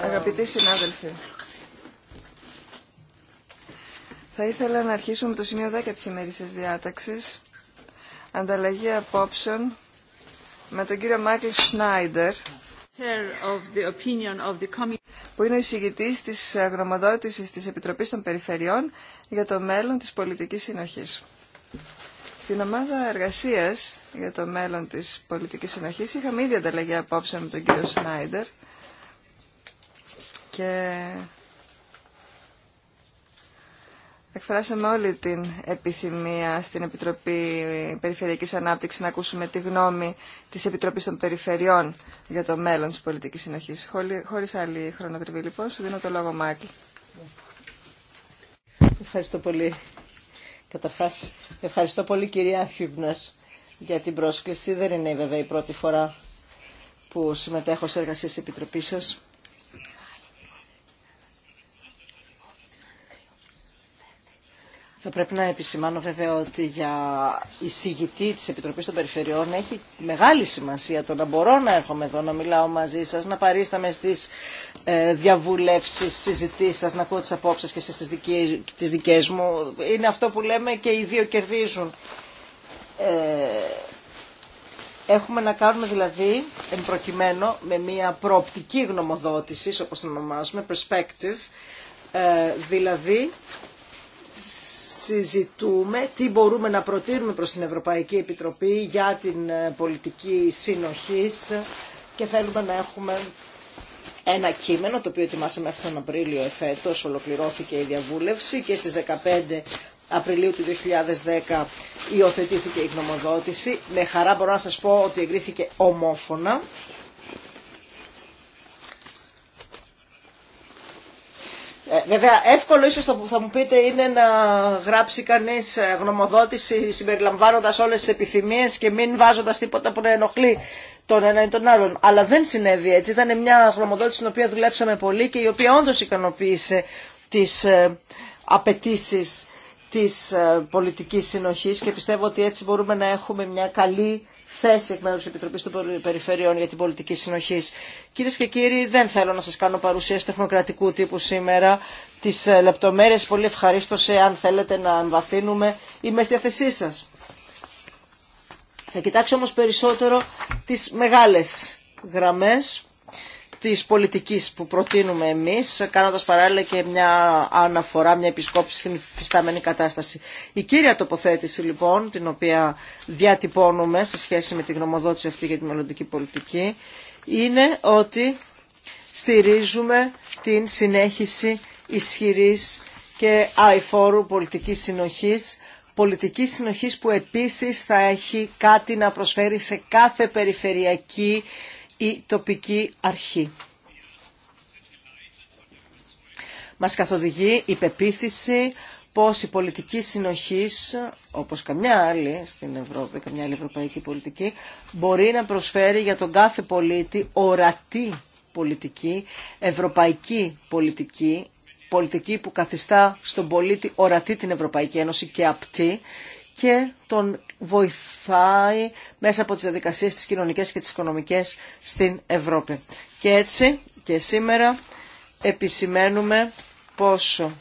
Αγαπητοί συνάδελφοι, θα ήθελα να αρχίσουμε με το σημείο 10 της ημέρησης διάταξης, ανταλλαγή απόψεων με τον κύριο Μάικλ Σνάιντερ, που είναι ο εισηγητής της αγρομοδότησης ε, της Επιτροπής των Περιφερειών για το μέλλον της πολιτικής συνοχής. Στην ομάδα εργασία για το μέλλον της πολιτικής συνοχή είχαμε ήδη ανταλλαγή απόψε με τον κύριο Σνάιντερ και εκφράσαμε όλη την επιθυμία στην Επιτροπή Περιφερειακής Ανάπτυξης να ακούσουμε τη γνώμη της Επιτροπής των Περιφερειών για το μέλλον της πολιτικής συνοχής. Χωρίς άλλη χρονοτριβή λοιπόν, σου δίνω το λόγο Μάικλ. Ευχαριστώ πολύ Καταρχάς, ευχαριστώ πολύ κυρία Χιούμπνερ για την πρόσκληση. Δεν είναι βέβαια η πρώτη φορά που συμμετέχω σε εργασίες της Επιτροπής σας. Θα πρέπει να επισημάνω βέβαια ότι για εισηγητή της Επιτροπής των Περιφερειών έχει μεγάλη σημασία το να μπορώ να έρχομαι εδώ, να μιλάω μαζί σας, να παρίσταμε στις ε, διαβουλεύσει, συζητήσει, σα να ακούω απόψεις και στις δικές, τις μου. Είναι αυτό που λέμε και οι δύο κερδίζουν. Ε, έχουμε να κάνουμε δηλαδή, εν προκειμένου, με μια προοπτική γνωμοδότηση, όπως την ονομάζουμε, perspective, ε, δηλαδή συζητούμε τι μπορούμε να προτείνουμε προς την Ευρωπαϊκή Επιτροπή για την πολιτική συνοχής και θέλουμε να έχουμε ένα κείμενο το οποίο ετοιμάσαμε αυτόν τον Απρίλιο εφέτος, ολοκληρώθηκε η διαβούλευση και στις 15 Απριλίου του 2010 υιοθετήθηκε η γνωμοδότηση. Με χαρά μπορώ να σας πω ότι εγκρίθηκε ομόφωνα Ε, βέβαια, εύκολο ίσως το που θα μου πείτε είναι να γράψει κανείς ε, γνωμοδότηση συμπεριλαμβάνοντας όλες τις επιθυμίες και μην βάζοντας τίποτα που να ενοχλεί τον ένα ή τον άλλον. Αλλά δεν συνέβη έτσι. Ήταν μια γνωμοδότηση στην οποία δουλέψαμε πολύ και η οποία όντως ικανοποίησε τις ε, απαιτήσει της πολιτικής συνοχής και πιστεύω ότι έτσι μπορούμε να έχουμε μια καλή θέση εκ μέρου τη Επιτροπή των Περιφερειών για την Πολιτική Συνοχή. Κυρίε και κύριοι, δεν θέλω να σα κάνω παρουσίαση τεχνοκρατικού τύπου σήμερα. Τι ε, λεπτομέρειε πολύ ευχαρίστω εάν θέλετε να εμβαθύνουμε. Είμαι στη διάθεσή σα. Θα κοιτάξω όμω περισσότερο τι μεγάλε γραμμές της πολιτικής που προτείνουμε εμείς, κάνοντας παράλληλα και μια αναφορά, μια επισκόπηση στην φυστάμενη κατάσταση. Η κύρια τοποθέτηση λοιπόν, την οποία διατυπώνουμε σε σχέση με τη γνωμοδότηση αυτή για τη μελλοντική πολιτική, είναι ότι στηρίζουμε την συνέχιση ισχυρής και αηφόρου πολιτικής συνοχής, πολιτικής συνοχής που επίσης θα έχει κάτι να προσφέρει σε κάθε περιφερειακή η τοπική αρχή. Μας καθοδηγεί η πεποίθηση πως η πολιτική συνοχής, όπως καμιά άλλη στην Ευρώπη, καμιά άλλη ευρωπαϊκή πολιτική, μπορεί να προσφέρει για τον κάθε πολίτη ορατή πολιτική, ευρωπαϊκή πολιτική, πολιτική που καθιστά στον πολίτη ορατή την Ευρωπαϊκή Ένωση και απτή και τον βοηθάει μέσα από τις διαδικασίες τις κοινωνικές και τις οικονομικές στην Ευρώπη. Και έτσι και σήμερα επισημαίνουμε πόσο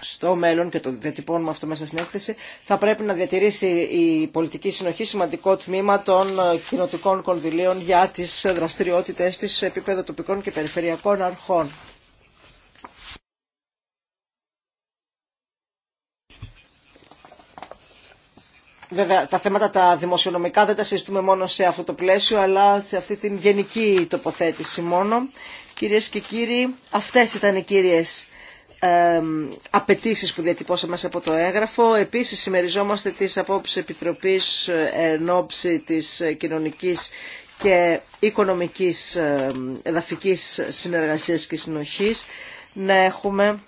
στο μέλλον και το διατυπώνουμε αυτό μέσα στην έκθεση, θα πρέπει να διατηρήσει η πολιτική συνοχή σημαντικό τμήμα των κοινοτικών κονδυλίων για τις δραστηριότητες της σε επίπεδο τοπικών και περιφερειακών αρχών. Βέβαια, τα θέματα τα δημοσιονομικά δεν τα συζητούμε μόνο σε αυτό το πλαίσιο, αλλά σε αυτή την γενική τοποθέτηση μόνο. Κυρίες και κύριοι, αυτές ήταν οι κύριες ε, απαιτήσει που διατυπώσαμε από το έγγραφο. Επίσης, συμμεριζόμαστε τις απόψεις Επιτροπής ε, εν της ε, κοινωνικής και οικονομικής εδαφικής συνεργασίας και συνοχής να έχουμε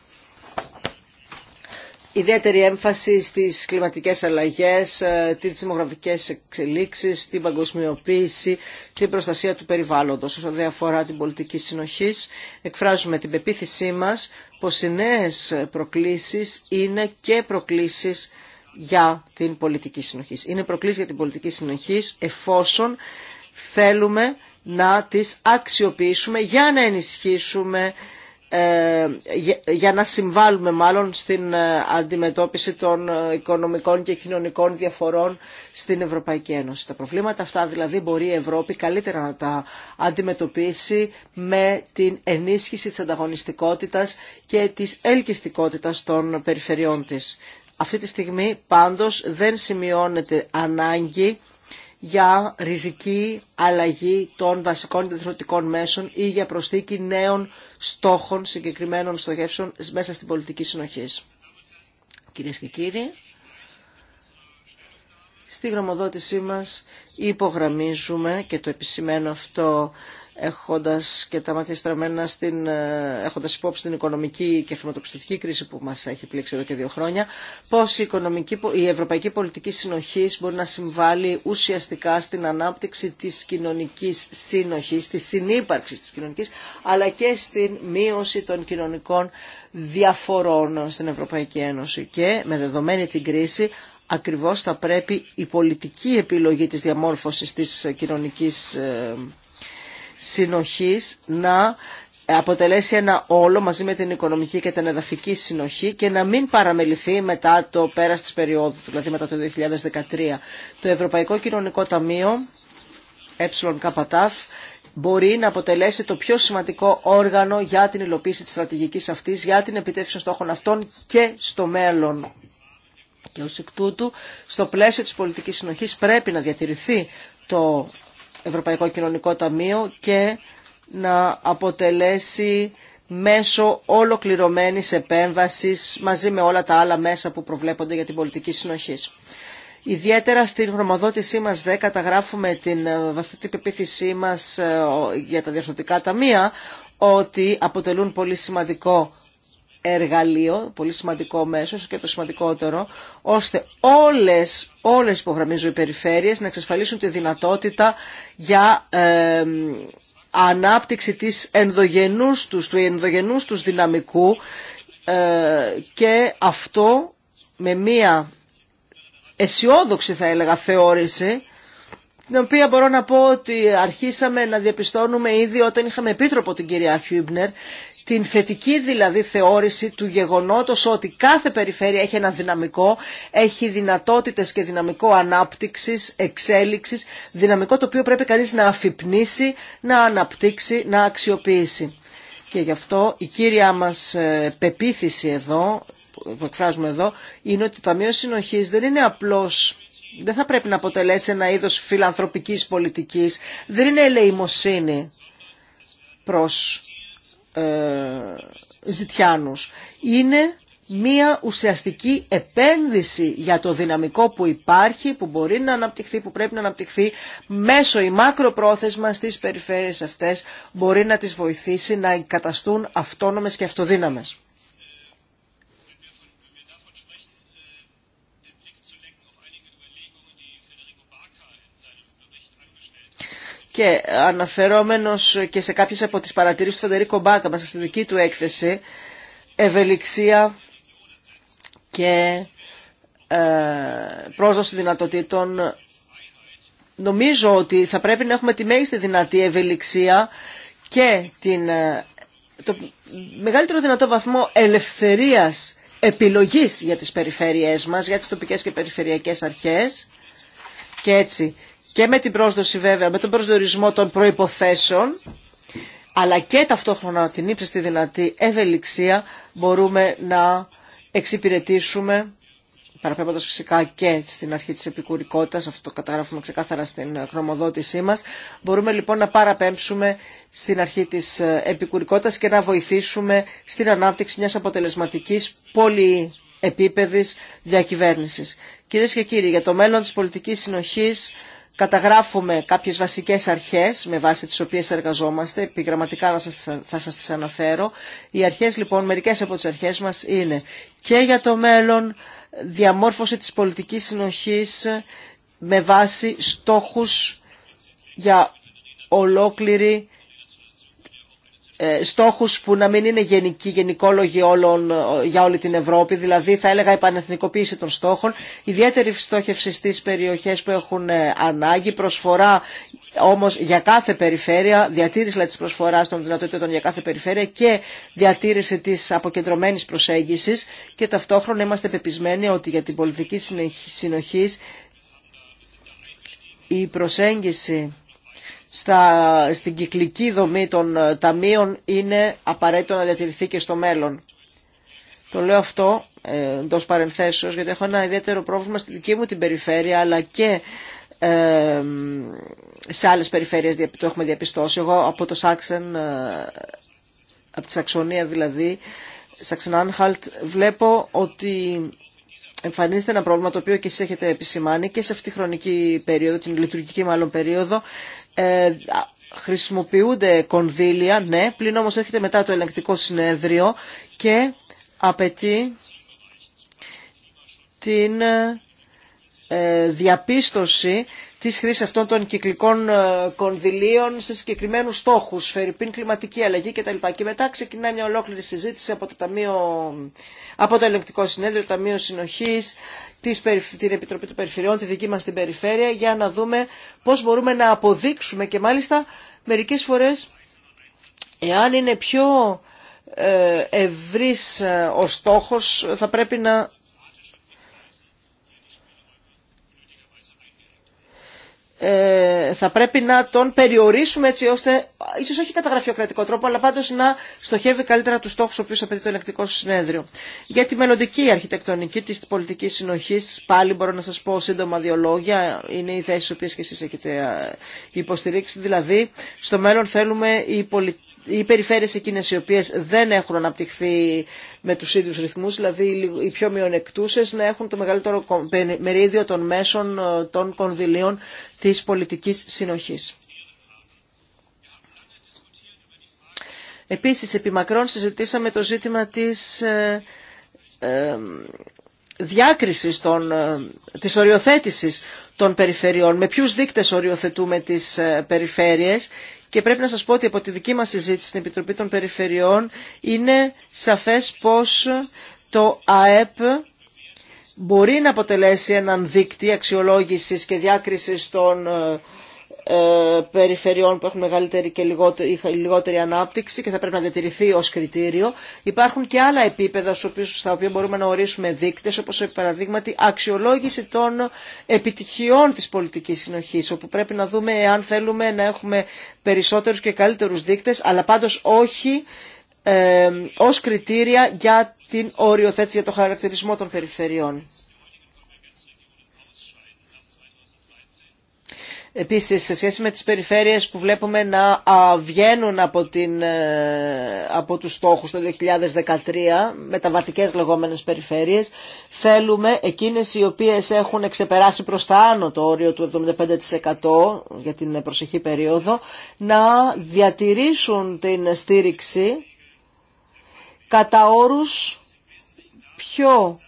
ιδιαίτερη έμφαση στις κλιματικές αλλαγές, ε, τις δημογραφικές εξελίξεις, την παγκοσμιοποίηση, την προστασία του περιβάλλοντος. Όσο δεν αφορά την πολιτική συνοχής, εκφράζουμε την πεποίθησή μας πως οι νέες προκλήσεις είναι και προκλήσεις για την πολιτική συνοχή. Είναι προκλήσεις για την πολιτική συνοχή εφόσον θέλουμε να τις αξιοποιήσουμε για να ενισχύσουμε ε, για να συμβάλλουμε μάλλον στην ε, αντιμετώπιση των ε, οικονομικών και κοινωνικών διαφορών στην Ευρωπαϊκή Ένωση. Τα προβλήματα αυτά δηλαδή μπορεί η Ευρώπη καλύτερα να τα αντιμετωπίσει με την ενίσχυση της ανταγωνιστικότητας και της ελκυστικότητας των περιφερειών της. Αυτή τη στιγμή πάντως δεν σημειώνεται ανάγκη για ριζική αλλαγή των βασικών διεθνωτικών μέσων ή για προσθήκη νέων στόχων, συγκεκριμένων στοχεύσεων μέσα στην πολιτική συνοχή. Κυρίε και κύριοι, στη γραμμοδότησή μας υπογραμμίζουμε και το επισημαίνω αυτό έχοντας και τα μάτια στραμμένα στην, ε, έχοντας υπόψη την οικονομική και χρηματοπιστωτική κρίση που μας έχει πλήξει εδώ και δύο χρόνια, πώς η, οικονομική, η ευρωπαϊκή πολιτική συνοχής μπορεί να συμβάλλει ουσιαστικά στην ανάπτυξη της κοινωνικής σύνοχης, της συνύπαρξης της κοινωνικής, αλλά και στην μείωση των κοινωνικών διαφορών στην Ευρωπαϊκή Ένωση. Και με δεδομένη την κρίση, ακριβώς θα πρέπει η πολιτική επιλογή της διαμόρφωσης της κοινωνικής ε, συνοχής να αποτελέσει ένα όλο μαζί με την οικονομική και την εδαφική συνοχή και να μην παραμεληθεί μετά το πέρας της περίοδου, δηλαδή μετά το 2013. Το Ευρωπαϊκό Κοινωνικό Ταμείο, ΕΚΤΑΦ, μπορεί να αποτελέσει το πιο σημαντικό όργανο για την υλοποίηση της στρατηγικής αυτής, για την επιτεύξη των στόχων αυτών και στο μέλλον. Και ως εκ τούτου, στο πλαίσιο της πολιτικής συνοχής πρέπει να διατηρηθεί το Ευρωπαϊκό Κοινωνικό Ταμείο και να αποτελέσει μέσω ολοκληρωμένης επέμβασης μαζί με όλα τα άλλα μέσα που προβλέπονται για την πολιτική συνοχή. Ιδιαίτερα στην γνωμοδότησή μας δε καταγράφουμε την βασική ε, πεποίθησή μας ε, για τα διαρθρωτικά ταμεία ότι αποτελούν πολύ σημαντικό εργαλείο, πολύ σημαντικό μέσο και το σημαντικότερο, ώστε όλες, όλες υπογραμμίζουν οι περιφέρειες να εξασφαλίσουν τη δυνατότητα για ανάπτυξη της ενδογενούς τους, του ενδογενούς τους δυναμικού ε, και αυτό με μία αισιόδοξη θα έλεγα θεώρηση την οποία μπορώ να πω ότι αρχίσαμε να διαπιστώνουμε ήδη όταν είχαμε επίτροπο την κυρία Χιούμπνερ την θετική δηλαδή θεώρηση του γεγονότος ότι κάθε περιφέρεια έχει ένα δυναμικό, έχει δυνατότητες και δυναμικό ανάπτυξης, εξέλιξης, δυναμικό το οποίο πρέπει κανείς να αφυπνήσει, να αναπτύξει, να αξιοποιήσει. Και γι' αυτό η κύρια μας ε, πεποίθηση εδώ, που εκφράζουμε εδώ, είναι ότι το Ταμείο Συνοχής δεν είναι απλώς δεν θα πρέπει να αποτελέσει ένα είδος φιλανθρωπικής πολιτικής. Δεν είναι ελεημοσύνη προς ε, ζητιάνους. Είναι μία ουσιαστική επένδυση για το δυναμικό που υπάρχει, που μπορεί να αναπτυχθεί, που πρέπει να αναπτυχθεί μέσω ή μακροπρόθεσμα στις περιφέρειες αυτές, μπορεί να τις βοηθήσει να εγκαταστούν αυτόνομες και αυτοδύναμες. Και αναφερόμενος και σε κάποιες από τις παρατηρήσεις του Φεντερίκο Μπάκα μέσα στην δική του έκθεση, ευελιξία και ε, πρόσδοση δυνατοτήτων. Νομίζω ότι θα πρέπει να έχουμε τη μέγιστη δυνατή ευελιξία και την, ε, το μεγαλύτερο δυνατό βαθμό ελευθερίας επιλογής για τις περιφέρειές μας, για τις τοπικές και περιφερειακές αρχές και έτσι και με την πρόσδοση βέβαια, με τον προσδορισμό των προϋποθέσεων, αλλά και ταυτόχρονα την ύψιστη δυνατή ευελιξία μπορούμε να εξυπηρετήσουμε παραπέμποντας φυσικά και στην αρχή της επικουρικότητας, αυτό το καταγράφουμε ξεκάθαρα στην χρωμοδότησή μας, μπορούμε λοιπόν να παραπέμψουμε στην αρχή της επικουρικότητας και να βοηθήσουμε στην ανάπτυξη μιας αποτελεσματικής πολυεπίπεδης διακυβέρνησης. Κυρίες και κύριοι, για το μέλλον της πολιτικής συνοχής καταγράφουμε κάποιες βασικές αρχές με βάση τις οποίες εργαζόμαστε, επιγραμματικά θα σας τις αναφέρω. Οι αρχές λοιπόν, μερικές από τις αρχές μας είναι και για το μέλλον διαμόρφωση της πολιτικής συνοχής με βάση στόχους για ολόκληρη ε, στόχους που να μην είναι γενικοί, γενικόλογοι όλων, ε, για όλη την Ευρώπη, δηλαδή θα έλεγα επανεθνικοποίηση των στόχων, ιδιαίτερη στόχευση στις περιοχές που έχουν ε, ανάγκη, προσφορά όμως για κάθε περιφέρεια, διατήρηση δηλαδή της προσφοράς των δυνατοτήτων για κάθε περιφέρεια και διατήρηση της αποκεντρωμένης προσέγγισης και ταυτόχρονα είμαστε πεπισμένοι ότι για την πολιτική συνοχής η προσέγγιση στα, στην κυκλική δομή των ε, ταμείων είναι απαραίτητο να διατηρηθεί και στο μέλλον. Το λέω αυτό ε, εντό παρενθέσεως γιατί έχω ένα ιδιαίτερο πρόβλημα στη δική μου την περιφέρεια αλλά και ε, σε άλλες περιφέρειες το έχουμε διαπιστώσει. Εγώ από το Σάξεν, από τη Σαξονία δηλαδή, Σαξενάνχαλτ, βλέπω ότι εμφανίζεται ένα πρόβλημα το οποίο και εσείς έχετε επισημάνει και σε αυτή τη χρονική περίοδο, την λειτουργική μάλλον περίοδο, ε, χρησιμοποιούνται κονδύλια, ναι, πλην όμως έρχεται μετά το ελεγκτικό συνέδριο και απαιτεί την ε, διαπίστωση της χρήσης αυτών των κυκλικών ε, κονδυλίων σε συγκεκριμένους στόχους, φερρυπίν κλιματική αλλαγή κτλ. Και μετά ξεκινάει μια ολόκληρη συζήτηση από το, ταμείο, από το Ελεκτικό Συνέδριο, το Ταμείο Συνοχής, την Επιτροπή των Περιφερειών, τη δική μας την Περιφέρεια, για να δούμε πώς μπορούμε να αποδείξουμε και μάλιστα μερικές φορές εάν είναι πιο ε, ευρύς ε, ο στόχος θα πρέπει να Ε, θα πρέπει να τον περιορίσουμε έτσι ώστε, ίσω όχι κατά γραφειοκρατικό τρόπο, αλλά πάντω να στοχεύει καλύτερα του στόχου οποίου απαιτεί το ελεκτικό συνέδριο. Για τη μελλοντική αρχιτεκτονική τη πολιτική συνοχή, πάλι μπορώ να σα πω σύντομα δύο λόγια, είναι οι θέσει οποίε και εσεί έχετε ε, υποστηρίξει. Δηλαδή, στο μέλλον θέλουμε η πολιτική οι περιφέρειες εκείνες οι οποίες δεν έχουν αναπτυχθεί με τους ίδιους ρυθμούς, δηλαδή οι πιο μειονεκτούσες, να έχουν το μεγαλύτερο μερίδιο των μέσων ε, των κονδυλίων της πολιτικής συνοχής. Επίσης, επί μακρόν συζητήσαμε το ζήτημα της ε, ε, διάκρισης, των, της οριοθέτησης των περιφερειών. Με ποιους δείκτες οριοθετούμε τις περιφέρειες και πρέπει να σας πω ότι από τη δική μας συζήτηση στην Επιτροπή των Περιφερειών είναι σαφές πως το ΑΕΠ μπορεί να αποτελέσει έναν δίκτυ αξιολόγησης και διάκρισης των ε, ε, περιφερειών που έχουν μεγαλύτερη και λιγότερη, ανάπτυξη και θα πρέπει να διατηρηθεί ως κριτήριο. Υπάρχουν και άλλα επίπεδα στα οποία μπορούμε να ορίσουμε δείκτες, όπως παραδείγματι αξιολόγηση των επιτυχιών της πολιτικής συνοχής, όπου πρέπει να δούμε αν θέλουμε να έχουμε περισσότερους και καλύτερους δείκτες, αλλά πάντως όχι ε, ως κριτήρια για την οριοθέτηση για το χαρακτηρισμό των περιφερειών. Επίσης, σε σχέση με τις περιφέρειες που βλέπουμε να βγαίνουν από, την, ε, από τους στόχους το 2013, μεταβατικές λεγόμενες περιφέρειες, θέλουμε εκείνες οι οποίες έχουν ξεπεράσει προς τα άνω το όριο του 75% για την προσεχή περίοδο, να διατηρήσουν την στήριξη κατά όρους πιο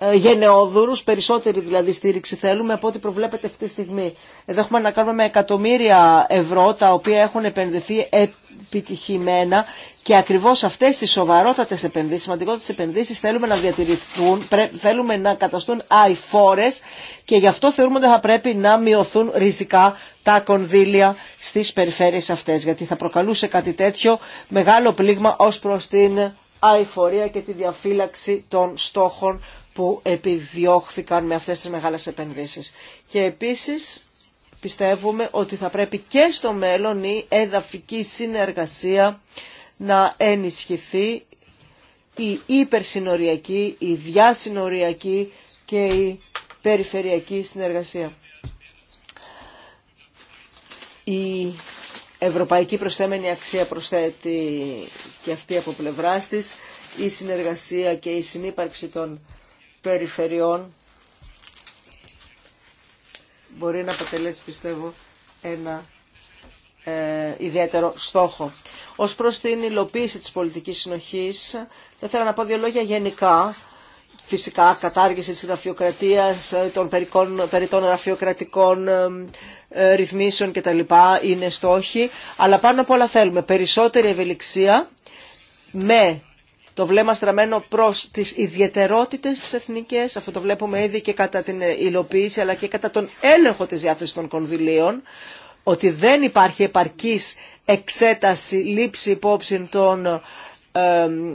ε, γενναιόδουρους, περισσότερη δηλαδή στήριξη θέλουμε από ό,τι προβλέπεται αυτή τη στιγμή. Εδώ έχουμε να κάνουμε με εκατομμύρια ευρώ τα οποία έχουν επενδυθεί επιτυχημένα και ακριβώς αυτές τις σοβαρότατες επενδύσεις, σημαντικότητες επενδύσεις θέλουμε να διατηρηθούν, θέλουμε να καταστούν αηφόρες και γι' αυτό θεωρούμε ότι θα πρέπει να μειωθούν ριζικά τα κονδύλια στις περιφέρειες αυτές γιατί θα προκαλούσε κάτι τέτοιο μεγάλο πλήγμα ω προς την αηφορία και τη διαφύλαξη των στόχων που επιδιώχθηκαν με αυτές τις μεγάλες επενδύσεις. Και επίσης πιστεύουμε ότι θα πρέπει και στο μέλλον η εδαφική συνεργασία να ενισχυθεί η υπερσυνοριακή, η διασυνοριακή και η περιφερειακή συνεργασία. Η ευρωπαϊκή προσθέμενη αξία προσθέτει και αυτή από πλευράς της η συνεργασία και η συνύπαρξη των περιφερειών μπορεί να αποτελέσει πιστεύω ένα ε, ιδιαίτερο στόχο. Ως προς την υλοποίηση της πολιτικής συνοχής, θα ήθελα να πω δύο λόγια γενικά. Φυσικά, κατάργηση της γραφειοκρατίας, ε, των περικών, περί των γραφειοκρατικών ε, ε, ρυθμίσεων κτλ. είναι στόχοι. Αλλά πάνω απ' όλα θέλουμε περισσότερη ευελιξία με το βλέμμα στραμμένο προ τι ιδιαιτερότητε τη εθνικές, αυτό το βλέπουμε ήδη και κατά την υλοποίηση αλλά και κατά τον έλεγχο τη διάθεση των κονδυλίων, ότι δεν υπάρχει επαρκή εξέταση, λήψη υπόψη των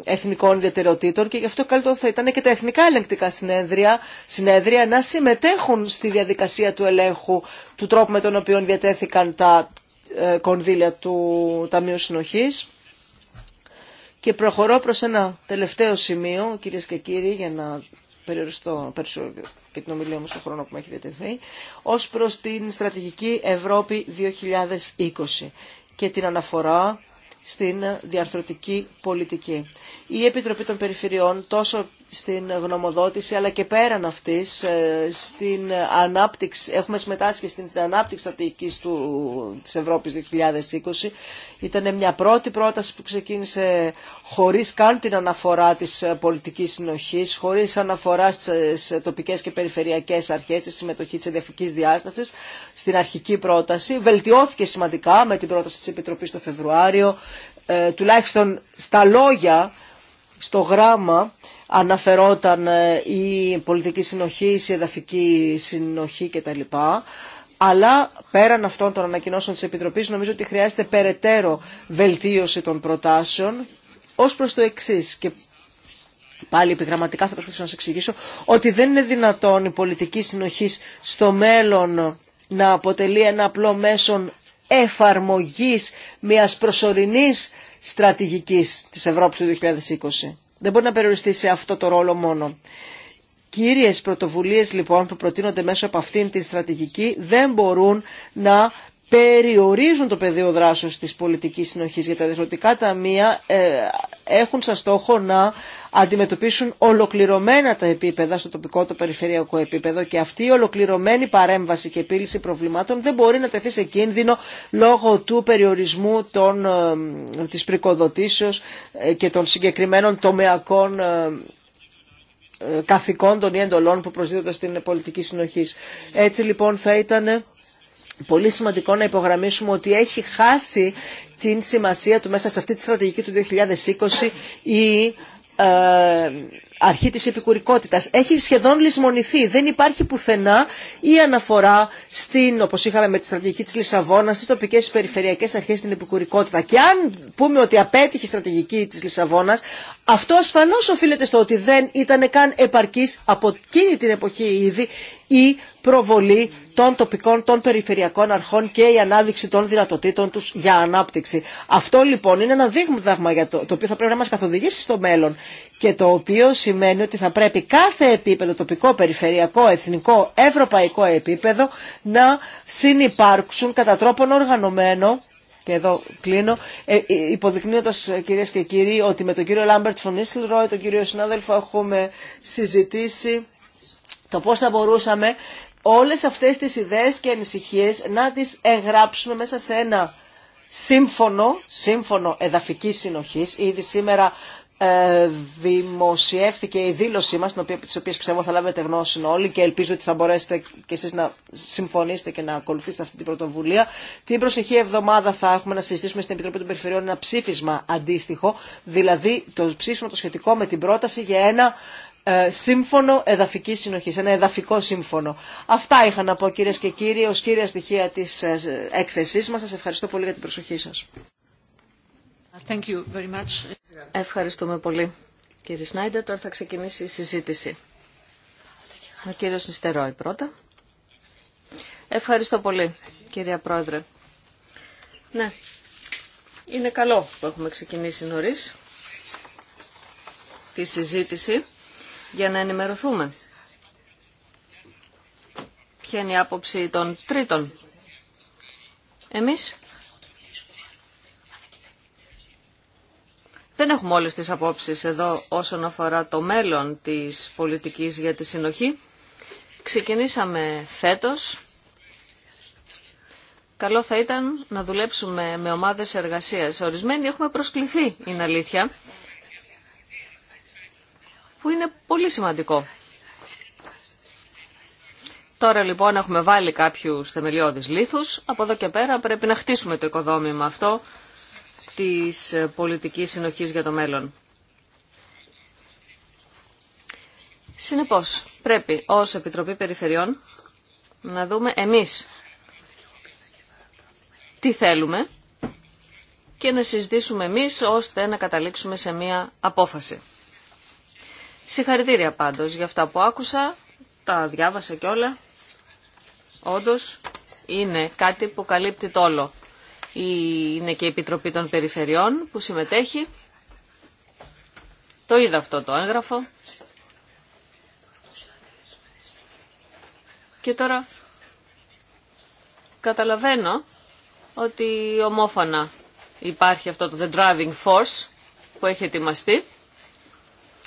εθνικών ιδιαιτεροτήτων και γι' αυτό καλύτερο θα ήταν και τα εθνικά ελεγκτικά συνέδρια, συνέδρια να συμμετέχουν στη διαδικασία του ελέγχου του τρόπου με τον οποίο διατέθηκαν τα ε, κονδύλια του Ταμείου Συνοχής. Και προχωρώ προς ένα τελευταίο σημείο, κυρίες και κύριοι, για να περιοριστώ περισσότερο και την ομιλία μου στον χρόνο που με έχει διατεθεί, ως προς την στρατηγική Ευρώπη 2020 και την αναφορά στην διαρθρωτική πολιτική. Η Επιτροπή των Περιφερειών, τόσο στην γνωμοδότηση αλλά και πέραν αυτής ε, στην ανάπτυξη, έχουμε συμμετάσχει στην ανάπτυξη στρατηγικής του, της Ευρώπης 2020. Ήταν μια πρώτη πρόταση που ξεκίνησε χωρίς καν την αναφορά της πολιτικής συνοχής, χωρίς αναφορά στις τοπικές και περιφερειακές αρχές, στη συμμετοχή της ενδιαφικής διάστασης, στην αρχική πρόταση. Βελτιώθηκε σημαντικά με την πρόταση της Επιτροπής το Φεβρουάριο, ε, τουλάχιστον στα λόγια, στο γράμμα, αναφερόταν ε, η πολιτική συνοχή, η εδαφική συνοχή κτλ. Αλλά πέραν αυτών των ανακοινώσεων της Επιτροπής νομίζω ότι χρειάζεται περαιτέρω βελτίωση των προτάσεων ως προς το εξής και πάλι επιγραμματικά θα προσπαθήσω να σας εξηγήσω ότι δεν είναι δυνατόν η πολιτική συνοχή στο μέλλον να αποτελεί ένα απλό μέσον εφαρμογής μιας προσωρινής στρατηγικής της Ευρώπης του 2020 δεν μπορεί να περιοριστεί σε αυτό το ρόλο μόνο. Κύριες πρωτοβουλίες λοιπόν που προτείνονται μέσω από αυτήν τη στρατηγική δεν μπορούν να περιορίζουν το πεδίο δράσεως της πολιτικής συνοχής για τα διευθυντικά ταμεία ε, έχουν σαν στόχο να αντιμετωπίσουν ολοκληρωμένα τα επίπεδα στο τοπικό, το περιφερειακό επίπεδο και αυτή η ολοκληρωμένη παρέμβαση και επίλυση προβλημάτων δεν μπορεί να τεθεί σε κίνδυνο λόγω του περιορισμού των, ε, της πρικοδοτήσεως ε, και των συγκεκριμένων τομεακών καθηκόντων ή εντολών που προσδίδονται στην πολιτική συνοχή. Έτσι λοιπόν θα ήταν πολύ σημαντικό να υπογραμμίσουμε ότι έχει χάσει την σημασία του μέσα σε αυτή τη στρατηγική του 2020 η ε, αρχή της επικουρικότητας έχει σχεδόν λησμονηθεί. Δεν υπάρχει πουθενά η αναφορά στην, όπως είχαμε με τη στρατηγική της Λισαβόνας, στις τοπικές περιφερειακές αρχές στην επικουρικότητα. Και αν πούμε ότι απέτυχε η στρατηγική της Λισαβόνας, αυτό ασφαλώς οφείλεται στο ότι δεν ήταν καν επαρκής από εκείνη την εποχή ήδη η προβολή των τοπικών, των περιφερειακών αρχών και η ανάδειξη των δυνατοτήτων τους για ανάπτυξη. Αυτό λοιπόν είναι ένα δείγμα για το, το οποίο θα πρέπει να μας καθοδηγήσει στο μέλλον και το οποίο σημαίνει ότι θα πρέπει κάθε επίπεδο, τοπικό, περιφερειακό, εθνικό, ευρωπαϊκό επίπεδο να συνυπάρξουν κατά τρόπον οργανωμένο και εδώ κλείνω, ε, ε, υποδεικνύοντας ε, κυρίες και κύριοι ότι με τον κύριο Λάμπερτ Φωνίσλ Ρόι, τον κύριο συνάδελφο, έχουμε συζητήσει το πώς θα μπορούσαμε όλες αυτές τις ιδέες και ανησυχίες να τις εγγράψουμε μέσα σε ένα σύμφωνο, σύμφωνο εδαφικής συνοχής. Ήδη σήμερα ε, δημοσιεύθηκε η δήλωσή μας, την οποία, ξέρω θα λάβετε γνώση όλοι και ελπίζω ότι θα μπορέσετε και εσείς να συμφωνήσετε και να ακολουθήσετε αυτή την πρωτοβουλία. Την προσεχή εβδομάδα θα έχουμε να συζητήσουμε στην Επιτροπή των Περιφερειών ένα ψήφισμα αντίστοιχο, δηλαδή το ψήφισμα το σχετικό με την πρόταση για ένα ε, σύμφωνο εδαφικής συνοχής, ένα εδαφικό σύμφωνο. Αυτά είχα να πω κυρίες και κύριοι, ως κύρια στοιχεία της ε, έκθεσής μας. Σας ευχαριστώ πολύ για την προσοχή σας. Ευχαριστούμε πολύ. Κύριε Σνάιντερ, τώρα θα ξεκινήσει η συζήτηση. Ο κύριος Νιστερόη πρώτα. Ευχαριστώ πολύ, κυρία Πρόεδρε. Ναι, είναι καλό που έχουμε ξεκινήσει νωρίς τη συζήτηση για να ενημερωθούμε. Ποια είναι η άποψη των τρίτων. Εμείς Δεν έχουμε όλες τις απόψεις εδώ όσον αφορά το μέλλον της πολιτικής για τη συνοχή. Ξεκινήσαμε φέτος. Καλό θα ήταν να δουλέψουμε με ομάδες εργασίας. Ορισμένοι έχουμε προσκληθεί, είναι αλήθεια, που είναι πολύ σημαντικό. Τώρα λοιπόν έχουμε βάλει κάποιους θεμελιώδεις λίθους. Από εδώ και πέρα πρέπει να χτίσουμε το οικοδόμημα αυτό της πολιτικής συνοχής για το μέλλον. Συνεπώς, πρέπει ως Επιτροπή Περιφερειών να δούμε εμείς τι θέλουμε και να συζητήσουμε εμείς ώστε να καταλήξουμε σε μία απόφαση. Συγχαρητήρια πάντως για αυτά που άκουσα, τα διάβασα και όλα. Όντως είναι κάτι που καλύπτει το όλο είναι και η Επιτροπή των Περιφερειών που συμμετέχει. Το είδα αυτό το έγγραφο. Και τώρα καταλαβαίνω ότι ομόφωνα υπάρχει αυτό το The Driving Force που έχει ετοιμαστεί,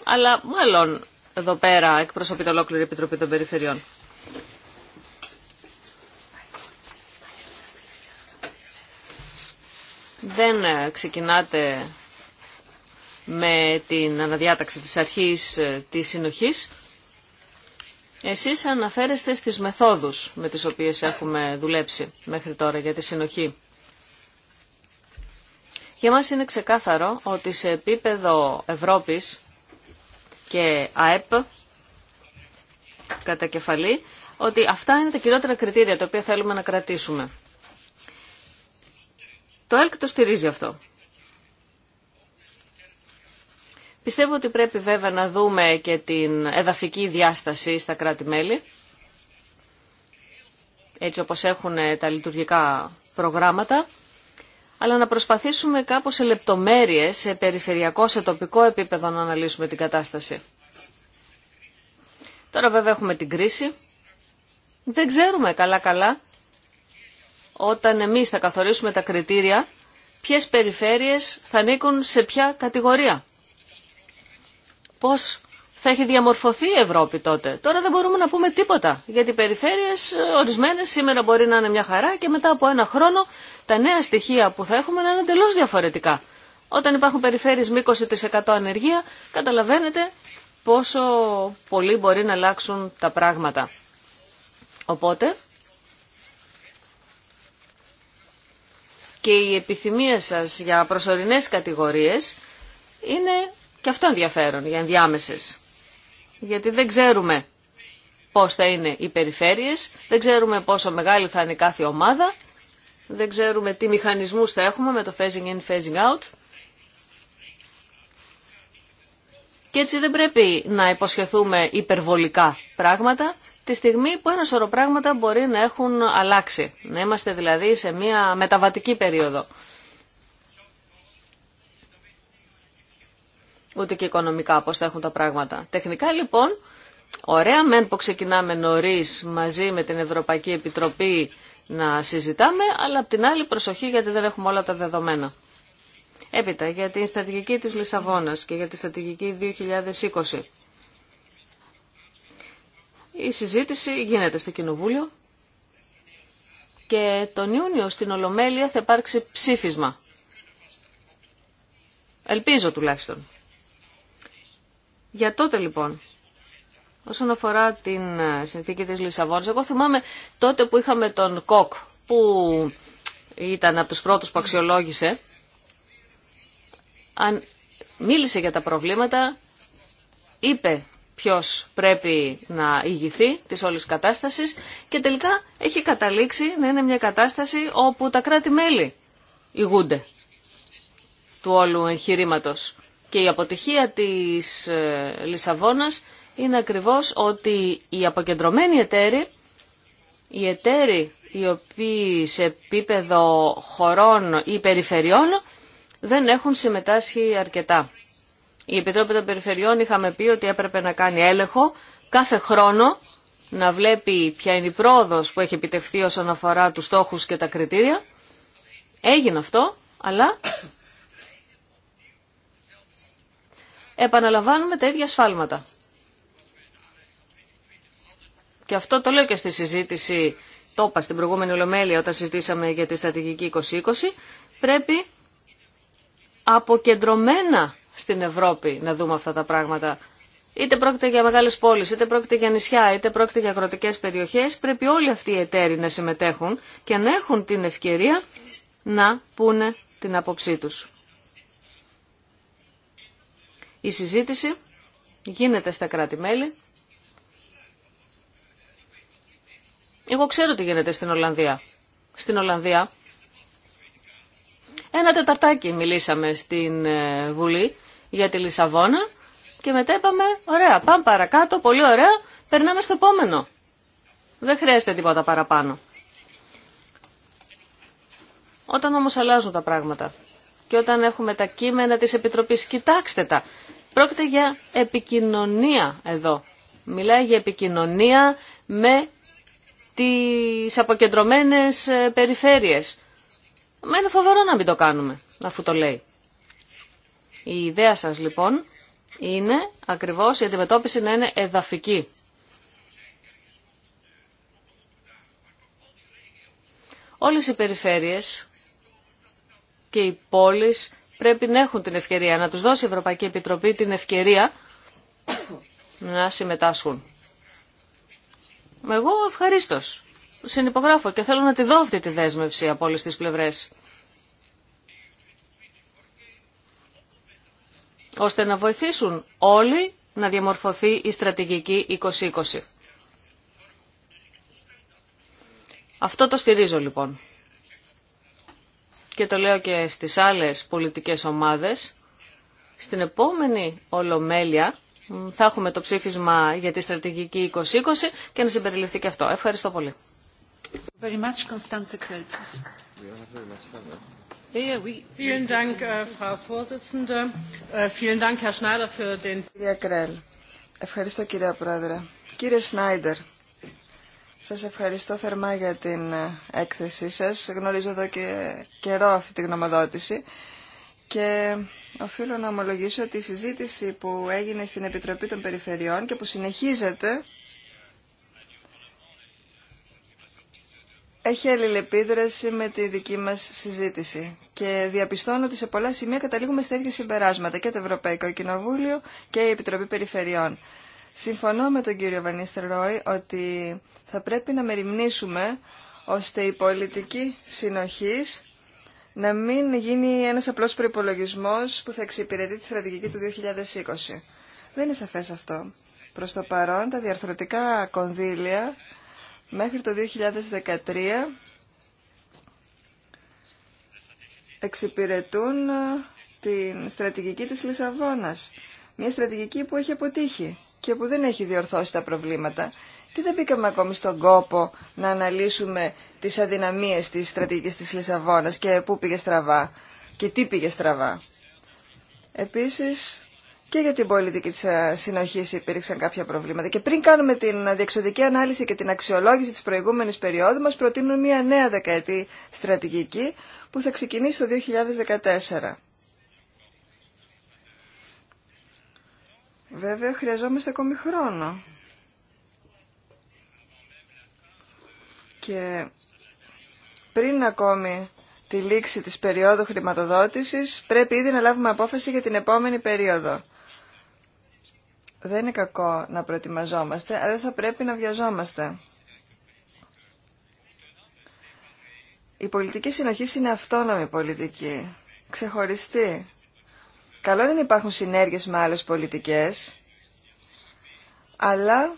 αλλά μάλλον εδώ πέρα εκπροσωπεί το ολόκληρη Επιτροπή των Περιφερειών. δεν ε, ξεκινάτε με την αναδιάταξη της αρχής ε, της συνοχής. Εσείς αναφέρεστε στις μεθόδους με τις οποίες έχουμε δουλέψει μέχρι τώρα για τη συνοχή. Για μας είναι ξεκάθαρο ότι σε επίπεδο Ευρώπης και ΑΕΠ κατά κεφαλή, ότι αυτά είναι τα κυριότερα κριτήρια τα οποία θέλουμε να κρατήσουμε. Το ΕΛΚ το στηρίζει αυτό. Πιστεύω ότι πρέπει βέβαια να δούμε και την εδαφική διάσταση στα κράτη-μέλη, έτσι όπως έχουν τα λειτουργικά προγράμματα, αλλά να προσπαθήσουμε κάπως σε λεπτομέρειες, σε περιφερειακό, σε τοπικό επίπεδο να αναλύσουμε την κατάσταση. Τώρα βέβαια έχουμε την κρίση. Δεν ξέρουμε καλά-καλά όταν εμείς θα καθορίσουμε τα κριτήρια, ποιες περιφέρειες θα ανήκουν σε ποια κατηγορία. Πώς θα έχει διαμορφωθεί η Ευρώπη τότε. Τώρα δεν μπορούμε να πούμε τίποτα, γιατί οι περιφέρειες ε, ορισμένες σήμερα μπορεί να είναι μια χαρά και μετά από ένα χρόνο τα νέα στοιχεία που θα έχουμε να είναι εντελώ διαφορετικά. Όταν υπάρχουν περιφέρειες με 20% ανεργία, καταλαβαίνετε πόσο πολύ μπορεί να αλλάξουν τα πράγματα. Οπότε, και η επιθυμία σας για προσωρινές κατηγορίες είναι και αυτό ενδιαφέρον για ενδιάμεσες. Γιατί δεν ξέρουμε πώς θα είναι οι περιφέρειες, δεν ξέρουμε πόσο μεγάλη θα είναι κάθε ομάδα, δεν ξέρουμε τι μηχανισμούς θα έχουμε με το phasing in, phasing out Και έτσι δεν πρέπει να υποσχεθούμε υπερβολικά πράγματα τη στιγμή που ένα σωρό πράγματα μπορεί να έχουν αλλάξει. Να είμαστε δηλαδή σε μια μεταβατική περίοδο. Ούτε και οικονομικά πώς θα έχουν τα πράγματα. Τεχνικά λοιπόν, ωραία μεν που ξεκινάμε νωρί μαζί με την Ευρωπαϊκή Επιτροπή να συζητάμε, αλλά απ' την άλλη προσοχή γιατί δεν έχουμε όλα τα δεδομένα. Έπειτα, για την στρατηγική της Λισαβόνας και για τη στρατηγική 2020. Η συζήτηση γίνεται στο Κοινοβούλιο και τον Ιούνιο στην Ολομέλεια θα υπάρξει ψήφισμα. Ελπίζω τουλάχιστον. Για τότε λοιπόν, όσον αφορά την ε, συνθήκη της Λισαβόνας, εγώ θυμάμαι τότε που είχαμε τον Κοκ που ήταν από τους πρώτους που αξιολόγησε αν μίλησε για τα προβλήματα, είπε ποιος πρέπει να ηγηθεί της όλης κατάστασης και τελικά έχει καταλήξει να είναι μια κατάσταση όπου τα κράτη-μέλη ηγούνται του όλου εγχειρήματο. Και η αποτυχία της ε, Λισαβόνας είναι ακριβώς ότι οι αποκεντρωμένοι εταίροι, οι εταίροι οι οποίοι σε επίπεδο χωρών ή περιφερειών δεν έχουν συμμετάσχει αρκετά. Η Επιτρόπη των Περιφερειών είχαμε πει ότι έπρεπε να κάνει έλεγχο κάθε χρόνο να βλέπει ποια είναι η πρόοδος που έχει επιτευχθεί όσον αφορά του στόχους και τα κριτήρια. Έγινε αυτό, αλλά επαναλαμβάνουμε τα ίδια σφάλματα. Και αυτό το λέω και στη συζήτηση, το είπα στην προηγούμενη Ολομέλεια όταν συζητήσαμε για τη στρατηγική 2020, πρέπει αποκεντρωμένα στην Ευρώπη να δούμε αυτά τα πράγματα. Είτε πρόκειται για μεγάλες πόλεις, είτε πρόκειται για νησιά, είτε πρόκειται για αγροτικές περιοχές, πρέπει όλοι αυτοί οι εταίροι να συμμετέχουν και να έχουν την ευκαιρία να πούνε την άποψή του. Η συζήτηση γίνεται στα κράτη-μέλη. Εγώ ξέρω τι γίνεται στην Ολλανδία. Στην Ολλανδία ένα τεταρτάκι μιλήσαμε στην ε, Βουλή για τη Λισαβόνα και μετά είπαμε, ωραία, πάμε παρακάτω, πολύ ωραία, περνάμε στο επόμενο. Δεν χρειάζεται τίποτα παραπάνω. Όταν όμως αλλάζουν τα πράγματα και όταν έχουμε τα κείμενα της Επιτροπής, κοιτάξτε τα, πρόκειται για επικοινωνία εδώ. Μιλάει για επικοινωνία με τις αποκεντρωμένες ε, περιφέρειες. Μα είναι φοβερό να μην το κάνουμε, αφού το λέει. Η ιδέα σας λοιπόν είναι ακριβώς η αντιμετώπιση να είναι εδαφική. Όλες οι περιφέρειες και οι πόλεις πρέπει να έχουν την ευκαιρία, να τους δώσει η Ευρωπαϊκή Επιτροπή την ευκαιρία να συμμετάσχουν. Εγώ ευχαρίστως συνυπογράφω και θέλω να τη δω αυτή τη δέσμευση από όλες τις πλευρές. Ώστε να βοηθήσουν όλοι να διαμορφωθεί η στρατηγική 2020. Αυτό το στηρίζω λοιπόν. Και το λέω και στις άλλες πολιτικές ομάδες. Στην επόμενη ολομέλεια θα έχουμε το ψήφισμα για τη στρατηγική 2020 και να συμπεριληφθεί και αυτό. Ευχαριστώ πολύ ευχαριστώ κυρία Πρόεδρε. Κύριε Σνάιντερ, σας ευχαριστώ θερμά για την ε, έκθεσή σας. Γνωρίζω εδώ και καιρό αυτή τη γνωμοδότηση και οφείλω να ομολογήσω ότι η συζήτηση που έγινε στην Επιτροπή των Περιφερειών και που συνεχίζεται έχει αλληλεπίδραση με τη δική μας συζήτηση και διαπιστώνω ότι σε πολλά σημεία καταλήγουμε στα ίδια συμπεράσματα και το Ευρωπαϊκό Κοινοβούλιο και η Επιτροπή Περιφερειών. Συμφωνώ με τον κύριο Βανίστερ Ρόι ότι θα πρέπει να μεριμνήσουμε ώστε η πολιτική συνοχής να μην γίνει ένας απλός προϋπολογισμός που θα εξυπηρετεί τη στρατηγική του 2020. Δεν είναι σαφές αυτό. Προς το παρόν τα διαρθρωτικά κονδύλια Μέχρι το 2013 εξυπηρετούν ε, την στρατηγική της Λισαβόνας. Μια στρατηγική που έχει αποτύχει και που δεν έχει διορθώσει τα προβλήματα. Και δεν μπήκαμε ακόμη στον κόπο να αναλύσουμε τις αδυναμίες της στρατηγικής της Λισαβόνας και πού πήγε στραβά και τι πήγε στραβά. Επίσης, και για την πολιτική της ε, συνοχής υπήρξαν κάποια προβλήματα. Και πριν κάνουμε την διεξοδική ανάλυση και την αξιολόγηση της προηγούμενης περίοδου μας προτείνουν μια νέα δεκαετή στρατηγική που θα ξεκινήσει το 2014. Βέβαια χρειαζόμαστε ακόμη χρόνο. Και πριν ακόμη τη λήξη της περίοδου χρηματοδότησης πρέπει ήδη να λάβουμε απόφαση για την επόμενη περίοδο δεν είναι κακό να προετοιμαζόμαστε, αλλά δεν θα πρέπει να βιαζόμαστε. Η πολιτική συνοχή είναι αυτόνομη πολιτική, ξεχωριστή. Καλό είναι να υπάρχουν συνέργειες με άλλες πολιτικές, αλλά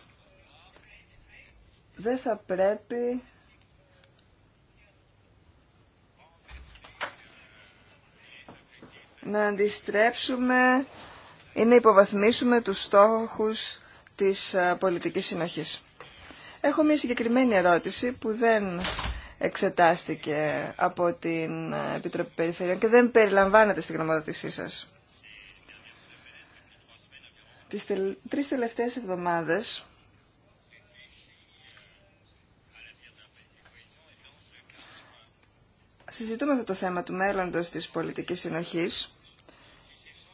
δεν θα πρέπει να αντιστρέψουμε είναι να υποβαθμίσουμε τους στόχους της ε, πολιτικής συνοχής. Έχω μια συγκεκριμένη ερώτηση που δεν εξετάστηκε από την ε, Επιτροπή Περιφερειών και δεν περιλαμβάνεται στην γνωμοδότησή σας. Τις τρεις τελευταίες εβδομάδες συζητούμε αυτό το θέμα του μέλλοντος της πολιτικής συνοχής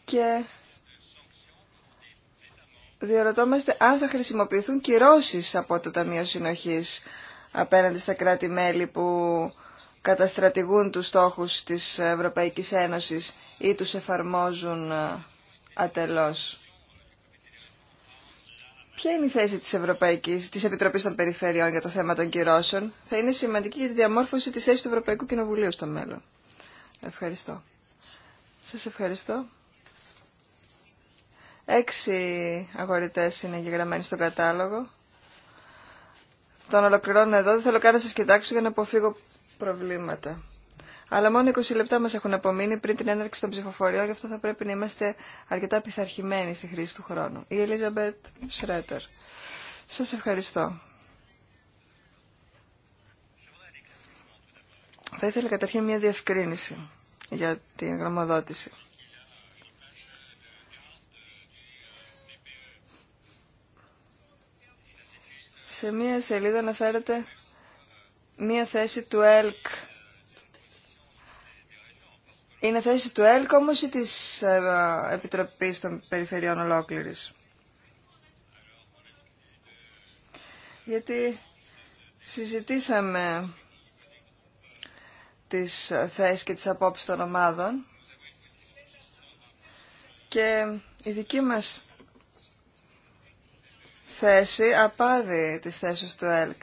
και διαρωτόμαστε αν θα χρησιμοποιηθούν κυρώσεις από το Ταμείο Συνοχής απέναντι στα κράτη-μέλη που καταστρατηγούν τους στόχους της Ευρωπαϊκής Ένωσης ή τους εφαρμόζουν ε, ατελώς. Ποια είναι η θέση της, Ευρωπαϊκής, της Επιτροπής των Περιφερειών για το θέμα των κυρώσεων. Θα είναι σημαντική για τη διαμόρφωση της θέσης του Ευρωπαϊκού Κοινοβουλίου στο μέλλον. Ευχαριστώ. Σας ευχαριστώ. Έξι αγορητές είναι γεγραμμένοι στον κατάλογο. Τον ολοκληρώνω εδώ. Δεν θέλω καν να σας κοιτάξω για να αποφύγω προβλήματα. Αλλά μόνο 20 λεπτά μας έχουν απομείνει πριν την έναρξη των ψηφοφοριών, γι' αυτό θα πρέπει να είμαστε αρκετά πειθαρχημένοι στη χρήση του χρόνου. Η Ελίζαμπετ Σρέτερ. Σας ευχαριστώ. Θα ήθελα καταρχήν μια διευκρίνηση για την γνωμοδότηση. Σε μία σελίδα αναφέρεται μία θέση του ΕΛΚ. Είναι θέση του ΕΛΚ όμως ή της ε, Επιτροπής των Περιφερειών ολόκληρης. Γιατί συζητήσαμε τις θέσεις και τις απόψεις των ομάδων και η δική μας θέση απάδει της θέσης του ΕΛΚ.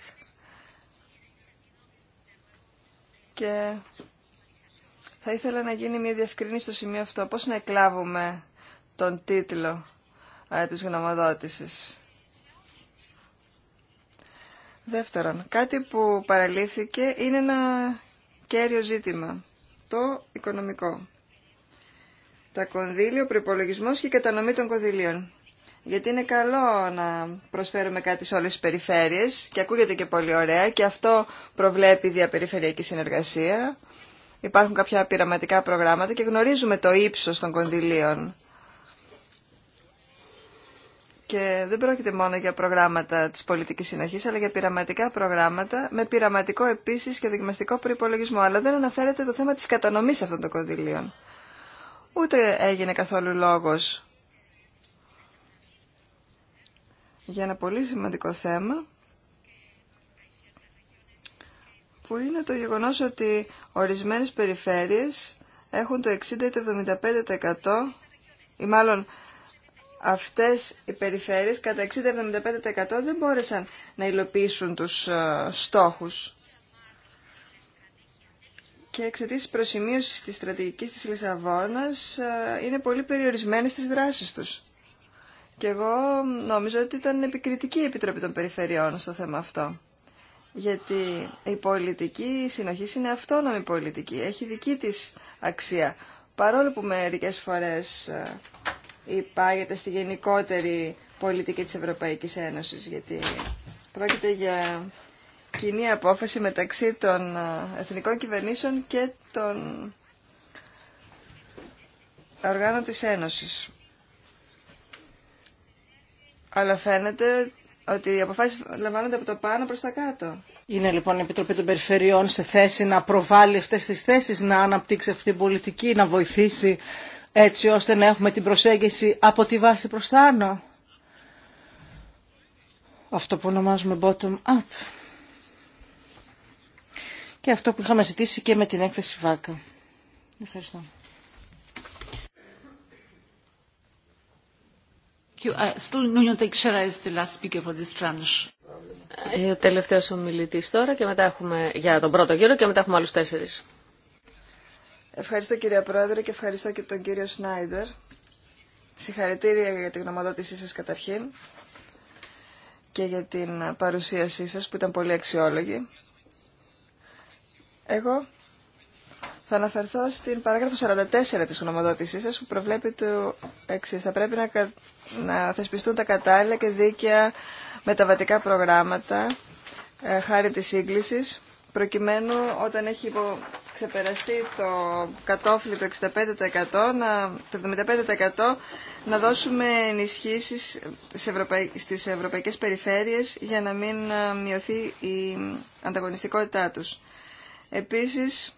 Και θα ήθελα να γίνει μια διευκρίνηση στο σημείο αυτό. Πώς να εκλάβουμε τον τίτλο ε, της γνωμοδότησης. Δεύτερον, κάτι που παραλήθηκε είναι ένα κέριο ζήτημα, το οικονομικό. Τα κονδύλια, ο προπολογισμό και η κατανομή των κονδυλίων γιατί είναι καλό να προσφέρουμε κάτι σε όλες τις περιφέρειες και ακούγεται και πολύ ωραία και αυτό προβλέπει η διαπεριφερειακή συνεργασία. Υπάρχουν κάποια πειραματικά προγράμματα και γνωρίζουμε το ύψος των κονδυλίων. Και δεν πρόκειται μόνο για προγράμματα της πολιτικής συνοχής, αλλά για πειραματικά προγράμματα, με πειραματικό επίσης και δοκιμαστικό προϋπολογισμό. Αλλά δεν αναφέρεται το θέμα της κατανομής αυτών των κονδυλίων. Ούτε έγινε καθόλου λόγος για ένα πολύ σημαντικό θέμα που είναι το γεγονός ότι ορισμένες περιφέρειες έχουν το 60 ή το 75% ή μάλλον αυτές οι περιφέρειες κατά 60-75% δεν μπόρεσαν να υλοποιήσουν τους ε, στόχους. Και εξαιτήσεις της προσημείωσης της στρατηγικής της Λισαβόνας ε, είναι πολύ περιορισμένες στις δράσεις τους. Και εγώ νόμιζα ότι ήταν επικριτική η Επιτροπή των Περιφερειών στο θέμα αυτό. Γιατί η πολιτική συνοχή είναι αυτόνομη πολιτική, έχει δική της αξία. Παρόλο που μερικές φορές ε, υπάγεται στη γενικότερη πολιτική της Ευρωπαϊκής Ένωσης, γιατί πρόκειται για κοινή απόφαση μεταξύ των ε, εθνικών κυβερνήσεων και των οργάνων της Ένωσης. Αλλά φαίνεται ότι οι αποφάσει λαμβάνονται από το πάνω προς τα κάτω. Είναι λοιπόν η Επιτροπή των Περιφερειών σε θέση να προβάλλει αυτές τις θέσεις, να αναπτύξει αυτή την πολιτική, να βοηθήσει έτσι ώστε να έχουμε την προσέγγιση από τη βάση προς τα άνω. Αυτό που ονομάζουμε bottom-up. Και αυτό που είχαμε ζητήσει και με την έκθεση ΒΑΚΑ. Ευχαριστώ. Uh, ε, ο τελευταίος ομιλητής τώρα και μετά έχουμε για τον πρώτο γύρο και μετά έχουμε άλλους τέσσερις. Ευχαριστώ κύριε Πρόεδρε και ευχαριστώ και τον κύριο Σνάιντερ. Συγχαρητήρια για την γνωμοδότησή σας καταρχήν και για την παρουσίασή σας που ήταν πολύ αξιόλογη. Εγώ θα αναφερθώ στην παράγραφο 44 της γνωμοδότησής σας που προβλέπει το εξή. Θα πρέπει να, να θεσπιστούν τα κατάλληλα και δίκαια μεταβατικά προγράμματα ε, χάρη της σύγκλησης προκειμένου όταν έχει υπο... ξεπεραστεί το κατόφλι το 65% το 75% να δώσουμε ενισχύσεις στις ευρωπαϊκές περιφέρειες για να μην ε, μειωθεί η ανταγωνιστικότητά τους. Επίσης,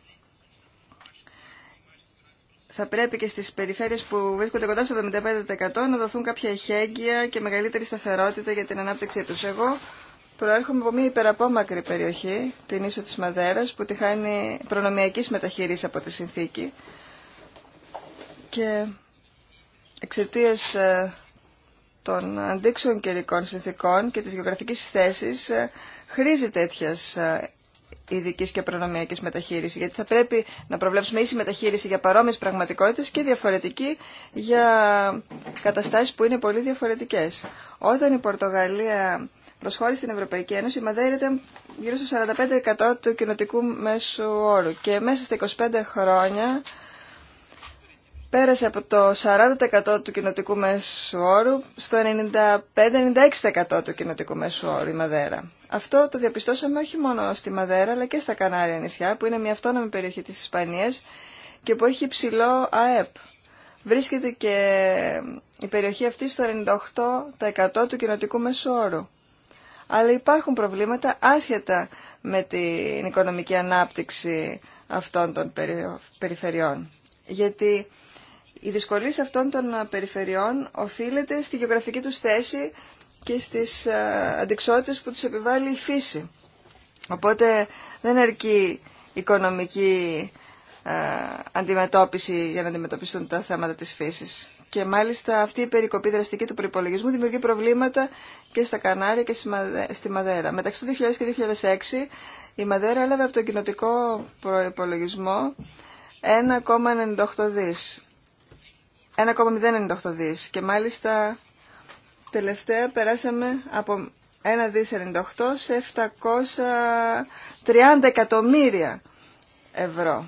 θα πρέπει και στις περιφέρειες που βρίσκονται κοντά στο 75% να δοθούν κάποια ειχέγγυα και μεγαλύτερη σταθερότητα για την ανάπτυξή τους. Εγώ προέρχομαι από μια υπεραπόμακρη περιοχή, την ίσο της Μαδέρας, που τη χάνει προνομιακής μεταχείρισης από τη συνθήκη. Και εξαιτία ε, των αντίξεων καιρικών συνθήκων και της γεωγραφικής θέσης ε, χρήζει τέτοιας ε, ειδική και προνομιακή μεταχείριση. Γιατί θα πρέπει να προβλέψουμε ίση μεταχείριση για παρόμοιε πραγματικότητε και διαφορετική για καταστάσει που είναι πολύ διαφορετικέ. Όταν η Πορτογαλία προσχώρησε στην Ευρωπαϊκή Ένωση, η γύρω στο 45% του κοινοτικού μέσου όρου. Και μέσα στα 25 χρόνια πέρασε από το 40% του κοινοτικού μέσου όρου στο 95-96% του κοινοτικού μέσου όρου η Μαδέρα. Αυτό το διαπιστώσαμε όχι μόνο στη Μαδέρα αλλά και στα Κανάρια νησιά που είναι μια αυτόνομη περιοχή της Ισπανίας και που έχει υψηλό ΑΕΠ. Βρίσκεται και η περιοχή αυτή στο 98% του κοινοτικού μέσου όρου. Αλλά υπάρχουν προβλήματα άσχετα με την οικονομική ανάπτυξη αυτών των περιφερειών. Γιατί η δυσκολία σε αυτών των ε, περιφερειών οφείλεται στη γεωγραφική τους θέση και στις ε, αντικσότητες που τους επιβάλλει η φύση. Οπότε δεν αρκεί οικονομική ε, αντιμετώπιση για να αντιμετωπιστούν τα θέματα της φύσης. Και μάλιστα αυτή η περικοπή δραστική του προπολογισμού δημιουργεί προβλήματα και στα Κανάρια και στη Μαδέρα. Μεταξύ του 2000 και 2006 η Μαδέρα έλαβε από τον κοινοτικό προπολογισμό 1,98 δις. 1,098 δις και μάλιστα τελευταία περάσαμε από 1 δις 98 σε 730 εκατομμύρια ευρώ.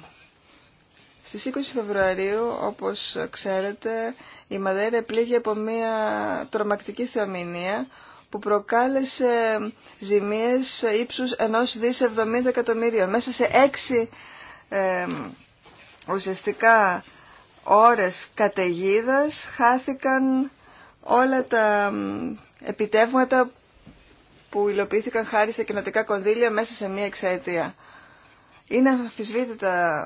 Στις 20 Φεβρουαρίου, όπως ξέρετε, η Μαδέρα πλήγει από μια τρομακτική θεομηνία που προκάλεσε ζημίες ύψους ενός δις 70 εκατομμύριων. Μέσα σε έξι ε, ουσιαστικά ώρες καταιγίδα χάθηκαν όλα τα επιτεύγματα που υλοποιήθηκαν χάρη στα κοινοτικά κονδύλια μέσα σε μία εξαίτια. Είναι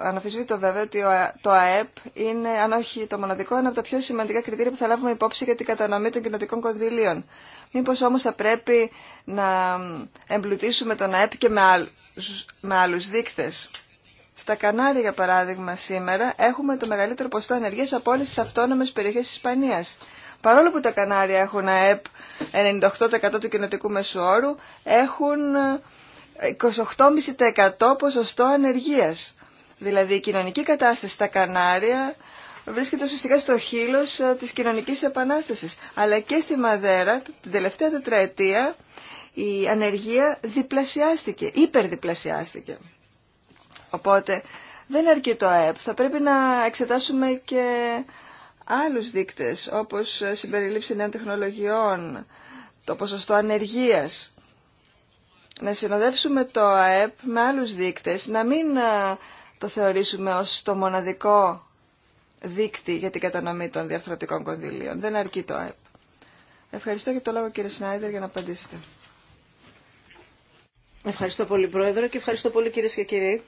αναφυσβήτητο βέβαια ότι το ΑΕΠ είναι, αν όχι το μοναδικό, ένα από τα πιο σημαντικά κριτήρια που θα λάβουμε υπόψη για την κατανομή των κοινοτικών κονδυλίων. Μήπως όμως θα πρέπει να εμπλουτίσουμε τον ΑΕΠ και με άλλους δείκτες. Στα Κανάρια, για παράδειγμα, σήμερα έχουμε το μεγαλύτερο ποστό ανεργίας από όλε τι αυτόνομε περιοχέ τη Ισπανίας. Παρόλο που τα Κανάρια έχουν ΑΕΠ 98% του κοινοτικού μεσουόρου, έχουν 28,5% ε, ποσοστό ανεργία. Δηλαδή η κοινωνική κατάσταση στα Κανάρια βρίσκεται ουσιαστικά στο χείλο ε, της κοινωνική επανάσταση. Αλλά και στη Μαδέρα, την τελευταία τετραετία, η ανεργία διπλασιάστηκε, υπερδιπλασιάστηκε. Οπότε δεν αρκεί το ΑΕΠ. Θα πρέπει να εξετάσουμε και άλλους δείκτες, όπως συμπεριλήψη νέων τεχνολογιών, το ποσοστό ανεργίας. Να συνοδεύσουμε το ΑΕΠ με άλλους δείκτες, να μην το θεωρήσουμε ως το μοναδικό δείκτη για την κατανομή των διαφορετικών κονδυλίων. Δεν αρκεί το ΑΕΠ. Ευχαριστώ και το λόγο κύριε Σνάιντερ για να απαντήσετε. Ευχαριστώ πολύ Πρόεδρο και ευχαριστώ πολύ κύριε και κύριοι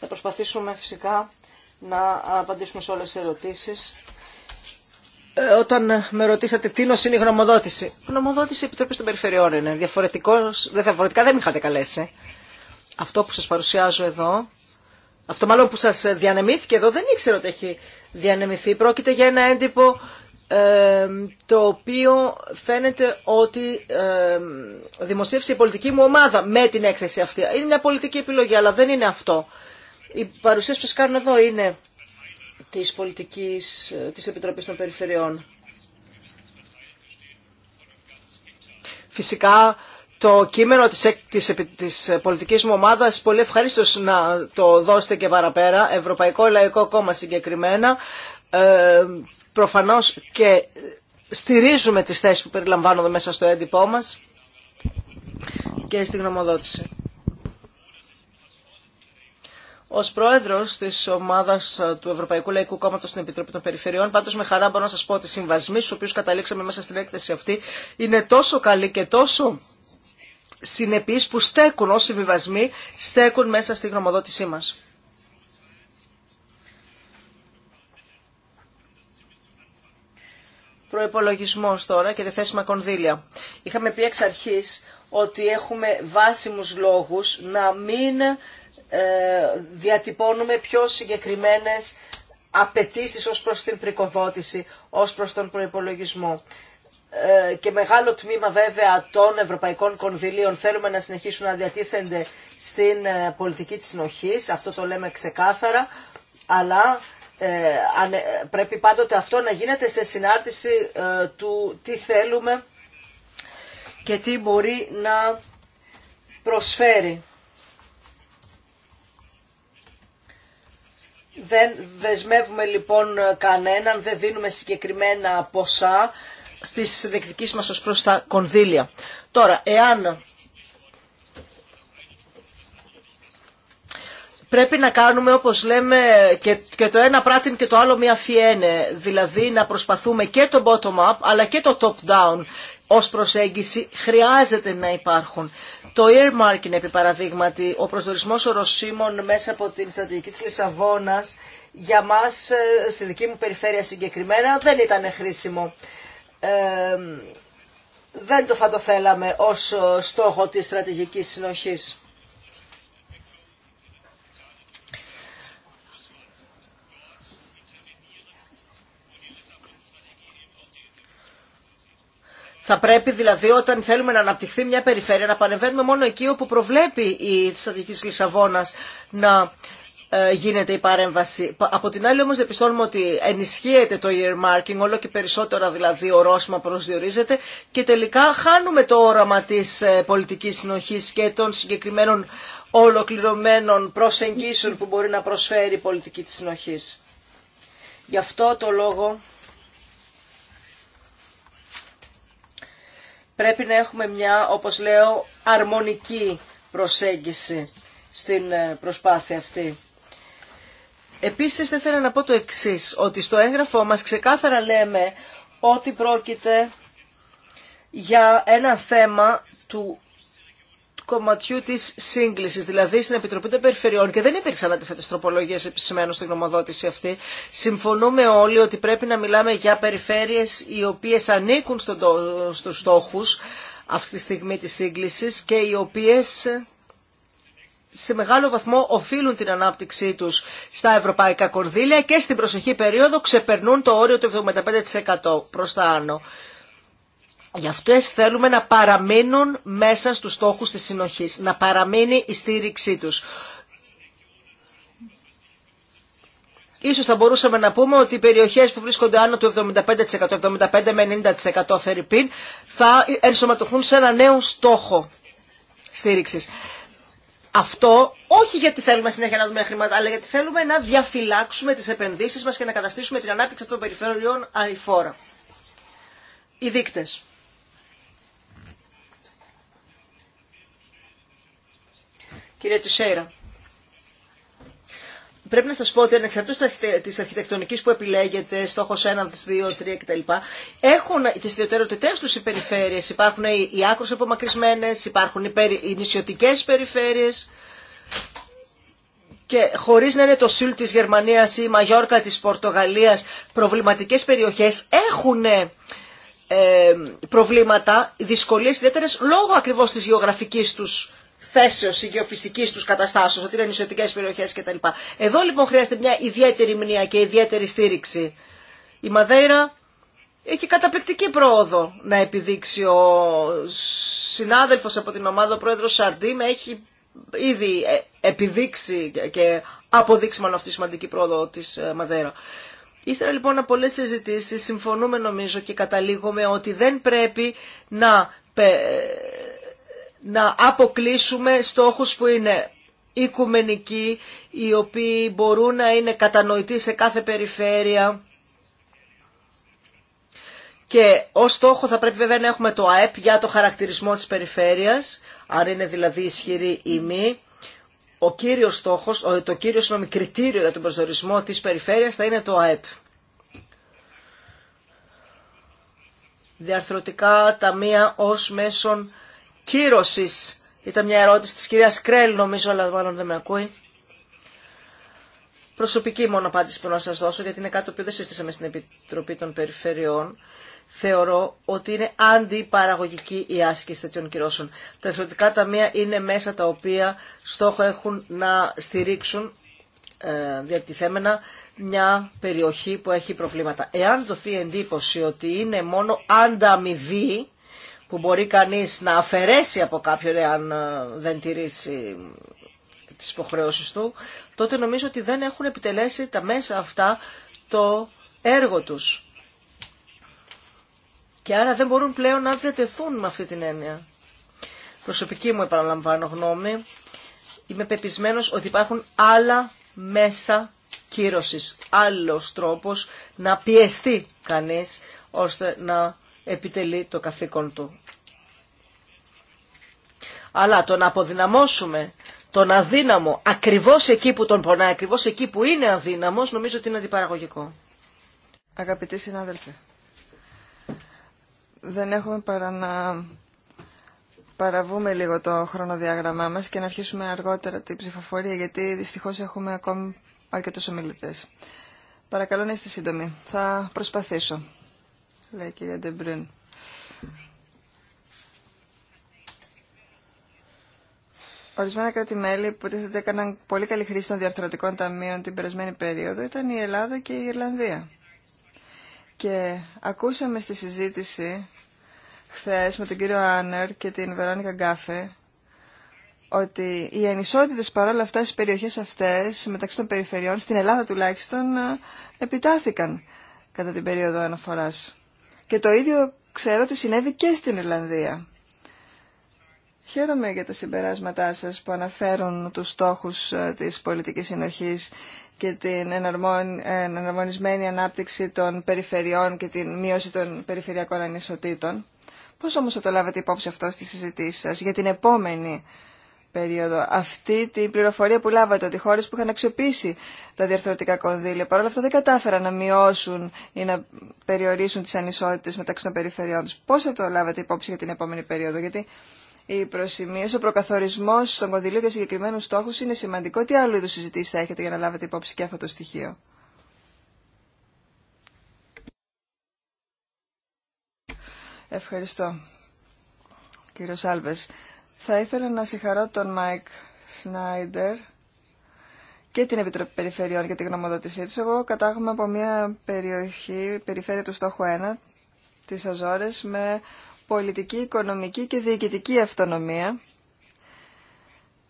θα προσπαθήσουμε φυσικά να απαντήσουμε σε όλες τις ερωτήσεις. Ε, όταν με ρωτήσατε τι είναι η γνωμοδότηση. Η γνωμοδότηση επιτρέπει των περιφερειών είναι. Διαφορετικός, διαφορετικά δεν με είχατε καλέσει. Αυτό που σας παρουσιάζω εδώ, αυτό μάλλον που σας διανεμήθηκε εδώ δεν ήξερα ότι έχει διανεμηθεί. Πρόκειται για ένα έντυπο ε, το οποίο φαίνεται ότι ε, δημοσίευσε η πολιτική μου ομάδα με την έκθεση αυτή. Είναι μια πολιτική επιλογή, αλλά δεν είναι αυτό οι παρουσίες που σας κάνουν εδώ είναι της πολιτικής της Επιτροπής των Περιφερειών. Φυσικά το κείμενο της, της, της πολιτικής μου ομάδας πολύ ευχαρίστω να το δώσετε και παραπέρα. Ευρωπαϊκό Λαϊκό Κόμμα συγκεκριμένα. Ε, προφανώς και στηρίζουμε τις θέσεις που περιλαμβάνονται μέσα στο έντυπό μας και στην γνωμοδότηση. Ω πρόεδρο τη ομάδα ε, του Ευρωπαϊκού Λαϊκού Κόμματο στην Επιτροπή των Περιφερειών, πάντω με χαρά μπορώ να σα πω ότι οι συμβασμοί στου οποίου καταλήξαμε μέσα στην έκθεση αυτή είναι τόσο καλοί και τόσο συνεπεί που στέκουν ως συμβιβασμοί, στέκουν μέσα στη γνωμοδότησή μα. Προπολογισμό τώρα και διαθέσιμα κονδύλια. Είχαμε πει εξ αρχής ότι έχουμε βάσιμους λόγους να μην ε, διατυπώνουμε πιο συγκεκριμένες απαιτήσει ως προς την πρικοδότηση, ως προς τον προϋπολογισμό. Ε, και μεγάλο τμήμα βέβαια των ευρωπαϊκών κονδυλίων θέλουμε να συνεχίσουν να διατίθενται στην ε, πολιτική της νοχής αυτό το λέμε ξεκάθαρα, αλλά πρέπει πάντοτε αυτό να γίνεται σε συνάρτηση του τι θέλουμε και τι μπορεί να προσφέρει Δεν δεσμεύουμε λοιπόν κανέναν, δεν δίνουμε συγκεκριμένα ποσά στις διεκδικήσεις μας ως προς τα κονδύλια. Τώρα, εάν πρέπει να κάνουμε όπως λέμε και, και το ένα πράτην και το άλλο μία φιένε, δηλαδή να προσπαθούμε και το bottom-up αλλά και το top-down ως προσέγγιση χρειάζεται να υπάρχουν το earmarking, είναι επί παραδείγματι ο προσδορισμός οροσίμων μέσα από την στρατηγική της Λισαβόνας για μας ε, στη δική μου περιφέρεια συγκεκριμένα δεν ήταν χρήσιμο. Ε, δεν το θα θέλαμε ως ε, στόχο της στρατηγικής συνοχής. Θα πρέπει δηλαδή όταν θέλουμε να αναπτυχθεί μια περιφέρεια να πανεβαίνουμε μόνο εκεί όπου προβλέπει η στρατηγική Λισαβόνα να ε, γίνεται η παρέμβαση. Από την άλλη όμως διαπιστώνουμε ότι ενισχύεται το earmarking, όλο και περισσότερα δηλαδή ορόσημα προσδιορίζεται και τελικά χάνουμε το όραμα της ε, πολιτικής συνοχής και των συγκεκριμένων ολοκληρωμένων προσεγγίσεων που μπορεί να προσφέρει η πολιτική της συνοχής. Γι' αυτό το λόγο πρέπει να έχουμε μια, όπως λέω, αρμονική προσέγγιση στην ε, προσπάθεια αυτή. Επίσης, θα ήθελα να πω το εξής, ότι στο έγγραφό μας ξεκάθαρα λέμε ότι πρόκειται για ένα θέμα του κομματιού τη σύγκληση, δηλαδή στην Επιτροπή των Περιφερειών και δεν υπήρξαν αντίθετε τροπολογίε επισημένω στην γνωμοδότηση αυτή. Συμφωνούμε όλοι ότι πρέπει να μιλάμε για περιφέρειες οι οποίε ανήκουν στο, στους στόχους αυτή τη στιγμή τη σύγκληση και οι οποίε σε μεγάλο βαθμό οφείλουν την ανάπτυξή τους στα ευρωπαϊκά κονδύλια και στην προσεχή περίοδο ξεπερνούν το όριο του 75% προς τα άνω. Γι' αυτό θέλουμε να παραμείνουν μέσα στους στόχους της συνοχής, να παραμείνει η στήριξή τους. Ίσως θα μπορούσαμε να πούμε ότι οι περιοχές που βρίσκονται άνω του 75%, 75 με 90% φερρυπίν, θα ενσωματωθούν σε ένα νέο στόχο στήριξης. Αυτό όχι γιατί θέλουμε συνέχεια να δούμε χρήματα, αλλά γιατί θέλουμε να διαφυλάξουμε τις επενδύσεις μας και να καταστήσουμε την ανάπτυξη αυτών των περιφέρειων αηφόρα. Οι δείκτες. Κύριε Τισέιρα, πρέπει να σας πω ότι ανεξαρτήτως της αρχιτεκτονικής που επιλέγετε, στόχος 1, 2, 3 κτλ. Έχουν τις ιδιωτερότητέ τους οι περιφέρειες. Υπάρχουν οι άκρους απομακρυσμένες, υπάρχουν οι νησιωτικές περιφέρειες. Και χωρίς να είναι το Σιλ της Γερμανίας ή η Μαγιόρκα της Πορτογαλίας, προβληματικές περιοχές έχουν ε, προβλήματα, δυσκολίες ιδιαίτερες λόγω ακριβώς της γεωγραφικής τους θέσεως ή γεωφυσικής τους καταστάσεως, ότι είναι νησιωτικές περιοχές κτλ. Εδώ λοιπόν χρειάζεται μια ιδιαίτερη μνήμα και ιδιαίτερη στήριξη. Η Μαδέιρα έχει καταπληκτική πρόοδο να επιδείξει ο συνάδελφος από την ομάδα, ο πρόεδρος Σαρντίμ, έχει ήδη ε, επιδείξει και αποδείξει μάλλον αυτή τη σημαντική πρόοδο της ε, Μαδέρα. Ύστερα λοιπόν από πολλές συζητήσεις συμφωνούμε νομίζω και καταλήγουμε ότι δεν πρέπει να να αποκλείσουμε στόχους που είναι οικουμενικοί, οι οποίοι μπορούν να είναι κατανοητοί σε κάθε περιφέρεια. Και ω στόχο θα πρέπει βέβαια να έχουμε το ΑΕΠ για το χαρακτηρισμό της περιφέρειας, αν είναι δηλαδή ισχυρή ή μη. Ο κύριος στόχος, το κύριο συνομικριτήριο κριτήριο για τον προσδορισμό της περιφέρειας θα είναι το ΑΕΠ. Διαρθρωτικά ταμεία ως μέσον κύρωσης. Ήταν μια ερώτηση της κυρίας Κρέλ, νομίζω, αλλά μάλλον δεν με ακούει. Προσωπική μόνο απάντηση που να σας δώσω, γιατί είναι κάτι το οποίο δεν συστήσαμε στην Επιτροπή των Περιφερειών. Θεωρώ ότι είναι αντιπαραγωγική η άσκηση τέτοιων κυρώσεων. Τα εθνωτικά ταμεία είναι μέσα τα οποία στόχο έχουν να στηρίξουν ε, διατηθέμενα μια περιοχή που έχει προβλήματα. Εάν δοθεί εντύπωση ότι είναι μόνο ανταμοιβή, που μπορεί κανείς να αφαιρέσει από κάποιον εάν ε, δεν τηρήσει τις υποχρεώσεις του, τότε νομίζω ότι δεν έχουν επιτελέσει τα μέσα αυτά το έργο τους. Και άρα δεν μπορούν πλέον να διατεθούν με αυτή την έννοια. Προσωπική μου επαναλαμβάνω γνώμη, είμαι πεπισμένος ότι υπάρχουν άλλα μέσα κύρωσης, άλλος τρόπος να πιεστεί κανείς ώστε να επιτελεί το καθήκον του. Αλλά το να αποδυναμώσουμε τον αδύναμο ακριβώς εκεί που τον πονάει, ακριβώς εκεί που είναι αδύναμος, νομίζω ότι είναι αντιπαραγωγικό. Αγαπητοί συνάδελφοι, δεν έχουμε παρά να παραβούμε λίγο το χρονοδιάγραμμά μας και να αρχίσουμε αργότερα την ψηφοφορία, γιατί δυστυχώς έχουμε ακόμη αρκετούς ομιλητές. Παρακαλώ να είστε σύντομοι. Θα προσπαθήσω λέει η κυρια Ντεμπρούν. Ορισμένα κράτη-μέλη που τίθεται έκαναν πολύ καλή χρήση των διαρθρωτικών ταμείων την περασμένη περίοδο ήταν η Ελλάδα και η Ιρλανδία. Και ακούσαμε στη συζήτηση χθε με τον κύριο Άνερ και την Βερόνικα Γκάφε ότι οι ανισότητε παρόλα αυτά στι περιοχές αυτές μεταξύ των περιφερειών, στην Ελλάδα τουλάχιστον, ε, επιτάθηκαν κατά την περίοδο αναφοράς. Και το ίδιο ξέρω ότι συνέβη και στην Ιρλανδία. Χαίρομαι για τα συμπεράσματά σας που αναφέρουν τους στόχους ε, της πολιτικής συνοχής και την ε, εναρμονισμένη ανάπτυξη των περιφερειών και την μείωση των περιφερειακών ανισοτήτων. Πώς όμως θα το λάβετε υπόψη αυτό στη συζητήση σας για την επόμενη περίοδο. Αυτή την πληροφορία που λάβατε ότι χώρε που είχαν αξιοποιήσει τα διαρθρωτικά κονδύλια παρόλα αυτά δεν κατάφεραν να μειώσουν ή να περιορίσουν τι ανισότητε μεταξύ των περιφερειών του. Πώ θα το λάβατε υπόψη για την επόμενη περίοδο, Γιατί η προσημείωση, ο προκαθορισμό των κονδυλίων για συγκεκριμένου στόχου είναι σημαντικό. Τι άλλο είδου συζητήσει θα έχετε για να λάβετε υπόψη και αυτό το στοιχείο. Ευχαριστώ. Κύριο Άλβες, θα ήθελα να συγχαρώ τον Μάικ Σνάιντερ και την Επιτροπή Περιφερειών για τη γνωμοδότησή του. Εγώ κατάγομαι από μια περιοχή, περιφέρεια του στόχου 1, της Αζόρες, με πολιτική, οικονομική και διοικητική αυτονομία.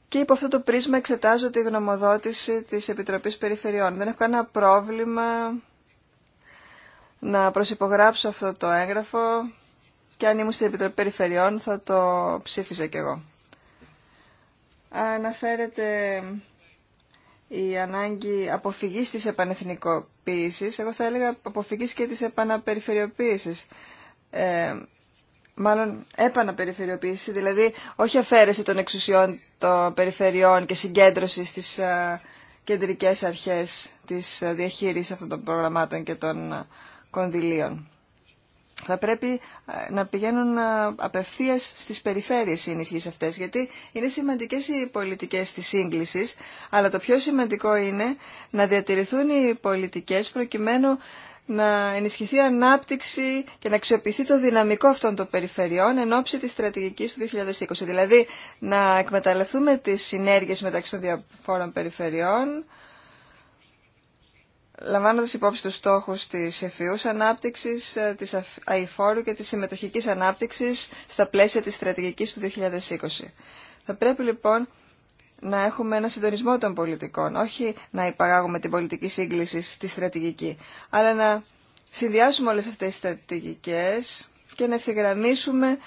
Και υπό αυτό το πρίσμα εξετάζω τη γνωμοδότηση της Επιτροπής Περιφερειών. Δεν έχω κανένα πρόβλημα να προσυπογράψω αυτό το έγγραφο και αν ήμουν στην Επιτροπή Περιφερειών θα το ψήφιζα κι εγώ. Αναφέρεται η ανάγκη αποφυγής της επανεθνικοποίησης, εγώ θα έλεγα αποφυγής και της επαναπεριφερειοποίησης. Ε, μάλλον επαναπεριφερειοποίηση, δηλαδή όχι αφαίρεση των εξουσιών των περιφερειών και συγκέντρωση στις α, ε, κεντρικές αρχές της ε, διαχείρισης αυτών των προγραμμάτων και των κονδυλίων θα πρέπει ε, να πηγαίνουν ε, απευθείας στις περιφέρειες οι ενισχύσεις αυτές, γιατί είναι σημαντικές οι πολιτικές της σύγκλησης, αλλά το πιο σημαντικό είναι να διατηρηθούν οι πολιτικές προκειμένου να ενισχυθεί η ανάπτυξη και να αξιοποιηθεί το δυναμικό αυτών των περιφερειών εν ώψη της στρατηγικής του 2020. Δηλαδή να εκμεταλλευτούμε τις συνέργειες μεταξύ των διαφόρων περιφερειών, λαμβάνοντας υπόψη τους στόχους της εφιούς ανάπτυξης, ε, της αηφόρου και της συμμετοχικής ανάπτυξης στα πλαίσια της στρατηγικής του 2020. Θα πρέπει λοιπόν να έχουμε ένα συντονισμό των πολιτικών, όχι να υπαγάγουμε την πολιτική σύγκληση στη στρατηγική, αλλά να συνδυάσουμε όλες αυτές τις στρατηγικές και να ευθυγραμμίσουμε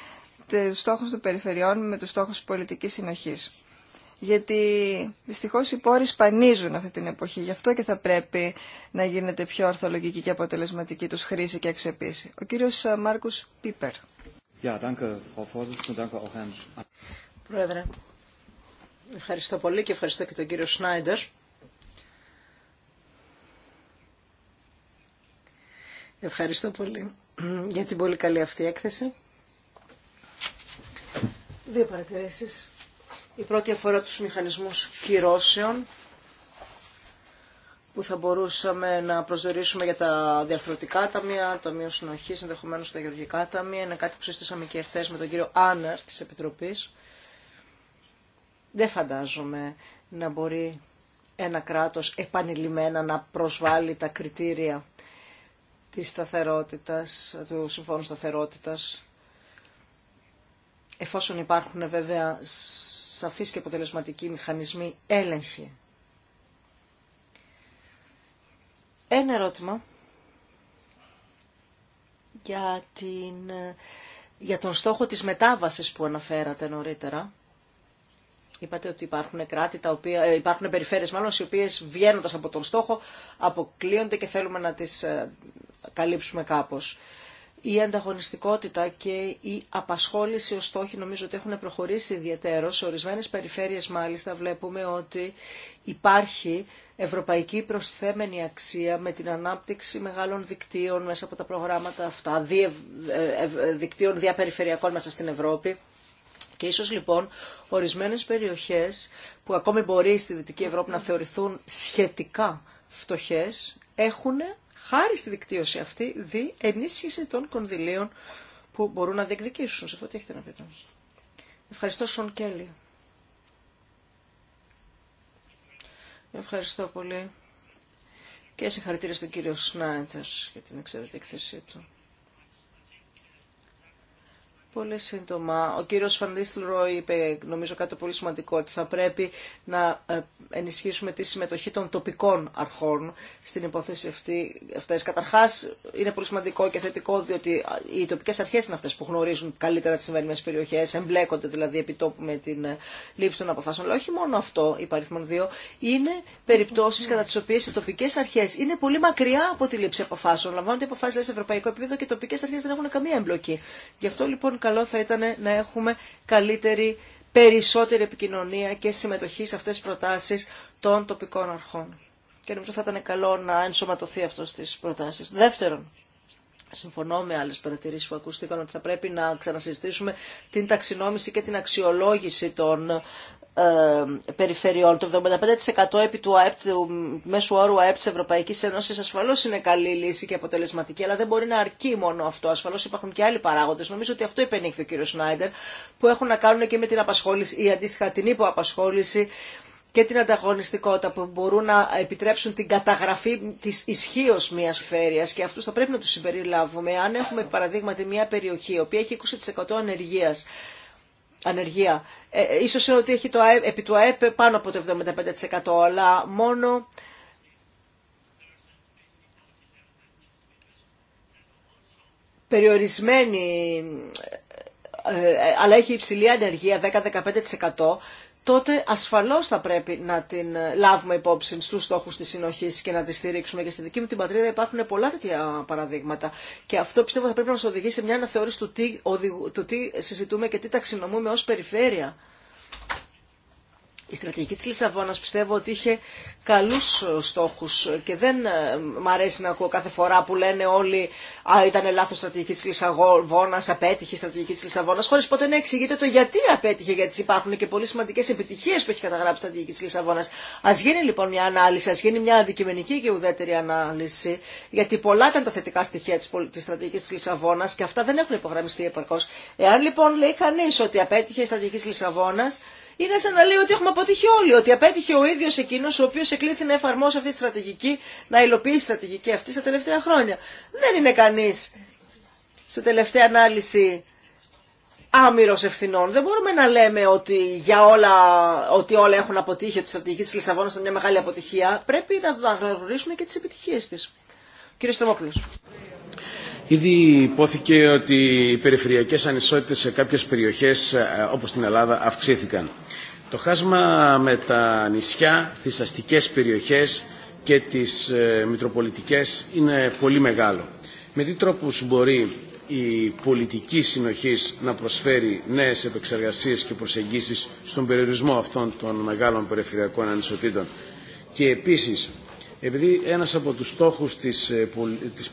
τους στόχους των περιφερειών με τους στόχους της πολιτικής συνοχής γιατί δυστυχώς οι πόροι σπανίζουν αυτή την εποχή. Γι' αυτό και θα πρέπει να γίνεται πιο ορθολογική και αποτελεσματική τους χρήση και αξιοποίηση. Ο κύριος ε, Μάρκους Πίπερ. Πρόεδρε, ευχαριστώ πολύ και ευχαριστώ και τον κύριο Σνάιντερ. Ευχαριστώ πολύ για την πολύ καλή αυτή έκθεση. Δύο παρατηρήσεις. Η πρώτη αφορά τους μηχανισμούς κυρώσεων που θα μπορούσαμε να προσδιορίσουμε για τα διαρθρωτικά ταμεία, το Ταμείο Συνοχή, ενδεχομένω τα γεωργικά ταμεία. Είναι κάτι που συστήσαμε και χθε με τον κύριο Άνερ τη Επιτροπή. Δεν φαντάζομαι να μπορεί ένα κράτος επανειλημμένα να προσβάλλει τα κριτήρια της σταθερότητας, του Συμφώνου Σταθερότητας, εφόσον υπάρχουν βέβαια σαφείς και αποτελεσματικοί μηχανισμοί έλεγχη. Ένα ερώτημα για, την, για τον στόχο της μετάβασης που αναφέρατε νωρίτερα. Είπατε ότι υπάρχουν, κράτη τα οποία, ε, υπάρχουν περιφέρειες μάλλον, οι οποίες βγαίνοντας από τον στόχο αποκλείονται και θέλουμε να τις ε, καλύψουμε κάπως η ανταγωνιστικότητα και η απασχόληση ως στόχοι νομίζω ότι έχουν προχωρήσει ιδιαίτερο. Σε ορισμένες περιφέρειες μάλιστα βλέπουμε ότι υπάρχει ευρωπαϊκή προσθέμενη αξία με την ανάπτυξη μεγάλων δικτύων μέσα από τα προγράμματα αυτά, ε, ε, δικτύων διαπεριφερειακών μέσα στην Ευρώπη. Και ίσως λοιπόν ορισμένες περιοχές που ακόμη μπορεί στη Δυτική Ευρώπη να θεωρηθούν σχετικά φτωχές έχουν χάρη στη δικτύωση αυτή, δει ενίσχυση των κονδυλίων που μπορούν να διεκδικήσουν. Σε αυτό τι έχετε να πείτε. Ευχαριστώ, Σον Κέλλη. Ευχαριστώ πολύ. Και συγχαρητήρια στον κύριο Σνάιντερ για την εξαιρετική εκθεσή του. Πολύ σύντομα. Ο κύριος Φαν Ρόι είπε, νομίζω κάτι πολύ σημαντικό, ότι θα πρέπει να ε, ενισχύσουμε τη συμμετοχή των τοπικών αρχών στην υπόθεση αυτή. Αυτές. Καταρχάς, είναι πολύ σημαντικό και θετικό, διότι οι τοπικές αρχές είναι αυτές που γνωρίζουν καλύτερα τι συμβαίνει με περιοχές, εμπλέκονται δηλαδή επιτόπου με την ε, λήψη των αποφάσεων. Αλλά όχι μόνο αυτό, η μόνο δύο, είναι περιπτώσεις κατά τις οποίες οι τοπικές αρχές είναι πολύ μακριά από τη λήψη αποφάσεων. Λαμβάνονται αποφάσεις σε ευρωπαϊκό επίπεδο και τοπικές αρχές δεν έχουν καμία εμπλοκή. Γι' αυτό λοιπόν καλό θα ήταν να έχουμε καλύτερη, περισσότερη επικοινωνία και συμμετοχή σε αυτές τις προτάσεις των τοπικών αρχών. Και νομίζω θα ήταν καλό να ενσωματωθεί αυτό στις προτάσεις. Δεύτερον, Συμφωνώ με άλλες παρατηρήσεις που ακούστηκαν ότι θα πρέπει να ξανασυζητήσουμε την ταξινόμηση και την αξιολόγηση των ε, περιφερειών. Το 75% επί του, ΑΕΠ, του μέσου όρου ΑΕΠ τη Ευρωπαϊκή Ένωση ασφαλώ είναι καλή λύση και αποτελεσματική, αλλά δεν μπορεί να αρκεί μόνο αυτό. Ασφαλώ υπάρχουν και άλλοι παράγοντε. Νομίζω ότι αυτό υπενήχθη ο κύριο Σνάιντερ, που έχουν να κάνουν και με την απασχόληση ή αντίστοιχα την υποαπασχόληση και την ανταγωνιστικότητα που μπορούν να επιτρέψουν την καταγραφή της ισχύω μιας φέρειας και αυτούς θα πρέπει να τους συμπεριλάβουμε. Αν έχουμε παραδείγματι μια περιοχή η οποία έχει 20% ανεργίας, ανεργία. Ε, ε, ίσως είναι ότι έχει το επί του ΑΕΠ πάνω από το 75% αλλά μόνο περιορισμένη ε, αλλά έχει υψηλή ανεργία 10-15% τότε ασφαλώς θα πρέπει να την ε, λάβουμε υπόψη στους στόχους της συνοχής και να τη στηρίξουμε. Και στη δική μου την πατρίδα υπάρχουν πολλά τέτοια παραδείγματα. Και αυτό πιστεύω θα πρέπει να μας οδηγήσει σε μια αναθεώρηση του τι, του τι συζητούμε και τι ταξινομούμε ως περιφέρεια. Η στρατηγική της Λισαβόνας πιστεύω ότι είχε καλούς στόχους και δεν ε, μ' αρέσει να ακούω κάθε φορά που λένε όλοι «Α, ήταν λάθος στρατηγική της Λισαβόνας, απέτυχε η στρατηγική της Λισαβόνας», χωρίς ποτέ να εξηγείται το γιατί απέτυχε, γιατί υπάρχουν και πολύ σημαντικές επιτυχίες που έχει καταγράψει η στρατηγική της Λισαβόνας. Ας γίνει λοιπόν μια ανάλυση, ας γίνει μια αντικειμενική και ουδέτερη ανάλυση, γιατί πολλά ήταν τα θετικά στοιχεία της στρατηγικής της Λισαβόνας και αυτά δεν έχουν υπογραμμιστεί επαρκώς. Εάν λοιπόν λέει κανείς ότι απέτυχε η στρατηγική της Λισαβόνας, είναι σαν να λέει ότι έχουμε αποτύχει όλοι, ότι απέτυχε ο ίδιο εκείνο ο οποίο εκλήθη να εφαρμόσει αυτή τη στρατηγική, να υλοποιήσει τη στρατηγική αυτή στα τελευταία χρόνια. Δεν είναι κανεί σε τελευταία ανάλυση άμυρο ευθυνών. Δεν μπορούμε να λέμε ότι, για όλα, ότι όλα έχουν αποτύχει, ότι η στρατηγική τη Λισαβόνα ήταν μια μεγάλη αποτυχία. Πρέπει να γνωρισουμε και τι επιτυχίε τη. Κύριε Στομόπουλο. Ήδη υπόθηκε ότι οι περιφερειακές ανισότητες σε κάποιες περιοχές ε, όπως την Ελλάδα αυξήθηκαν. Το χάσμα με τα νησιά, τις αστικές περιοχές και τις ε, μητροπολιτικές είναι πολύ μεγάλο. Με τι τρόπους μπορεί η πολιτική συνοχής να προσφέρει νέες επεξεργασίες και προσεγγίσεις στον περιορισμό αυτών των μεγάλων περιφερειακών ανισοτήτων και επίσης επειδή ένας από τους στόχους της, ε, της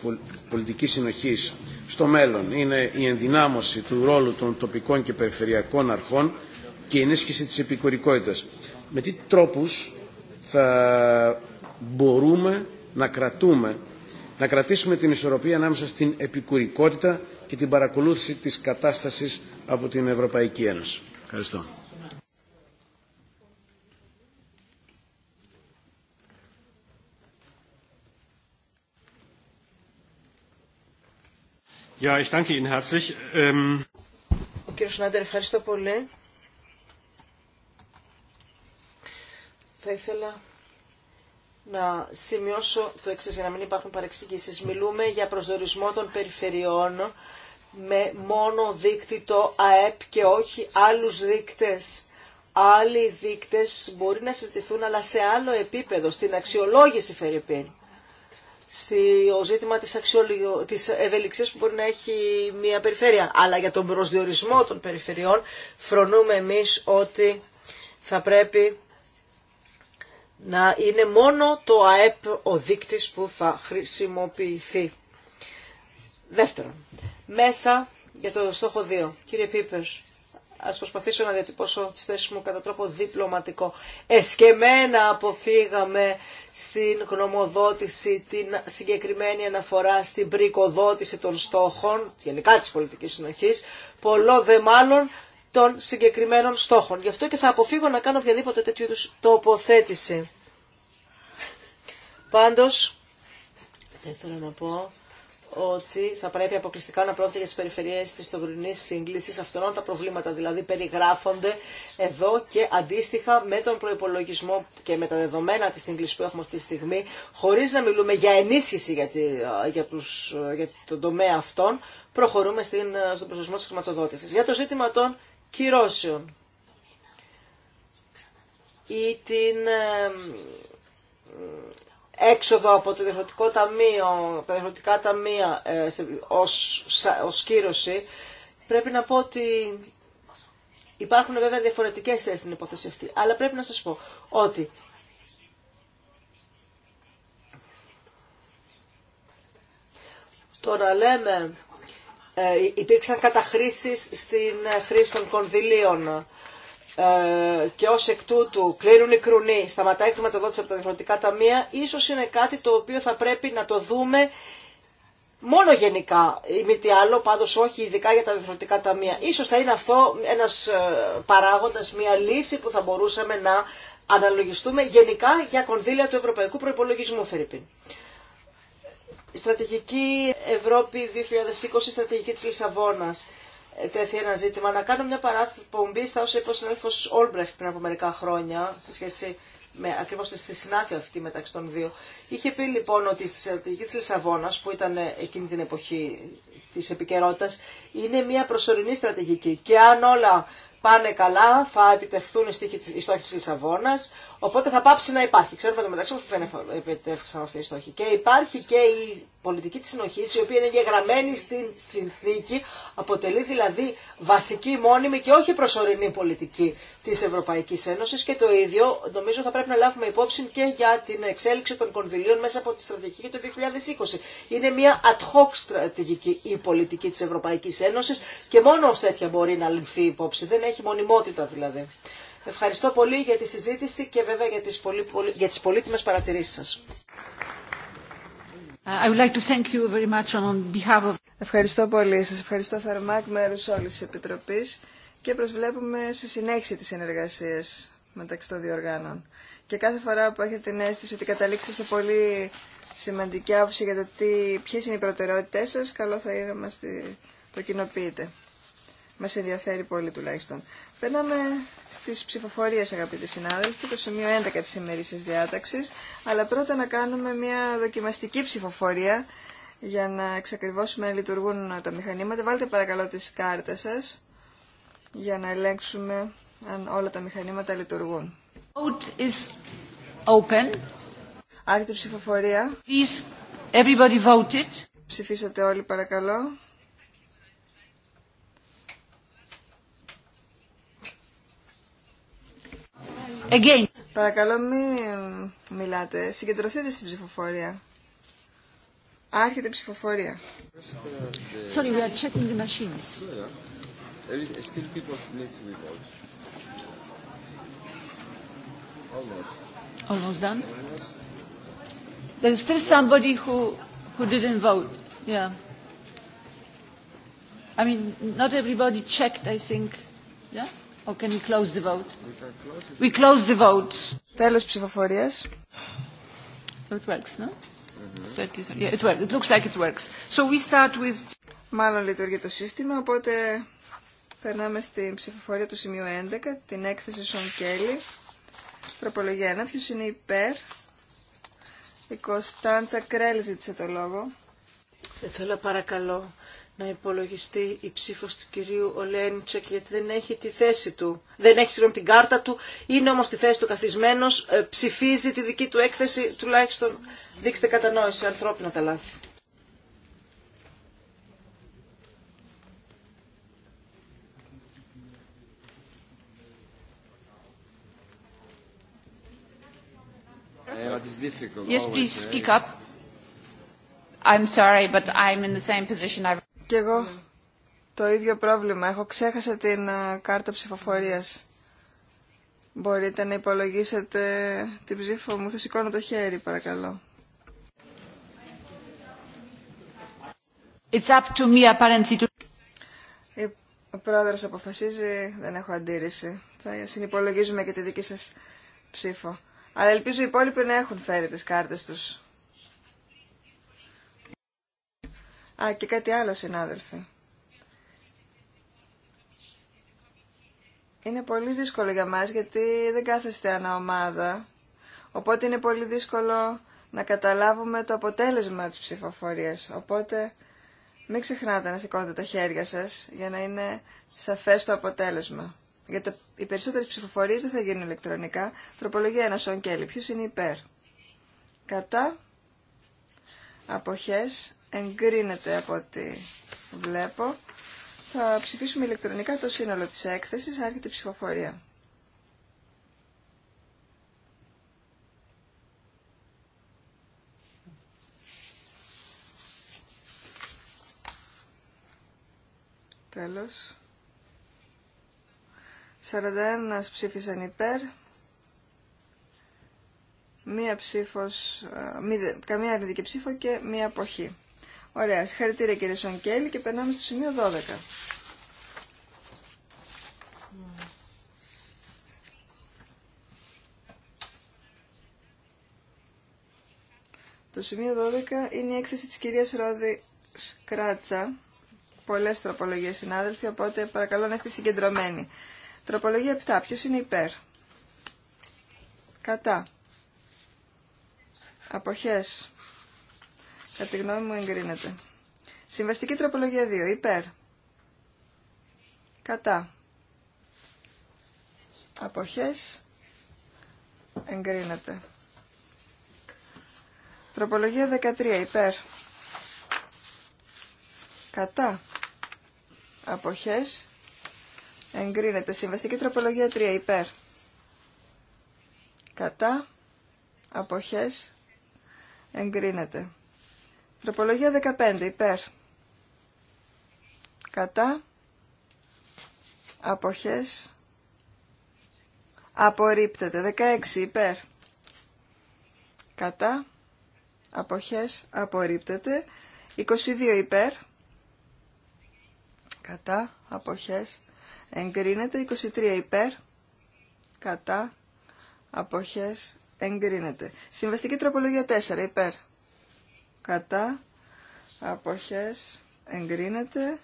πολιτικής συνοχής στο μέλλον είναι η ενδυνάμωση του ρόλου των τοπικών και περιφερειακών αρχών και η ενίσχυση της επικουρικότητας. Με τι τρόπους θα μπορούμε να κρατούμε να κρατήσουμε την ισορροπία ανάμεσα στην επικουρικότητα και την παρακολούθηση της κατάστασης από την Ευρωπαϊκή Ένωση. Ευχαριστώ. Ja, Ο ähm, κύριος Σνάντερ, ευχαριστώ πολύ. Θα ήθελα να σημειώσω το εξής για να μην υπάρχουν παρεξηγήσεις. Μιλούμε για προσδορισμό των περιφερειών με μόνο δείκτη ΑΕΠ και όχι άλλους δείκτες. Άλλοι δείκτες μπορεί να συζητηθούν αλλά σε άλλο επίπεδο, στην αξιολόγηση Φερρυπίν στο ζήτημα της, αξιολογιο... της ευελιξίας που μπορεί να έχει μια περιφέρεια. Αλλά για τον προσδιορισμό των περιφερειών φρονούμε εμείς ότι θα πρέπει να είναι μόνο το ΑΕΠ ο δείκτης που θα χρησιμοποιηθεί. Δεύτερον, μέσα για το στόχο 2. Κύριε Πίπερς, Ας προσπαθήσω να διατυπώσω τις θέσεις μου κατά τρόπο διπλωματικό. Εσκεμένα αποφύγαμε στην γνωμοδότηση την συγκεκριμένη αναφορά στην πρικοδότηση των στόχων, γενικά της πολιτικής συνοχής, πολλό δε μάλλον των συγκεκριμένων στόχων. Γι' αυτό και θα αποφύγω να κάνω οποιαδήποτε τέτοιου τοποθέτηση. Πάντως, δεν ήθελα να πω ότι θα πρέπει αποκλειστικά να πρόκειται για τι περιφερειέ τη τωρινή σύγκληση. Αυτόν τα προβλήματα δηλαδή περιγράφονται εδώ και αντίστοιχα με τον προπολογισμό και με τα δεδομένα τη σύγκληση που έχουμε αυτή τη στιγμή, χωρί να μιλούμε για ενίσχυση για, τη, για, τους, για τον τομέα αυτών προχωρούμε στην, στον προσδοσμό τη χρηματοδότηση. Για το ζήτημα των κυρώσεων ή την ε, έξοδο από το ταμείο, τα διαφορετικά ταμεία ε, ως, ως κύρωση, πρέπει να πω ότι υπάρχουν βέβαια διαφορετικές θέσεις στην υπόθεση αυτή. Αλλά πρέπει να σας πω ότι το να λέμε ε, υπήρξαν καταχρήσεις στην ε, χρήση των κονδυλίων ε, και ως εκ τούτου κλείνουν οι κρουνοί, σταματάει η χρηματοδότηση από τα διαφορετικά ταμεία, ίσως είναι κάτι το οποίο θα πρέπει να το δούμε μόνο γενικά ή μη τι άλλο, πάντως όχι ειδικά για τα διαφορετικά ταμεία. Ίσως θα είναι αυτό ένας ε, παράγοντας, μια λύση που θα μπορούσαμε να αναλογιστούμε γενικά για κονδύλια του Ευρωπαϊκού Προϋπολογισμού, Φερρυπίν. Η στρατηγική Ευρώπη 2020, στρατηγική της Λισαβόνας τέθη ένα ζήτημα, να κάνω μια παραπομπή στα όσα είπε ο συνάδελφο Όλμπρεχτ πριν από μερικά χρόνια, σε σχέση με ακριβώ τη συνάφεια αυτή μεταξύ των δύο. Είχε πει λοιπόν ότι στη στρατηγική τη Λισαβόνα, που ήταν εκείνη την εποχή τη επικαιρότητα, είναι μια προσωρινή στρατηγική. Και αν όλα πάνε καλά, θα επιτευχθούν οι στόχοι τη Λισαβόνα, Οπότε θα πάψει να υπάρχει. Ξέρουμε το μεταξύ μα που δεν επιτεύξαν αυτή Και υπάρχει και η πολιτική τη συνοχή, η οποία είναι γεγραμμένη στην συνθήκη, αποτελεί δηλαδή βασική, μόνιμη και όχι προσωρινή πολιτική τη Ευρωπαϊκή Ένωση. Και το ίδιο νομίζω θα πρέπει να λάβουμε υπόψη και για την εξέλιξη των κονδυλίων μέσα από τη στρατηγική του 2020. Είναι μια ad hoc στρατηγική η πολιτική τη Ευρωπαϊκή Ένωση και μόνο ω τέτοια μπορεί να ληφθεί υπόψη. Δεν έχει μονιμότητα δηλαδή. Ευχαριστώ πολύ για τη συζήτηση και βέβαια για τις, πολύ, για τις πολύτιμες παρατηρήσεις σας. Ευχαριστώ πολύ. Σας ευχαριστώ θερμά εκ μέρους όλης της Επιτροπής και προσβλέπουμε σε συνέχιση της συνεργασίας μεταξύ των δύο οργάνων. Και κάθε φορά που έχετε την αίσθηση ότι καταλήξετε σε πολύ σημαντική άποψη για το τι, ποιες είναι οι προτεραιότητές σας, καλό θα είναι να μας το κοινοποιείτε. Μας ενδιαφέρει πολύ τουλάχιστον. Περνάμε στις ψηφοφορίες, αγαπητοί συνάδελφοι, το σημείο 11 τη ημερήσια διάταξη, αλλά πρώτα να κάνουμε μια δοκιμαστική ψηφοφορία για να εξακριβώσουμε αν λειτουργούν τα μηχανήματα. Βάλτε παρακαλώ τι κάρτε σας για να ελέγξουμε αν όλα τα μηχανήματα λειτουργούν. Vote is open. ψηφοφορία. Ψηφίσατε όλοι παρακαλώ. Again. Παρακαλώ μην μιλάτε. Συγκεντρωθείτε στην ψηφοφορία. Άρχεται η ψηφοφορία. Sorry, we are checking the machines. There is still people need to be Almost done. There is still somebody who who didn't vote. Yeah. I mean, not everybody checked. I think. Yeah can we close the vote? We close the Τέλος ψηφοφορίας. it works, no? Yeah, it works. It looks like it works. So we start with... Μάλλον λειτουργεί το σύστημα, οπότε περνάμε στην ψηφοφορία του σημείου 11, την έκθεση Σον Κέλλη. Τροπολογία 1. Ποιος είναι υπέρ. Η Κωνσταντσα Κρέλ ζήτησε το λόγο. Θα ήθελα παρακαλώ να υπολογιστεί η ψήφος του κυρίου Ολέντσεκ γιατί δεν έχει τη θέση του, δεν έχει συγγνώμη την κάρτα του, είναι όμως τη θέση του καθισμένος, ε, ψηφίζει τη δική του έκθεση, τουλάχιστον δείξτε κατανόηση, ανθρώπινα τα λάθη. Yes, please eh? speak up. I'm sorry, but I'm in the same position. Και εγώ το ίδιο πρόβλημα. Έχω ξέχασα την κάρτα ψηφοφορίας. Μπορείτε να υπολογίσετε την ψήφο μου. Θα σηκώνω το χέρι, παρακαλώ. It's up to me, apparently. Ο πρόεδρος αποφασίζει, δεν έχω αντίρρηση. Θα συνυπολογίζουμε και τη δική σας ψήφο. Αλλά ελπίζω οι υπόλοιποι να έχουν φέρει τις κάρτες τους. Α, και κάτι άλλο, συνάδελφοι. Είναι πολύ δύσκολο για μας, γιατί δεν κάθεστε ανά Οπότε είναι πολύ δύσκολο να καταλάβουμε το αποτέλεσμα της ψηφοφορίας. Οπότε μην ξεχνάτε να σηκώνετε τα χέρια σας για να είναι σαφές το αποτέλεσμα. Γιατί οι περισσότερε ψηφοφορίε δεν θα γίνουν ηλεκτρονικά. Τροπολογία 1 Σον Κέλλη. Ποιο είναι υπέρ. Κατά. Αποχές εγκρίνεται από ό,τι βλέπω. Θα ψηφίσουμε ηλεκτρονικά το σύνολο της έκθεσης, άρχεται η ψηφοφορία. Τέλος. 41 ψήφισαν υπέρ. Μία ψήφος, καμία αρνητική ψήφο και μία αποχή. Ωραία, συγχαρητήρια κύριε Σονκέλη και περνάμε στο σημείο 12. Το σημείο 12 είναι η έκθεση της κυρίας Ρόδη Κράτσα. Πολλές τροπολογίες συνάδελφοι, οπότε παρακαλώ να είστε συγκεντρωμένοι. Τροπολογία 7. Ποιος είναι υπέρ. Κατά. Αποχές. Κατά τη γνώμη μου εγκρίνεται. Συμβαστική τροπολογία 2. Υπέρ. Κατά. Αποχές. Εγκρίνεται. Τροπολογία 13. Υπέρ. Κατά. Αποχές. Εγκρίνεται. Συμβαστική τροπολογία 3. Υπέρ. Κατά. Αποχές. Εγκρίνεται. Τροπολογία 15 υπέρ. Κατά. Αποχές. Απορρίπτεται. 16 υπέρ. Κατά. Αποχές. Απορρίπτεται. 22 υπέρ. Κατά. Αποχές. Εγκρίνεται. 23 υπέρ. Κατά. Αποχές. Εγκρίνεται. Συμβαστική τροπολογία 4 υπέρ κατά αποχές εγκρίνεται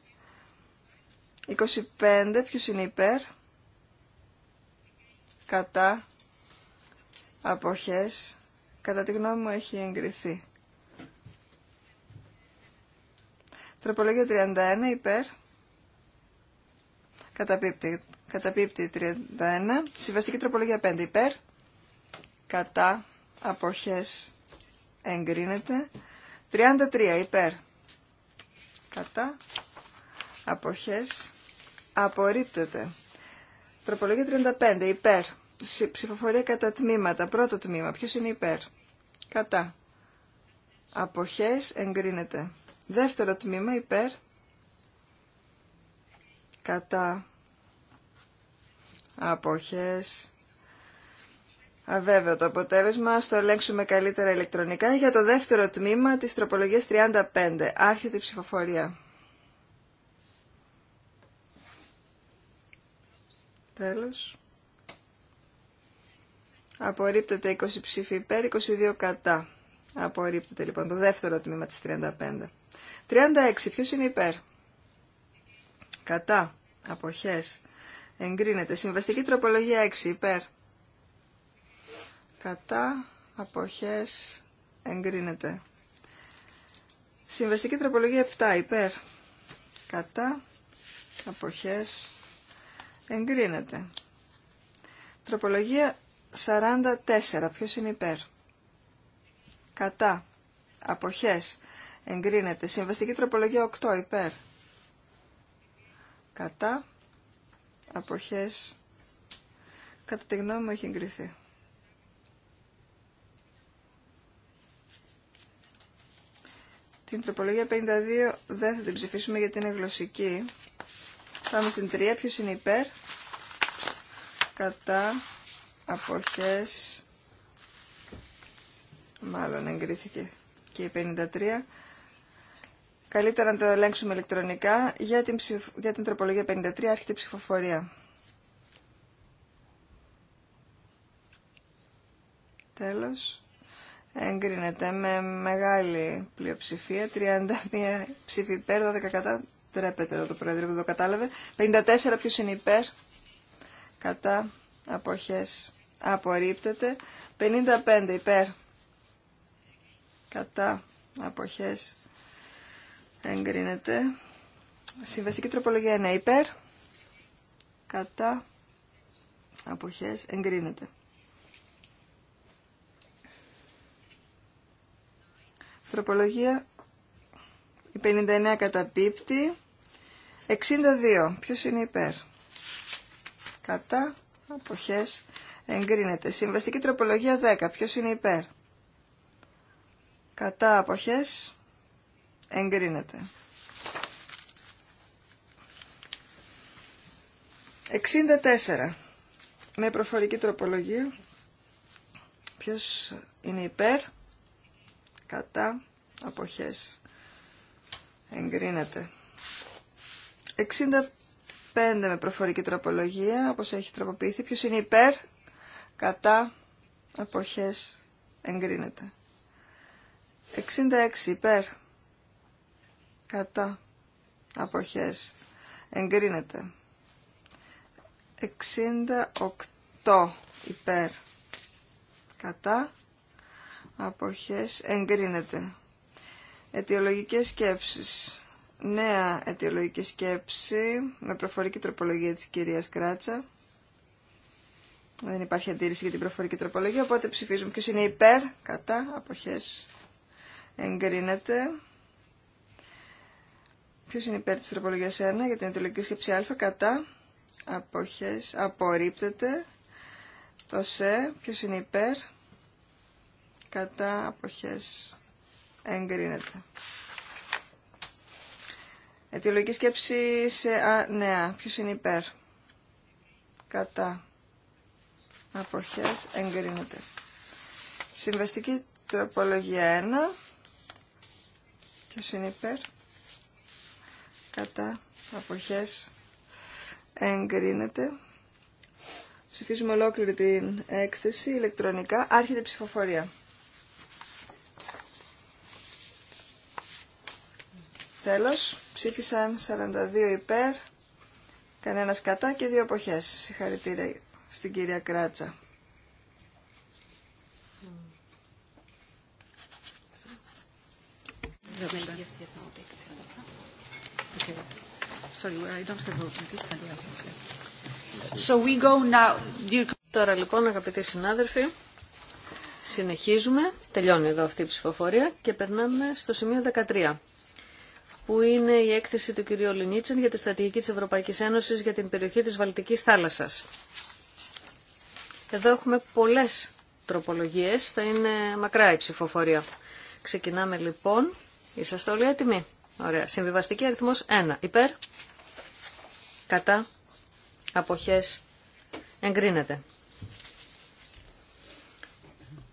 25 ποιος είναι υπέρ κατά αποχές κατά τη γνώμη μου έχει εγκριθεί τροπολογία 31 υπέρ καταπίπτει καταπίπτει 31 συμβαστική τροπολογία 5 υπέρ κατά αποχές εγκρίνεται 33 υπέρ. Κατά. Αποχές. Απορρίπτεται. Τροπολογία 35 υπέρ. Ψηφοφορία κατά τμήματα. Πρώτο τμήμα. Ποιος είναι υπέρ. Κατά. Αποχές εγκρίνεται. Δεύτερο τμήμα υπέρ. Κατά. Αποχές Αβέβαιο το αποτέλεσμα, ας το ελέγξουμε καλύτερα ηλεκτρονικά για το δεύτερο τμήμα της τροπολογίας 35. Άρχεται η ψηφοφορία. Τέλος. Απορρίπτεται 20 ψήφοι υπέρ, 22 κατά. Απορρίπτεται λοιπόν το δεύτερο τμήμα της 35. 36. Ποιος είναι υπέρ. Κατά. Αποχές. Εγκρίνεται. Συμβαστική τροπολογία 6 υπέρ κατά αποχές εγκρίνεται. Συμβαστική τροπολογία 7 υπέρ κατά αποχές εγκρίνεται. Τροπολογία 44 ποιος είναι υπέρ κατά αποχές εγκρίνεται. Συμβαστική τροπολογία 8 υπέρ κατά αποχές κατά τη γνώμη μου έχει εγκριθεί. Την τροπολογία 52 δεν θα την ψηφίσουμε γιατί είναι γλωσσική. Πάμε στην 3. Ποιος είναι υπέρ. Κατά. Αποχές. Μάλλον εγκρίθηκε και η 53. Καλύτερα να το ελέγξουμε ηλεκτρονικά για την, για την τροπολογία 53 άρχεται η ψηφοφορία. Τέλος εγκρίνεται με μεγάλη πλειοψηφία, 31 ψήφοι υπέρ, 12 κατά, τρέπεται εδώ το Πρόεδρο που το κατάλαβε, 54 ποιος είναι υπέρ, κατά, αποχές, απορρίπτεται, 55 υπέρ, κατά, αποχές, εγκρίνεται, συμβαστική τροπολογία είναι υπέρ, κατά, αποχές, εγκρίνεται. Τροπολογία η 59 καταπίπτει. 62. Ποιος είναι υπέρ. Κατά. Αποχές. Εγκρίνεται. Συμβαστική τροπολογία 10. Ποιος είναι υπέρ. Κατά. Αποχές. Εγκρίνεται. 64. Με προφορική τροπολογία. Ποιος είναι υπέρ κατά αποχές εγκρίνεται 65 με προφορική τροπολογία όπως έχει τροποποιηθεί ποιος είναι υπέρ κατά αποχές εγκρίνεται 66 υπέρ κατά αποχές εγκρίνεται 68 υπέρ κατά αποχές εγκρίνεται. Αιτιολογικές σκέψεις. Νέα αιτιολογική σκέψη με προφορική τροπολογία της κυρίας Κράτσα. Δεν υπάρχει αντίρρηση για την προφορική τροπολογία, οπότε ψηφίζουμε ποιος είναι υπέρ, κατά, αποχές εγκρίνεται. Ποιο είναι υπέρ της τροπολογίας 1 για την αιτιολογική σκέψη α, κατά, αποχές απορρίπτεται. Το σε, ποιος είναι υπέρ, κατά αποχές εγκρίνεται. Αιτιολογική σκέψη σε α, νέα. Ποιος είναι υπέρ. Κατά. Αποχές εγκρίνεται. Συμβαστική τροπολογία 1. Ποιος είναι υπέρ. Κατά. Αποχές εγκρίνεται. Ψηφίζουμε ολόκληρη την έκθεση ηλεκτρονικά. Άρχεται ψηφοφορία. Τέλος, ψήφισαν 42 υπέρ, κανένας κατά και δύο εποχές. Συγχαρητήρια στην κυρία Κράτσα. So we go now. Τώρα λοιπόν αγαπητοί συνάδελφοι, συνεχίζουμε, τελειώνει εδώ αυτή η ψηφοφορία και περνάμε στο σημείο 13 που είναι η έκθεση του κυρίου Λινίτσεν για τη στρατηγική της Ευρωπαϊκής Ένωσης για την περιοχή της Βαλτικής θάλασσας. Εδώ έχουμε πολλές τροπολογίες, θα είναι μακρά η ψηφοφορία. Ξεκινάμε λοιπόν, είσαστε όλοι έτοιμοι. Ωραία, συμβιβαστική αριθμός 1, υπέρ, κατά, αποχές, εγκρίνεται.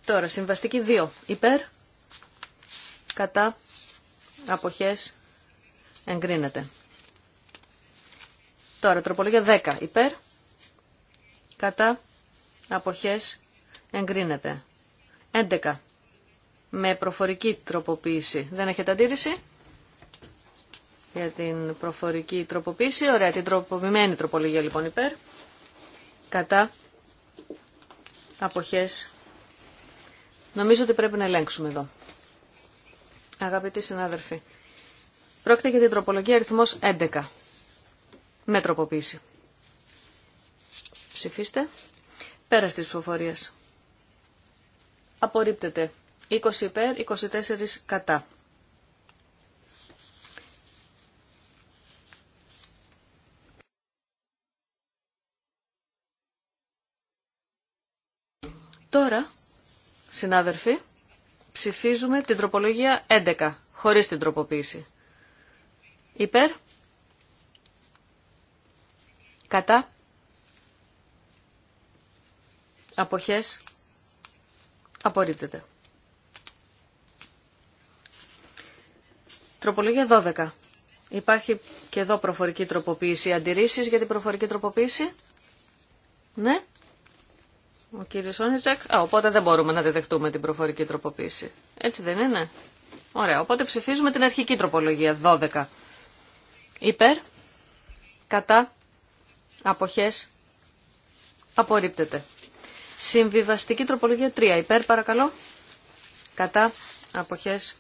Τώρα, συμβαστική 2, υπέρ, κατά, αποχές, Εγκρίνεται. Τώρα, τροπολογία 10. Υπέρ. Κατά. Αποχές. Εγκρίνεται. 11. Με προφορική τροποποίηση. Δεν έχετε αντίρρηση για την προφορική τροποποίηση. Ωραία, την τροποποιημένη τροπολογία λοιπόν υπέρ. Κατά. Αποχές. Νομίζω ότι πρέπει να ελέγξουμε εδώ. Αγαπητοί συνάδελφοι, Πρόκειται για την τροπολογία αριθμός 11. Με τροποποίηση. Ψηφίστε. Πέρα της ψηφοφορίας. Απορρίπτεται. 20 υπέρ, 24 κατά. Τώρα, συνάδελφοι, ψηφίζουμε την τροπολογία 11, χωρίς την τροποποίηση. Υπέρ. Κατά. Αποχές. Απορρίπτεται. Τροπολογία 12. Υπάρχει και εδώ προφορική τροποποίηση. Αντιρρήσεις για την προφορική τροποποίηση. Ναι. Ο κύριος Όνιτζακ. Α, οπότε δεν μπορούμε να διδεχτούμε την προφορική τροποποίηση. Έτσι δεν είναι. Ωραία. Οπότε ψηφίζουμε την αρχική τροπολογία 12. Υπέρ, κατά, αποχές, απορρίπτεται. Συμβιβαστική τροπολογία 3. Υπέρ παρακαλώ. Κατά αποχές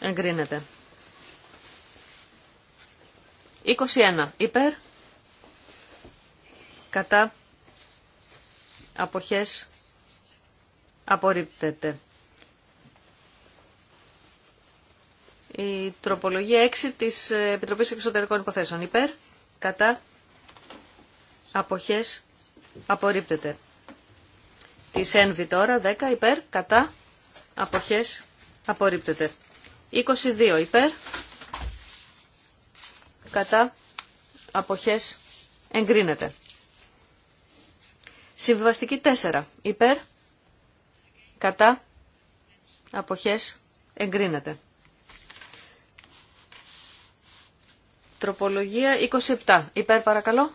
εγκρίνεται. 21. Υπέρ. Κατά αποχές απορρίπτεται. Η τροπολογία 6 της Επιτροπής Εξωτερικών Υποθέσεων. Υπέρ, κατά, αποχές, απορρίπτεται. Της ΕΝΒΙ τώρα, 10, υπέρ, κατά, αποχές, απορρίπτεται. 22, υπέρ, κατά, αποχές, εγκρίνεται. Συμβιβαστική 4, υπέρ, κατά, αποχές, εγκρίνεται. Τροπολογία 27. Υπέρ παρακαλώ.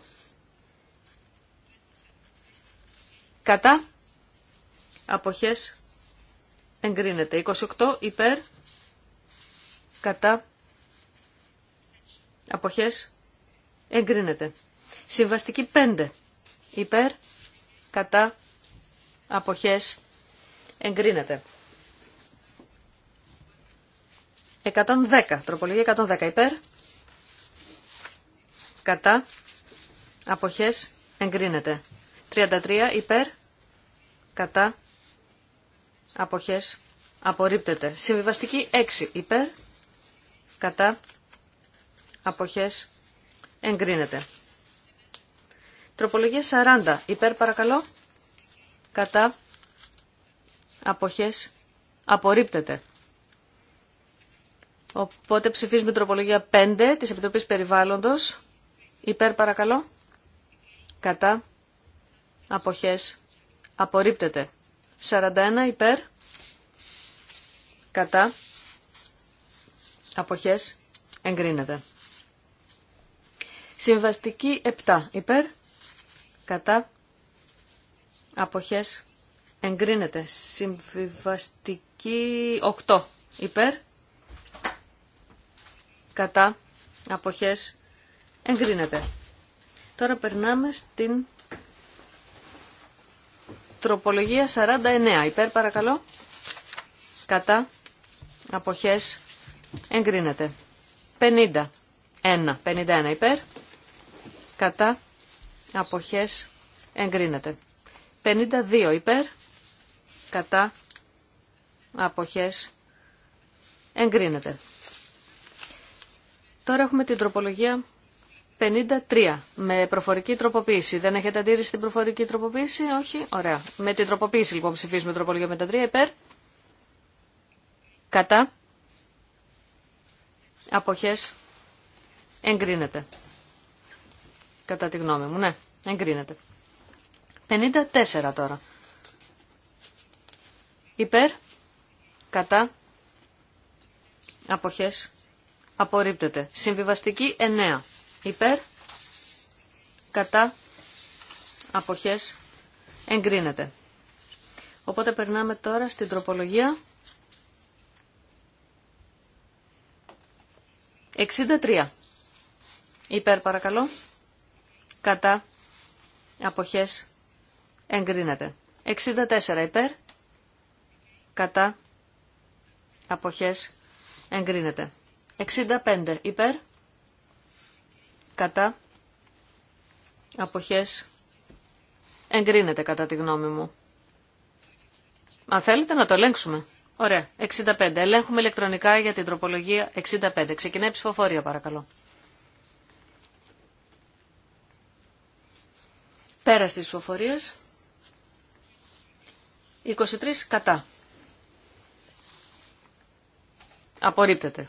Κατά. Αποχές. Εγκρίνεται. 28. Υπέρ. Κατά. Αποχές. Εγκρίνεται. Συμβαστική 5. Υπέρ. Κατά. Αποχές. Εγκρίνεται. 110. Τροπολογία 110. Υπέρ κατά, αποχές, εγκρίνεται. 33 υπέρ, κατά, αποχές, απορρίπτεται. Συμβιβαστική 6 υπέρ, κατά, αποχές, εγκρίνεται. Τροπολογία 40 υπέρ παρακαλώ, κατά, αποχές, απορρίπτεται. Οπότε ψηφίζουμε τροπολογία 5 της Επιτροπής Περιβάλλοντος Υπέρ παρακαλώ. Κατά. Αποχές. Απορρίπτεται. 41 υπέρ. Κατά. Αποχές. Εγκρίνεται. Συμβαστική 7 υπέρ. Κατά. Αποχές. Εγκρίνεται. Συμβαστική 8 υπέρ. Κατά. Αποχές Εγκρίνεται. Τώρα περνάμε στην τροπολογία 49. Υπέρ παρακαλώ. Κατά. Αποχές. Εγκρίνεται. 50. 1. 51 υπέρ. Κατά. Αποχές. Εγκρίνεται. 52 υπέρ. Κατά. Αποχές. Εγκρίνεται. Τώρα έχουμε την τροπολογία 53 με προφορική τροποποίηση. Δεν έχετε αντίρρηση στην προφορική τροποποίηση, όχι. Ωραία. Με την τροποποίηση λοιπόν ψηφίζουμε τροπολογία τρία. υπέρ. Κατά. Αποχές. Εγκρίνεται. Κατά τη γνώμη μου, ναι. Εγκρίνεται. 54 τώρα. Υπέρ. Κατά. Αποχές. Απορρίπτεται. Συμβιβαστική 9 υπέρ, κατά, αποχές, εγκρίνεται. Οπότε περνάμε τώρα στην τροπολογία 63. Υπέρ παρακαλώ. Κατά. Αποχές. Εγκρίνεται. 64 υπέρ. Κατά. Αποχές. Εγκρίνεται. 65 υπέρ κατά αποχές εγκρίνεται κατά τη γνώμη μου. Αν θέλετε να το ελέγξουμε. Ωραία. 65. Ελέγχουμε ηλεκτρονικά για την τροπολογία 65. Ξεκινάει η ψηφοφορία παρακαλώ. Πέρα στις ψηφοφορίες. 23 κατά. Απορρίπτεται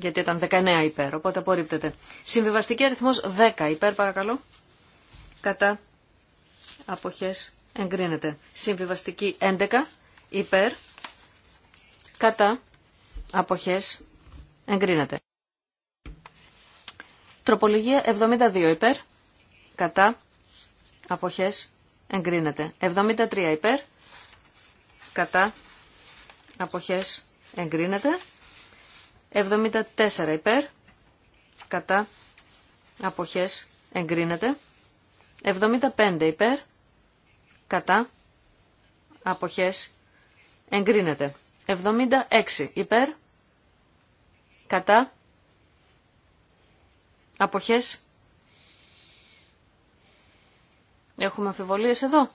γιατί ήταν 19 υπέρ, οπότε απορρίπτεται. Συμβιβαστική αριθμός 10 υπέρ παρακαλώ, κατά αποχές εγκρίνεται. Συμβιβαστική 11 υπέρ, κατά αποχές εγκρίνεται. Τροπολογία 72 υπέρ, κατά αποχές εγκρίνεται. 73 υπέρ, κατά αποχές εγκρίνεται. 74 υπέρ, κατά αποχές εγκρίνεται. 75 υπέρ, κατά αποχές εγκρίνεται. 76 υπέρ, κατά αποχές Έχουμε αμφιβολίες εδώ.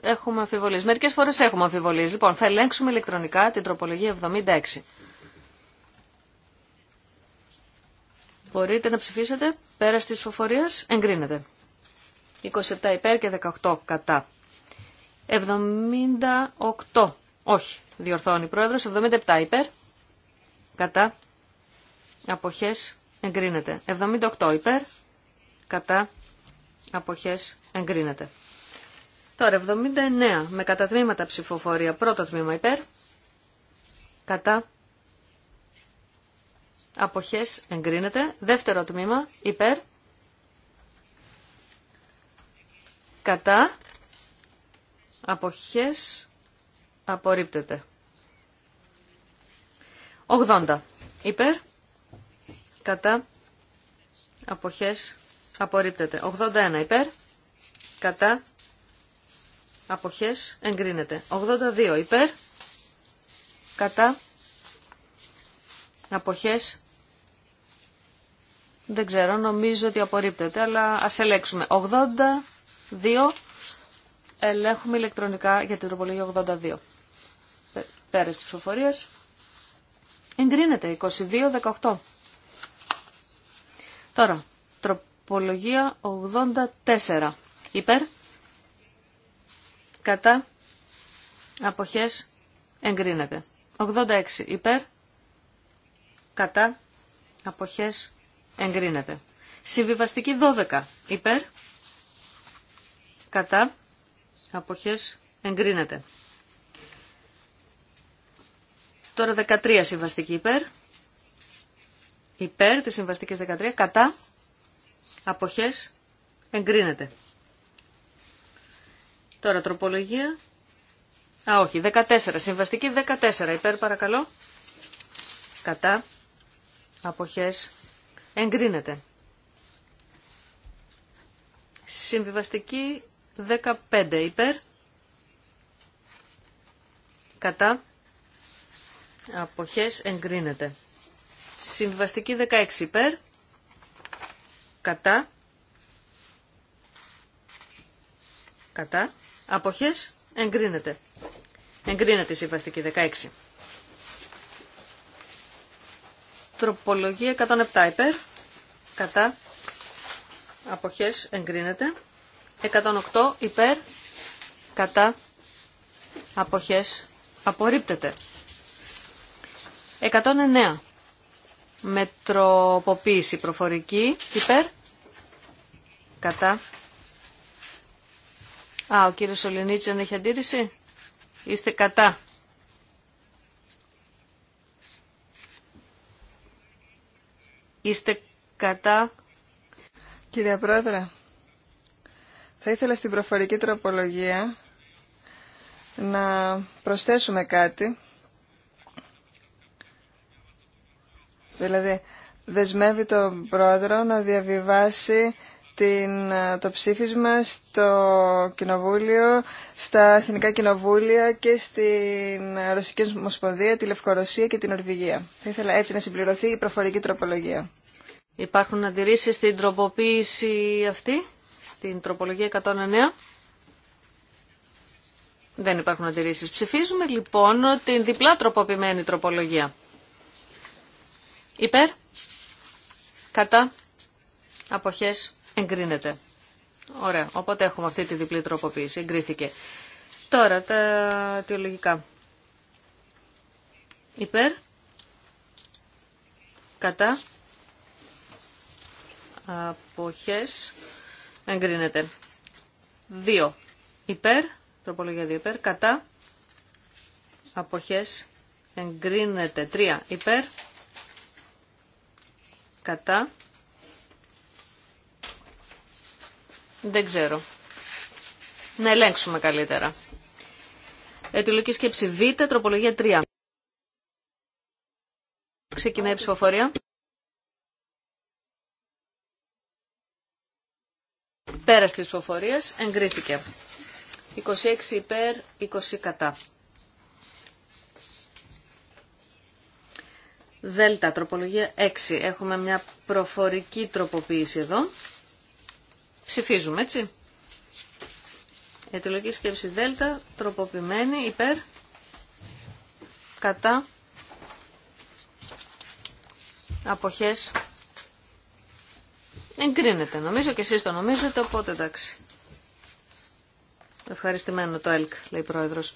Έχουμε αμφιβολίες. Μερικές φορές έχουμε αμφιβολίες. Λοιπόν, θα ελέγξουμε ηλεκτρονικά την τροπολογία 76. Μπορείτε να ψηφίσετε. Πέρα τη ψηφοφορία εγκρίνεται. 27 υπέρ και 18 κατά. 78. Όχι. Διορθώνει η πρόεδρος. 77 υπέρ. Κατά. Αποχές εγκρίνεται. 78 υπέρ. Κατά. Αποχές εγκρίνεται. Τώρα 79 με κατατμήματα ψηφοφορία. Πρώτο τμήμα υπέρ. Κατά. Αποχές εγκρίνεται. Δεύτερο τμήμα υπέρ. Κατά. Αποχές απορρίπτεται. 80. Υπέρ. Κατά. Αποχές απορρίπτεται. 81. Υπέρ. Κατά. Αποχές εγκρίνεται. 82. Υπέρ. Κατά. Αποχές δεν ξέρω, νομίζω ότι απορρίπτεται, αλλά ας ελέγξουμε. 82 ελέγχουμε ηλεκτρονικά για την τροπολογία 82. Πέρας τη ψηφοφορίας. Εγκρίνεται 22-18. Τώρα, τροπολογία 84. Υπέρ, κατά, αποχές, εγκρίνεται. 86. Υπέρ, κατά, αποχές, εγκρίνεται. Συμβιβαστική 12 υπέρ, κατά, αποχές, εγκρίνεται. Τώρα 13 συμβαστική υπέρ, υπέρ της συμβαστικής 13, κατά, αποχές, εγκρίνεται. Τώρα τροπολογία, α όχι, 14, συμβαστική 14 υπέρ παρακαλώ, κατά, αποχές, Εγκρίνεται. Συμβιβαστική 15 υπέρ. Κατά. Αποχές εγκρίνεται. Συμβιβαστική 16 υπέρ. Κατά. Κατά. Αποχές εγκρίνεται. Εγκρίνεται η συμβαστική 16. Τροπολογία 107 υπέρ, κατά, αποχές εγκρίνεται. 108 υπέρ, κατά, αποχές απορρίπτεται. 109 με προφορική υπέρ, κατά. Α, ο κύριος Σολενίτσιον έχει αντίρρηση. Είστε κατά Είστε κατά. Κυρία Πρόεδρε, θα ήθελα στην προφορική τροπολογία να προσθέσουμε κάτι. Δηλαδή, δεσμεύει τον πρόεδρο να διαβιβάσει την, το ψήφισμα στο κοινοβούλιο, στα εθνικά κοινοβούλια και στην Ρωσική Ομοσπονδία, τη Λευκορωσία και την Ορβηγία. Θα ήθελα έτσι να συμπληρωθεί η προφορική τροπολογία. Υπάρχουν αντιρρήσεις στην τροποποίηση αυτή, στην τροπολογία 109. Δεν υπάρχουν αντιρρήσεις. Ψηφίζουμε λοιπόν την διπλά τροποποιημένη τροπολογία. Υπέρ, κατά, αποχές, εγκρίνεται. Ωραία, οπότε έχουμε αυτή τη διπλή τροποποίηση, εγκρίθηκε. Τώρα τα αιτιολογικά. Υπέρ, κατά, αποχές εγκρίνεται. 2 υπέρ, τροπολογία 2 υπέρ, κατά αποχές εγκρίνεται. 3 υπέρ, κατά δεν ξέρω. Να ελέγξουμε καλύτερα. Ετυλογική σκέψη Β, τροπολογία 3. Ξεκινάει η ψηφοφορία. Πέρα τη ψηφοφορία εγκρίθηκε. 26 υπέρ, 20 κατά. Δέλτα, τροπολογία 6. Έχουμε μια προφορική τροποποίηση εδώ. Ψηφίζουμε, έτσι. Ετυλογική σκέψη δέλτα, τροποποιημένη, υπέρ, κατά, αποχές, Εγκρίνεται. Νομίζω και εσείς το νομίζετε, οπότε εντάξει. Ευχαριστημένο το ΕΛΚ, λέει η Πρόεδρος.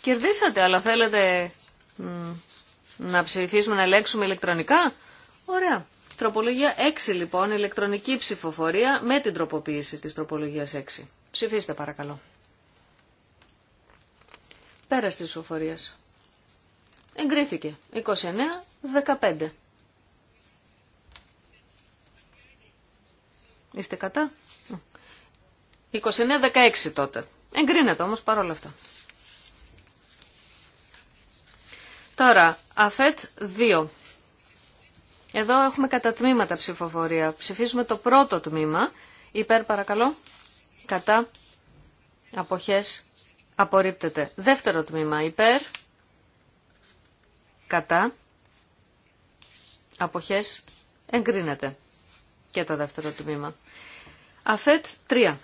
Κερδίσατε, αλλά θέλετε να ψηφίσουμε, να ελέγξουμε ηλεκτρονικά. Ωραία. Τροπολογία 6 λοιπόν, ηλεκτρονική ψηφοφορία με την τροποποίηση της τροπολογίας 6. Ψηφίστε παρακαλώ. Πέρα της ψηφοφορίας. Εγκρίθηκε. 29-15. Είστε κατά. 29-16 τότε. Εγκρίνεται όμως παρόλα αυτά. Τώρα, ΑΦΕΤ 2. Εδώ έχουμε κατά τμήματα ψηφοφορία. Ψηφίζουμε το πρώτο τμήμα. Υπέρ παρακαλώ. Κατά. Αποχές. Απορρίπτεται. Δεύτερο τμήμα. Υπέρ. Κατά. Αποχές. Εγκρίνεται. Και το δεύτερο τμήμα. Αφέτ 3.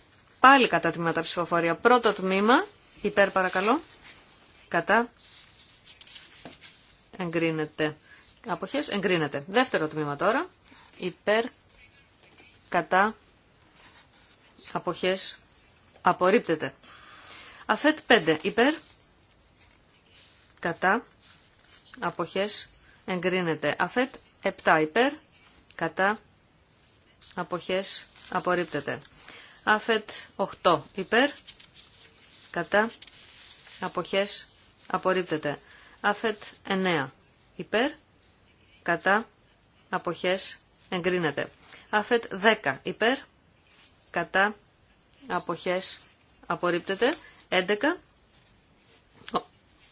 Πάλι κατά τμήματα ψηφοφορία. Πρώτο τμήμα, υπέρ παρακαλώ, κατά, εγκρίνεται. Αποχές, εγκρίνεται. Δεύτερο τμήμα τώρα, υπέρ, κατά, αποχές, απορρίπτεται. Αφέτ 5. Υπέρ, κατά, αποχές, εγκρίνεται. Αφέτ 7. Υπέρ, κατά, αποχές, Απορρίπτεται. Αφετ 8 υπέρ. Κατά. Αποχές. Απορρίπτεται. Αφετ 9 υπέρ. Κατά. Αποχές. Εγκρίνεται. Αφετ 10 υπέρ. Κατά. Αποχές. Απορρίπτεται. 11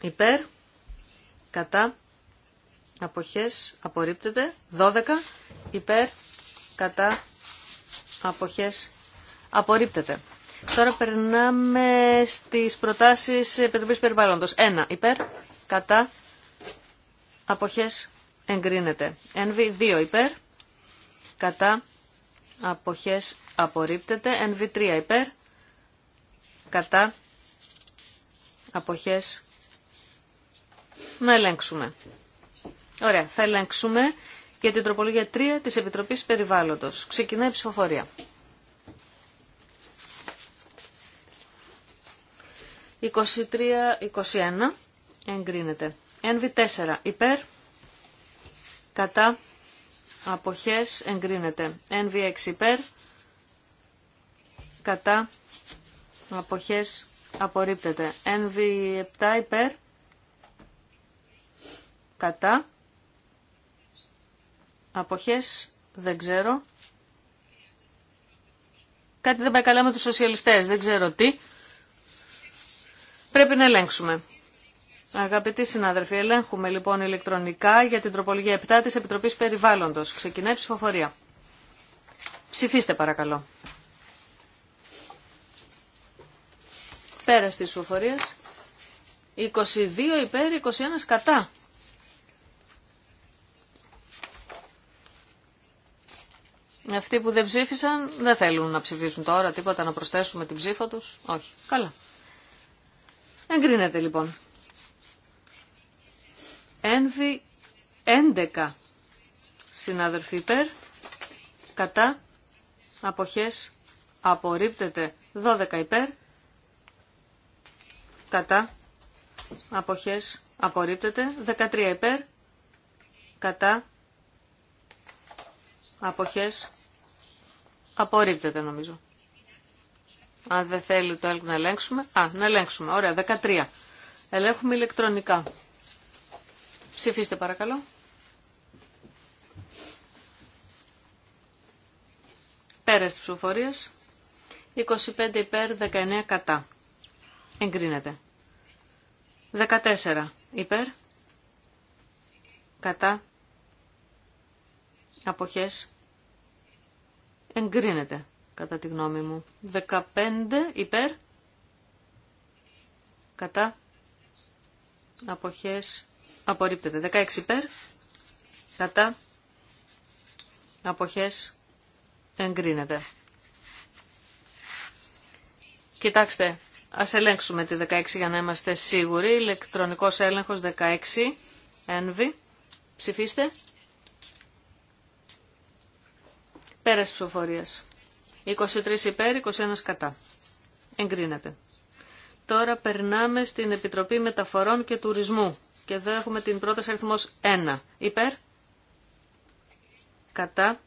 υπέρ. Κατά. Αποχές. Απορρίπτεται. 12 υπέρ. Κατά αποχές απορρίπτεται. Τώρα περνάμε στις προτάσεις Επιτροπής Περιβάλλοντος. 1. Υπέρ, κατά, αποχές Ένβι NV2 υπέρ, κατά, αποχές απορρίπτεται. NV3 υπέρ, κατά, αποχές να ελέγξουμε. Ωραία, θα ελέγξουμε για την τροπολογία 3 της Επιτροπής Περιβάλλοντος. Ξεκινάει η ψηφοφορία. 23-21 εγκρίνεται. NV4 υπέρ, κατά, αποχές εγκρίνεται. NV6 υπέρ, κατά, αποχές απορρίπτεται. NV7 υπέρ, κατά, Αποχές δεν ξέρω. Κάτι δεν πάει καλά με τους σοσιαλιστές, δεν ξέρω τι. Πρέπει να ελέγξουμε. Αγαπητοί συνάδελφοι, ελέγχουμε λοιπόν ηλεκτρονικά για την τροπολογία 7 της Επιτροπής Περιβάλλοντος. Ξεκινάει η ψηφοφορία. Ψηφίστε παρακαλώ. Πέρα τη ψηφοφορίας. 22 υπέρ, 21 κατά. Αυτοί που δεν ψήφισαν δεν θέλουν να ψηφίσουν τώρα τίποτα, να προσθέσουμε την ψήφα τους. Όχι. Καλά. Εγκρίνεται λοιπόν. Ένβη 11. Συνάδελφοι υπέρ. Κατά. Αποχές. Απορρίπτεται. 12 υπέρ. Κατά. Αποχές. Απορρίπτεται. 13 υπέρ. Κατά. Αποχές. Απορρίπτεται νομίζω. Αν δεν θέλει το έλεγχο να ελέγξουμε. Α, να ελέγξουμε. Ωραία, 13. Ελέγχουμε ηλεκτρονικά. Ψηφίστε παρακαλώ. Πέρες της ψηφοφορίας. 25 υπέρ, 19 κατά. Εγκρίνεται. 14 υπέρ. Κατά. Αποχές εγκρίνεται, κατά τη γνώμη μου. 15 υπέρ, κατά, αποχές, απορρίπτεται. 16 υπέρ, κατά, αποχές, εγκρίνεται. Κοιτάξτε, ας ελέγξουμε τη 16 για να είμαστε σίγουροι. Ηλεκτρονικός έλεγχος 16, ένβη. Ψηφίστε. Πέρας ψηφοφορία. 23 υπέρ, 21 κατά. Εγκρίνεται. Τώρα περνάμε στην Επιτροπή Μεταφορών και Τουρισμού. Και εδώ έχουμε την πρόταση αριθμό 1. Υπέρ. Κατά.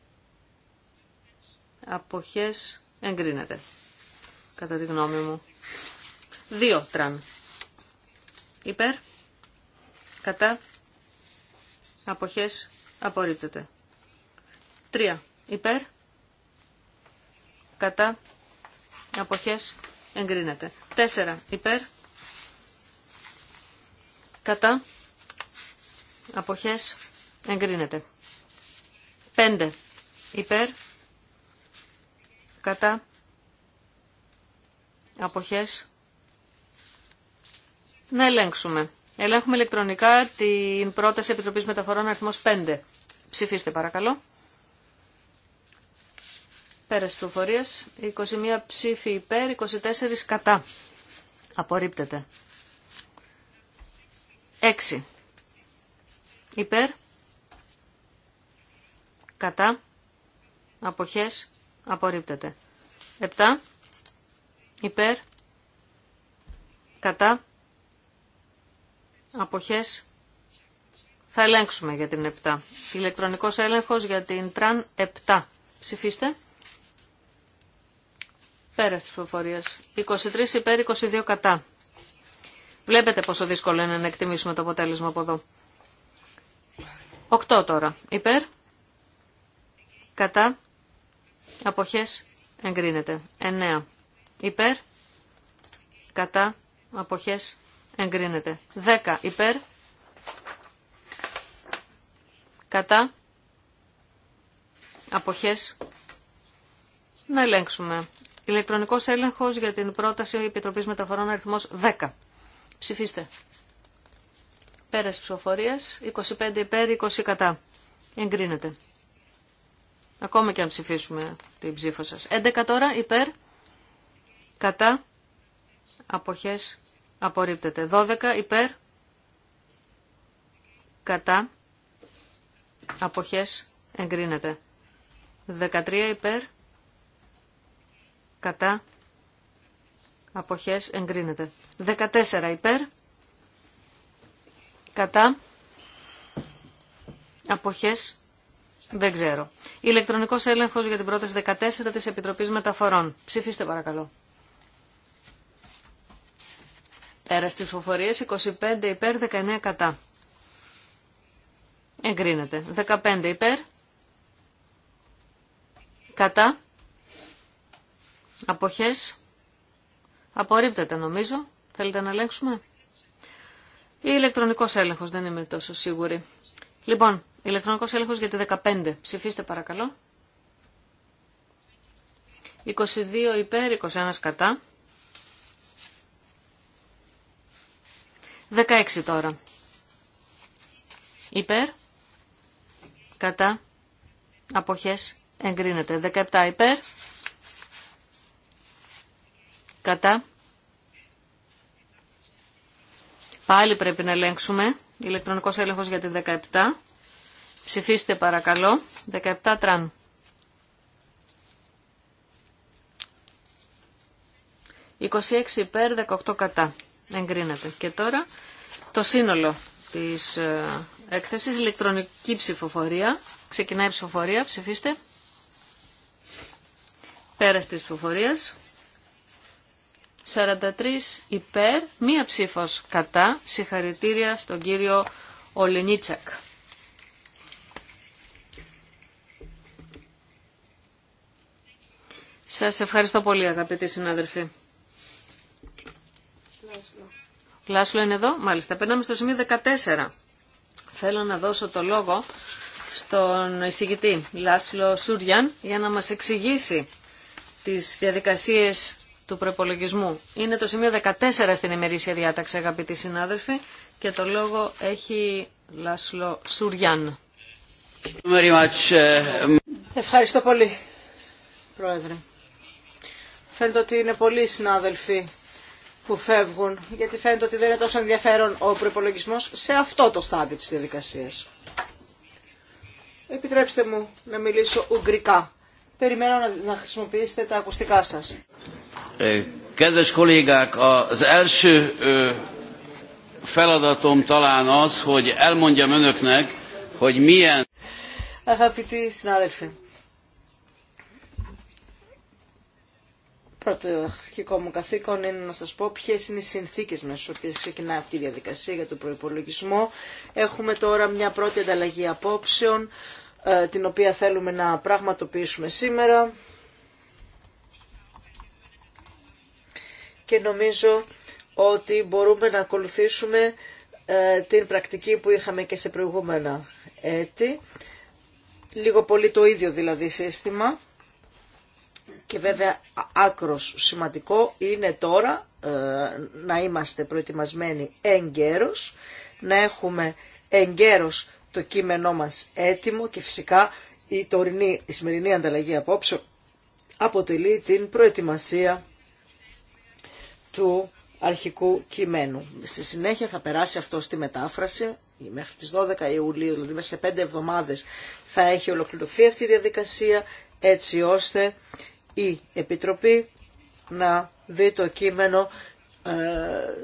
Αποχές. Εγκρίνεται. Κατά τη γνώμη μου. 2 τραν. Υπέρ. Κατά. Αποχές. Απορρίπτεται. 3. Υπέρ. Κατά. Αποχές. Εγκρίνεται. Τέσσερα. Υπέρ. Κατά. Αποχές. Εγκρίνεται. Πέντε. Υπέρ. Κατά. Αποχές. Να ελέγξουμε. Ελέγχουμε ηλεκτρονικά την πρόταση Επιτροπής Μεταφορών αριθμός 5. Ψηφίστε παρακαλώ. Πέρας προφορίας, 21 ψήφοι υπέρ, 24 κατά. Απορρίπτεται. 6. Υπέρ. Κατά. Αποχές. Απορρίπτεται. 7. Υπέρ. Κατά. Αποχές. Θα ελέγξουμε για την 7. Ηλεκτρονικός έλεγχος για την τραν 7. Ψηφίστε. Πέρας της προφορίας. 23 υπέρ, 22 κατά. Βλέπετε πόσο δύσκολο είναι να εκτιμήσουμε το αποτέλεσμα από εδώ. 8 τώρα. Υπέρ. Κατά. Αποχές. Εγκρίνεται. 9. Υπέρ. Κατά. Αποχές. Εγκρίνεται. 10. Υπέρ. Κατά. Αποχές. Να ελέγξουμε Ηλεκτρονικό έλεγχο για την πρόταση επιτροπή Μεταφορών αριθμό 10. Ψηφίστε. Πέρας ψηφοφορία, 25 υπέρ, 20 κατά. Εγκρίνεται. Ακόμα και αν ψηφίσουμε την ψήφο σα. 11 τώρα υπέρ, κατά, αποχές, απορρίπτεται. 12 υπέρ, κατά, αποχές, εγκρίνεται. 13 υπέρ, κατά, αποχές εγκρίνεται. 14 υπέρ, κατά, αποχές δεν ξέρω. Ηλεκτρονικός έλεγχος για την πρόταση 14 της Επιτροπής Μεταφορών. Ψηφίστε παρακαλώ. Πέρα στις ψηφοφορίες 25 υπέρ, 19 κατά. Εγκρίνεται. 15 υπέρ. Κατά. Αποχές. Απορρίπτεται νομίζω. Θέλετε να ελέγξουμε. Ή ηλεκτρονικός έλεγχος. Δεν είμαι τόσο σίγουρη. Λοιπόν, ηλεκτρονικός έλεγχος για τη 15. Ψηφίστε παρακαλώ. 22 υπέρ, 21 κατά. 16 τώρα. Υπέρ. Κατά. Αποχές. Εγκρίνεται. 17 υπέρ. Κατά. Πάλι πρέπει να ελέγξουμε. Ηλεκτρονικός έλεγχος για τη 17. Ψηφίστε παρακαλώ. 17 τραν. ...26 υπέρ, 18 κατά. Εγκρίνεται. Και τώρα το σύνολο της ε, έκθεσης, ηλεκτρονική ψηφοφορία. Ξεκινάει η ψηφοφορία, ψηφίστε. Πέρας της ψηφοφορίας. 43 υπέρ, μία ψήφος κατά. Συγχαρητήρια στον κύριο Ολενίτσακ. Σας ευχαριστώ πολύ αγαπητοί συνάδελφοι. Λάσλο είναι εδώ. Μάλιστα, περνάμε στο σημείο 14. Θέλω να δώσω το λόγο στον εισηγητή Λάσλο Σούριαν για να μας εξηγήσει τις διαδικασίες του προπολογισμού. Είναι το σημείο 14 στην ημερήσια διάταξη, αγαπητοί συνάδελφοι, και το λόγο έχει Λάσλο Σουριάν. Ευχαριστώ πολύ, Πρόεδρε. Φαίνεται ότι είναι πολλοί συνάδελφοι που φεύγουν, γιατί φαίνεται ότι δεν είναι τόσο ενδιαφέρον ο προπολογισμό σε αυτό το στάδιο της διαδικασίας. Επιτρέψτε μου να μιλήσω ουγγρικά. Περιμένω να χρησιμοποιήσετε τα ακουστικά σας. Kedves kollégák, az első feladatom talán az, hogy elmondjam πρώτο αρχικό μου καθήκον είναι να σας πω ποιες είναι οι συνθήκες με τι οποίες ξεκινά αυτή η διαδικασία για τον προϋπολογισμό. Έχουμε τώρα μια πρώτη ανταλλαγή απόψεων, ε, την οποία θέλουμε να πραγματοποιήσουμε σήμερα. και νομίζω ότι μπορούμε να ακολουθήσουμε ε, την πρακτική που είχαμε και σε προηγούμενα έτη. Λίγο πολύ το ίδιο δηλαδή σύστημα και βέβαια άκρος σημαντικό είναι τώρα ε, να είμαστε προετοιμασμένοι εγκαίρως, να έχουμε εγκαίρως το κείμενό μας έτοιμο και φυσικά η, τωρινή, η σημερινή ανταλλαγή απόψε αποτελεί την προετοιμασία του αρχικού κειμένου. Στη συνέχεια θα περάσει αυτό στη μετάφραση μέχρι τις 12 Ιουλίου, δηλαδή μέσα σε πέντε εβδομάδες θα έχει ολοκληρωθεί αυτή η διαδικασία έτσι ώστε η Επιτροπή να δει το κείμενο ε,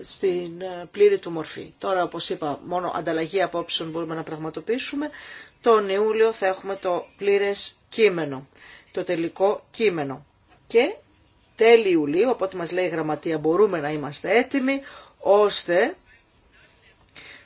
στην ε, πλήρη του μορφή. Τώρα, όπως είπα, μόνο ανταλλαγή απόψεων μπορούμε να πραγματοποιήσουμε. Τον Ιούλιο θα έχουμε το πλήρες κείμενο, το τελικό κείμενο. Και τέλη Ιουλίου, από ό,τι μας λέει η Γραμματεία μπορούμε να είμαστε έτοιμοι, ώστε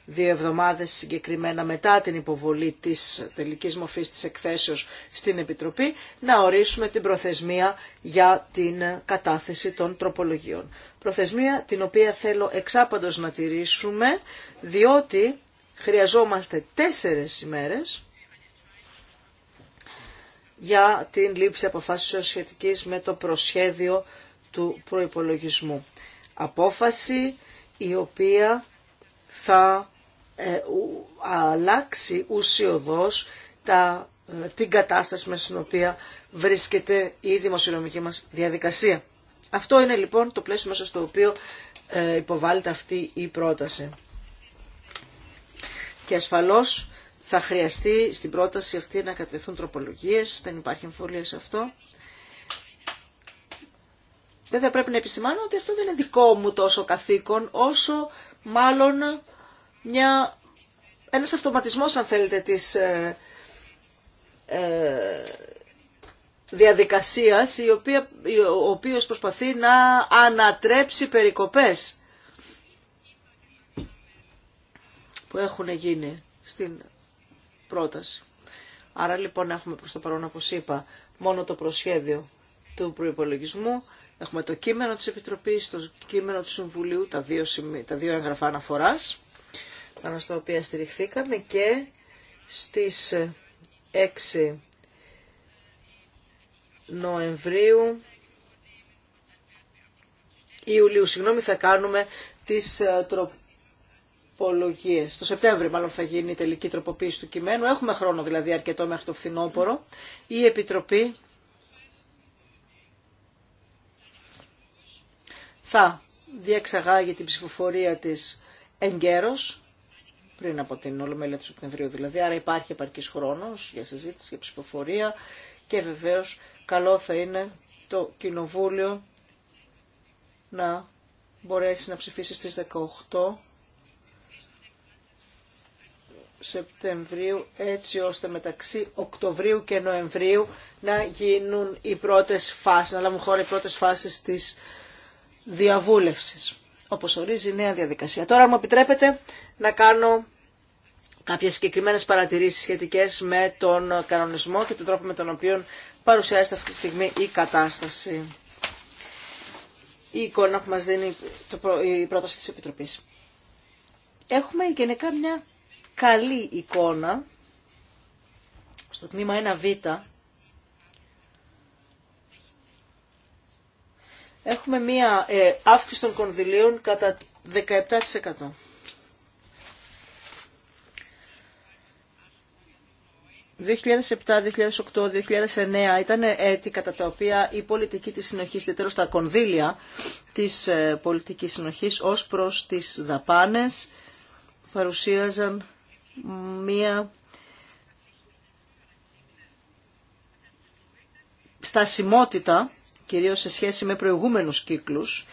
δύο εβδομάδες συγκεκριμένα μετά την υποβολή της τελικής μορφής της εκθέσεως στην Επιτροπή, να ορίσουμε την προθεσμία για την κατάθεση των τροπολογιών. Προθεσμία την οποία θέλω εξάπαντος να τηρήσουμε, διότι χρειαζόμαστε τέσσερες ημέρες για την λήψη αποφάσεως σχετικής με το προσχέδιο του προϋπολογισμού. Απόφαση η οποία θα ε, αλλάξει ουσιοδός τα, ε, την κατάσταση μέσα στην οποία βρίσκεται η δημοσιονομική μας διαδικασία. Αυτό είναι λοιπόν το πλαίσιο μέσα στο οποίο ε, υποβάλλεται αυτή η πρόταση. Και ασφαλώς θα χρειαστεί στην πρόταση αυτή να κατευθούν τροπολογίες, δεν υπάρχει εμφολία σε αυτό. Βέβαια πρέπει να επισημάνω ότι αυτό δεν είναι δικό μου τόσο καθήκον, όσο μάλλον μια, ένας αυτοματισμός, αν θέλετε, της ε, ε διαδικασίας, η οποία, ο οποίος προσπαθεί να ανατρέψει περικοπές που έχουν γίνει στην πρόταση. Άρα λοιπόν έχουμε προς το παρόν, όπως είπα, μόνο το προσχέδιο του προϋπολογισμού. Έχουμε το κείμενο της Επιτροπής, το κείμενο του Συμβουλίου, τα δύο, τα δύο έγγραφα αναφοράς, πάνω στα οποία στηριχθήκαμε και στις 6 Νοεμβρίου, Ιουλίου, συγγνώμη, θα κάνουμε τις, ε, τρο, στο Το Σεπτέμβριο μάλλον θα γίνει η τελική τροποποίηση του κειμένου. Έχουμε χρόνο δηλαδή αρκετό μέχρι το φθινόπωρο. Η Επιτροπή θα διεξαγάγει την ψηφοφορία της εγκαίρως, πριν από την Ολομέλεια του Σεπτεμβρίου δηλαδή, άρα υπάρχει επαρκή χρόνο για συζήτηση, για ψηφοφορία και βεβαίω καλό θα είναι το Κοινοβούλιο να μπορέσει να ψηφίσει στις 18 Σεπτεμβρίου έτσι ώστε μεταξύ Οκτωβρίου και Νοεμβρίου να γίνουν οι πρώτες φάσεις, να λάβουν χώρα οι πρώτες φάσεις της διαβούλευσης, όπως ορίζει η νέα διαδικασία. Τώρα, μου επιτρέπετε, να κάνω κάποιες συγκεκριμένες παρατηρήσεις σχετικές με τον κανονισμό και τον τρόπο με τον οποίο παρουσιάζεται αυτή τη στιγμή η κατάσταση. Η εικόνα που μας δίνει η πρόταση της Επιτροπής. Έχουμε γενικά μια καλή εικόνα στο τμήμα 1β έχουμε μία ε, αύξηση των κονδυλίων κατά 17%. 2007, 2008, 2009 ήταν έτη κατά τα οποία η πολιτική της συνοχής, ιδιαίτερα τα κονδύλια της ε, πολιτικής συνοχής ως προς τις δαπάνες, παρουσίαζαν μία στασιμότητα, κυρίως σε σχέση με προηγούμενους κύκλους,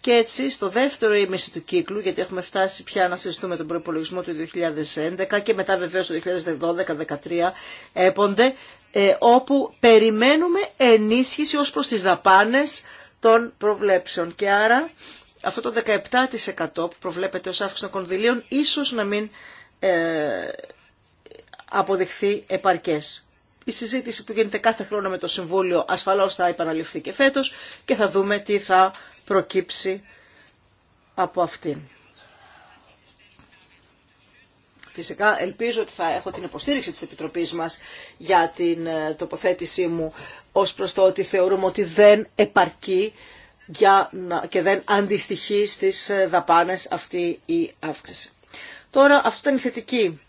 και έτσι στο δεύτερο ήμιση του κύκλου, γιατί έχουμε φτάσει πια να συζητούμε τον προπολογισμό του 2011 και μετά βεβαίως το 2012-2013 έπονται, ε, όπου περιμένουμε ενίσχυση ως προς τις δαπάνες των προβλέψεων. Και άρα αυτό το 17% που προβλέπεται ως αύξηση των κονδυλίων ίσως να μην ε, αποδεχθεί επαρκές. Η συζήτηση που γίνεται κάθε χρόνο με το Συμβούλιο ασφαλώς θα επαναληφθεί και φέτος και θα δούμε τι θα προκύψει από αυτήν. Φυσικά ελπίζω ότι θα έχω την υποστήριξη της Επιτροπής μας για την ε, τοποθέτησή μου ως προς το ότι θεωρούμε ότι δεν επαρκεί για και δεν αντιστοιχεί στις ε, δαπάνες αυτή η αύξηση. Τώρα αυτό ήταν η θετική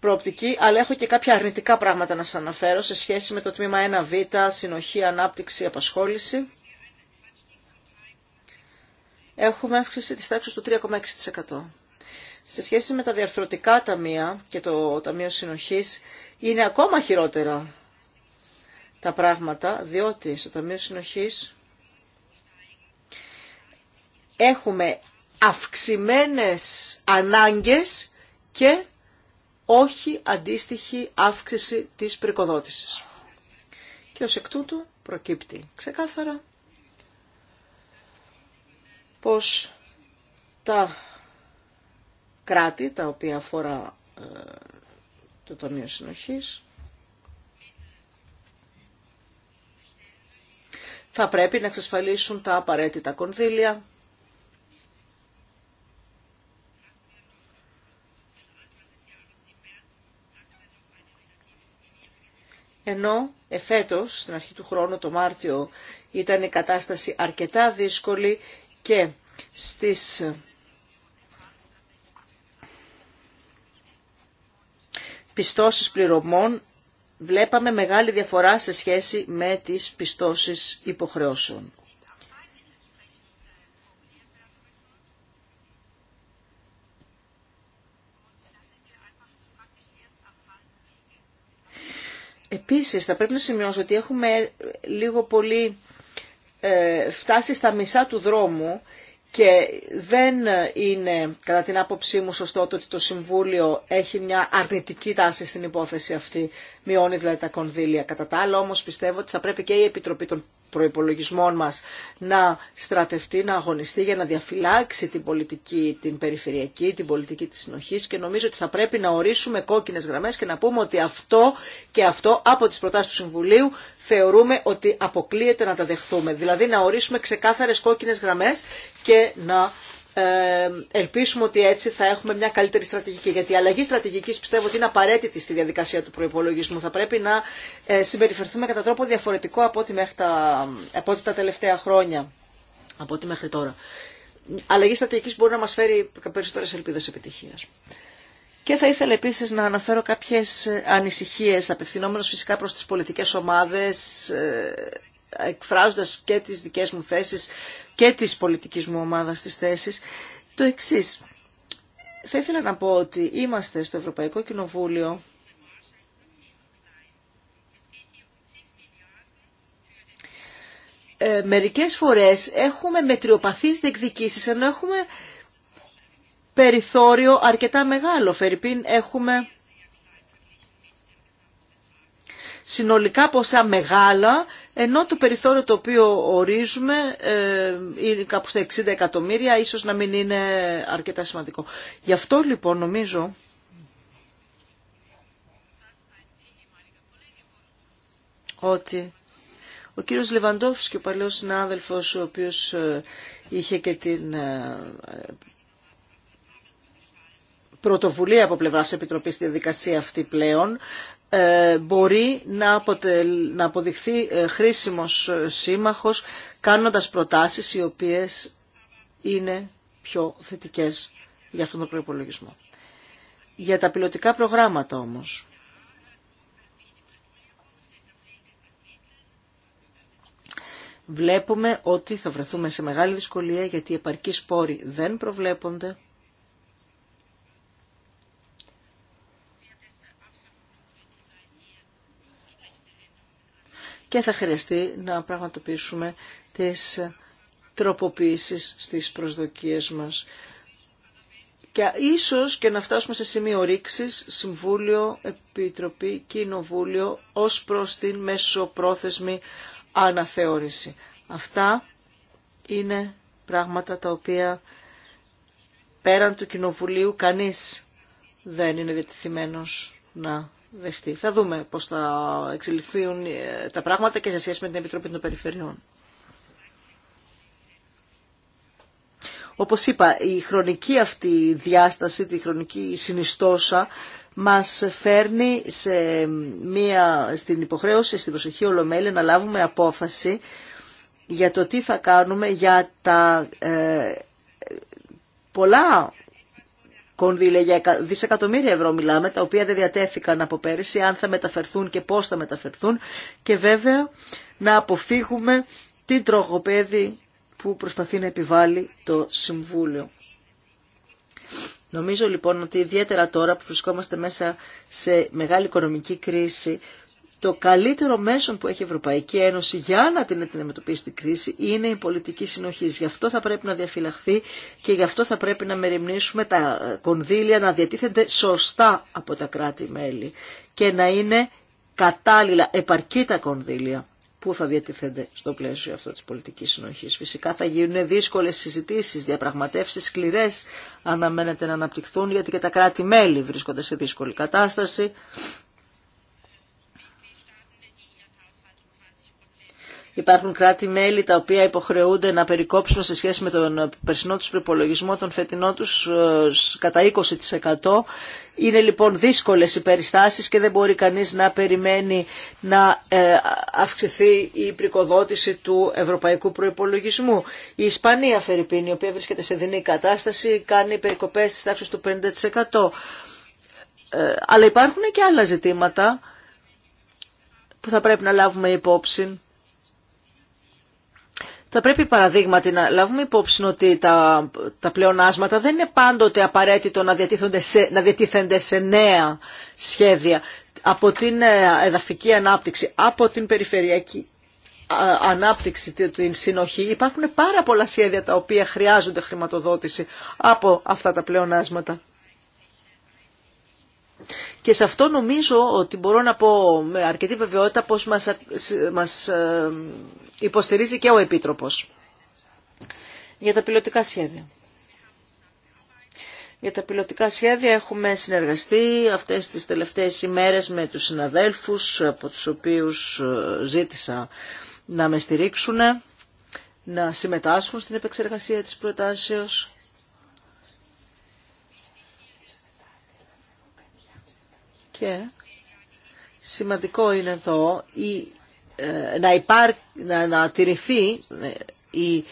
προοπτική, αλλά έχω και κάποια αρνητικά πράγματα να σας αναφέρω σε σχέση με το τμήμα 1β, συνοχή, ανάπτυξη, απασχόληση. Έχουμε αύξηση της τάξης του 3,6%. Σε σχέση με τα διαρθρωτικά ταμεία και το Ταμείο Συνοχής είναι ακόμα χειρότερα τα πράγματα, διότι στο Ταμείο Συνοχής έχουμε αυξημένες ανάγκες και όχι αντίστοιχη αύξηση της πρικοδότησης. Και ως εκ τούτου προκύπτει ξεκάθαρα πως τα κράτη τα οποία αφορά ε, το Ταμείο Συνοχής θα πρέπει να εξασφαλίσουν τα απαραίτητα κονδύλια ενώ εφέτος, στην αρχή του χρόνου, το Μάρτιο, ήταν η κατάσταση αρκετά δύσκολη και στις πιστώσεις πληρωμών βλέπαμε μεγάλη διαφορά σε σχέση με τις πιστώσεις υποχρεώσεων. Επίσης, θα πρέπει να σημειώσω ότι έχουμε λίγο πολύ ε, φτάσει στα μισά του δρόμου και δεν είναι κατά την άποψή μου σωστό ότι το Συμβούλιο έχει μια αρνητική τάση στην υπόθεση αυτή, μειώνει δηλαδή τα κονδύλια. Κατά τα άλλα όμως πιστεύω ότι θα πρέπει και η Επιτροπή των προϋπολογισμών μας να στρατευτεί, να αγωνιστεί για να διαφυλάξει την πολιτική, την περιφερειακή, την πολιτική της συνοχής και νομίζω ότι θα πρέπει να ορίσουμε κόκκινες γραμμές και να πούμε ότι αυτό και αυτό από τις προτάσεις του Συμβουλίου θεωρούμε ότι αποκλείεται να τα δεχθούμε. Δηλαδή να ορίσουμε ξεκάθαρες κόκκινες γραμμές και να ε, ελπίσουμε ότι έτσι θα έχουμε μια καλύτερη στρατηγική. Γιατί η αλλαγή στρατηγικής πιστεύω ότι είναι απαραίτητη στη διαδικασία του προπολογισμού. Θα πρέπει να ε, συμπεριφερθούμε κατά τρόπο διαφορετικό από ό,τι, μέχρι τα, από τα τελευταία χρόνια, από ό,τι μέχρι τώρα. Αλλαγή στρατηγικής μπορεί να μα φέρει περισσότερες ελπίδε επιτυχία. Και θα ήθελα επίση να αναφέρω κάποιε ανησυχίε απευθυνόμενο φυσικά προς τις πολιτικές ομάδες ε, εκφράζοντας και τις δικές μου θέσεις και της πολιτικής μου ομάδας τις θέσεις, το εξής. Θα ήθελα να πω ότι είμαστε στο Ευρωπαϊκό Κοινοβούλιο ε, μερικές φορές έχουμε μετριοπαθείς διεκδικήσεις, ενώ έχουμε περιθώριο αρκετά μεγάλο. Φερρυπίν έχουμε συνολικά ποσά μεγάλα, ενώ το περιθώριο το οποίο ορίζουμε ε, είναι κάπου στα 60 εκατομμύρια, ίσως να μην είναι αρκετά σημαντικό. Γι' αυτό λοιπόν νομίζω ότι ο κύριος και ο παλαιός συνάδελφος, ο οποίος ε, είχε και την ε, πρωτοβουλία από πλευρά τη στη διαδικασία αυτή πλέον, ε, μπορεί να, αποδειχθεί ε, χρήσιμος ε, σύμμαχος κάνοντας προτάσεις οι οποίες είναι πιο θετικές για αυτόν τον προϋπολογισμό. Για τα πιλωτικά προγράμματα όμως, βλέπουμε ότι θα βρεθούμε σε μεγάλη δυσκολία γιατί οι επαρκείς πόροι δεν προβλέπονται και θα χρειαστεί να πραγματοποιήσουμε τις τροποποίησεις στις προσδοκίες μας. Και ίσως και να φτάσουμε σε σημείο ρήξη Συμβούλιο, Επιτροπή, Κοινοβούλιο, ως προς την μεσοπρόθεσμη αναθεώρηση. Αυτά είναι πράγματα τα οποία πέραν του Κοινοβουλίου κανείς δεν είναι διατηθειμένος να δεχτεί. Θα δούμε πώς θα εξελιχθούν ε, τα πράγματα και σε σχέση με την Επιτροπή των Περιφερειών. Όπως είπα, η χρονική αυτή διάσταση, τη χρονική συνιστόσα, μας φέρνει σε μία, στην υποχρέωση, στην προσοχή ολομέλη να λάβουμε απόφαση για το τι θα κάνουμε για τα ε, πολλά κονδύλια για δισεκατομμύρια ευρώ μιλάμε, τα οποία δεν διατέθηκαν από πέρυσι, αν θα μεταφερθούν και πώς θα μεταφερθούν και βέβαια να αποφύγουμε την τρογοπέδη που προσπαθεί να επιβάλλει το Συμβούλιο. Νομίζω λοιπόν ότι ιδιαίτερα τώρα που βρισκόμαστε μέσα σε μεγάλη οικονομική κρίση, το καλύτερο μέσο που έχει η Ευρωπαϊκή Ένωση για να την αντιμετωπίσει την κρίση είναι η πολιτική συνοχή. Γι' αυτό θα πρέπει να διαφυλαχθεί και γι' αυτό θα πρέπει να μεριμνήσουμε τα κονδύλια να διατίθενται σωστά από τα κράτη-μέλη και να είναι κατάλληλα επαρκή τα κονδύλια που θα διατίθενται στο πλαίσιο αυτό της πολιτικής συνοχής. Φυσικά θα γίνουν δύσκολες συζητήσεις, διαπραγματεύσεις σκληρές αναμένεται να αναπτυχθούν γιατί και τα κράτη-μέλη βρίσκονται σε δύσκολη κατάσταση Υπάρχουν κράτη-μέλη τα οποία υποχρεούνται να περικόψουν σε σχέση με τον περσινό τους προπολογισμό τον φετινό τους ε, κατά 20%. Είναι λοιπόν δύσκολες οι περιστάσεις και δεν μπορεί κανείς να περιμένει να ε, αυξηθεί η πρικοδότηση του ευρωπαϊκού προϋπολογισμού. Η Ισπανία, Φερρυπίνη, η οποία βρίσκεται σε δινή κατάσταση, κάνει περικοπές της τάξης του 50%. Ε, αλλά υπάρχουν και άλλα ζητήματα που θα πρέπει να λάβουμε υπόψη θα πρέπει παραδείγματι να λάβουμε υπόψη ότι τα, τα πλεονάσματα δεν είναι πάντοτε απαραίτητο να, σε, να διατίθενται σε νέα σχέδια από την ε, εδαφική ανάπτυξη, από την περιφερειακή ε, ανάπτυξη, την συνοχή. Υπάρχουν πάρα πολλά σχέδια τα οποία χρειάζονται χρηματοδότηση από αυτά τα πλεονάσματα. Και σε αυτό νομίζω ότι μπορώ να πω με αρκετή βεβαιότητα πως μας, μας ε, υποστηρίζει και ο Επίτροπος για τα πιλωτικά σχέδια. Για τα πιλωτικά σχέδια έχουμε συνεργαστεί αυτές τις τελευταίες ημέρες με τους συναδέλφους από τους οποίους ε, ζήτησα να με στηρίξουν, να συμμετάσχουν στην επεξεργασία της προτάσεως Και σημαντικό είναι εδώ η, ε, να, υπάρ, να, να τηρηθεί ε, η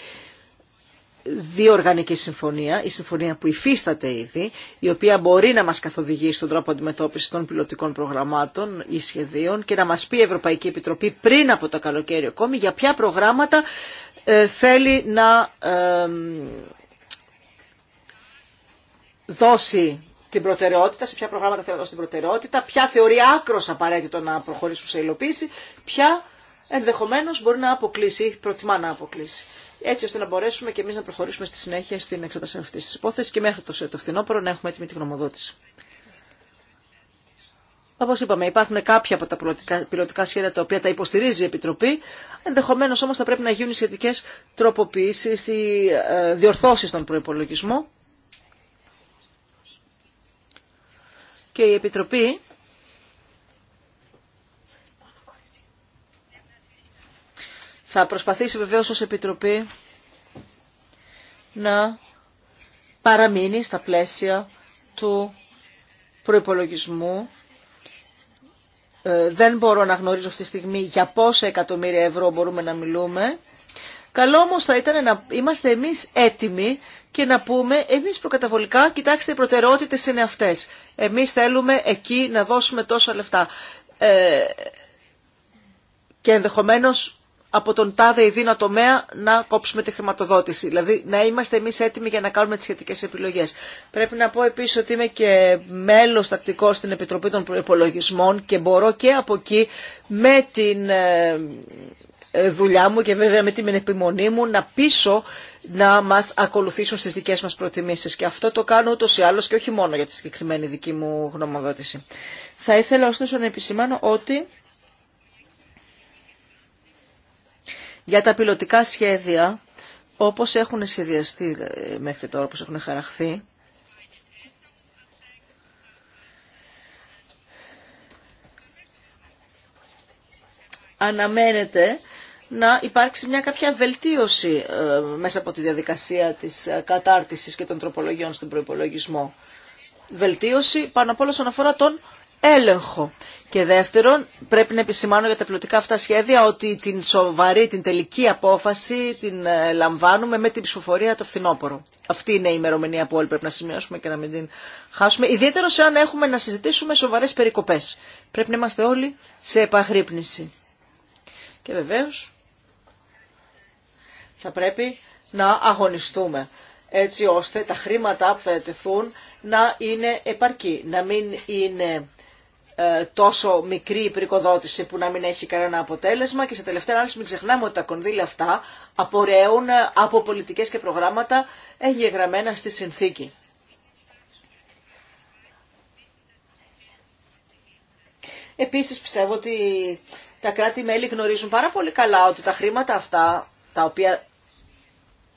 διοργανική συμφωνία, η συμφωνία που υφίσταται ήδη, η οποία μπορεί να μας καθοδηγήσει στον τρόπο αντιμετώπισης των πιλωτικών προγραμμάτων ή σχεδίων και να μας πει η Ευρωπαϊκή Επιτροπή πριν από το καλοκαίρι ακόμη για ποια προγράμματα ε, θέλει να ε, δώσει την προτεραιότητα, σε ποια προγράμματα θέλω να δώσω την προτεραιότητα, ποια θεωρεί άκρο απαραίτητο να προχωρήσουν σε υλοποίηση, ποια ενδεχομένω μπορεί να αποκλείσει ή προτιμά να αποκλείσει. Έτσι ώστε να μπορέσουμε και εμεί να προχωρήσουμε στη συνέχεια στην εξετασία αυτή τη υπόθεση και μέχρι το, το φθινόπωρο να έχουμε έτοιμη τη γνωμοδότηση. Όπω είπαμε, υπάρχουν κάποια από τα πιλωτικά σχέδια τα οποία τα υποστηρίζει η Επιτροπή. Ενδεχομένω όμω θα πρέπει να γίνουν σχετικέ τροποποιήσει ή ε, διορθώσει στον προπολογισμό και η Επιτροπή θα προσπαθήσει βεβαίως ως Επιτροπή να παραμείνει στα πλαίσια του προϋπολογισμού. Ε, δεν μπορώ να γνωρίζω αυτή τη στιγμή για πόσα εκατομμύρια ευρώ μπορούμε να μιλούμε. Καλό όμως θα ήταν να είμαστε εμείς έτοιμοι και να πούμε εμείς προκαταβολικά κοιτάξτε οι προτεραιότητες είναι αυτές. Εμείς θέλουμε εκεί να δώσουμε τόσα λεφτά. Ε, και ενδεχομένως από τον τάδε ή δύνατο τομέα να κόψουμε τη χρηματοδότηση. Δηλαδή να είμαστε εμεί έτοιμοι για να κάνουμε τι σχετικέ επιλογέ. Πρέπει να πω επίση ότι είμαι και μέλο τακτικό στην Επιτροπή των Προπολογισμών και μπορώ και από εκεί με την ε, ε, δουλειά μου και βέβαια με την επιμονή μου να πείσω να μας ακολουθήσουν στις δικές μας προτιμήσεις. Και αυτό το κάνω ούτως ή άλλως και όχι μόνο για τη συγκεκριμένη δική μου γνωμοδότηση. Θα ήθελα ωστόσο να επισημάνω ότι για τα πιλωτικά σχέδια, όπως έχουν σχεδιαστεί ε, μέχρι τώρα, όπως έχουν χαραχθεί, αναμένεται να υπάρξει μια κάποια βελτίωση ε, μέσα από τη διαδικασία της ε, κατάρτισης και των τροπολογιών στον προϋπολογισμό. Βελτίωση πάνω απ' όλα όσον αφορά τον έλεγχο. Και δεύτερον, πρέπει να επισημάνω για τα πιλωτικά αυτά σχέδια ότι την σοβαρή, την τελική απόφαση την ε, λαμβάνουμε με την ψηφοφορία το φθινόπωρο. Αυτή είναι η ημερομηνία που όλοι πρέπει να σημειώσουμε και να μην την χάσουμε. Ιδιαίτερο σε αν έχουμε να συζητήσουμε σοβαρέ περικοπέ. Πρέπει να είμαστε όλοι σε επαγρύπνηση. Και βεβαίω θα πρέπει να αγωνιστούμε έτσι ώστε τα χρήματα που θα ετεθούν να είναι επαρκή, να μην είναι ε, τόσο μικρή η πρικοδότηση που να μην έχει κανένα αποτέλεσμα και σε τελευταία ανάλυση μην ξεχνάμε ότι τα κονδύλια αυτά απορρέουν ε, από πολιτικές και προγράμματα εγγεγραμμένα στη συνθήκη. Επίσης πιστεύω ότι τα κράτη-μέλη γνωρίζουν πάρα πολύ καλά ότι τα χρήματα αυτά τα οποία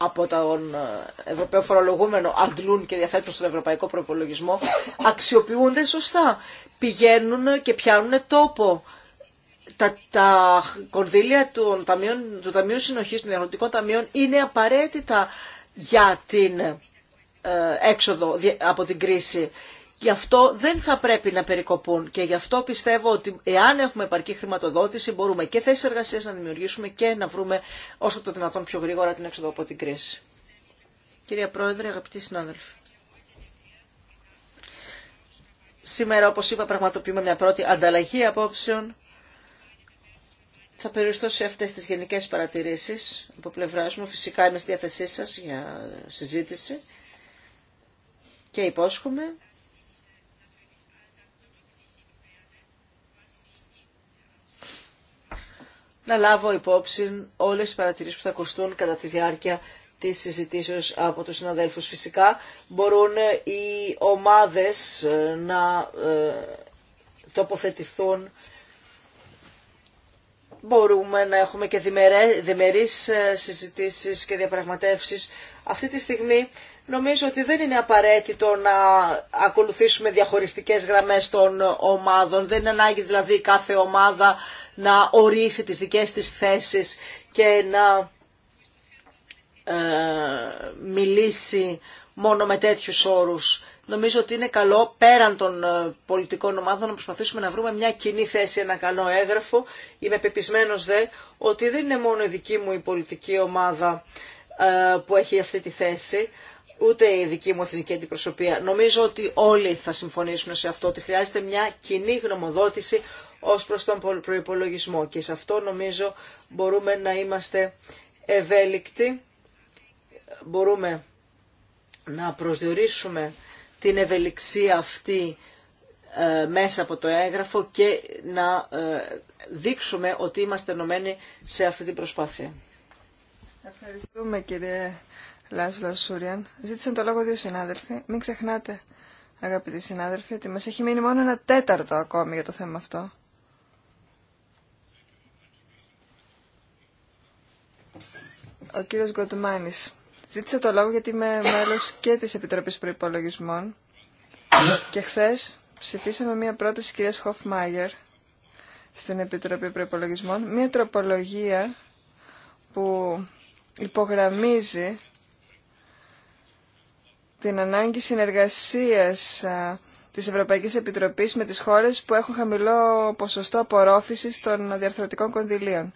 από τον ε, Ευρωπαίο φορολογούμενο αντλούν και διαθέτουν στον Ευρωπαϊκό Προπολογισμό αξιοποιούνται σωστά. Πηγαίνουν και πιάνουν τόπο. Τα, τα κονδύλια του, του Ταμείου Συνοχής, των Διαγνωτικών Ταμείων είναι απαραίτητα για την ε, έξοδο από την κρίση. Γι' αυτό δεν θα πρέπει να περικοπούν και γι' αυτό πιστεύω ότι εάν έχουμε επαρκή χρηματοδότηση μπορούμε και θέσει εργασία να δημιουργήσουμε και να βρούμε όσο το δυνατόν πιο γρήγορα την έξοδο από την κρίση. Κυρία Πρόεδρε, αγαπητοί συνάδελφοι. Σήμερα, όπως είπα, πραγματοποιούμε μια πρώτη ανταλλαγή απόψεων. Θα περιοριστώ σε αυτές τις γενικές παρατηρήσεις από πλευρά. μου. Φυσικά είμαι στη διάθεσή σας για συζήτηση και υπόσχομαι να λάβω υπόψη όλες τις παρατηρήσεις που θα ακουστούν κατά τη διάρκεια της συζητήσεως από τους συναδέλφους. Φυσικά μπορούν ε, οι ομάδες ε, να ε, τοποθετηθούν μπορούμε να έχουμε και διμερείς συζητήσεις και διαπραγματεύσεις. Αυτή τη στιγμή νομίζω ότι δεν είναι απαραίτητο να ακολουθήσουμε διαχωριστικές γραμμές των ομάδων. Δεν είναι ανάγκη δηλαδή κάθε ομάδα να ορίσει τις δικές της θέσεις και να ε, μιλήσει μόνο με τέτοιους όρους. Νομίζω ότι είναι καλό πέραν των ε, πολιτικών ομάδων να προσπαθήσουμε να βρούμε μια κοινή θέση, ένα καλό έγγραφο. Είμαι πεπισμένος δε ότι δεν είναι μόνο η δική μου η πολιτική ομάδα ε, που έχει αυτή τη θέση, ούτε η δική μου εθνική αντιπροσωπεία. Νομίζω ότι όλοι θα συμφωνήσουν σε αυτό ότι χρειάζεται μια κοινή γνωμοδότηση ως προς τον προϋπολογισμό και σε αυτό νομίζω μπορούμε να είμαστε ευέλικτοι, μπορούμε να προσδιορίσουμε την ευελιξία αυτή ε, μέσα από το έγγραφο και να ε, δείξουμε ότι είμαστε ενωμένοι σε αυτή την προσπάθεια. Ευχαριστούμε κύριε Λάσλο Σούριαν. Ζήτησαν το λόγο δύο συνάδελφοι. Μην ξεχνάτε, αγαπητοί συνάδελφοι, ότι μας έχει μείνει μόνο ένα τέταρτο ακόμη για το θέμα αυτό. Ο κύριος Γκοντουμάνης. Ζήτησα το λόγο γιατί είμαι μέλος και της Επιτροπής Προϋπολογισμών και χθε ψηφίσαμε μία πρόταση της κυρίας Χοφμάγερ στην Επιτροπή Προϋπολογισμών, μία τροπολογία που υπογραμμίζει την ανάγκη συνεργασίας της Ευρωπαϊκής Επιτροπής με τις χώρες που έχουν χαμηλό ποσοστό απορρόφησης των διαρθρωτικών κονδυλίων.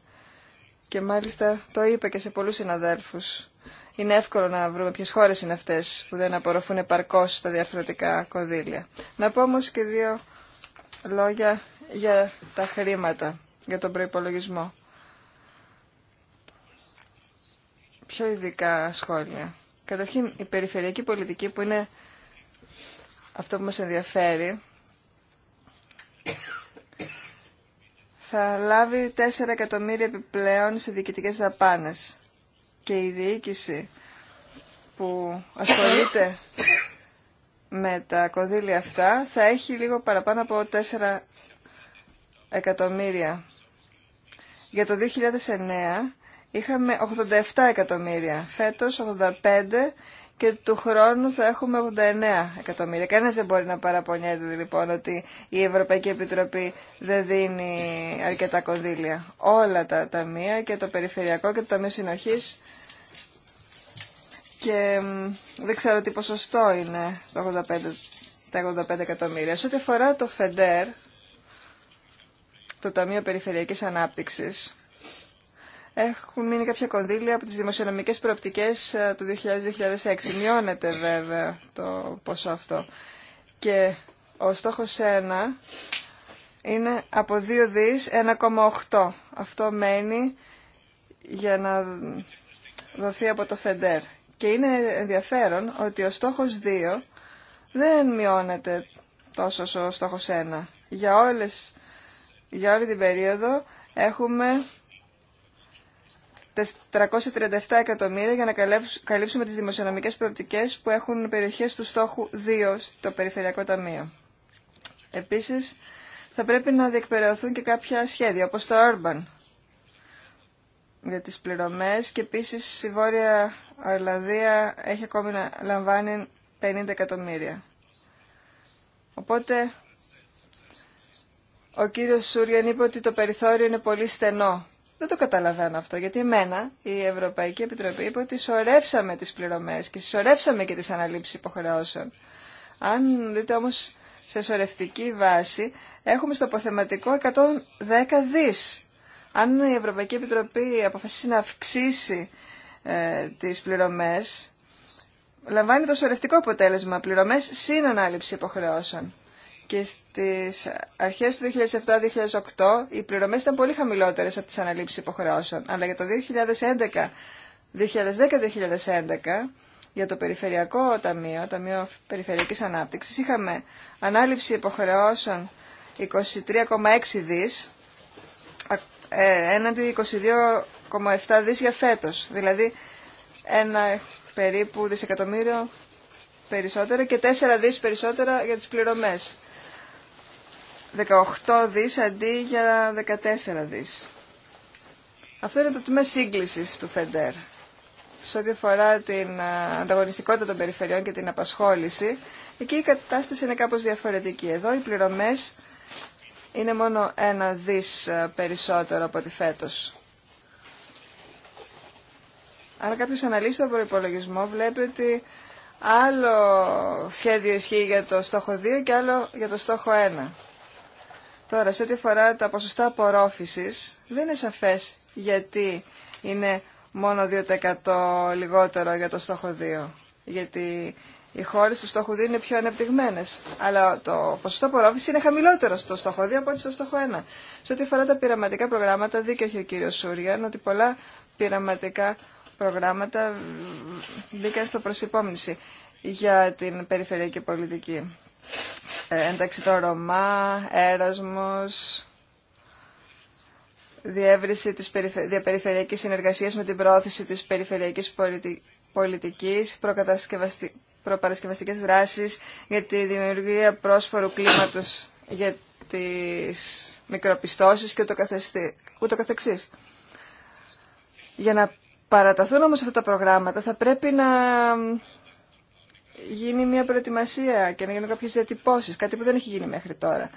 Και μάλιστα το είπε και σε πολλούς συναδέλφους. Είναι εύκολο να βρούμε ποιες χώρες είναι αυτές που δεν απορροφούν επαρκώς τα διαρθρωτικά κονδύλια. Να πω όμως και δύο λόγια για τα χρήματα, για τον προϋπολογισμό. Πιο ειδικά σχόλια. Καταρχήν, η περιφερειακή πολιτική που είναι αυτό που μας ενδιαφέρει θα λάβει 4 εκατομμύρια επιπλέον σε διοικητικές δαπάνες και η διοίκηση που ασχολείται με τα κονδύλια αυτά θα έχει λίγο παραπάνω από 4 εκατομμύρια. Για το 2009 είχαμε 87 εκατομμύρια. Φέτος 85 και του χρόνου θα έχουμε 89 εκατομμύρια. Κανένα δεν μπορεί να παραπονιέται λοιπόν ότι η Ευρωπαϊκή Επιτροπή δεν δίνει αρκετά κονδύλια. Όλα τα ταμεία και το Περιφερειακό και το Ταμείο συνοχή. και δεν ξέρω τι ποσοστό είναι το 85, τα 85 εκατομμύρια. Σε ό,τι αφορά το ΦΕΝΤΕΡ, το Ταμείο Περιφερειακής Ανάπτυξης, έχουν μείνει κάποια κονδύλια από τις δημοσιονομικές προοπτικές ε, του 2000-2006. Μειώνεται βέβαια το ποσό αυτό. Και ο στόχος 1 είναι από 2 δις 1,8. Αυτό μένει για να δοθεί από το ΦΕΝΤΕΡ. Και είναι ενδιαφέρον ότι ο στόχος 2 δεν μειώνεται τόσο όσο ο στόχος 1. Για, όλες, για όλη την περίοδο έχουμε 437 εκατομμύρια για να καλύψουμε τις δημοσιονομικές προοπτικές που έχουν περιοχές του στόχου 2 στο Περιφερειακό Ταμείο. Επίσης, θα πρέπει να διεκπαιρεωθούν και κάποια σχέδια, όπως το Urban, για τις πληρωμές και επίσης η Βόρεια Αρλανδία έχει ακόμη να λαμβάνει 50 εκατομμύρια. Οπότε, ο κύριος Σούριαν είπε ότι το περιθώριο είναι πολύ στενό δεν το καταλαβαίνω αυτό, γιατί εμένα η Ευρωπαϊκή Επιτροπή είπε ότι σωρεύσαμε τις πληρωμές και σωρεύσαμε και τις αναλήψεις υποχρεώσεων. Αν δείτε όμως σε σωρευτική βάση, έχουμε στο αποθεματικό 110 δις. Αν η Ευρωπαϊκή Επιτροπή αποφασίσει να αυξήσει ε, τις πληρωμές, λαμβάνει το σωρευτικό αποτέλεσμα πληρωμές συν ανάληψη υποχρεώσεων και στις αρχές του 2007-2008 οι πληρωμές ήταν πολύ χαμηλότερες από τις αναλήψεις υποχρεώσεων. Αλλά για το 2010-2011, για το Περιφερειακό Ταμείο, Ταμείο Περιφερειακής Ανάπτυξης, είχαμε ανάληψη υποχρεώσεων 23,6 δις, ε, έναντι 22,7 δις για φέτος. Δηλαδή ένα περίπου δισεκατομμύριο περισσότερο και 4 δις περισσότερα για τις πληρωμές. 18 δις αντί για 14 δις. Αυτό είναι το τμήμα σύγκλησης του ΦΕΝΤΕΡ. Σε ό,τι αφορά την ανταγωνιστικότητα των περιφερειών και την απασχόληση, εκεί η κατάσταση είναι κάπως διαφορετική. Εδώ οι πληρωμές είναι μόνο ένα δις περισσότερο από τη φέτος. Αν κάποιος αναλύσει τον προϋπολογισμό βλέπει ότι άλλο σχέδιο ισχύει για το στόχο 2 και άλλο για το στόχο 1. Τώρα, σε ό,τι αφορά τα ποσοστά απορρόφησης, δεν είναι σαφές γιατί είναι μόνο 2% λιγότερο για το στόχο 2. Γιατί οι χώρες του στόχου 2 είναι πιο ανεπτυγμένες. Αλλά το ποσοστό απορρόφηση είναι χαμηλότερο στο στόχο 2 από ό,τι στο στόχο 1. Σε ό,τι αφορά τα πειραματικά προγράμματα, δίκαιο έχει ο κύριος Σούριαν ότι πολλά πειραματικά προγράμματα μπήκαν στο προσυπόμνηση για την περιφερειακή πολιτική. Ε, εντάξει το Ρωμά, έρασμος, διεύρυνση της διαπεριφερειακής συνεργασίας με την πρόθεση της περιφερειακής πολιτικής, προπαρασκευαστικές δράσεις για τη δημιουργία πρόσφορου κλίματος για τις μικροπιστώσεις και ούτω, καθεστη, ούτω καθεξής. Για να παραταθούν όμως αυτά τα προγράμματα θα πρέπει να γίνει μια προετοιμασία και να γίνουν κάποιες διατυπώσει, κάτι που δεν έχει γίνει μέχρι τώρα.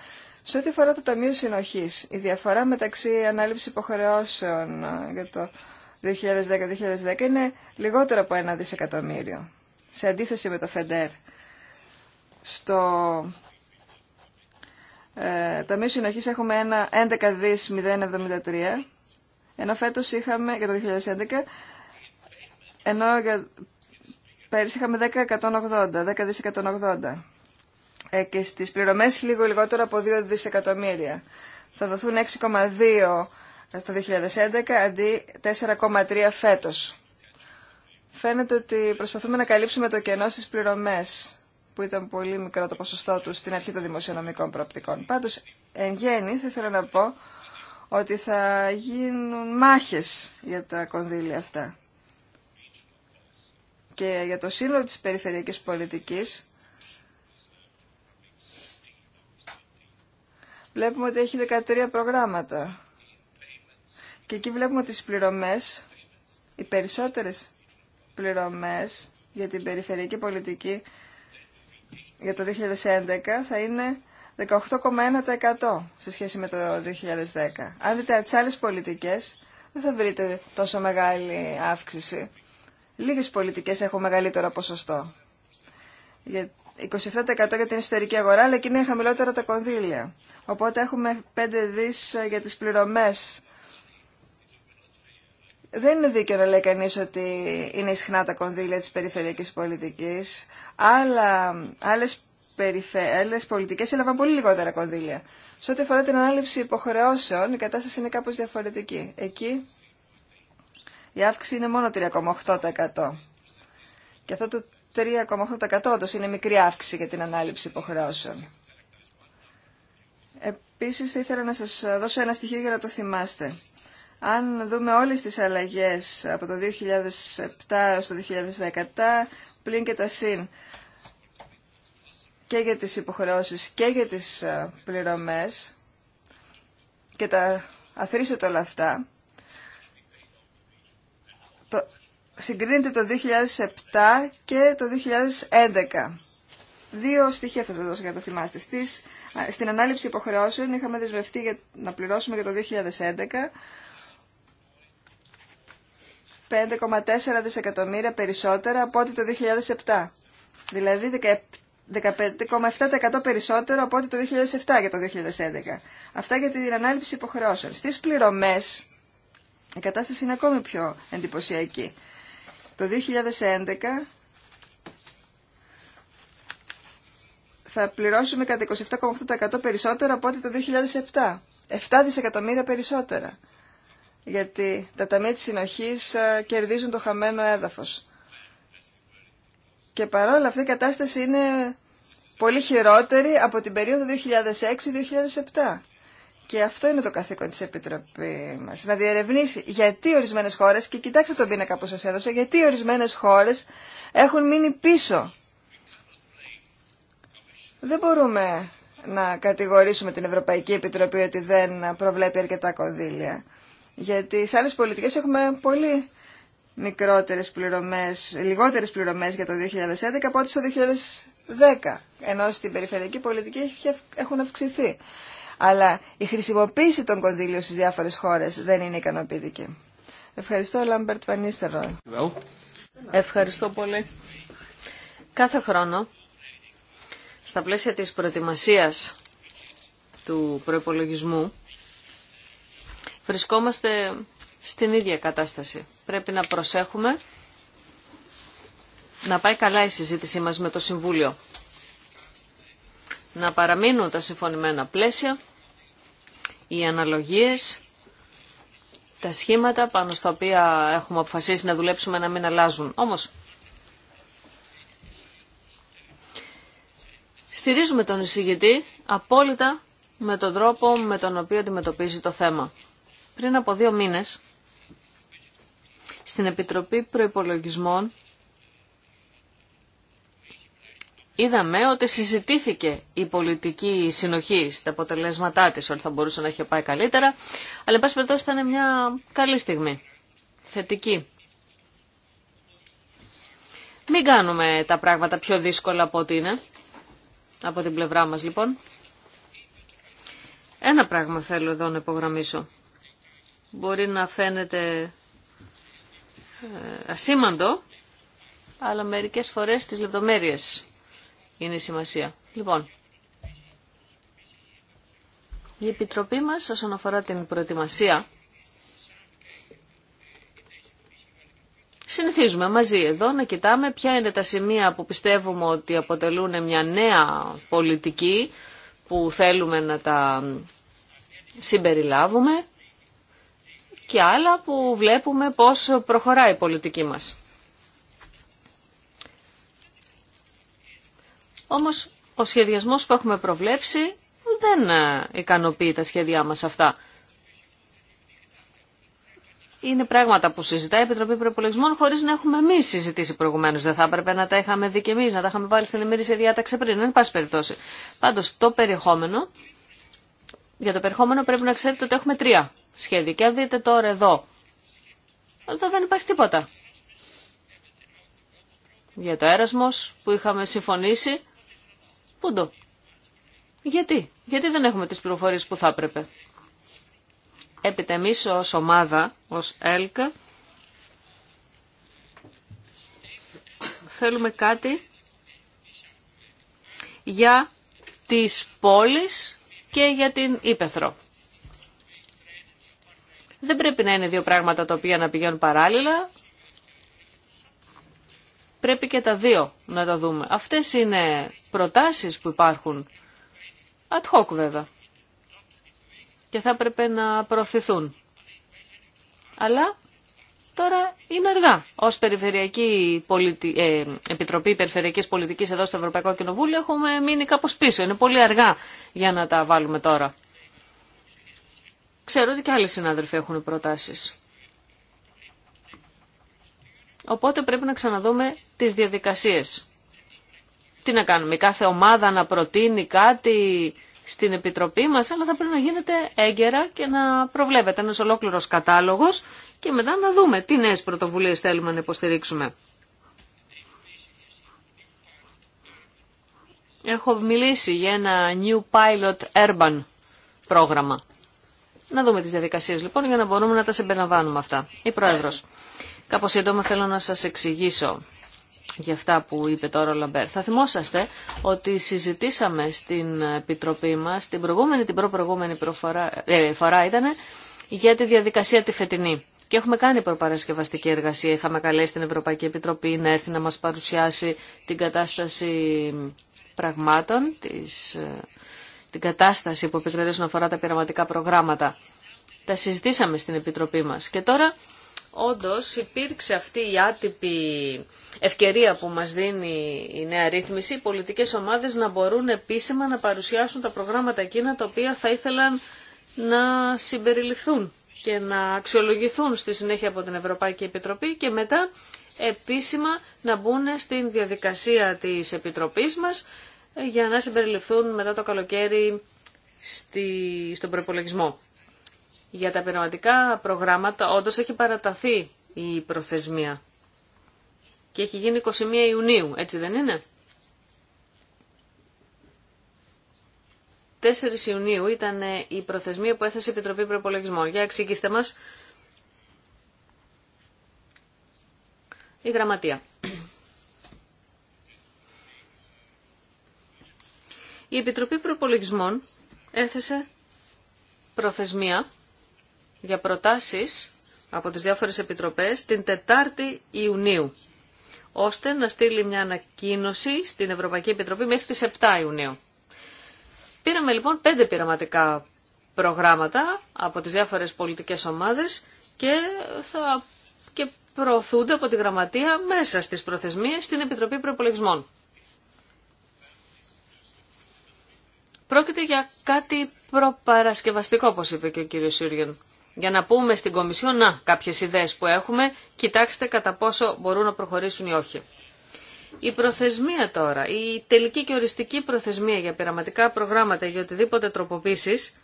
Σε ό,τι αφορά το Ταμείο Συνοχής, η διαφορά μεταξύ ανάληψη υποχρεώσεων ε, για το 2010-2010 είναι λιγότερο από ένα δισεκατομμύριο, σε αντίθεση με το ΦΕΝΤΕΡ. Στο ε, Ταμείο Συνοχής έχουμε ένα 11 δις 073, ενώ φέτος είχαμε για το 2011, ενώ Πέρυσι είχαμε 10-180, 10 ε, και στις πληρωμές λίγο λιγότερο από 2 δισεκατομμύρια. Θα δοθούν 6,2 στο 2011 αντί 4,3 φέτος. Φαίνεται ότι προσπαθούμε να καλύψουμε το κενό στις πληρωμές που ήταν πολύ μικρό το ποσοστό του στην αρχή των δημοσιονομικών προοπτικών. Πάντως, εν γέννη, θα ήθελα να πω ότι θα γίνουν μάχες για τα κονδύλια αυτά και για το σύνολο της περιφερειακής πολιτικής, βλέπουμε ότι έχει 13 προγράμματα. Και εκεί βλέπουμε τις πληρωμές, οι περισσότερες πληρωμές για την περιφερειακή πολιτική για το 2011 θα είναι 18,1% σε σχέση με το 2010. Αν δείτε τις άλλες πολιτικές, δεν θα βρείτε τόσο μεγάλη αύξηση. Λίγες πολιτικές έχουν μεγαλύτερο ποσοστό. 27% για την ιστορική αγορά, αλλά εκεί είναι χαμηλότερα τα κονδύλια. Οπότε έχουμε 5 δις για τις πληρωμές. Δεν είναι δίκαιο να λέει κανείς ότι είναι ισχνά τα κονδύλια της περιφερειακής πολιτικής, αλλά άλλες, περιφε... άλλες πολιτικές έλαβαν πολύ λιγότερα κονδύλια. Σε ό,τι αφορά την ανάληψη υποχρεώσεων, η κατάσταση είναι κάπως διαφορετική. Εκεί η αύξηση είναι μόνο 3,8%. Και αυτό το 3,8% όντως είναι μικρή αύξηση για την ανάληψη υποχρεώσεων. Επίσης θα ήθελα να σας δώσω ένα στοιχείο για να το θυμάστε. Αν δούμε όλες τις αλλαγές από το 2007 έως το 2017, πλην και τα συν, και για τις υποχρεώσεις και για τις ε, πληρωμές και τα αθροίσετε όλα αυτά, συγκρίνεται το 2007 και το 2011. Δύο στοιχεία θα σα δώσω για να το θυμάστε. Στις, στην ανάληψη υποχρεώσεων είχαμε δεσμευτεί για, να πληρώσουμε για το 2011 5,4 δισεκατομμύρια περισσότερα από ό,τι το 2007. Δηλαδή 15,7% περισσότερο από ό,τι το 2007 για το 2011. Αυτά για την ανάληψη υποχρεώσεων. Στις πληρωμές η κατάσταση είναι ακόμη πιο εντυπωσιακή. Το 2011 θα πληρώσουμε κατά 27,8% περισσότερο από ό,τι το 2007. 7 δισεκατομμύρια περισσότερα. Γιατί τα ταμεία της συνοχής ε, κερδίζουν το χαμένο έδαφος. Και παρόλα αυτή η κατάσταση είναι πολύ χειρότερη από την περίοδο 2006-2007. Και αυτό είναι το καθήκον της Επιτροπή μας, να διερευνήσει γιατί ορισμένες χώρες, και κοιτάξτε τον πίνακα που σας έδωσα, γιατί ορισμένες χώρες έχουν μείνει πίσω. Δεν μπορούμε να κατηγορήσουμε την Ευρωπαϊκή Επιτροπή ότι δεν προβλέπει αρκετά κονδύλια. Γιατί σε άλλες πολιτικές έχουμε πολύ μικρότερες πληρωμές, λιγότερες πληρωμές για το 2011 από ό,τι στο 2010. Ενώ στην περιφερειακή πολιτική έχουν αυξηθεί αλλά η χρησιμοποίηση των κονδύλιων στις διάφορες χώρες δεν είναι ικανοποιητική. Ευχαριστώ, Λάμπερτ Βανίστερο. Ευχαριστώ πολύ. Κάθε χρόνο, στα πλαίσια της προετοιμασίας του προϋπολογισμού, βρισκόμαστε στην ίδια κατάσταση. Πρέπει να προσέχουμε να πάει καλά η συζήτησή μας με το Συμβούλιο. Να παραμείνουν τα συμφωνημένα πλαίσια οι αναλογίες, τα σχήματα πάνω στα οποία έχουμε αποφασίσει να δουλέψουμε να μην αλλάζουν. Όμως, στηρίζουμε τον εισηγητή απόλυτα με τον τρόπο με τον οποίο αντιμετωπίζει το θέμα. Πριν από δύο μήνες, στην Επιτροπή Προϋπολογισμών είδαμε ότι συζητήθηκε η πολιτική συνοχή, τα αποτελέσματά της, ότι θα μπορούσε να έχει πάει καλύτερα, αλλά εν πάση περιπτώσει ήταν μια καλή στιγμή, θετική. Μην κάνουμε τα πράγματα πιο δύσκολα από ό,τι είναι, από την πλευρά μας λοιπόν. Ένα πράγμα θέλω εδώ να υπογραμμίσω. Μπορεί να φαίνεται ε, ασήμαντο, αλλά μερικές φορές τις λεπτομέρειες είναι η σημασία. Λοιπόν, η Επιτροπή μας όσον αφορά την προετοιμασία Συνηθίζουμε μαζί εδώ να κοιτάμε ποια είναι τα σημεία που πιστεύουμε ότι αποτελούν μια νέα πολιτική που θέλουμε να τα συμπεριλάβουμε και άλλα που βλέπουμε πώς προχωράει η πολιτική μας. Όμως ο σχεδιασμός που έχουμε προβλέψει δεν ε, ικανοποιεί τα σχέδιά μας αυτά. Είναι πράγματα που συζητάει η Επιτροπή Προπολογισμών χωρί να έχουμε εμεί συζητήσει προηγουμένω. Δεν θα έπρεπε να τα είχαμε δει και εμεί, να τα είχαμε βάλει στην ημερήσια διάταξη πριν. Εν πάση περιπτώσει. Πάντω, το περιεχόμενο, για το περιεχόμενο πρέπει να ξέρετε ότι έχουμε τρία σχέδια. Και αν δείτε τώρα εδώ, εδώ δεν υπάρχει τίποτα. Για το έρασμο που είχαμε συμφωνήσει, Πού το. Γιατί. Γιατί δεν έχουμε τις πληροφορίες που θα έπρεπε. Έπειτα εμεί ως ομάδα, ως ΕΛΚΑ, θέλουμε κάτι για τις πόλεις και για την Ήπεθρο. Δεν πρέπει να είναι δύο πράγματα τα οποία να πηγαίνουν παράλληλα, πρέπει και τα δύο να τα δούμε. Αυτές είναι προτάσεις που υπάρχουν, ad hoc βέβαια, και θα έπρεπε να προωθηθούν. Αλλά τώρα είναι αργά. Ως Περιφερειακή ε, Επιτροπή Περιφερειακής Πολιτικής εδώ στο Ευρωπαϊκό Κοινοβούλιο έχουμε μείνει κάπως πίσω. Είναι πολύ αργά για να τα βάλουμε τώρα. Ξέρω ότι και άλλοι συνάδελφοι έχουν προτάσεις. Οπότε πρέπει να ξαναδούμε τις διαδικασίες. Τι να κάνουμε, κάθε ομάδα να προτείνει κάτι στην Επιτροπή μας, αλλά θα πρέπει να γίνεται έγκαιρα και να προβλέπεται ένας ολόκληρος κατάλογος και μετά να δούμε τι νέες πρωτοβουλίες θέλουμε να υποστηρίξουμε. Έχω μιλήσει για ένα New Pilot Urban πρόγραμμα. Να δούμε τις διαδικασίες λοιπόν για να μπορούμε να τα συμπεριλαμβάνουμε αυτά. Η Πρόεδρος. Κάπως σύντομα θέλω να σας εξηγήσω για αυτά που είπε τώρα ο Λαμπέρ. Θα θυμόσαστε ότι συζητήσαμε στην Επιτροπή μας την προηγούμενη, την προπροηγούμενη προφορά, ε, φορά ήταν για τη διαδικασία τη φετινή. Και έχουμε κάνει προπαρασκευαστική εργασία. Είχαμε καλέσει την Ευρωπαϊκή Επιτροπή να έρθει να μας παρουσιάσει την κατάσταση πραγμάτων, της, ε, την κατάσταση που επικρατεί όσον αφορά τα πειραματικά προγράμματα. Τα συζητήσαμε στην Επιτροπή μας. Και τώρα όντως υπήρξε αυτή η άτυπη ευκαιρία που μας δίνει η νέα ρύθμιση, οι πολιτικές ομάδες να μπορούν επίσημα να παρουσιάσουν τα προγράμματα εκείνα τα οποία θα ήθελαν να συμπεριληφθούν και να αξιολογηθούν στη συνέχεια από την Ευρωπαϊκή Επιτροπή και μετά επίσημα να μπουν στην διαδικασία της Επιτροπής μας για να συμπεριληφθούν μετά το καλοκαίρι στον προπολογισμό. Για τα πειραματικά προγράμματα όντως έχει παραταθεί η προθεσμία και έχει γίνει 21 Ιουνίου, έτσι δεν είναι. 4 Ιουνίου ήταν ε, η προθεσμία που έθεσε η Επιτροπή Προπολογισμών. Για εξηγήστε μας η γραμματεία. Η Επιτροπή Προπολογισμών έθεσε προθεσμία για προτάσεις από τις διάφορες επιτροπές την 4η Ιουνίου, ώστε να στείλει μια ανακοίνωση στην Ευρωπαϊκή Επιτροπή μέχρι τις 7 Ιουνίου. Πήραμε λοιπόν πέντε πειραματικά προγράμματα από τις διάφορες πολιτικές ομάδες και, θα... και προωθούνται από τη Γραμματεία μέσα στις προθεσμίες στην Επιτροπή Προπολογισμών. Πρόκειται για κάτι προπαρασκευαστικό, όπως είπε και ο κύριος Σούριον για να πούμε στην Κομισιόν, να, κάποιες ιδέες που έχουμε, κοιτάξτε κατά πόσο μπορούν να προχωρήσουν ή όχι. Η προθεσμία τώρα, η τελική και οριστική προθεσμία για πειραματικά προγράμματα για οτιδήποτε τροποποίησης,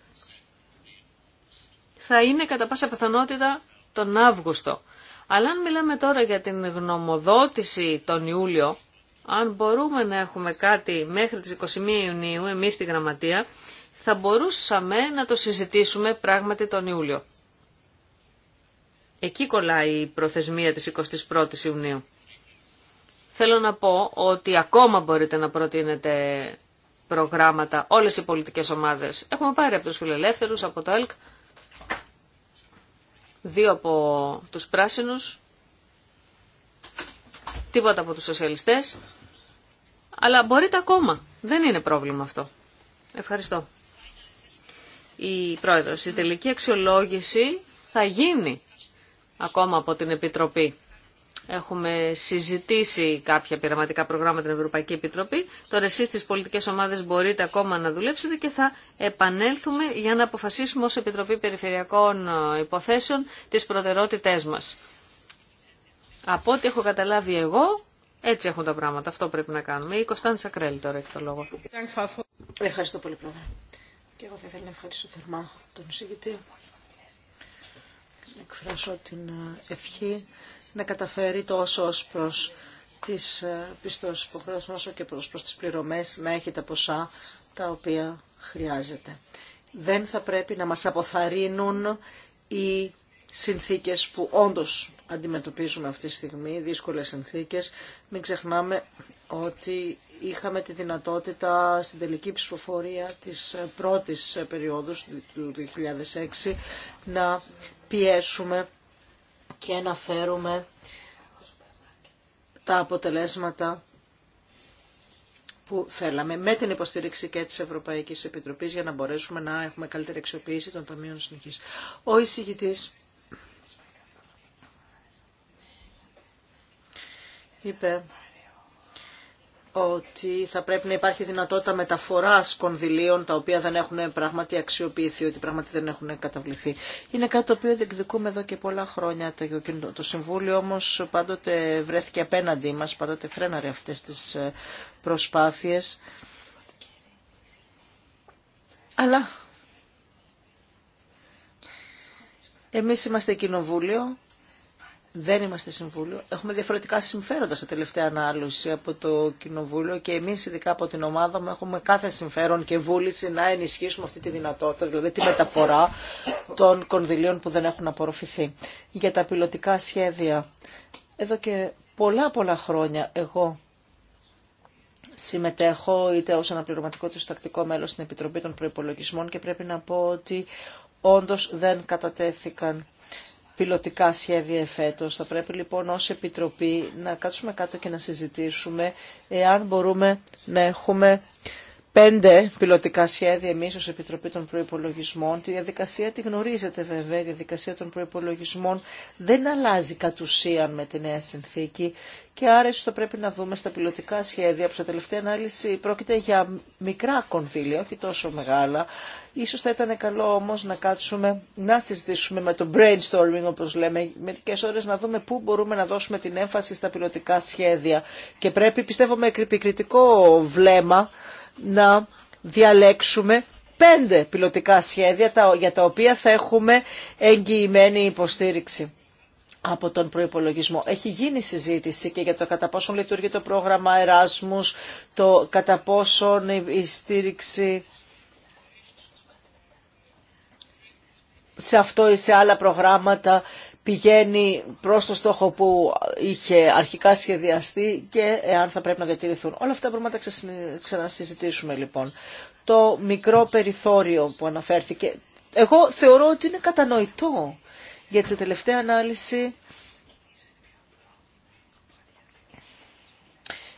θα είναι κατά πάσα πιθανότητα τον Αύγουστο. Αλλά αν μιλάμε τώρα για την γνωμοδότηση τον Ιούλιο, αν μπορούμε να έχουμε κάτι μέχρι τις 21 Ιουνίου, εμείς στη Γραμματεία, θα μπορούσαμε να το συζητήσουμε πράγματι τον Ιούλιο. Εκεί κολλάει η προθεσμία της 21ης Ιουνίου. Θέλω να πω ότι ακόμα μπορείτε να προτείνετε προγράμματα όλες οι πολιτικές ομάδες. Έχουμε πάρει από τους φιλελεύθερους, από το ΕΛΚ, δύο από τους πράσινους, τίποτα από τους σοσιαλιστές, αλλά μπορείτε ακόμα. Δεν είναι πρόβλημα αυτό. Ευχαριστώ. Η πρόεδρος, η τελική αξιολόγηση θα γίνει ακόμα από την Επιτροπή. Έχουμε συζητήσει κάποια πειραματικά προγράμματα την Ευρωπαϊκή Επιτροπή. Τώρα εσείς στις πολιτικές ομάδες μπορείτε ακόμα να δουλέψετε και θα επανέλθουμε για να αποφασίσουμε ως Επιτροπή Περιφερειακών ε, Υποθέσεων τις προτεραιότητές μας. Από ό,τι έχω καταλάβει εγώ, έτσι έχουν τα πράγματα. Αυτό πρέπει να κάνουμε. Η Κωνσταντ Σακρέλη τώρα έχει το λόγο. Ευχαριστώ πολύ, Πρόεδρε. Και εγώ θα ήθελα να ευχαριστήσω θερμά τον συγκητή εκφράσω την ε, ευχή να καταφέρει τόσο ως προς τις ε, πιστώσεις χρειάζεται, όσο και προς, προς τις πληρωμές να έχει τα ποσά τα οποία χρειάζεται. Δεν θα πρέπει να μας αποθαρρύνουν οι συνθήκες που όντως αντιμετωπίζουμε αυτή τη στιγμή, δύσκολες συνθήκες. Μην ξεχνάμε ότι είχαμε τη δυνατότητα στην τελική ψηφοφορία της πρώτης περίοδου του 2006 να πιέσουμε και να φέρουμε τα αποτελέσματα που θέλαμε με την υποστήριξη και της Ευρωπαϊκής Επιτροπής για να μπορέσουμε να έχουμε καλύτερη αξιοποίηση των ταμείων συνοχής. Ο εισηγητής είπε ότι θα πρέπει να υπάρχει δυνατότητα μεταφοράς κονδυλίων τα οποία δεν έχουν πράγματι αξιοποιηθεί, ότι πράγματι δεν έχουν καταβληθεί. Είναι κάτι το οποίο διεκδικούμε εδώ και πολλά χρόνια. Το Συμβούλιο όμως πάντοτε βρέθηκε απέναντί μας, πάντοτε φρέναρε αυτές τις ε, προσπάθειες. Αλλά εμείς είμαστε κοινοβούλιο δεν είμαστε συμβούλιο. Έχουμε διαφορετικά συμφέροντα σε τελευταία ανάλυση από το Κοινοβούλιο και εμεί, ειδικά από την ομάδα μου, έχουμε κάθε συμφέρον και βούληση να ενισχύσουμε αυτή τη δυνατότητα, δηλαδή τη μεταφορά των κονδυλίων που δεν έχουν απορροφηθεί. Για τα πιλωτικά σχέδια, εδώ και πολλά πολλά χρόνια εγώ συμμετέχω είτε ως αναπληρωματικό του τακτικό μέλος στην Επιτροπή των Προϋπολογισμών και πρέπει να πω ότι όντω δεν κατατέθηκαν πιλωτικά σχέδια εφέτος. Θα πρέπει λοιπόν ως Επιτροπή να κάτσουμε κάτω και να συζητήσουμε εάν μπορούμε να έχουμε πέντε πιλωτικά σχέδια εμεί ω Επιτροπή των Προπολογισμών. Τη διαδικασία τη γνωρίζετε βέβαια. Η διαδικασία των προπολογισμών δεν αλλάζει κατ' ουσίαν με τη νέα συνθήκη. Και άρα ίσω θα πρέπει να δούμε στα πιλωτικά σχέδια, που στα τελευταία ανάλυση πρόκειται για μικρά κονδύλια, όχι τόσο μεγάλα. Ίσως θα ήταν καλό όμως να κάτσουμε, να συζητήσουμε με το brainstorming όπως λέμε, μερικές ώρες να δούμε πού μπορούμε να δώσουμε την έμφαση στα πιλωτικά σχέδια. Και πρέπει πιστεύω με επικριτικό βλέμμα να διαλέξουμε πέντε πιλωτικά σχέδια για τα οποία θα έχουμε εγγυημένη υποστήριξη από τον προϋπολογισμό. Έχει γίνει συζήτηση και για το κατά πόσον λειτουργεί το πρόγραμμα Εράσμους, το κατά πόσον η στήριξη σε αυτό ή σε άλλα προγράμματα πηγαίνει προς το στόχο που είχε αρχικά σχεδιαστεί και εάν θα πρέπει να διατηρηθούν. Όλα αυτά μπορούμε να τα ξανασυζητήσουμε λοιπόν. Το μικρό περιθώριο που αναφέρθηκε, εγώ θεωρώ ότι είναι κατανοητό για σε τελευταία ανάλυση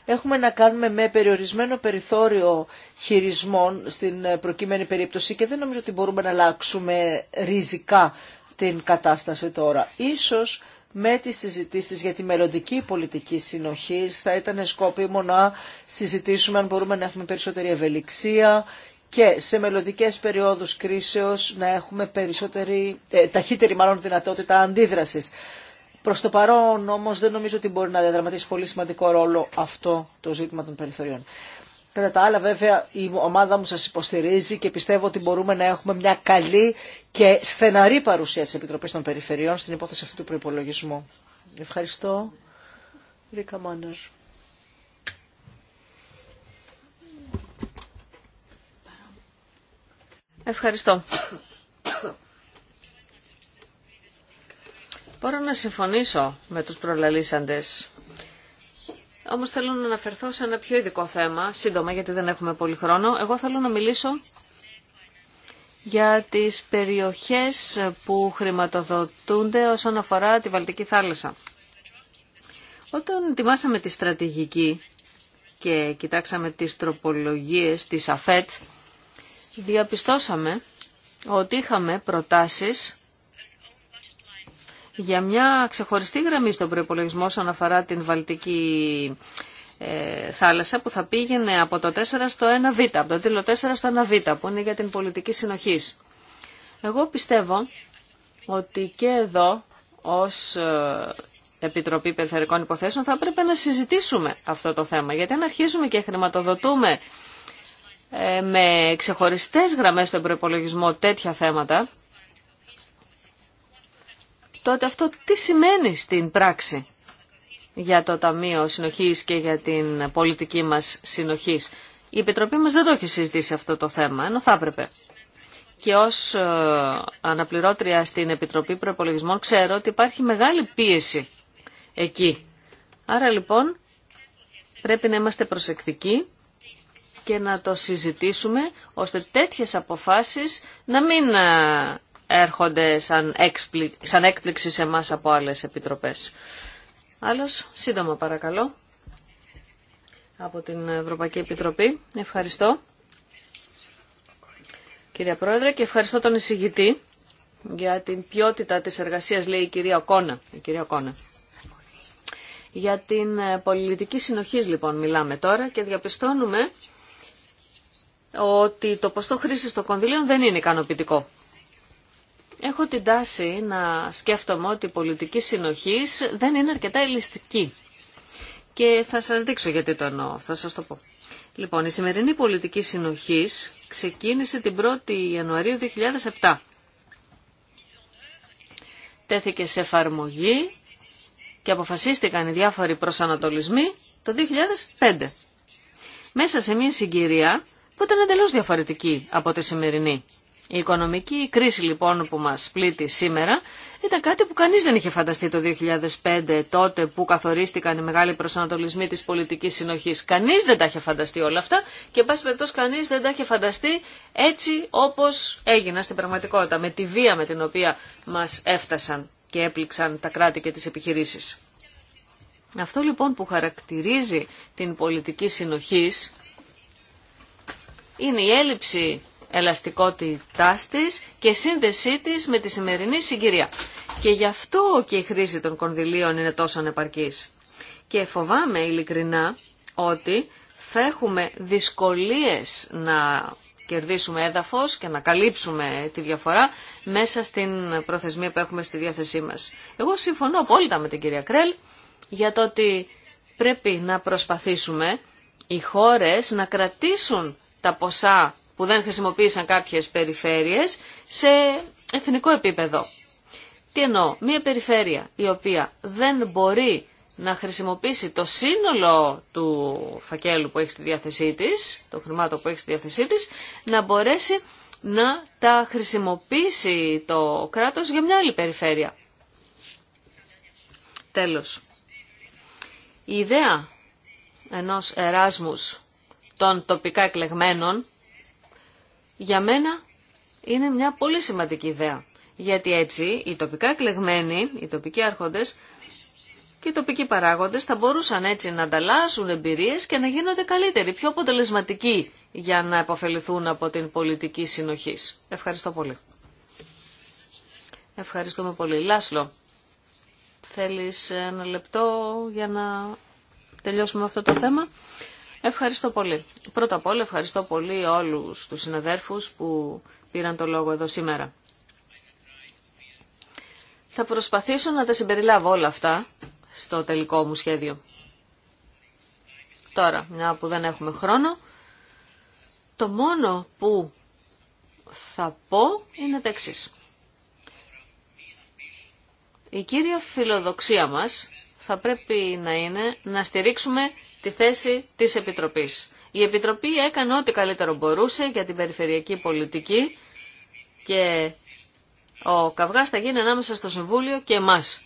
έχουμε να κάνουμε με περιορισμένο περιθώριο χειρισμών στην ε, προκειμένη περίπτωση και δεν νομίζω ότι μπορούμε να αλλάξουμε ριζικά την κατάσταση τώρα. Ίσως με τις συζητήσεις για τη μελλοντική πολιτική συνοχή θα ήταν σκόπιμο να συζητήσουμε αν μπορούμε να έχουμε περισσότερη ευελιξία και σε μελλοντικέ περιόδους κρίσεως να έχουμε περισσότερη, ε, ταχύτερη μάλλον δυνατότητα αντίδρασης. Προς το παρόν όμως δεν νομίζω ότι μπορεί να διαδραματίσει πολύ σημαντικό ρόλο αυτό το ζήτημα των περιθωριών. Κατά τα άλλα βέβαια η ομάδα μου σας υποστηρίζει και πιστεύω ότι μπορούμε να έχουμε μια καλή και στεναρή παρουσία της Επιτροπής των Περιφερειών στην υπόθεση αυτού του προϋπολογισμού. Ευχαριστώ. Ρίκα Ευχαριστώ. Μπορώ να συμφωνήσω με τους προλαλήσαντες Όμω θέλω να αναφερθώ σε ένα πιο ειδικό θέμα, σύντομα γιατί δεν έχουμε πολύ χρόνο. Εγώ θέλω να μιλήσω για τις περιοχές που χρηματοδοτούνται όσον αφορά τη Βαλτική θάλασσα. Όταν ετοιμάσαμε τη στρατηγική και κοιτάξαμε τις τροπολογίες της ΑΦΕΤ, διαπιστώσαμε ότι είχαμε προτάσεις για μια ξεχωριστή γραμμή στον προπολογισμό όσον αφορά την Βαλτική ε, θάλασσα που θα πήγαινε από το 4 στο 1β, από το τίτλο 4 στο 1β που είναι για την πολιτική συνοχή. Εγώ πιστεύω ότι και εδώ ως ε, Επιτροπή Περιφερειακών Υποθέσεων θα πρέπει να συζητήσουμε αυτό το θέμα γιατί αν αρχίζουμε και χρηματοδοτούμε ε, με ξεχωριστές γραμμές στον προπολογισμό τέτοια θέματα τότε αυτό τι σημαίνει στην πράξη για το Ταμείο Συνοχής και για την πολιτική μας συνοχής. Η Επιτροπή μας δεν το έχει συζητήσει αυτό το θέμα, ενώ θα έπρεπε. Και ως ε, αναπληρώτρια στην Επιτροπή Προπολογισμών ξέρω ότι υπάρχει μεγάλη πίεση εκεί. Άρα λοιπόν πρέπει να είμαστε προσεκτικοί και να το συζητήσουμε ώστε τέτοιες αποφάσεις να μην ε, έρχονται σαν, έκπληξη, σαν σε εμά από άλλε επιτροπέ. Άλλο σύντομα παρακαλώ, από την Ευρωπαϊκή Επιτροπή. Ευχαριστώ, κυρία Πρόεδρε, και ευχαριστώ τον εισηγητή για την ποιότητα της εργασίας, λέει η κυρία Κόνα. Η κυρία Κόνα. Για την ε, πολιτική συνοχή λοιπόν μιλάμε τώρα και διαπιστώνουμε ότι το ποστό χρήσης των κονδυλίων δεν είναι ικανοποιητικό. Έχω την τάση να σκέφτομαι ότι η πολιτική συνοχής δεν είναι αρκετά ελιστική. Και θα σας δείξω γιατί το εννοώ, θα σας το πω. Λοιπόν, η σημερινή πολιτική συνοχής ξεκίνησε την 1η Ιανουαρίου 2007. Τέθηκε σε εφαρμογή και αποφασίστηκαν οι διάφοροι προσανατολισμοί το 2005. Μέσα σε μια συγκυρία που ήταν εντελώς διαφορετική από τη σημερινή. Η οικονομική κρίση λοιπόν που μας πλήττει σήμερα ήταν κάτι που κανείς δεν είχε φανταστεί το 2005 τότε που καθορίστηκαν οι μεγάλοι προσανατολισμοί της πολιτικής συνοχής. Κανείς δεν τα είχε φανταστεί όλα αυτά και εν πάση περιπτώσει κανείς δεν τα είχε φανταστεί έτσι όπως έγιναν στην πραγματικότητα με τη βία με την οποία μας έφτασαν και έπληξαν τα κράτη και τις επιχειρήσεις. Αυτό λοιπόν που χαρακτηρίζει την πολιτική συνοχής είναι η έλλειψη ελαστικότητάς τη και σύνδεσή της με τη σημερινή συγκυρία. Και γι' αυτό και η χρήση των κονδυλίων είναι τόσο ανεπαρκής. Και φοβάμαι ειλικρινά ότι θα έχουμε δυσκολίες να κερδίσουμε έδαφος και να καλύψουμε τη διαφορά μέσα στην προθεσμία που έχουμε στη διάθεσή μας. Εγώ συμφωνώ απόλυτα με την κυρία Κρέλ για το ότι πρέπει να προσπαθήσουμε οι χώρες να κρατήσουν τα ποσά που δεν χρησιμοποίησαν κάποιες περιφέρειες σε εθνικό επίπεδο. Τι εννοώ, μια περιφέρεια η οποία δεν μπορεί να χρησιμοποιήσει το σύνολο του φακέλου που έχει στη διάθεσή της, το χρημάτο που έχει στη διάθεσή της, να μπορέσει να τα χρησιμοποιήσει το κράτος για μια άλλη περιφέρεια. Τέλος. Η ιδέα ενός εράσμους των τοπικά εκλεγμένων για μένα είναι μια πολύ σημαντική ιδέα. Γιατί έτσι οι τοπικά εκλεγμένοι, οι τοπικοί άρχοντες και οι τοπικοί παράγοντες θα μπορούσαν έτσι να ανταλλάσσουν εμπειρίες και να γίνονται καλύτεροι, πιο αποτελεσματικοί για να επωφεληθούν από την πολιτική συνοχής. Ευχαριστώ πολύ. Ευχαριστούμε πολύ. Λάσλο, θέλεις ένα λεπτό για να τελειώσουμε αυτό το θέμα. Ευχαριστώ πολύ. Πρώτα απ' όλα ευχαριστώ πολύ όλους τους συναδέρφους που πήραν το λόγο εδώ σήμερα. Θα προσπαθήσω να τα συμπεριλάβω όλα αυτά στο τελικό μου σχέδιο. Τώρα, μια που δεν έχουμε χρόνο, το μόνο που θα πω είναι τα εξή. Η κύρια φιλοδοξία μας θα πρέπει να είναι να στηρίξουμε τη θέση της Επιτροπής. Η Επιτροπή έκανε ό,τι καλύτερο μπορούσε για την περιφερειακή πολιτική και ο καυγάς θα γίνει ανάμεσα στο Συμβούλιο και εμάς.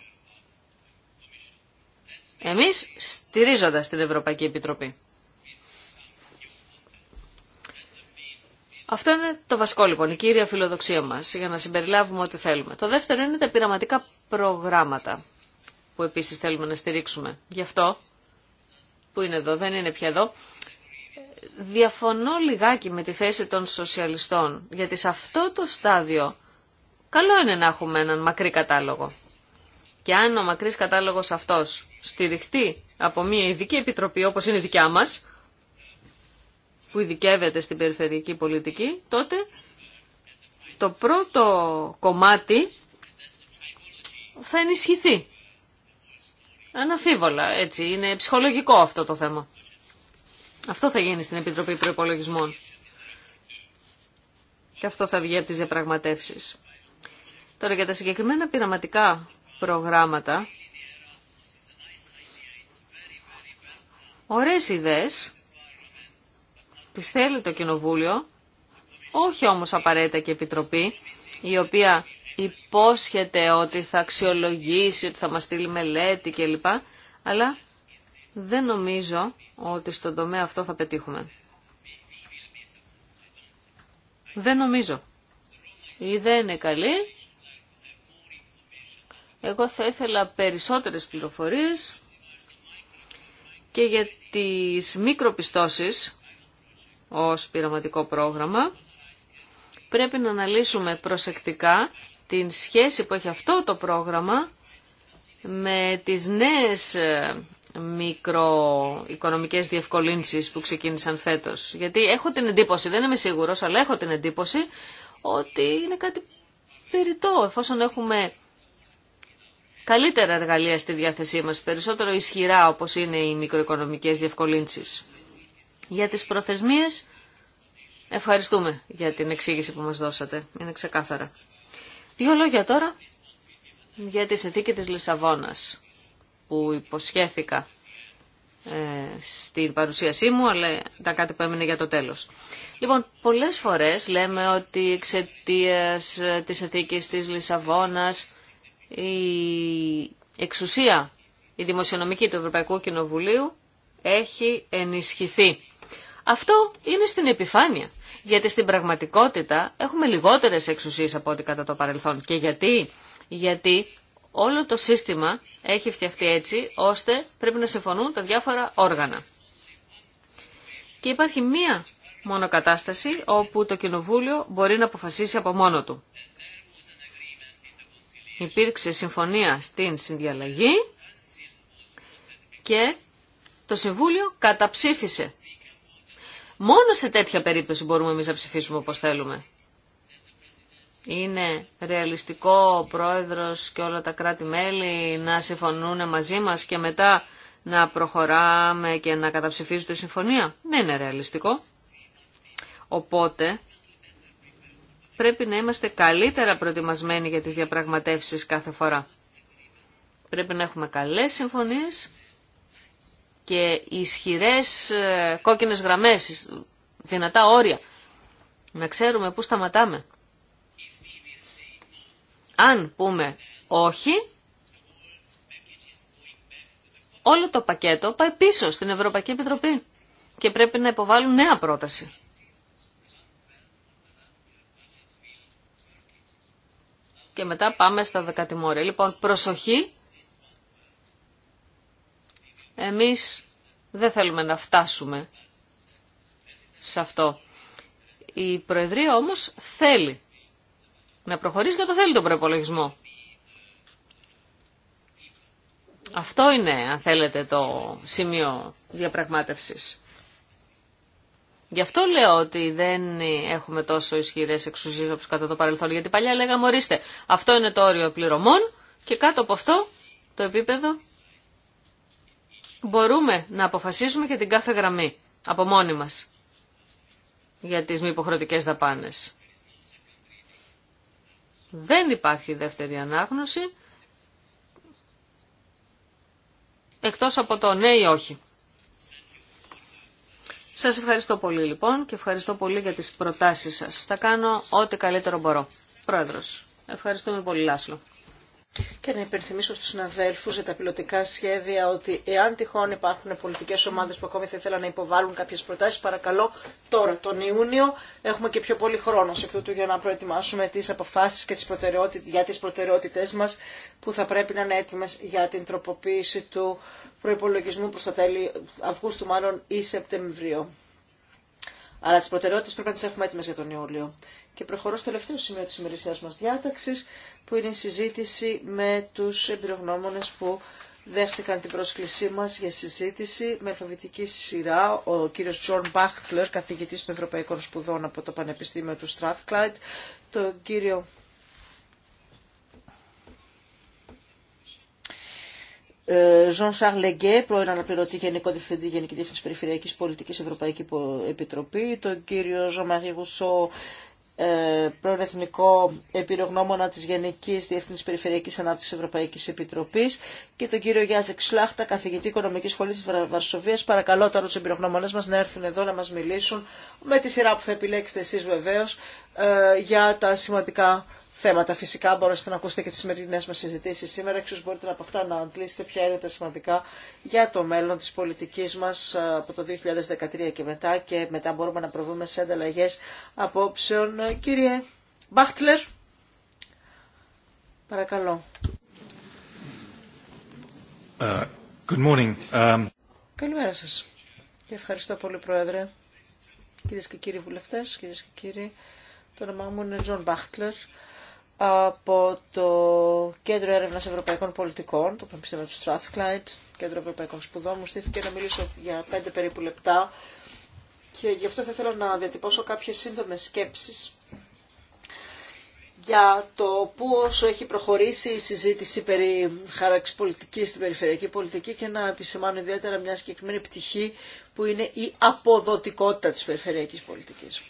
Εμείς στηρίζοντας την Ευρωπαϊκή Επιτροπή. Αυτό είναι το βασικό λοιπόν, η κύρια φιλοδοξία μας για να συμπεριλάβουμε ό,τι θέλουμε. Το δεύτερο είναι τα πειραματικά προγράμματα που επίσης θέλουμε να στηρίξουμε. Γι' αυτό που είναι εδώ, δεν είναι πια εδώ, διαφωνώ λιγάκι με τη θέση των σοσιαλιστών, γιατί σε αυτό το στάδιο καλό είναι να έχουμε έναν μακρύ κατάλογο. Και αν ο μακρύς κατάλογος αυτός στηριχτεί από μια ειδική επιτροπή όπως είναι η δικιά μας, που ειδικεύεται στην περιφερειακή πολιτική, τότε το πρώτο κομμάτι θα ενισχυθεί. Αναφίβολα, έτσι. Είναι ψυχολογικό αυτό το θέμα. Αυτό θα γίνει στην Επιτροπή Προπολογισμών. Και αυτό θα βγει από τις διαπραγματεύσεις. Τώρα για τα συγκεκριμένα πειραματικά προγράμματα, ωραίες ιδέες, τις θέλει το Κοινοβούλιο, όχι όμως απαραίτητα και η Επιτροπή, η οποία υπόσχεται ότι θα αξιολογήσει, ότι θα μας στείλει μελέτη κλπ. Αλλά δεν νομίζω ότι στον τομέα αυτό θα πετύχουμε. Δεν νομίζω. Η ιδέα είναι καλή. Εγώ θα ήθελα περισσότερες πληροφορίες και για τις μικροπιστώσεις ως πειραματικό πρόγραμμα πρέπει να αναλύσουμε προσεκτικά την σχέση που έχει αυτό το πρόγραμμα με τις νέες ε, μικροοικονομικές διευκολύνσεις που ξεκίνησαν φέτος. Γιατί έχω την εντύπωση, δεν είμαι σίγουρος, αλλά έχω την εντύπωση ότι είναι κάτι περιττό, εφόσον έχουμε καλύτερα εργαλεία στη διάθεσή μας, περισσότερο ισχυρά όπως είναι οι μικροοικονομικές διευκολύνσεις. Για τις προθεσμίες, ευχαριστούμε για την εξήγηση που μας δώσατε. Είναι ξεκάθαρα. Δύο λόγια τώρα για τη συνθήκη της Λισαβόνας που υποσχέθηκα ε, στην παρουσίασή μου, αλλά ήταν κάτι που έμεινε για το τέλος. Λοιπόν, πολλές φορές λέμε ότι εξαιτία ε, της εθήκης της Λισαβόνας η εξουσία, η δημοσιονομική του Ευρωπαϊκού Κοινοβουλίου έχει ενισχυθεί. Αυτό είναι στην επιφάνεια γιατί στην πραγματικότητα έχουμε λιγότερες εξουσίες από ό,τι κατά το παρελθόν. Και γιατί, γιατί όλο το σύστημα έχει φτιαχτεί έτσι ώστε πρέπει να συμφωνούν τα διάφορα όργανα. Και υπάρχει μία μόνο κατάσταση όπου το Κοινοβούλιο μπορεί να αποφασίσει από μόνο του. Υπήρξε συμφωνία στην συνδιαλλαγή και το Συμβούλιο καταψήφισε Μόνο σε τέτοια περίπτωση μπορούμε εμείς να ψηφίσουμε όπως θέλουμε. Είναι ρεαλιστικό ο πρόεδρος και όλα τα κράτη-μέλη να συμφωνούν μαζί μας και μετά να προχωράμε και να καταψηφίζουν τη συμφωνία. Δεν ναι, είναι ρεαλιστικό. Οπότε πρέπει να είμαστε καλύτερα προετοιμασμένοι για τις διαπραγματεύσεις κάθε φορά. Πρέπει να έχουμε καλές συμφωνίες και ισχυρές ε, κόκκινες γραμμές, δυνατά όρια. Να ξέρουμε πού σταματάμε. Αν πούμε όχι, όλο το πακέτο πάει πίσω στην Ευρωπαϊκή Επιτροπή και πρέπει να υποβάλουν νέα πρόταση. Και μετά πάμε στα δεκατημόρια. Λοιπόν, προσοχή εμείς δεν θέλουμε να φτάσουμε σε αυτό. Η Προεδρία όμως θέλει να προχωρήσει και το θέλει τον προπολογισμό. Αυτό είναι, αν θέλετε, το σημείο διαπραγμάτευσης. Γι' αυτό λέω ότι δεν έχουμε τόσο ισχυρέ εξουσίε όπως κατά το παρελθόν. Γιατί παλιά λέγαμε ορίστε, αυτό είναι το όριο πληρωμών και κάτω από αυτό το επίπεδο μπορούμε να αποφασίσουμε για την κάθε γραμμή από μόνοι μας για τις μη υποχρεωτικέ δαπάνες. Δεν υπάρχει δεύτερη ανάγνωση εκτός από το ναι ή όχι. Σας ευχαριστώ πολύ λοιπόν και ευχαριστώ πολύ για τις προτάσεις σας. Θα κάνω ό,τι καλύτερο μπορώ. Πρόεδρος, ευχαριστούμε πολύ Λάσλο. Και να υπενθυμίσω στους συναδέλφους για τα πιλωτικά σχέδια ότι εάν τυχόν υπάρχουν πολιτικές ομάδες που ακόμη θα ήθελαν να υποβάλουν κάποιες προτάσεις, παρακαλώ τώρα, τον Ιούνιο, έχουμε και πιο πολύ χρόνο σε τούτου για να προετοιμάσουμε τις αποφάσεις και τις για τις προτεραιότητες μας που θα πρέπει να είναι έτοιμες για την τροποποίηση του προϋπολογισμού προς τα τέλη Αυγούστου μάλλον ή Σεπτεμβρίου. Αλλά τις προτεραιότητες πρέπει να τις έχουμε έτοιμες για τον Ιούλιο. Και προχωρώ στο τελευταίο σημείο της ημερησίας μας διάταξης, που είναι η συζήτηση με τους εμπειρογνώμονες που δέχτηκαν την πρόσκλησή μας για συζήτηση με αλφαβητική σειρά ο κύριος Τζον Μπάχτλερ, καθηγητής των Ευρωπαϊκών Σπουδών από το Πανεπιστήμιο του Strathclyde, τον κύριο Ζων Σαρ Λεγκέ, πρώην αναπληρωτή Γενικό Διευθυντή Γενική Διεύθυνση Περιφερειακή Πολιτική Ευρωπαϊκή Επιτροπή, τον κύριο Ζωμαρή Ρουσό, ε, προεθνικό επιρρογνώμονα της Γενικής Διεθνής Περιφερειακής Ανάπτυξης Ευρωπαϊκής Επιτροπής και τον κύριο Γιάζεκ Ξλάχτα, καθηγητή Οικονομικής Σχολής της Βαρσοβίας. Παρακαλώ τώρα τους επιρρογνώμονες μας να έρθουν εδώ να μας μιλήσουν με τη σειρά που θα επιλέξετε εσείς βεβαίως ε, για τα σημαντικά θέματα. Φυσικά μπορέσετε να ακούσετε και τις σημερινές μας συζητήσει σήμερα, Εξού μπορείτε από αυτά να αντλήσετε ποια είναι τα σημαντικά για το μέλλον της πολιτικής μας ε, από το 2013 και μετά και μετά μπορούμε να προβούμε σε ανταλλαγέ απόψεων. Ε, κύριε Μπάχτλερ, παρακαλώ. Uh, good morning. Um... Καλημέρα σας και ευχαριστώ πολύ Πρόεδρε. Κυρίες και κύριοι βουλευτές, κυρίες και κύριοι, το όνομά μου είναι Τζον Μπάχτλερ από το Κέντρο Έρευνας Ευρωπαϊκών Πολιτικών, το Πανεπιστήμιο του Strathclyde, Κέντρο Ευρωπαϊκών Σπουδών. Μου στήθηκε να μιλήσω για πέντε περίπου λεπτά και γι' αυτό θα ήθελα να διατυπώσω κάποιες σύντομες σκέψεις για το πού όσο έχει προχωρήσει η συζήτηση περί χάραξη πολιτικής στην περιφερειακή πολιτική και να επισημάνω ιδιαίτερα μια συγκεκριμένη πτυχή που είναι η αποδοτικότητα της περιφερειακής πολιτικής.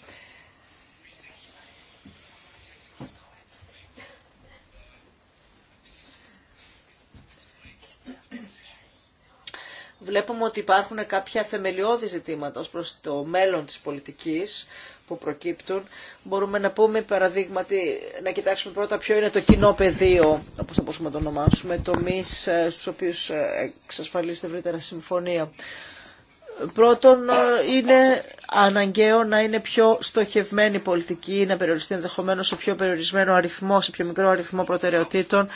βλέπουμε ότι υπάρχουν κάποια θεμελιώδη ζητήματα ως προς το μέλλον της πολιτικής που προκύπτουν. Μπορούμε να πούμε παραδείγματι, να κοιτάξουμε πρώτα ποιο είναι το κοινό πεδίο, όπως θα μπορούσαμε να το ονομάσουμε, τομείς ε, στους οποίους ε, εξασφαλίζεται ευρύτερα συμφωνία. Πρώτον, ε, είναι αναγκαίο να είναι πιο στοχευμένη η πολιτική, να περιοριστεί ενδεχομένω σε πιο περιορισμένο αριθμό, σε πιο μικρό αριθμό προτεραιοτήτων,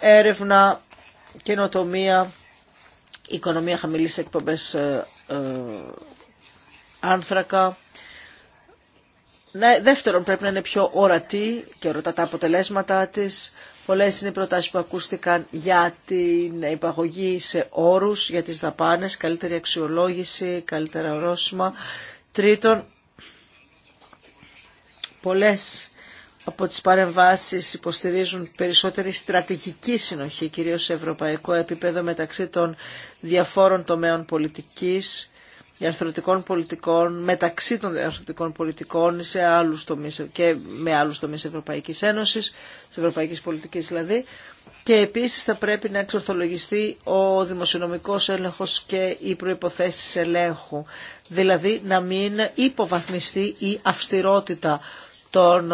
έρευνα, καινοτομία, οικονομία χαμηλής εκπομπές ε, ε, άνθρακα. Ναι, δεύτερον, πρέπει να είναι πιο ορατή και ορατά τα αποτελέσματά της. Πολλές είναι οι προτάσεις που ακούστηκαν για την υπαγωγή σε όρους, για τις δαπάνες, καλύτερη αξιολόγηση, καλύτερα ορόσημα. Τρίτον, πολλές από τις παρεμβάσεις υποστηρίζουν περισσότερη στρατηγική συνοχή, κυρίως σε ευρωπαϊκό επίπεδο μεταξύ των διαφόρων τομέων πολιτικής, διαρθρωτικών πολιτικών, μεταξύ των διαρθρωτικών πολιτικών σε άλλους τομείς, και με άλλους τομείς Ευρωπαϊκής Ένωσης, της Ευρωπαϊκής Πολιτικής δηλαδή. Και επίσης θα πρέπει να εξορθολογιστεί ο δημοσιονομικός έλεγχος και οι προϋποθέσεις ελέγχου. Δηλαδή να μην υποβαθμιστεί η αυστηρότητα των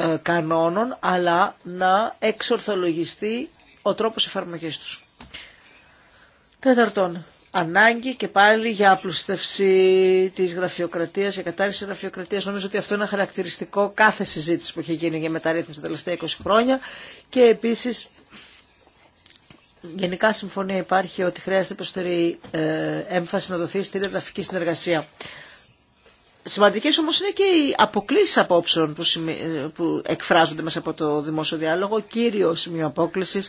ε, κανόνων, αλλά να εξορθολογιστεί ο τρόπος εφαρμογής τους. Τέταρτον, ανάγκη και πάλι για απλουστευσή της γραφειοκρατίας, για κατάρριση γραφειοκρατίας. Νομίζω ότι αυτό είναι ένα χαρακτηριστικό κάθε συζήτηση που έχει γίνει για μεταρρύθμιση τα τελευταία 20 χρόνια και επίσης Γενικά συμφωνία υπάρχει ότι χρειάζεται προσθερή ε, έμφαση να δοθεί στην εδαφική συνεργασία. Σημαντικές όμως είναι και οι αποκλήσεις απόψεων που, εκφράζονται μέσα από το δημόσιο διάλογο. Κύριο σημείο απόκληση.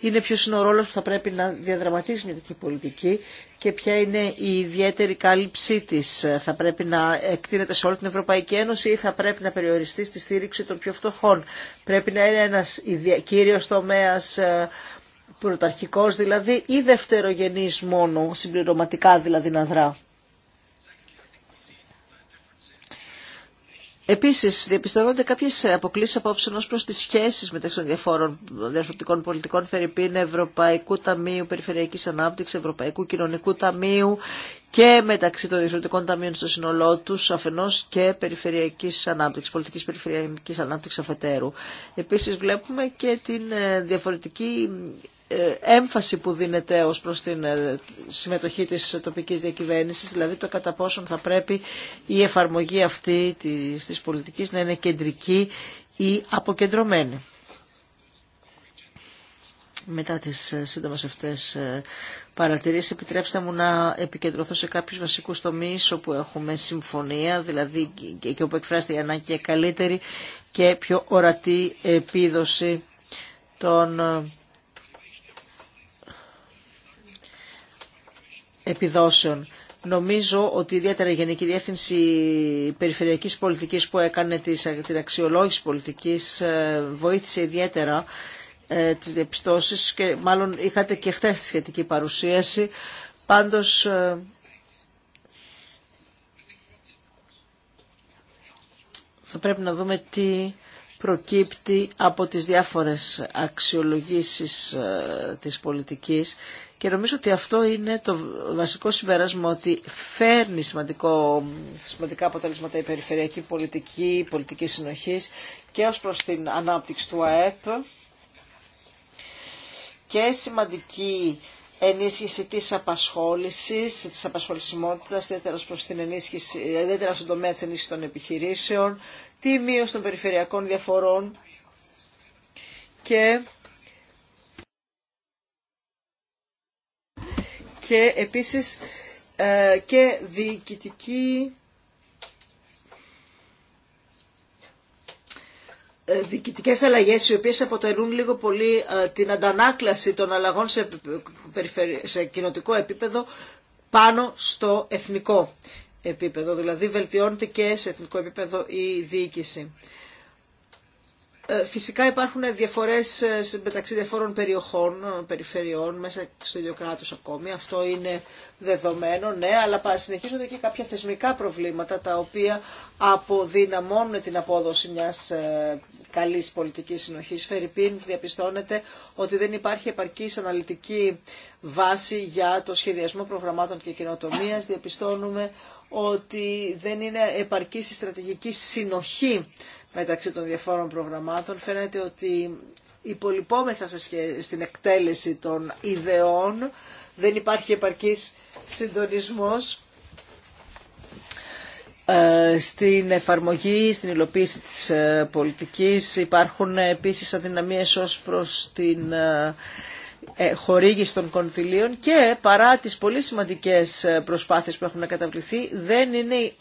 είναι ποιος είναι ο ρόλος που θα πρέπει να διαδραματίσει μια τέτοια πολιτική και ποια είναι η ιδιαίτερη κάλυψή της. Θα πρέπει να εκτείνεται σε όλη την Ευρωπαϊκή Ένωση ή θα πρέπει να περιοριστεί στη στήριξη των πιο φτωχών. Πρέπει να είναι ένας κύριος τομέας ε, πρωταρχικός δηλαδή ή δευτερογενής μόνο, συμπληρωματικά δηλαδή να δρά. Επίσης, διαπιστεύονται κάποιες αποκλήσει απόψεων ω προς τις σχέσεις μεταξύ των διαφόρων διαρθρωτικών πολιτικών Φερρυπίν, Ευρωπαϊκού Ταμείου Περιφερειακής Ανάπτυξης, Ευρωπαϊκού Κοινωνικού Ταμείου και μεταξύ των διαρθρωτικών ταμείων στο σύνολό του, αφενό και περιφερειακή ανάπτυξη, πολιτική περιφερειακή ανάπτυξη αφετέρου. Επίση, βλέπουμε και την ε, διαφορετική ε, έμφαση που δίνεται ως προς την ε, συμμετοχή της τοπικής διακυβέρνησης, δηλαδή το κατά πόσον θα πρέπει η εφαρμογή αυτή της, της πολιτικής να είναι κεντρική ή αποκεντρωμένη. Μετά τις ε, σύντομες αυτές παρατηρήσεις, επιτρέψτε μου να επικεντρωθώ σε κάποιους βασικούς τομείς όπου έχουμε συμφωνία, δηλαδή και όπου εκφράζεται η ανάγκη καλύτερη και πιο ορατή επίδοση των επιδόσεων. Νομίζω ότι ιδιαίτερα η Γενική Διεύθυνση Περιφερειακής Πολιτικής που έκανε την αξιολόγηση πολιτικής ε, βοήθησε ιδιαίτερα ε, τις διαπιστώσεις και μάλλον είχατε και τη σχετική παρουσίαση. Πάντως ε, θα πρέπει να δούμε τι προκύπτει από τις διάφορες αξιολογήσεις της πολιτικής και νομίζω ότι αυτό είναι το βασικό συμπέρασμα ότι φέρνει σημαντικό, σημαντικά αποτελέσματα η περιφερειακή πολιτική, η πολιτική συνοχής και ως προς την ανάπτυξη του ΑΕΠ και σημαντική ενίσχυση της απασχόλησης, της απασχολησιμότητας, ιδιαίτερα, προς την ενίσχυση, ιδιαίτερα στον τομέα της ενίσχυση των επιχειρήσεων, τη μείωση των περιφερειακών διαφορών και και επίσης ε, και διοικητική ε, διοικητικές αλλαγές οι οποίες αποτελούν λίγο πολύ ε, την αντανάκλαση των αλλαγών σε, σε κοινοτικό επίπεδο πάνω στο εθνικό επίπεδο. Δηλαδή βελτιώνεται και σε εθνικό επίπεδο η διοίκηση. Ε, φυσικά υπάρχουν διαφορές ε, μεταξύ διαφόρων περιοχών, ε, περιφερειών, μέσα στο ίδιο κράτο ακόμη. Αυτό είναι δεδομένο, ναι, αλλά συνεχίζονται και κάποια θεσμικά προβλήματα τα οποία αποδυναμώνουν την απόδοση μιας καλής πολιτικής συνοχής. Φερρυπίν διαπιστώνεται ότι δεν υπάρχει επαρκής αναλυτική βάση για το σχεδιασμό προγραμμάτων και κοινοτομίας. Διαπιστώνουμε ότι δεν είναι επαρκής η στρατηγική συνοχή μεταξύ των διαφόρων προγραμμάτων. Φαίνεται ότι υπολοιπόμεθα στην εκτέλεση των ιδεών, δεν υπάρχει επαρκής συντονισμός ε, στην εφαρμογή, στην υλοποίηση της ε, πολιτικής. Υπάρχουν ε, επίσης αδυναμίες ως προς την χορήγηση των κονδυλίων και παρά τις πολύ σημαντικές προσπάθειες που έχουν καταβληθεί δεν είναι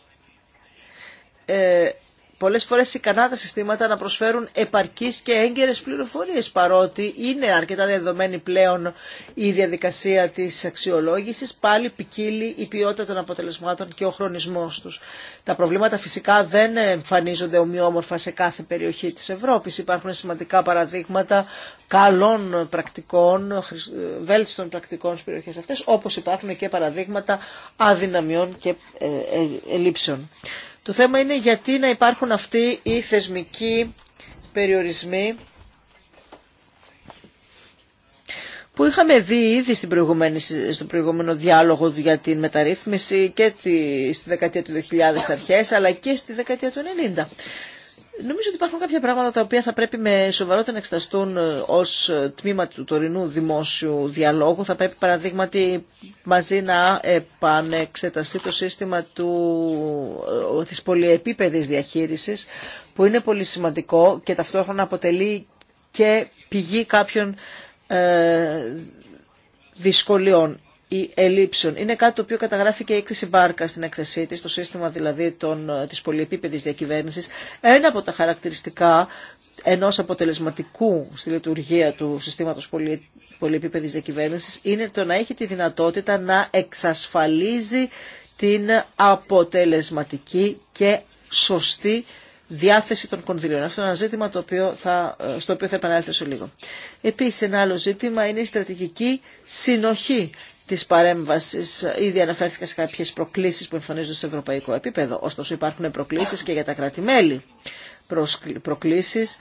πολλές φορές ικανά τα συστήματα να προσφέρουν επαρκείς και έγκαιρες πληροφορίες παρότι είναι αρκετά δεδομένη πλέον η διαδικασία της αξιολόγησης πάλι ποικίλει η ποιότητα των αποτελεσμάτων και ο χρονισμός τους. Τα προβλήματα φυσικά δεν εμφανίζονται ομοιόμορφα σε κάθε περιοχή της Ευρώπης. Υπάρχουν σημαντικά παραδείγματα καλών πρακτικών, βέλτιστων πρακτικών στις περιοχές αυτές, όπως υπάρχουν και παραδείγματα αδυναμιών και ε, ε, ελλείψεων. Το θέμα είναι γιατί να υπάρχουν αυτοί οι θεσμικοί περιορισμοί που είχαμε δει ήδη στην στο προηγούμενο διάλογο για την μεταρρύθμιση και τη, στη δεκαετία του 2000 αρχές αλλά και στη δεκαετία του 90. Νομίζω ότι υπάρχουν κάποια πράγματα τα οποία θα πρέπει με σοβαρότητα να εξεταστούν ε, ω ε, τμήμα του τωρινού δημόσιου διαλόγου. Θα πρέπει παραδείγματι μαζί να επανεξεταστεί το σύστημα του, ε, της πολυεπίπεδης διαχείρισης που είναι πολύ σημαντικό και ταυτόχρονα αποτελεί και πηγή κάποιων δυσκολιών ή ελλείψεων. Είναι κάτι το οποίο καταγράφει και η έκθεση Μπάρκα στην έκθεσή τη, το σύστημα δηλαδή των, ε, της πολυεπίπεδης διακυβέρνησης. Ένα από τα χαρακτηριστικά ενός αποτελεσματικού στη λειτουργία του συστήματος πολυ, πολυεπίπεδης διακυβέρνησης είναι το να έχει τη δυνατότητα να εξασφαλίζει την αποτελεσματική και σωστή διάθεση των κονδυλίων. Αυτό είναι ένα ζήτημα το οποίο θα, ε, στο οποίο θα επανέλθω σε λίγο. Επίσης ένα άλλο ζήτημα είναι η στρατηγική συνοχή της παρέμβασης. Ήδη αναφέρθηκα σε κάποιες προκλήσεις που εμφανίζονται σε ευρωπαϊκό επίπεδο. Ωστόσο υπάρχουν προκλήσεις και για τα κράτη-μέλη. Προκλήσεις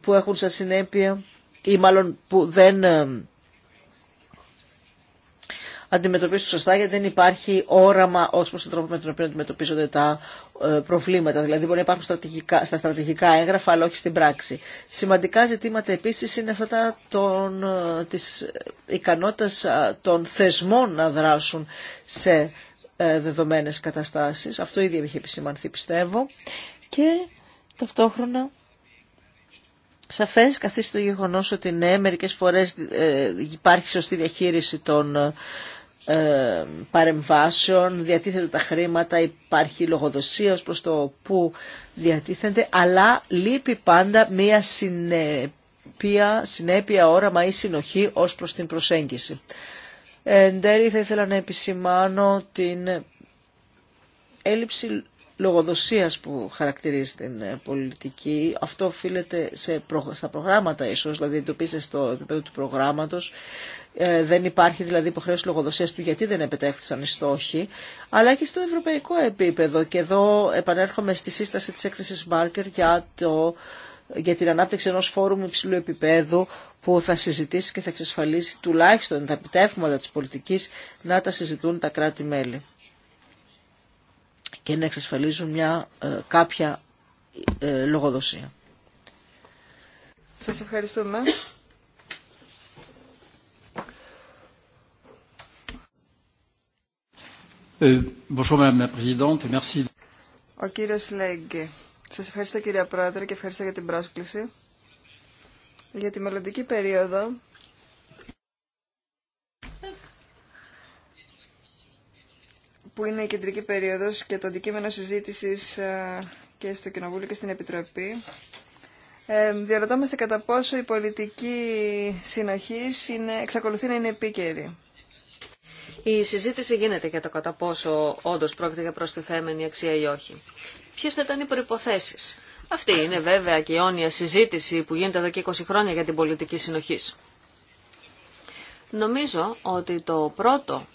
που έχουν σαν συνέπεια ή μάλλον που δεν ε, αντιμετωπίσουν σωστά γιατί δεν υπάρχει όραμα ω προ τον τρόπο με τον οποίο αντιμετωπίζονται τα ε, προβλήματα. Δηλαδή μπορεί να υπάρχουν στρατηγικά, στα στρατηγικά έγγραφα αλλά όχι στην πράξη. Σημαντικά ζητήματα επίση είναι αυτά ε, τη ικανότητα ε, των θεσμών να δράσουν σε δεδομένε καταστάσει. Αυτό ήδη έχει επισημανθεί πιστεύω. Και ταυτόχρονα σαφές καθίσει το γεγονός ότι ναι, μερικές φορές υπάρχει σωστή διαχείριση των ε, παρεμβάσεων, διατίθεται τα χρήματα, υπάρχει λογοδοσία ως προς το που διατίθενται, αλλά λείπει πάντα μία συνέπεια, συνέπεια όραμα ή συνοχή ως προς την προσέγγιση. Εν τέλει θα ήθελα να επισημάνω την έλλειψη λογοδοσίας που χαρακτηρίζει την ε, πολιτική. Αυτό οφείλεται σε στα προγράμματα ίσως, δηλαδή εντοπίζεται στο επίπεδο του προγράμματος. Ε, δεν υπάρχει δηλαδή υποχρέωση λογοδοσίας του γιατί δεν επετέχθησαν οι στόχοι, αλλά και στο ευρωπαϊκό επίπεδο. Και εδώ επανέρχομαι στη σύσταση της έκθεσης Μάρκερ για το για την ανάπτυξη ενός φόρουμ υψηλού επίπεδου που θα συζητήσει και θα εξασφαλίσει τουλάχιστον τα επιτεύγματα της πολιτικής να τα συζητούν τα κράτη-μέλη και να εξασφαλίζουν μια ε, κάποια ε, λογοδοσία. Σας ευχαριστούμε. Ε, Ο κύριος Λέγκε. Σας ευχαριστώ κύριε Πρόεδρε και ευχαριστώ για την πρόσκληση. Για τη μελλοντική περίοδο που είναι η κεντρική περίοδος και το αντικείμενο συζήτησης ε, και στο Κοινοβούλιο και στην Επιτροπή, ε, διαρωτόμαστε κατά πόσο η πολιτική συνοχή είναι, εξακολουθεί να είναι επίκαιρη. Η συζήτηση γίνεται για το κατά πόσο όντω πρόκειται για προστιθέμενη αξία ή όχι. Ποιε θα ήταν οι προποθέσει. Αυτή είναι βέβαια και η αιώνια συζήτηση που γίνεται εδώ και 20 χρόνια για την πολιτική συνοχή. Νομίζω ότι το πρώτο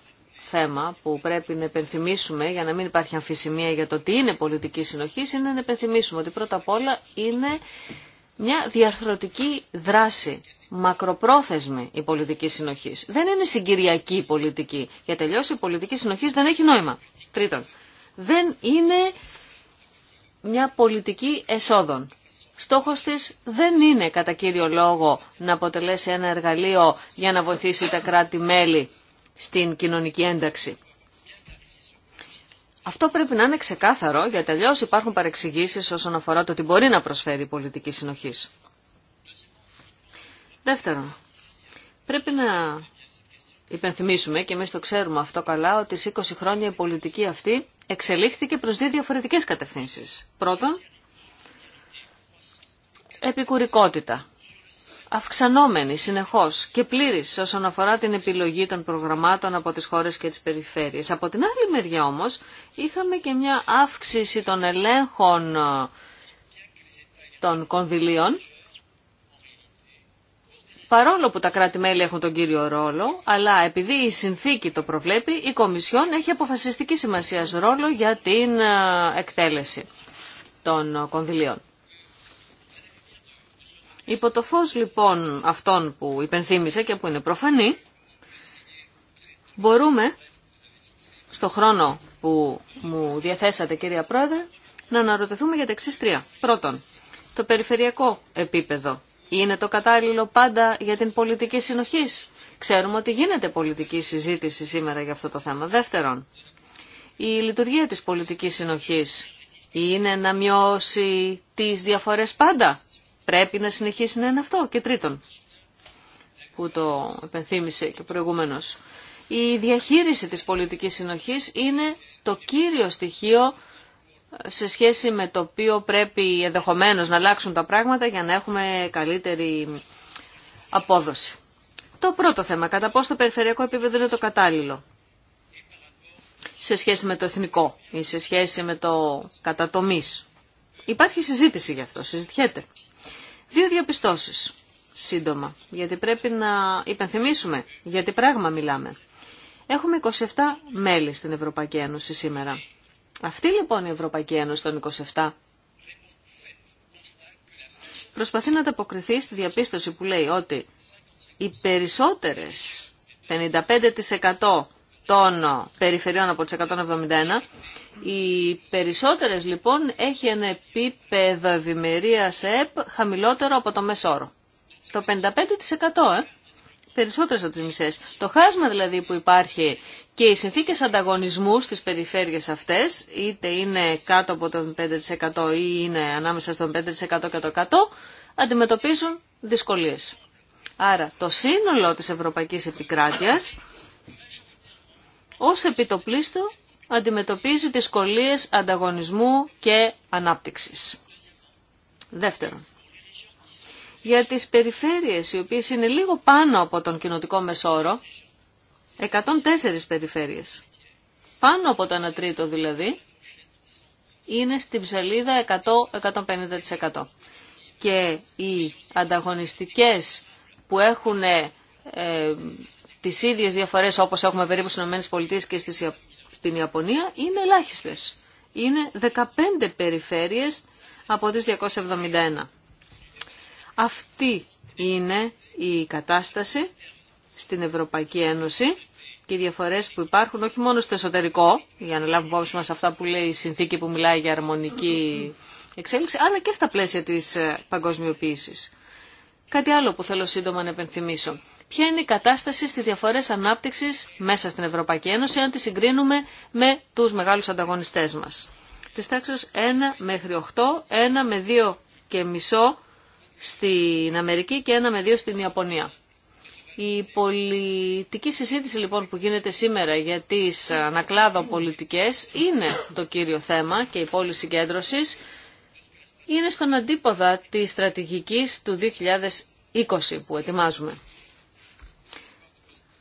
θέμα που πρέπει να επενθυμίσουμε για να μην υπάρχει αμφισημία για το τι είναι πολιτική συνοχή είναι να υπενθυμίσουμε ότι πρώτα απ' όλα είναι μια διαρθρωτική δράση μακροπρόθεσμη η πολιτική συνοχή. Δεν είναι συγκυριακή πολιτική. Για τελειώσει η πολιτική συνοχή δεν έχει νόημα. Τρίτον, δεν είναι μια πολιτική εσόδων. Στόχος της δεν είναι κατά κύριο λόγο να αποτελέσει ένα εργαλείο για να βοηθήσει τα κράτη-μέλη στην κοινωνική ένταξη. Αυτό πρέπει να είναι ξεκάθαρο, γιατί αλλιώ υπάρχουν παρεξηγήσεις όσον αφορά το τι μπορεί να προσφέρει η πολιτική συνοχή. Δεύτερον, πρέπει να υπενθυμίσουμε, και εμείς το ξέρουμε αυτό καλά, ότι σε 20 χρόνια η πολιτική αυτή εξελίχθηκε προς δύο διαφορετικές κατευθύνσεις. Πρώτον, επικουρικότητα αυξανόμενη συνεχώς και πλήρης όσον αφορά την επιλογή των προγραμμάτων από τις χώρες και τις περιφέρειες. Από την άλλη μεριά όμως είχαμε και μια αύξηση των ελέγχων ε, των κονδυλίων παρόλο που τα κράτη-μέλη έχουν τον κύριο ρόλο, αλλά επειδή η συνθήκη το προβλέπει, η Κομισιόν έχει αποφασιστική σημασία ρόλο για την ε, εκτέλεση των ε, κονδυλίων. Υπό το φως λοιπόν αυτών που υπενθύμησε και που είναι προφανή, μπορούμε στο χρόνο που μου διαθέσατε κυρία Πρόεδρε να αναρωτηθούμε για τα εξής τρία. Πρώτον, το περιφερειακό επίπεδο είναι το κατάλληλο πάντα για την πολιτική συνοχής. Ξέρουμε ότι γίνεται πολιτική συζήτηση σήμερα για αυτό το θέμα. Δεύτερον, η λειτουργία της πολιτικής συνοχής είναι να μειώσει τις διαφορές πάντα πρέπει να συνεχίσει να είναι αυτό. Και τρίτον, που το επενθύμησε και προηγουμένως, η διαχείριση της πολιτικής συνοχής είναι το κύριο στοιχείο σε σχέση με το οποίο πρέπει ενδεχομένω να αλλάξουν τα πράγματα για να έχουμε καλύτερη απόδοση. Το πρώτο θέμα, κατά πόσο το περιφερειακό επίπεδο είναι το κατάλληλο σε σχέση με το εθνικό ή σε σχέση με το κατατομής. Υπάρχει συζήτηση γι' αυτό, συζητιέται. Δύο διαπιστώσει σύντομα, γιατί πρέπει να υπενθυμίσουμε για τι πράγμα μιλάμε. Έχουμε 27 μέλη στην Ευρωπαϊκή Ένωση σήμερα. Αυτή λοιπόν η Ευρωπαϊκή Ένωση των 27 προσπαθεί να ανταποκριθεί στη διαπίστωση που λέει ότι οι περισσότερες 55% των περιφερειών από τις 171. Οι περισσότερες λοιπόν έχει ένα επίπεδο ευημερία ΕΠ χαμηλότερο από το όρο Το 55% ε. Περισσότερες από τις μισές. Το χάσμα δηλαδή που υπάρχει και οι συνθήκες ανταγωνισμού στις περιφέρειες αυτές, είτε είναι κάτω από το 5% ή είναι ανάμεσα στο 5% και το 100%, αντιμετωπίζουν δυσκολίες. Άρα το σύνολο της ευρωπαϊκής επικράτειας ως επιτοπλίστου αντιμετωπίζει δυσκολίε ανταγωνισμού και ανάπτυξης. Δεύτερον, για τις περιφέρειες οι οποίες είναι λίγο πάνω από τον κοινοτικό μεσόρο, 104 περιφέρειες, πάνω από το 1 τρίτο δηλαδή, είναι στην ψαλίδα 100-150%. Και οι ανταγωνιστικές που έχουν ε, τις ίδιες διαφορές όπως έχουμε περίπου στις ΗΠΑ και στην Ιαπωνία είναι ελάχιστες. Είναι 15 περιφέρειες από τις 271. Αυτή είναι η κατάσταση στην Ευρωπαϊκή Ένωση και οι διαφορές που υπάρχουν όχι μόνο στο εσωτερικό, για να λάβουμε υπόψη μας αυτά που λέει η συνθήκη που μιλάει για αρμονική εξέλιξη, αλλά και στα πλαίσια της ε, παγκοσμιοποίησης. Κάτι άλλο που θέλω σύντομα να επενθυμίσω ποια είναι η κατάσταση στις διαφορές ανάπτυξης μέσα στην Ευρωπαϊκή Ένωση, αν τη συγκρίνουμε με τους μεγάλους ανταγωνιστές μας. Της τάξης 1 μέχρι 8, 1 με 2 και μισό στην Αμερική και 1 με 2 στην Ιαπωνία. Η πολιτική συζήτηση λοιπόν που γίνεται σήμερα για τις ανακλάδο πολιτικές είναι το κύριο θέμα και η πόλη συγκέντρωση είναι στον αντίποδα της στρατηγικής του 2020 που ετοιμάζουμε.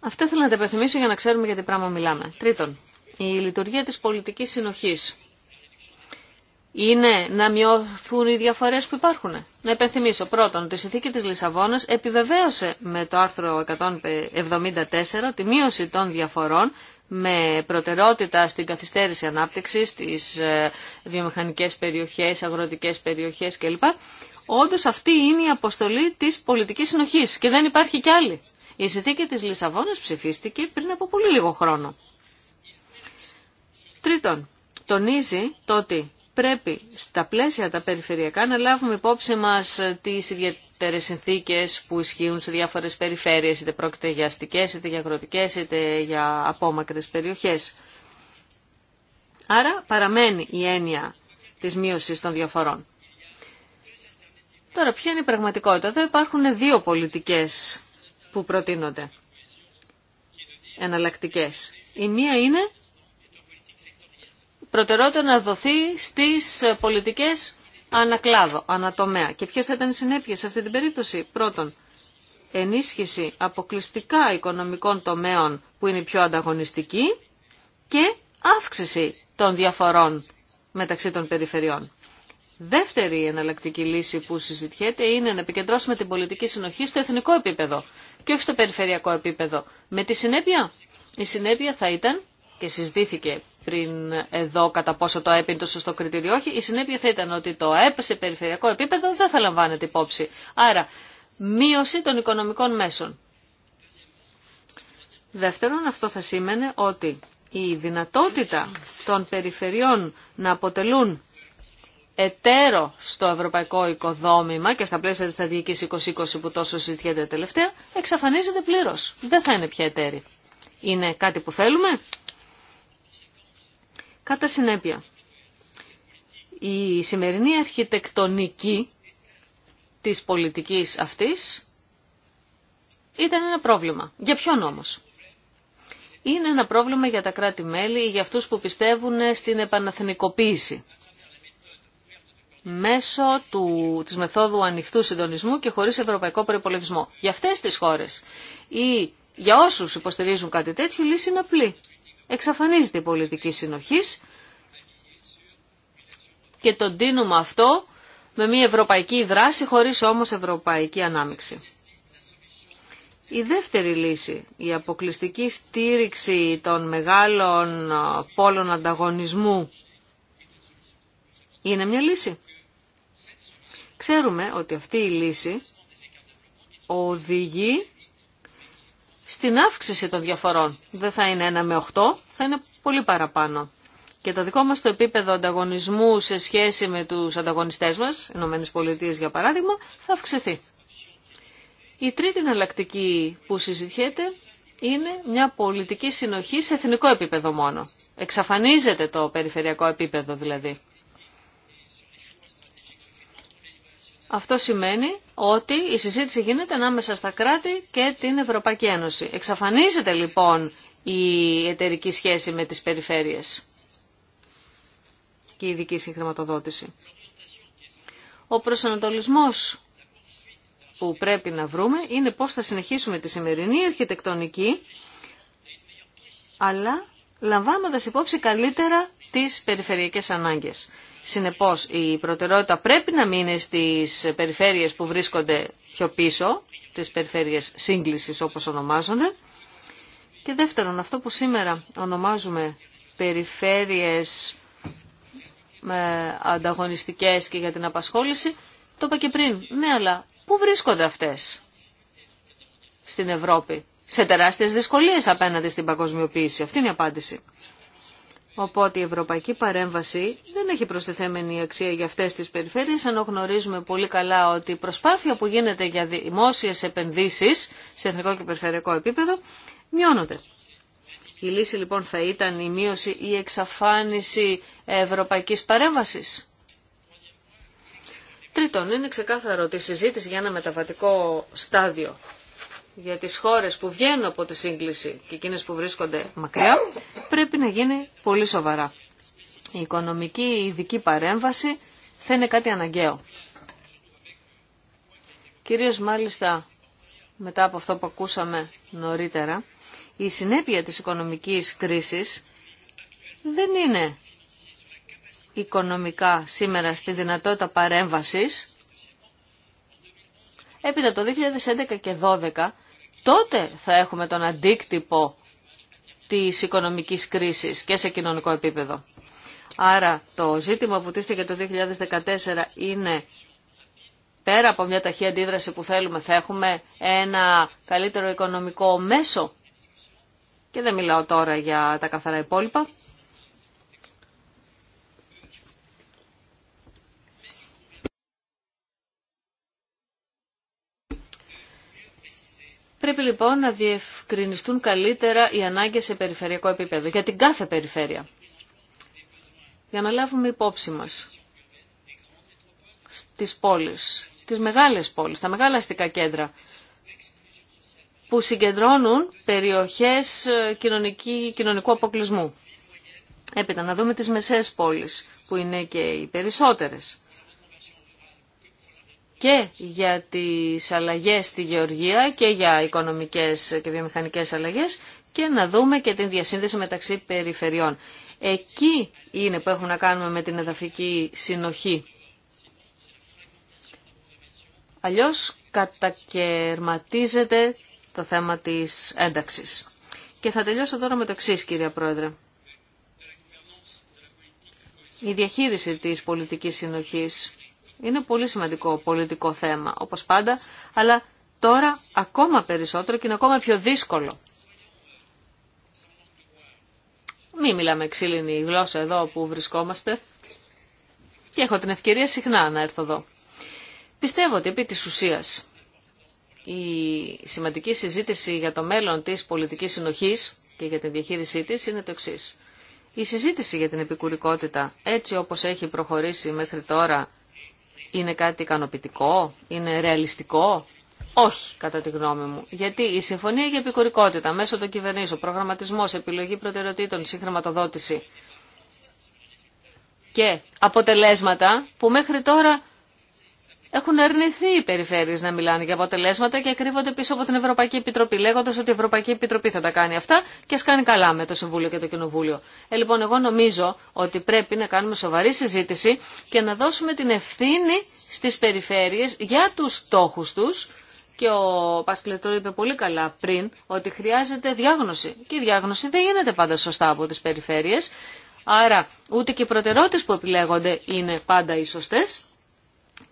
Αυτό θέλω να τα υπενθυμίσω για να ξέρουμε για τι πράγμα μιλάμε. Τρίτον, η λειτουργία της πολιτικής συνοχής. Είναι να μειωθούν οι διαφορές που υπάρχουν. Να υπενθυμίσω πρώτον ότι η συνθήκη της Λισαβόνας επιβεβαίωσε με το άρθρο 174 τη μείωση των διαφορών με προτεραιότητα στην καθυστέρηση ανάπτυξης, στις ε, βιομηχανικές περιοχές, αγροτικές περιοχές κλπ. Όντω αυτή είναι η αποστολή της πολιτικής συνοχής και δεν υπάρχει κι άλλη. Η συνθήκη της Λισαβόνας ψηφίστηκε πριν από πολύ λίγο χρόνο. Τρίτον, τονίζει το ότι πρέπει στα πλαίσια τα περιφερειακά να λάβουμε υπόψη μας τις ιδιαίτερες συνθήκες που ισχύουν σε διάφορες περιφέρειες, είτε πρόκειται για αστικές, είτε για αγροτικές, είτε για απόμακρες περιοχές. Άρα παραμένει η έννοια της μείωσης των διαφορών. Τώρα, ποια είναι η πραγματικότητα. Εδώ υπάρχουν δύο πολιτικές που προτείνονται. Εναλλακτικέ. Η μία είναι προτεραιότητα να δοθεί στις πολιτικές ανακλάδο, ανατομέα. Και ποιες θα ήταν οι συνέπειες σε αυτή την περίπτωση. Πρώτον, ενίσχυση αποκλειστικά οικονομικών τομέων που είναι πιο ανταγωνιστικοί και αύξηση των διαφορών μεταξύ των περιφερειών. Δεύτερη εναλλακτική λύση που συζητιέται είναι να επικεντρώσουμε την πολιτική συνοχή στο εθνικό επίπεδο και όχι στο περιφερειακό επίπεδο. Με τη συνέπεια. Η συνέπεια θα ήταν, και συζητήθηκε πριν εδώ κατά πόσο το ΑΕΠ είναι το σωστό κριτήριο, όχι, η συνέπεια θα ήταν ότι το ΑΕΠ σε περιφερειακό επίπεδο δεν θα λαμβάνεται υπόψη. Άρα, μείωση των οικονομικών μέσων. Δεύτερον, αυτό θα σήμαινε ότι η δυνατότητα των περιφερειών να αποτελούν εταίρο στο ευρωπαϊκό οικοδόμημα και στα πλαίσια της στρατηγικής 2020 που τόσο συζητιέται τελευταία, εξαφανίζεται πλήρως. Δεν θα είναι πια ετέρη. Είναι κάτι που θέλουμε. Κατά συνέπεια, η σημερινή αρχιτεκτονική της πολιτικής αυτής ήταν ένα πρόβλημα. Για ποιον όμως. Είναι ένα πρόβλημα για τα κράτη-μέλη, ή για αυτούς που πιστεύουν στην επαναθενικοποίηση μέσω του, της μεθόδου ανοιχτού συντονισμού και χωρίς ευρωπαϊκό προπολογισμό. Για αυτές τις χώρες ή για όσους υποστηρίζουν κάτι τέτοιο, η λύση είναι απλή. Εξαφανίζεται η πολιτική συνοχής και τον τίνουμε αυτό με μια ευρωπαϊκή δράση χωρίς όμως ευρωπαϊκή ανάμειξη. Η δεύτερη λύση, η αποκλειστική στήριξη των μεγάλων ε, πόλων ανταγωνισμού, είναι μια λύση. Ξέρουμε ότι αυτή η λύση οδηγεί στην αύξηση των διαφορών. Δεν θα είναι ένα με 8, θα είναι πολύ παραπάνω. Και το δικό μας το επίπεδο ανταγωνισμού σε σχέση με τους ανταγωνιστές μας, ΗΠΑ για παράδειγμα, θα αυξηθεί. Η τρίτη εναλλακτική που συζητιέται είναι μια πολιτική συνοχή σε εθνικό επίπεδο μόνο. Εξαφανίζεται το περιφερειακό επίπεδο δηλαδή. Αυτό σημαίνει ότι η συζήτηση γίνεται ανάμεσα στα κράτη και την Ευρωπαϊκή Ένωση. Εξαφανίζεται λοιπόν η εταιρική σχέση με τις περιφέρειες και η ειδική συγχρηματοδότηση. Ο προσανατολισμός που πρέπει να βρούμε είναι πώς θα συνεχίσουμε τη σημερινή αρχιτεκτονική, αλλά λαμβάνοντας υπόψη καλύτερα τις περιφερειακές ανάγκες. Συνεπώς, η προτεραιότητα πρέπει να μείνει στις περιφέρειες που βρίσκονται πιο πίσω, τις περιφέρειες σύγκλησης όπως ονομάζονται. Και δεύτερον, αυτό που σήμερα ονομάζουμε περιφέρειες με ανταγωνιστικές και για την απασχόληση, το είπα και πριν, ναι, αλλά πού βρίσκονται αυτές στην Ευρώπη, σε τεράστιες δυσκολίες απέναντι στην παγκοσμιοποίηση. Αυτή είναι η απάντηση. Οπότε η ευρωπαϊκή παρέμβαση δεν έχει προστιθέμενη αξία για αυτές τις περιφέρειες, ενώ γνωρίζουμε πολύ καλά ότι η προσπάθεια που γίνεται για δημόσιες επενδύσεις σε εθνικό και περιφερειακό επίπεδο μειώνονται. Η λύση λοιπόν θα ήταν η μείωση ή η εξαφάνιση ευρωπαϊκής παρέμβασης. Τρίτον, είναι ξεκάθαρο ότι συζήτηση για ένα μεταβατικό στάδιο για τις χώρες που βγαίνουν από τη σύγκληση και εκείνες που βρίσκονται μακριά, πρέπει να γίνει πολύ σοβαρά. Η οικονομική η ειδική παρέμβαση θα είναι κάτι αναγκαίο. Κυρίως μάλιστα μετά από αυτό που ακούσαμε νωρίτερα, η συνέπεια της οικονομικής κρίσης δεν είναι οικονομικά σήμερα στη δυνατότητα παρέμβασης. Έπειτα το 2011 και 2012 τότε θα έχουμε τον αντίκτυπο της οικονομικής κρίσης και σε κοινωνικό επίπεδο. Άρα το ζήτημα που και το 2014 είναι πέρα από μια ταχεία αντίδραση που θέλουμε θα έχουμε ένα καλύτερο οικονομικό μέσο και δεν μιλάω τώρα για τα καθαρά υπόλοιπα. Πρέπει λοιπόν να διευκρινιστούν καλύτερα οι ανάγκες σε περιφερειακό επίπεδο, για την κάθε περιφέρεια. Για να λάβουμε υπόψη μας στις πόλεις, τις μεγάλες πόλεις, τα μεγάλα αστικά κέντρα, που συγκεντρώνουν περιοχές ε, κοινωνική, κοινωνικού αποκλεισμού. Έπειτα να δούμε τις μεσαίες πόλεις, που είναι και οι περισσότερες και για τις αλλαγές στη γεωργία και για οικονομικές και βιομηχανικές αλλαγές και να δούμε και την διασύνδεση μεταξύ περιφερειών. Εκεί είναι που έχουμε να κάνουμε με την εδαφική συνοχή. Αλλιώς κατακαιρματίζεται το θέμα της ένταξης. Και θα τελειώσω τώρα με το εξή, κυρία Πρόεδρε. Η διαχείριση της πολιτικής συνοχής είναι πολύ σημαντικό πολιτικό θέμα, όπως πάντα, αλλά τώρα ακόμα περισσότερο και είναι ακόμα πιο δύσκολο. Μην μιλάμε ξύλινη γλώσσα εδώ που βρισκόμαστε και έχω την ευκαιρία συχνά να έρθω εδώ. Πιστεύω ότι επί της ουσίας η σημαντική συζήτηση για το μέλλον της πολιτικής συνοχής και για την διαχείρισή της είναι το εξής. Η συζήτηση για την επικουρικότητα έτσι όπως έχει προχωρήσει μέχρι τώρα είναι κάτι ικανοποιητικό, είναι ρεαλιστικό. Όχι, κατά τη γνώμη μου. Γιατί η συμφωνία για επικουρικότητα μέσω των κυβερνήσεων, προγραμματισμό, επιλογή προτεραιοτήτων, συγχρηματοδότηση και αποτελέσματα που μέχρι τώρα έχουν αρνηθεί οι περιφέρειε να μιλάνε για αποτελέσματα και κρύβονται πίσω από την Ευρωπαϊκή Επιτροπή, λέγοντα ότι η Ευρωπαϊκή Επιτροπή θα τα κάνει αυτά και α κάνει καλά με το Συμβούλιο και το Κοινοβούλιο. Ε, λοιπόν, εγώ νομίζω ότι πρέπει να κάνουμε σοβαρή συζήτηση και να δώσουμε την ευθύνη στι περιφέρειε για του στόχου του. Και ο Πασκλετρό είπε πολύ καλά πριν ότι χρειάζεται διάγνωση. Και η διάγνωση δεν γίνεται πάντα σωστά από τι περιφέρειε. Άρα, ούτε και οι προτεραιότητε που επιλέγονται είναι πάντα οι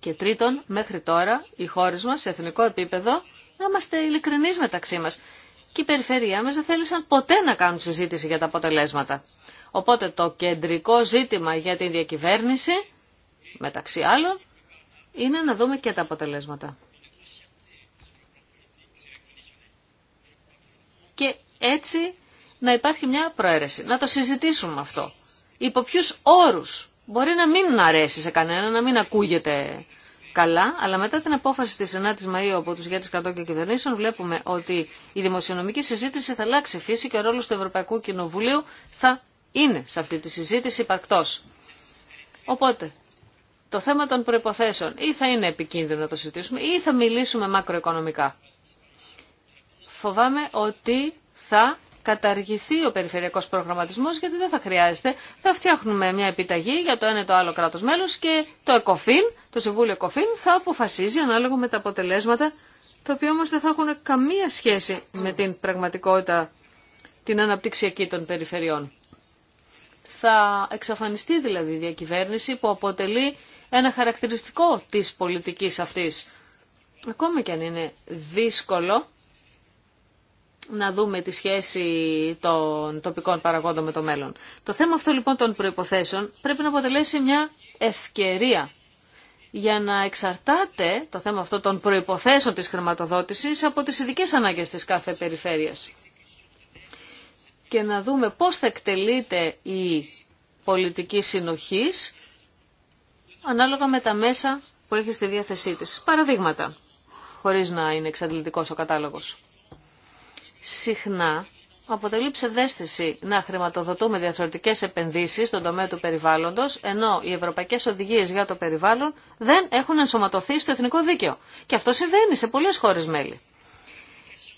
και τρίτον, μέχρι τώρα οι χώρε μα σε εθνικό επίπεδο να είμαστε ειλικρινεί μεταξύ μα. Και η περιφέρειά μας δεν θέλησαν ποτέ να κάνουν συζήτηση για τα αποτελέσματα. Οπότε το κεντρικό ζήτημα για την διακυβέρνηση, μεταξύ άλλων, είναι να δούμε και τα αποτελέσματα. Και έτσι να υπάρχει μια προαίρεση. Να το συζητήσουμε αυτό. Υπό ποιου όρους Μπορεί να μην αρέσει σε κανένα, να μην ακούγεται καλά, αλλά μετά την απόφαση της 9 η Μαΐου από τους ηγέτες κρατών και κυβερνήσεων βλέπουμε ότι η δημοσιονομική συζήτηση θα αλλάξει φύση και ο ρόλος του Ευρωπαϊκού Κοινοβουλίου θα είναι σε αυτή τη συζήτηση υπαρκτός. Οπότε, το θέμα των προϋποθέσεων ή θα είναι επικίνδυνο να το συζητήσουμε ή θα μιλήσουμε μακροοικονομικά. Φοβάμαι ότι θα καταργηθεί ο περιφερειακός προγραμματισμός γιατί δεν θα χρειάζεται. Θα φτιάχνουμε μια επιταγή για το ένα ή το άλλο κράτος μέλος και το ΕΚΟΦΗΝ, το Συμβούλιο ΕΚΟΦΗΝ θα αποφασίζει ανάλογα με τα αποτελέσματα τα οποία όμως δεν θα έχουν καμία σχέση με την πραγματικότητα την αναπτυξιακή των περιφερειών. Θα εξαφανιστεί δηλαδή η διακυβέρνηση που αποτελεί ένα χαρακτηριστικό της πολιτικής αυτής. Ακόμα και αν είναι δύσκολο να δούμε τη σχέση των τοπικών παραγόντων με το μέλλον. Το θέμα αυτό λοιπόν των προϋποθέσεων πρέπει να αποτελέσει μια ευκαιρία για να εξαρτάται το θέμα αυτό των προϋποθέσεων της χρηματοδότησης από τις ειδικέ ανάγκες της κάθε περιφέρειας. Και να δούμε πώς θα εκτελείται η πολιτική συνοχής ανάλογα με τα μέσα που έχει στη διάθεσή της. Παραδείγματα, χωρίς να είναι εξαντλητικός ο κατάλογος συχνά αποτελεί ψευδέστηση να χρηματοδοτούμε διαφορετικέ επενδύσεις στον τομέα του περιβάλλοντος, ενώ οι ευρωπαϊκές οδηγίες για το περιβάλλον δεν έχουν ενσωματωθεί στο εθνικό δίκαιο. Και αυτό συμβαίνει σε πολλέ χώρες μέλη.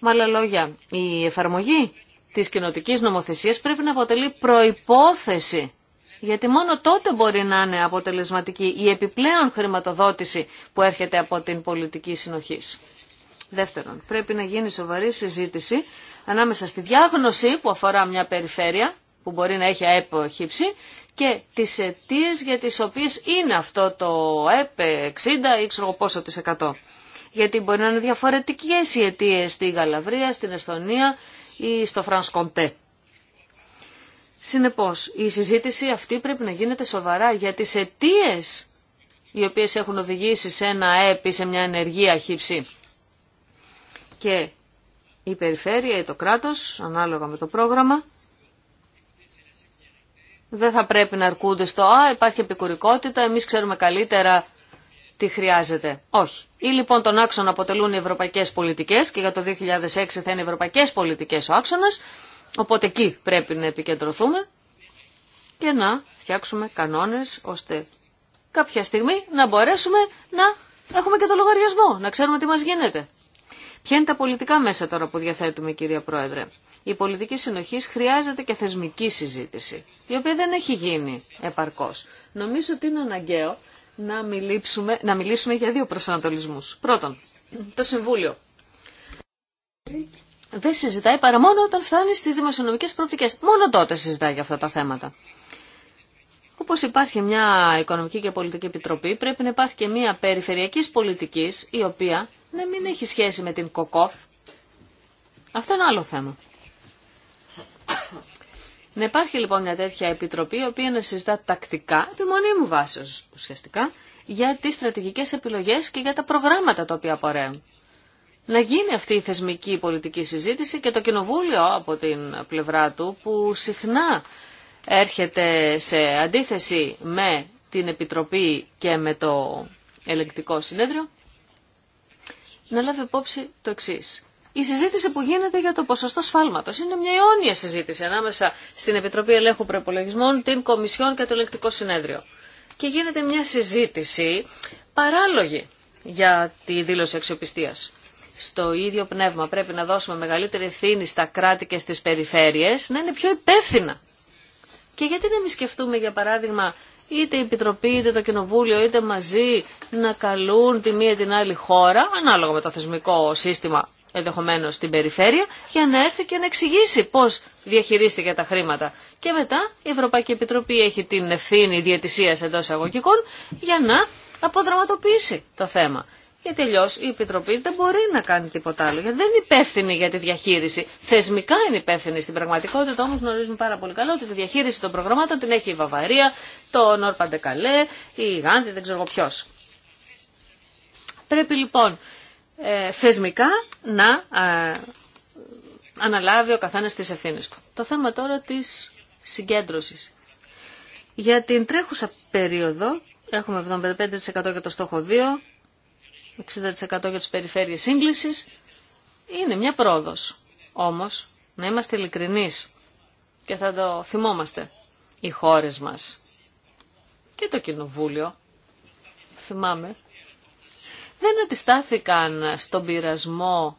Με άλλα λόγια, η εφαρμογή της κοινοτική νομοθεσίας πρέπει να αποτελεί προϋπόθεση γιατί μόνο τότε μπορεί να είναι αποτελεσματική η επιπλέον χρηματοδότηση που έρχεται από την πολιτική συνοχής. Δεύτερον, πρέπει να γίνει σοβαρή συζήτηση ανάμεσα στη διάγνωση που αφορά μια περιφέρεια, που μπορεί να έχει χύψη και τι αιτίε για τι οποίε είναι αυτό το ΑΕΠ 60 ή ξέρω πόσο τη 100. Γιατί μπορεί να είναι διαφορετικέ οι αιτίε στη Γαλαβρία, στην Εστονία ή στο φρανσκοντε συνεπω η συζήτηση αυτή πρέπει να γίνεται σοβαρά για τι αιτίε οι οποίε έχουν οδηγήσει σε ένα ΑΕΠ ή σε μια ενεργία χύψη και η περιφέρεια ή το κράτος, ανάλογα με το πρόγραμμα, δεν θα πρέπει να αρκούνται στο «Α, υπάρχει επικουρικότητα, εμείς ξέρουμε καλύτερα τι χρειάζεται». Όχι. Ή λοιπόν τον άξονα αποτελούν οι ευρωπαϊκές πολιτικές και για το 2006 θα είναι ευρωπαϊκές πολιτικές ο άξονας, οπότε εκεί πρέπει να επικεντρωθούμε και να φτιάξουμε κανόνες ώστε κάποια στιγμή να μπορέσουμε να έχουμε και το λογαριασμό, να ξέρουμε τι μας γίνεται. Ποια είναι τα πολιτικά μέσα τώρα που διαθέτουμε, κυρία Πρόεδρε. Η πολιτική συνοχή χρειάζεται και θεσμική συζήτηση, η οποία δεν έχει γίνει επαρκώ. Νομίζω ότι είναι αναγκαίο να μιλήσουμε, να μιλήσουμε για δύο προσανατολισμού. Πρώτον, το Συμβούλιο. Δεν συζητάει παρά μόνο όταν φτάνει στι δημοσιονομικέ προοπτικές. Μόνο τότε συζητάει για αυτά τα θέματα. Όπω υπάρχει μια Οικονομική και Πολιτική Επιτροπή, πρέπει να υπάρχει και μια περιφερειακή πολιτική, η οποία να μην έχει σχέση με την ΚΟΚΟΦ. Αυτό είναι άλλο θέμα. Να υπάρχει λοιπόν μια τέτοια επιτροπή, η οποία να συζητά τακτικά, επιμονή μου βάσεως ουσιαστικά, για τις στρατηγικές επιλογές και για τα προγράμματα τα οποία απορρέουν. Να γίνει αυτή η θεσμική πολιτική συζήτηση και το Κοινοβούλιο από την πλευρά του, που συχνά έρχεται σε αντίθεση με την Επιτροπή και με το ελεκτικό Συνέδριο, να λάβει υπόψη το εξή. Η συζήτηση που γίνεται για το ποσοστό σφάλματος είναι μια αιώνια συζήτηση ανάμεσα στην Επιτροπή Ελέγχου Προπολογισμών, την Κομισιόν και το Ελεκτικό Συνέδριο. Και γίνεται μια συζήτηση παράλογη για τη δήλωση αξιοπιστία. Στο ίδιο πνεύμα πρέπει να δώσουμε μεγαλύτερη ευθύνη στα κράτη και στι περιφέρειε να είναι πιο υπεύθυνα. Και γιατί να μην σκεφτούμε για παράδειγμα είτε η Επιτροπή, είτε το Κοινοβούλιο, είτε μαζί να καλούν τη μία την άλλη χώρα, ανάλογα με το θεσμικό σύστημα ενδεχομένω στην περιφέρεια, για να έρθει και να εξηγήσει πώ διαχειρίστηκε τα χρήματα. Και μετά η Ευρωπαϊκή Επιτροπή έχει την ευθύνη διαιτησία εντό αγωγικών για να αποδραματοποιήσει το θέμα. Γιατί αλλιώ η Επιτροπή δεν μπορεί να κάνει τίποτα άλλο. Γιατί δεν είναι υπεύθυνη για τη διαχείριση. Θεσμικά είναι υπεύθυνη. Στην πραγματικότητα όμω γνωρίζουμε πάρα πολύ καλά ότι τη διαχείριση των προγραμμάτων την έχει η Βαυαρία, το Νορ Παντεκαλέ, η Γάντι, δεν ξέρω ποιο. Πρέπει λοιπόν ε, θεσμικά να ε, αναλάβει ο καθένα τι ευθύνε του. Το θέμα τώρα τη συγκέντρωση. Για την τρέχουσα περίοδο έχουμε 75% για το στόχο 2, 60% για τις περιφέρειες σύγκλησης, είναι μια πρόοδος. Όμως, να είμαστε ειλικρινεί και θα το θυμόμαστε, οι χώρες μας και το Κοινοβούλιο, θυμάμαι, δεν αντιστάθηκαν στον πειρασμό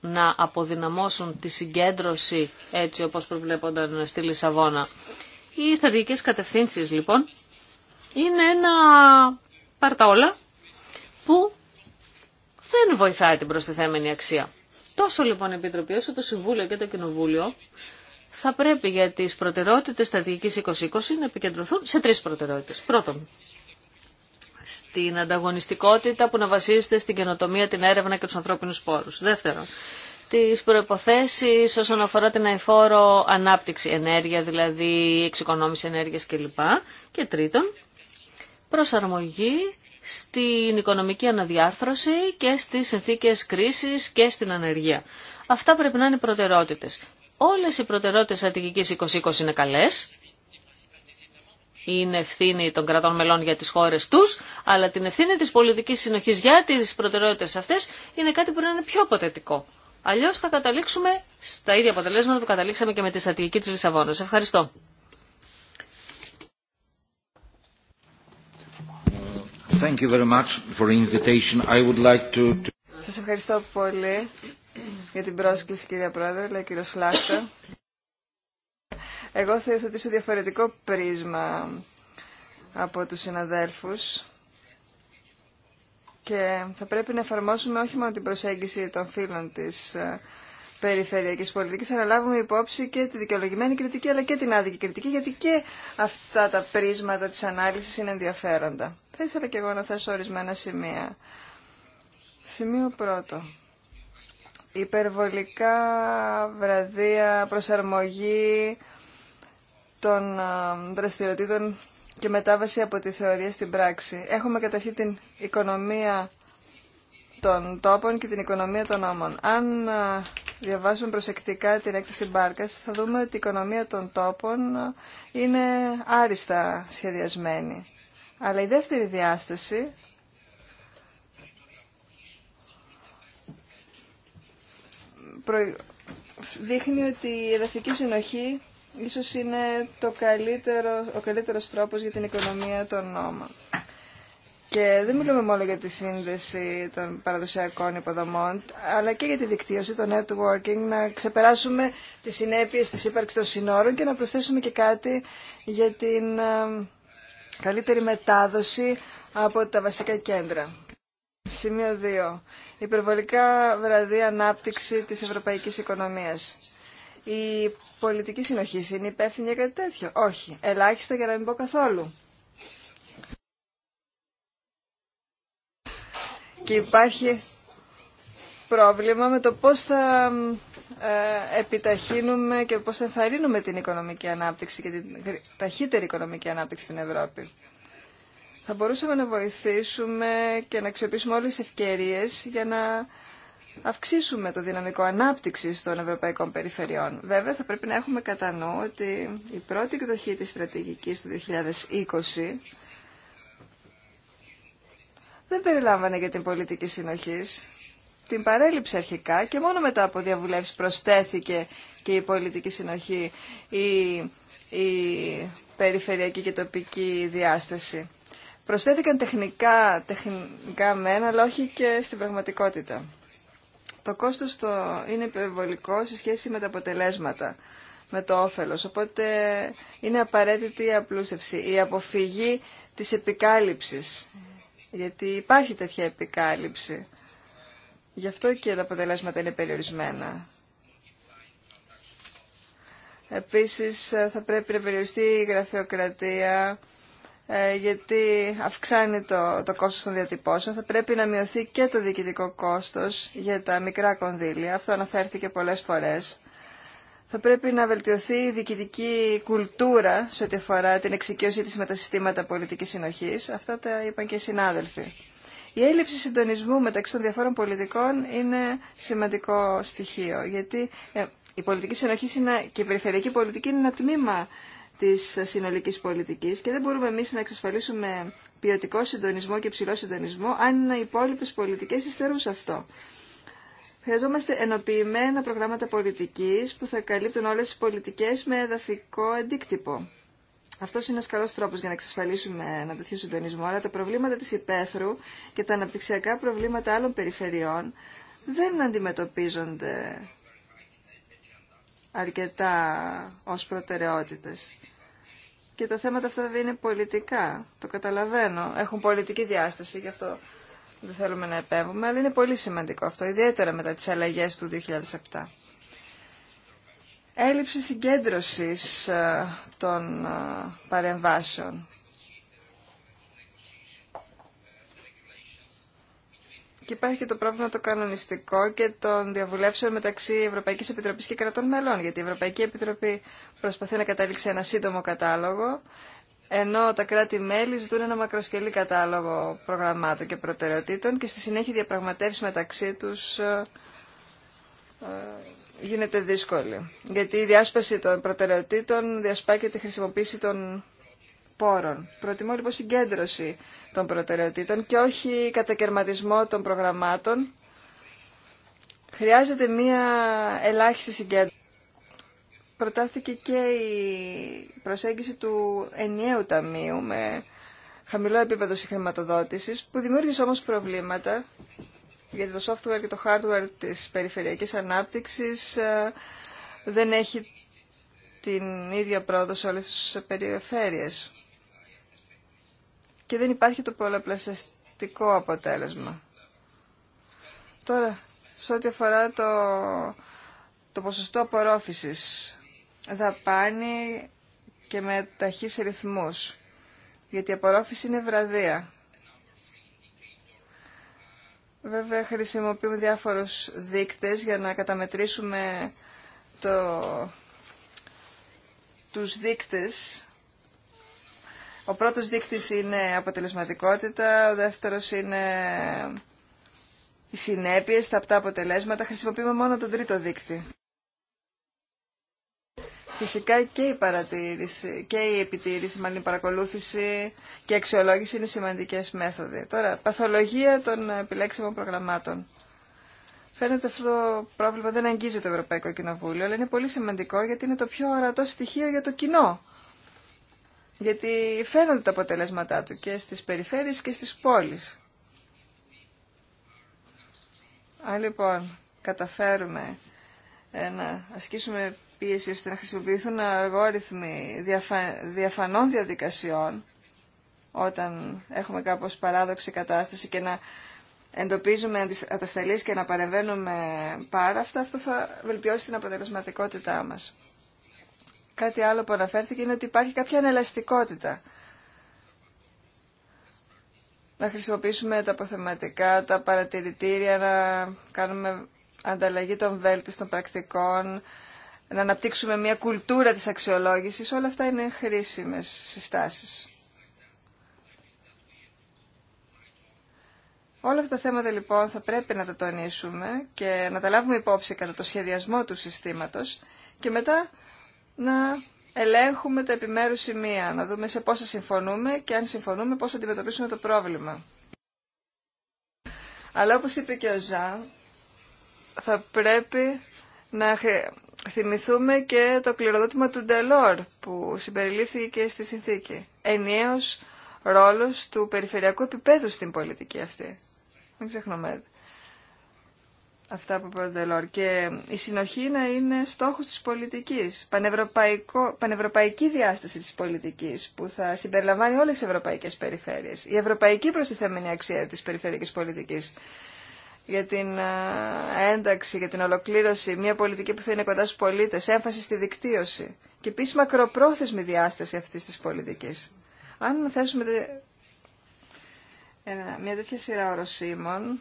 να αποδυναμώσουν τη συγκέντρωση έτσι όπως προβλέπονταν στη Λισαβόνα. Οι στρατηγικές κατευθύνσεις λοιπόν είναι ένα πάρτα όλα που δεν βοηθάει την προστιθέμενη αξία. Τόσο λοιπόν η Επιτροπή όσο το Συμβούλιο και το Κοινοβούλιο θα πρέπει για τις προτεραιότητες στρατηγικής 2020 να επικεντρωθούν σε τρεις προτεραιότητες. Πρώτον, στην ανταγωνιστικότητα που να βασίζεται στην καινοτομία, την έρευνα και τους ανθρώπινους πόρους. Δεύτερον, τις προϋποθέσεις όσον αφορά την αηφόρο ανάπτυξη ενέργεια, δηλαδή εξοικονόμηση ενέργειας κλπ. Και τρίτον, προσαρμογή στην οικονομική αναδιάρθρωση και στις συνθήκες κρίσης και στην ανεργία. Αυτά πρέπει να είναι προτεραιότητες. Όλες οι προτεραιότητες στρατηγικής 2020 είναι καλές, είναι ευθύνη των κρατών μελών για τις χώρες τους, αλλά την ευθύνη της πολιτικής συνοχής για τις προτεραιότητες αυτές είναι κάτι που να είναι πιο αποτετικό. Αλλιώς θα καταλήξουμε στα ίδια αποτελέσματα που καταλήξαμε και με τη στρατηγική της Λισαβόνας. Ευχαριστώ. Thank Σας ευχαριστώ πολύ για την πρόσκληση κυρία Πρόεδρε, λέει κύριο Σλάχτα. Εγώ θα υιοθετήσω διαφορετικό πρίσμα από τους συναδέλφους και θα πρέπει να εφαρμόσουμε όχι μόνο την προσέγγιση των φίλων της ε, περιφερειακής πολιτικής αλλά λάβουμε υπόψη και τη δικαιολογημένη κριτική αλλά και την άδικη κριτική γιατί και αυτά τα πρίσματα της ανάλυσης είναι ενδιαφέροντα. Θα ήθελα και εγώ να θέσω ορισμένα σημεία. Σημείο πρώτο. Υπερβολικά βραδεία προσαρμογή των ε, δραστηριοτήτων και μετάβαση από τη θεωρία στην πράξη. Έχουμε καταρχήν την οικονομία των τόπων και την οικονομία των νόμων. Αν ε, διαβάσουμε προσεκτικά την έκθεση Μπάρκας, θα δούμε ότι η οικονομία των τόπων είναι άριστα σχεδιασμένη. Αλλά η δεύτερη διάσταση δείχνει ότι η εδαφική συνοχή ίσως είναι το καλύτερο, ο καλύτερος τρόπος για την οικονομία των νόμων. Και δεν μιλούμε μόνο για τη σύνδεση των παραδοσιακών υποδομών, αλλά και για τη δικτύωση, το networking, να ξεπεράσουμε τις συνέπειες της ύπαρξης των συνόρων και να προσθέσουμε και κάτι για την ε, καλύτερη μετάδοση από τα βασικά κέντρα. Σημείο 2. Υπερβολικά βραδύ ανάπτυξη της ευρωπαϊκής οικονομίας. Η πολιτική συνοχή είναι υπεύθυνη για κάτι τέτοιο. Όχι. Ελάχιστα για να μην πω καθόλου. και υπάρχει πρόβλημα με το πώς θα ε, επιταχύνουμε και πώς θα ενθαρρύνουμε την οικονομική ανάπτυξη και την ταχύτερη οικονομική ανάπτυξη στην Ευρώπη. Θα μπορούσαμε να βοηθήσουμε και να αξιοποιήσουμε όλες τις ευκαιρίες για να αυξήσουμε το δυναμικό ανάπτυξης των ευρωπαϊκών περιφερειών. Βέβαια, θα πρέπει να έχουμε κατά νου ότι η πρώτη εκδοχή της στρατηγικής του 2020 δεν περιλάμβανε για την πολιτική συνοχή. Την παρέλειψε αρχικά και μόνο μετά από διαβουλεύσει προσθέθηκε και η πολιτική συνοχή, η, η περιφερειακή και τοπική διάσταση. Προσθέθηκαν τεχνικά, τεχνικά μένα, αλλά όχι και στην πραγματικότητα. Το κόστος το είναι υπερβολικό σε σχέση με τα αποτελέσματα, με το όφελος. Οπότε είναι απαραίτητη η απλούστευση, η αποφυγή της επικάλυψης, γιατί υπάρχει τέτοια επικάλυψη. Γι' αυτό και τα αποτελέσματα είναι περιορισμένα. Επίσης ε, θα πρέπει να περιοριστεί η γραφειοκρατία ε, γιατί αυξάνει το, το κόστος των διατυπώσεων. Θα πρέπει να μειωθεί και το διοικητικό κόστος για τα μικρά κονδύλια. Αυτό αναφέρθηκε πολλές φορές θα πρέπει να βελτιωθεί η διοικητική κουλτούρα σε ό,τι αφορά την εξοικείωση της με τα συστήματα πολιτικής συνοχής. Αυτά τα είπαν και οι συνάδελφοι. Η έλλειψη συντονισμού μεταξύ των διαφόρων πολιτικών είναι σημαντικό στοιχείο, γιατί ε, η πολιτική συνοχή και η περιφερειακή πολιτική είναι ένα τμήμα της συνολικής πολιτικής και δεν μπορούμε εμείς να εξασφαλίσουμε ποιοτικό συντονισμό και ψηλό συντονισμό αν οι υπόλοιπε πολιτικές υστερούν σε αυτό. Χρειαζόμαστε ενοποιημένα προγράμματα πολιτικής που θα καλύπτουν όλες τις πολιτικές με εδαφικό αντίκτυπο. Αυτό είναι ένα καλό τρόπο για να εξασφαλίσουμε ένα τέτοιο συντονισμό, αλλά τα προβλήματα τη υπαίθρου και τα αναπτυξιακά προβλήματα άλλων περιφερειών δεν αντιμετωπίζονται αρκετά ως προτεραιότητες. Και τα θέματα αυτά είναι πολιτικά, το καταλαβαίνω. Έχουν πολιτική διάσταση, γι' αυτό δεν θέλουμε να επέμβουμε, αλλά είναι πολύ σημαντικό αυτό, ιδιαίτερα μετά τις αλλαγές του 2007. Έλλειψη συγκέντρωσης ε, των ε, παρεμβάσεων. Και υπάρχει και το πρόβλημα το κανονιστικό και των διαβουλεύσεων μεταξύ Ευρωπαϊκής Επιτροπής και κρατών μελών, γιατί η Ευρωπαϊκή Επιτροπή προσπαθεί να καταλήξει ένα σύντομο κατάλογο ενώ τα κράτη-μέλη ζητούν ένα μακροσκελή κατάλογο προγραμμάτων και προτεραιοτήτων και στη συνέχεια διαπραγματεύσει μεταξύ τους ε, ε, γίνεται δύσκολη. Γιατί η διάσπαση των προτεραιοτήτων διασπάει και τη χρησιμοποίηση των πόρων. Προτιμώ λοιπόν συγκέντρωση των προτεραιοτήτων και όχι κατακαιρματισμό των προγραμμάτων. Χρειάζεται μία ελάχιστη συγκέντρωση προτάθηκε και η προσέγγιση του ενιαίου ταμείου με χαμηλό επίπεδο συγχρηματοδότησης που δημιούργησε όμως προβλήματα γιατί το software και το hardware της περιφερειακής ανάπτυξης ε, δεν έχει την ίδια πρόοδο σε όλες τις περιφέρειες και δεν υπάρχει το πολλαπλασιαστικό αποτέλεσμα. Τώρα, σε ό,τι αφορά το, το ποσοστό απορρόφησης δαπάνη και με ταχύς ρυθμούς, γιατί η απορρόφηση είναι βραδεία. Βέβαια χρησιμοποιούμε διάφορους δείκτες για να καταμετρήσουμε το... τους δείκτες. Ο πρώτος δείκτης είναι αποτελεσματικότητα, ο δεύτερος είναι οι συνέπειες, τα αυτά αποτελέσματα. Χρησιμοποιούμε μόνο τον τρίτο δείκτη. Φυσικά και η παρατήρηση και η επιτήρηση, μάλλον η παρακολούθηση και η αξιολόγηση είναι σημαντικές μέθοδοι. Τώρα, παθολογία των επιλέξιμων προγραμμάτων. Φαίνεται αυτό το πρόβλημα δεν αγγίζει το Ευρωπαϊκό Κοινοβούλιο, αλλά είναι πολύ σημαντικό γιατί είναι το πιο ορατό στοιχείο για το κοινό. Γιατί φαίνονται τα αποτελέσματά του και στις περιφέρειες και στις πόλεις. Αν λοιπόν καταφέρουμε ε, να ασκήσουμε πίεση ώστε να χρησιμοποιηθούν αργόριθμοι διαφανών διαδικασιών όταν έχουμε κάπως παράδοξη κατάσταση και να εντοπίζουμε ατασταλείς και να παρεμβαίνουμε πάρα αυτά, αυτό θα βελτιώσει την αποτελεσματικότητά μας. Κάτι άλλο που αναφέρθηκε είναι ότι υπάρχει κάποια ανελαστικότητα. Να χρησιμοποιήσουμε τα αποθεματικά, τα παρατηρητήρια, να κάνουμε ανταλλαγή των βέλτιστων πρακτικών, να αναπτύξουμε μια κουλτούρα της αξιολόγησης, όλα αυτά είναι χρήσιμες συστάσεις. Όλα αυτά τα θέματα λοιπόν θα πρέπει να τα τονίσουμε και να τα λάβουμε υπόψη κατά το σχεδιασμό του συστήματος και μετά να ελέγχουμε τα επιμέρους σημεία, να δούμε σε πόσα συμφωνούμε και αν συμφωνούμε πώς θα αντιμετωπίσουμε το πρόβλημα. Αλλά όπως είπε και ο Ζαν, θα πρέπει να θυμηθούμε και το κληροδότημα του Ντελόρ που συμπεριλήφθηκε και στη συνθήκη. Ενιαίος ρόλος του περιφερειακού επίπεδου στην πολιτική αυτή. Μην ξεχνούμε αυτά που είπε ο Ντελόρ. Και η συνοχή να είναι στόχος της πολιτικής, πανευρωπαϊκό, πανευρωπαϊκή διάσταση της πολιτικής που θα συμπεριλαμβάνει όλες τις ευρωπαϊκές περιφέρειες. Η ευρωπαϊκή προστιθέμενη αξία της περιφερειακής πολιτικής για την ε, ένταξη, για την ολοκλήρωση, μια πολιτική που θα είναι κοντά στους πολίτες, έμφαση στη δικτύωση και επίση μακροπρόθεσμη διάσταση αυτής της πολιτικής. Αν θέσουμε μια τέτοια σειρά οροσίμων,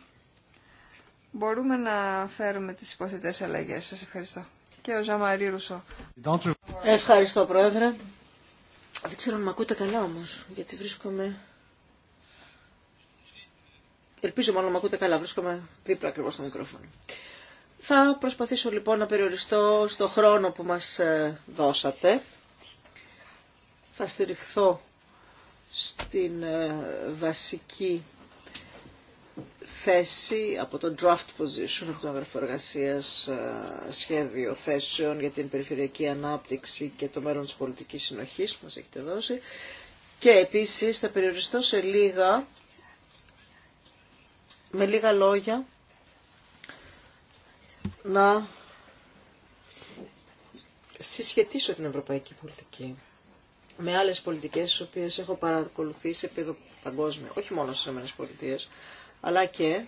μπορούμε να φέρουμε τις υποθετές αλλαγές. Σας ευχαριστώ. Και ο Ζαμαρί Ρουσό. Ευχαριστώ Πρόεδρε. Δεν ξέρω αν με ακούτε καλά όμως, γιατί βρίσκομαι Ελπίζω μόνο να με ακούτε καλά, βρίσκομαι δίπλα ακριβώ στο μικρόφωνο. Θα προσπαθήσω λοιπόν να περιοριστώ στο χρόνο που μας ε, δώσατε. Θα στηριχθώ στην ε, βασική θέση από το draft position, από το ε, σχέδιο θέσεων για την περιφερειακή ανάπτυξη και το μέλλον της πολιτικής συνοχής που μας έχετε δώσει. Και επίσης θα περιοριστώ σε λίγα με λίγα λόγια να συσχετίσω την ευρωπαϊκή πολιτική με άλλες πολιτικές τις οποίες έχω παρακολουθήσει σε επίπεδο παγκόσμιο, όχι μόνο στις ΗΠΑ, αλλά και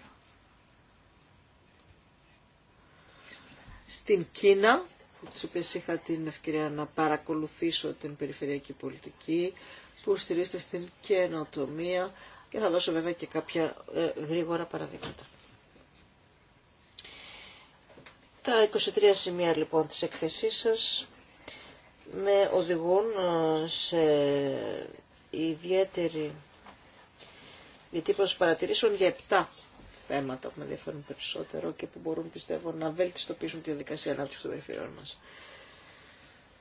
στην Κίνα, τις οποίες είχα την ευκαιρία να παρακολουθήσω την περιφερειακή πολιτική, που στηρίζεται στην καινοτομία, και θα δώσω βέβαια και κάποια ε, γρήγορα παραδείγματα. Τα 23 σημεία λοιπόν της εκθεσής σας με οδηγούν ε, σε ιδιαίτερη διατύπωση παρατηρήσεων για 7 θέματα που με ενδιαφέρουν περισσότερο και που μπορούν πιστεύω να βελτιστοποιήσουν τη διαδικασία ανάπτυξη των περιφερειών μας.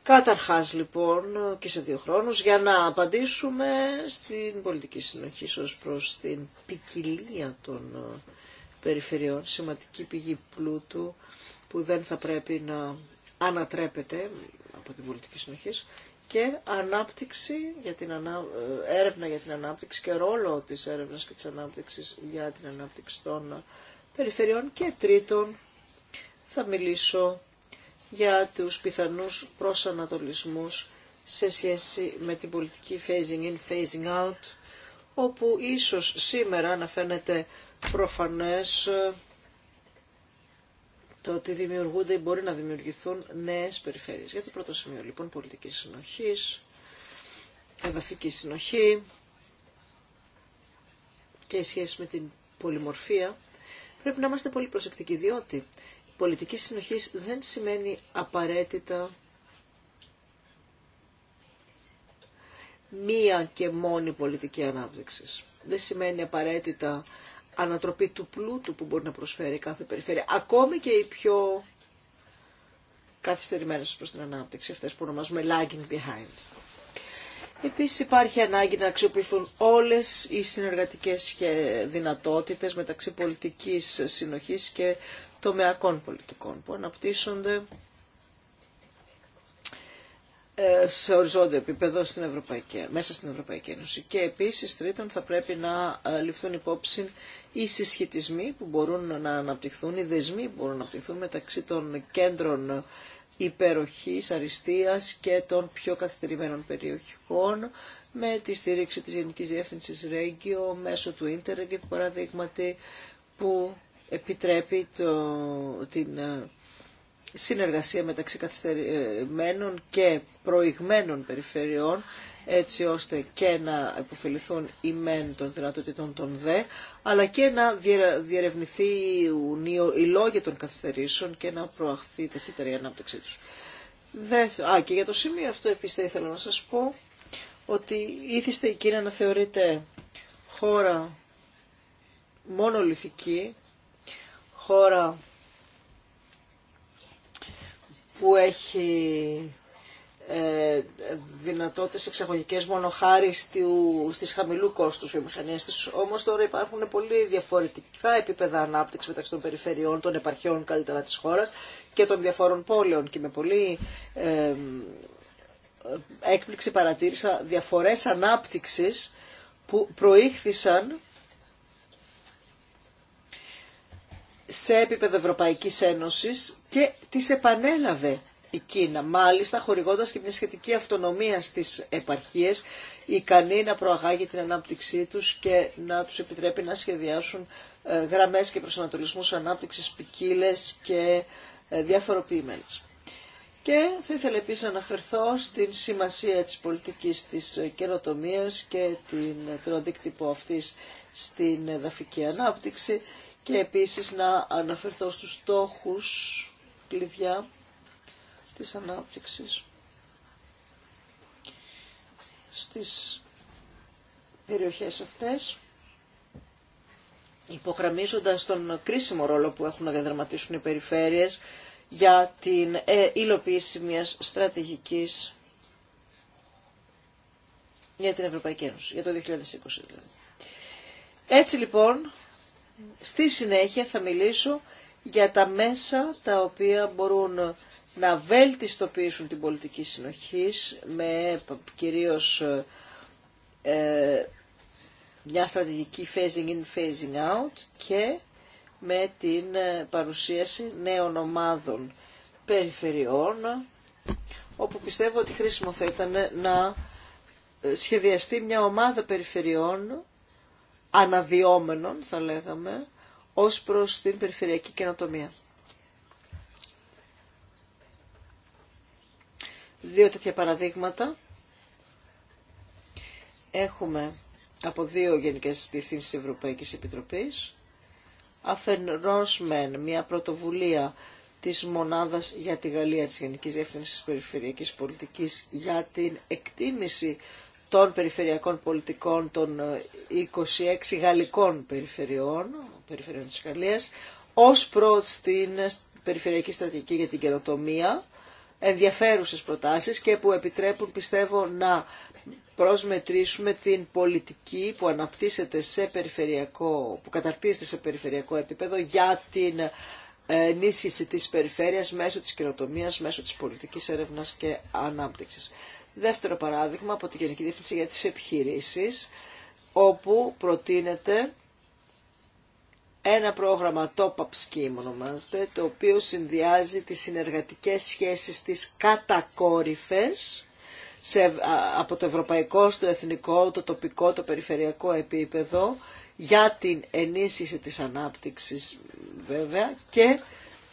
Καταρχάς λοιπόν και σε δύο χρόνους για να απαντήσουμε στην πολιτική συνοχή ως προς την ποικιλία των ε, περιφερειών, σημαντική πηγή πλούτου που δεν θα πρέπει να ανατρέπεται από την πολιτική συνοχή και ανάπτυξη για την ανα... Ε, έρευνα για την ανάπτυξη και ρόλο της έρευνας και της ανάπτυξης για την ανάπτυξη των ε, περιφερειών και τρίτον θα μιλήσω για τους πιθανούς προσανατολισμούς σε σχέση με την πολιτική phasing in, phasing out, όπου ίσως σήμερα να φαίνεται προφανές ε, το ότι δημιουργούνται ή μπορεί να δημιουργηθούν νέες περιφέρειες. Για το πρώτο σημείο λοιπόν πολιτικής συνοχής, εδαφική συνοχή και η σχέση με την πολυμορφία, πρέπει να είμαστε πολύ προσεκτικοί διότι πολιτική συνοχής δεν σημαίνει απαραίτητα μία και μόνη πολιτική ανάπτυξη. Δεν σημαίνει απαραίτητα ανατροπή του πλούτου που μπορεί να προσφέρει κάθε περιφέρεια, ακόμη και οι πιο καθυστερημένες προς την ανάπτυξη, αυτές που ονομάζουμε lagging behind. Επίσης υπάρχει ανάγκη να αξιοποιηθούν όλες οι συνεργατικές δυνατότητες μεταξύ πολιτικής συνοχής και τομεακών πολιτικών που αναπτύσσονται ε, σε οριζόντιο επίπεδο στην Ευρωπαϊκή, μέσα στην Ευρωπαϊκή Ένωση. Και επίσης τρίτον θα πρέπει να ε, ληφθούν υπόψη οι συσχετισμοί που μπορούν να αναπτυχθούν, οι δεσμοί που μπορούν να αναπτυχθούν μεταξύ των κέντρων υπεροχής, αριστείας και των πιο καθυστερημένων περιοχικών με τη στήριξη της Γενικής Διεύθυνσης Ρέγγιο μέσω του ίντερνετ, παραδείγματι, που επιτρέπει το, την ε, συνεργασία μεταξύ καθυστερημένων και προηγμένων περιφερειών έτσι ώστε και να υποφεληθούν οι μεν των δυνατοτήτων των δε, αλλά και να διερευνηθεί η λόγια των καθυστερήσεων και να προαχθεί η ταχύτερη ανάπτυξή τους. Α, και για το σημείο αυτό επίσης θα ήθελα να σας πω ότι ήθιστε η Κίνα να θεωρείται χώρα μόνο λυθική χώρα που έχει ε, δυνατότητες εξαγωγικές μόνο χάρη στις χαμηλού κόστους βιομηχανίας της. Όμως τώρα υπάρχουν πολύ διαφορετικά επίπεδα ανάπτυξης μεταξύ των περιφερειών, των επαρχιών καλύτερα της χώρας και των διαφόρων πόλεων και με πολύ ε, έκπληξη παρατήρησα διαφορές ανάπτυξης που προήχθησαν σε επίπεδο Ευρωπαϊκής Ένωση και τις επανέλαβε η Κίνα, μάλιστα χορηγώντας και μια σχετική αυτονομία στις επαρχίες, ικανή να προαγάγει την ανάπτυξή τους και να τους επιτρέπει να σχεδιάσουν ε, γραμμές και προσανατολισμούς ανάπτυξης ποικίλε και ε, διαφοροποιημένε. Και θα ήθελα επίσης να αναφερθώ στην σημασία της πολιτικής της ε, καινοτομίας και την, τον αντίκτυπο αυτής στην εδαφική ανάπτυξη και επίσης να αναφερθώ στους στόχους κλειδιά της ανάπτυξης στις περιοχές αυτές υπογραμμίζοντας τον κρίσιμο ρόλο που έχουν να διαδραματίσουν οι περιφέρειες για την ε, υλοποίηση μιας στρατηγικής για την Ευρωπαϊκή Ένωση, για το 2020 δηλαδή. Έτσι λοιπόν, Στη συνέχεια θα μιλήσω για τα μέσα τα οποία μπορούν να βέλτιστοποιήσουν την πολιτική συνοχής με κυρίως ε, μια στρατηγική phasing in, phasing out και με την ε, παρουσίαση νέων ομάδων περιφερειών όπου πιστεύω ότι χρήσιμο θα ήταν να ε, σχεδιαστεί μια ομάδα περιφερειών αναδυόμενων, θα λέγαμε, ως προς την περιφερειακή καινοτομία. Δύο τέτοια παραδείγματα. Έχουμε από δύο γενικές διευθύνσεις της Ευρωπαϊκής Επιτροπής. Αφενός μια πρωτοβουλία της μονάδας για τη Γαλλία της Γενικής Διεύθυνσης Περιφερειακής Πολιτικής για την εκτίμηση των περιφερειακών πολιτικών των 26 ε, γαλλικών περιφερειών, περιφερειών της Γαλλίας, ως προς την περιφερειακή στρατηγική για την καινοτομία, ενδιαφέρουσες προτάσεις και που επιτρέπουν πιστεύω να προσμετρήσουμε την πολιτική που αναπτύσσεται σε περιφερειακό, που καταρτίζεται σε περιφερειακό επίπεδο για την ενίσχυση της περιφέρειας μέσω της καινοτομίας, μέσω της πολιτικής έρευνας και ανάπτυξης. Δεύτερο παράδειγμα από την Γενική Διεύθυνση για τις Επιχειρήσεις, όπου προτείνεται ένα πρόγραμμα top-up scheme ονομάζεται, το οποίο συνδυάζει τις συνεργατικές σχέσεις της κατακόρυφες, σε, από το ευρωπαϊκό στο εθνικό, το τοπικό, το περιφερειακό επίπεδο, για την ενίσχυση της ανάπτυξης βέβαια και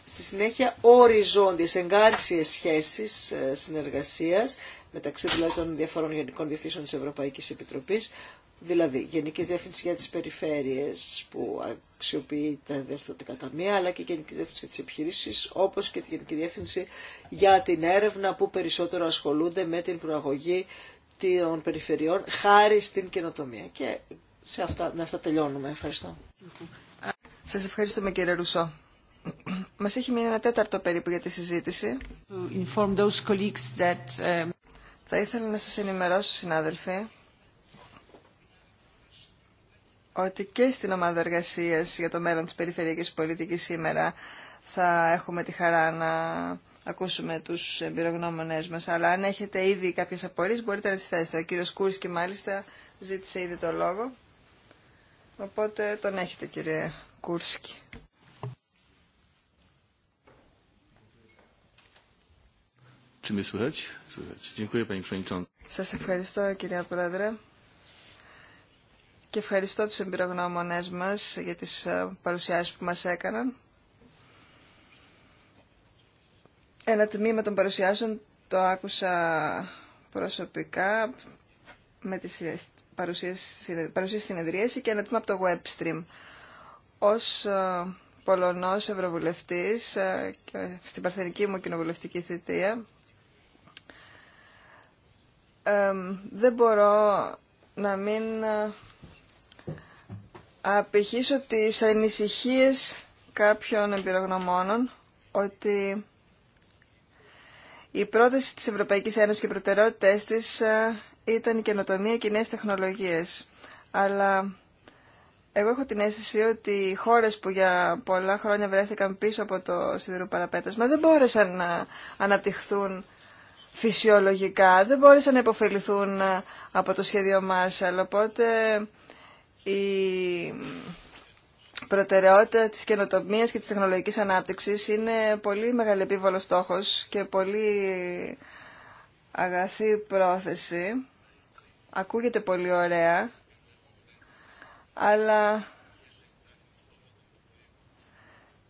στη συνέχεια οριζόντιες εγκάρσιες σχέσεις ε, συνεργασίας μεταξύ δηλαδή των διαφορών γενικών διευθύνσεων της Ευρωπαϊκής Επιτροπής, δηλαδή Γενικής Διεύθυνσης για τις Περιφέρειες που αξιοποιεί τα διευθυντικά ταμεία, αλλά και Γενική Διεύθυνση για τις Επιχειρήσεις, όπως και τη Γενική Διεύθυνση για την έρευνα που περισσότερο ασχολούνται με την προαγωγή των περιφερειών χάρη στην καινοτομία. Και σε αυτά, με αυτά τελειώνουμε. Ευχαριστώ. Σας ευχαριστούμε κύριε Ρουσό. Μας έχει μείνει ένα τέταρτο περίπου για τη συζήτηση. Um, θα ήθελα να σας ενημερώσω, συνάδελφοι, ότι και στην ομάδα εργασία για το μέλλον της περιφερειακής πολιτικής σήμερα θα έχουμε τη χαρά να ακούσουμε τους εμπειρογνώμονές μας. Αλλά αν έχετε ήδη κάποιες απορίες μπορείτε να τις θέσετε. Ο κύριος Κούρσκι μάλιστα ζήτησε ήδη το λόγο. Οπότε τον έχετε κύριε Κούρσκι. Czy mnie σας ευχαριστώ κυρία Πρόεδρε και ευχαριστώ τους εμπειρογνώμονές μας για τις ε, παρουσιάσεις που μας έκαναν. Ένα τμήμα των παρουσιάσεων το άκουσα προσωπικά με τις παρουσίες στην και ένα τμήμα από το web stream. Ως ε, Πολωνός Ευρωβουλευτής ε, στην παρθενική μου κοινοβουλευτική θητεία δεν μπορώ να μην ε, απηχήσω τις ανησυχίες κάποιων εμπειρογνωμόνων ότι η πρόταση της Ευρωπαϊκής Ένωσης και οι προτεραιότητες της ε, ήταν η καινοτομία και οι νέες τεχνολογίες. Αλλά εγώ έχω την αίσθηση ότι οι χώρες που για πολλά χρόνια βρέθηκαν πίσω από το σιδηρού δεν μπόρεσαν να αναπτυχθούν φυσιολογικά δεν μπόρεσαν να υποφεληθούν ε, από το σχέδιο Μάρσαλ. Οπότε η προτεραιότητα της καινοτομίας και της τεχνολογικής ανάπτυξης είναι πολύ επίβολο στόχος και πολύ αγαθή πρόθεση. Ακούγεται πολύ ωραία, αλλά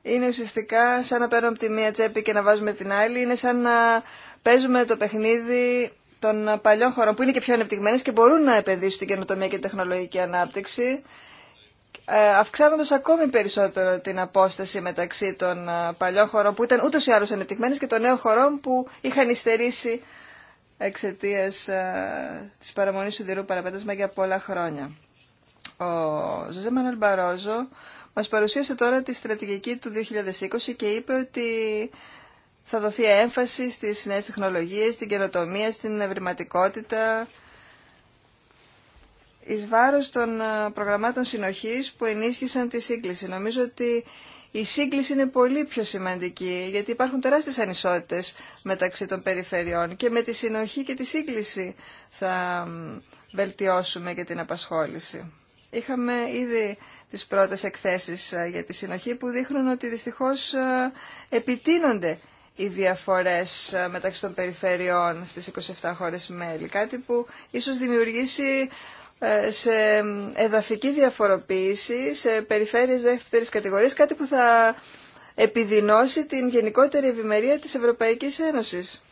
είναι ουσιαστικά σαν να παίρνουμε από τη μία τσέπη και να βάζουμε την άλλη. Είναι σαν να παίζουμε το παιχνίδι των παλιών χωρών που είναι και πιο ανεπτυγμένε και μπορούν να επενδύσουν στην καινοτομία και τεχνολογική ανάπτυξη ε, αυξάνοντα ακόμη περισσότερο την απόσταση μεταξύ των ε, παλιών χωρών που ήταν ούτω ή άλλω ανεπτυγμένε και των νέων χωρών που είχαν υστερήσει εξαιτία ε, τη παραμονή του διερού παραπέτασμα για πολλά χρόνια. Ο Ζωζέ Μανουέλ Μπαρόζο μας παρουσίασε τώρα τη στρατηγική του 2020 και είπε ότι θα δοθεί έμφαση στις νέες τεχνολογίες, στην καινοτομία, στην ευρηματικότητα εις βάρος των ε, προγραμμάτων συνοχής που ενίσχυσαν τη σύγκληση. Νομίζω ότι η σύγκληση είναι πολύ πιο σημαντική γιατί υπάρχουν τεράστιες ανισότητες μεταξύ των περιφερειών και με τη συνοχή και τη σύγκληση θα βελτιώσουμε και την απασχόληση. Είχαμε ήδη τις πρώτες εκθέσεις ε, για τη συνοχή που δείχνουν ότι δυστυχώς ε, επιτείνονται οι διαφορές ε, μεταξύ των περιφερειών στις 27 χώρες μέλη. Κάτι που ίσως δημιουργήσει ε, σε εδαφική διαφοροποίηση, σε περιφέρειες δεύτερης κατηγορίας, κάτι που θα επιδεινώσει την γενικότερη ευημερία της Ευρωπαϊκής Ένωσης.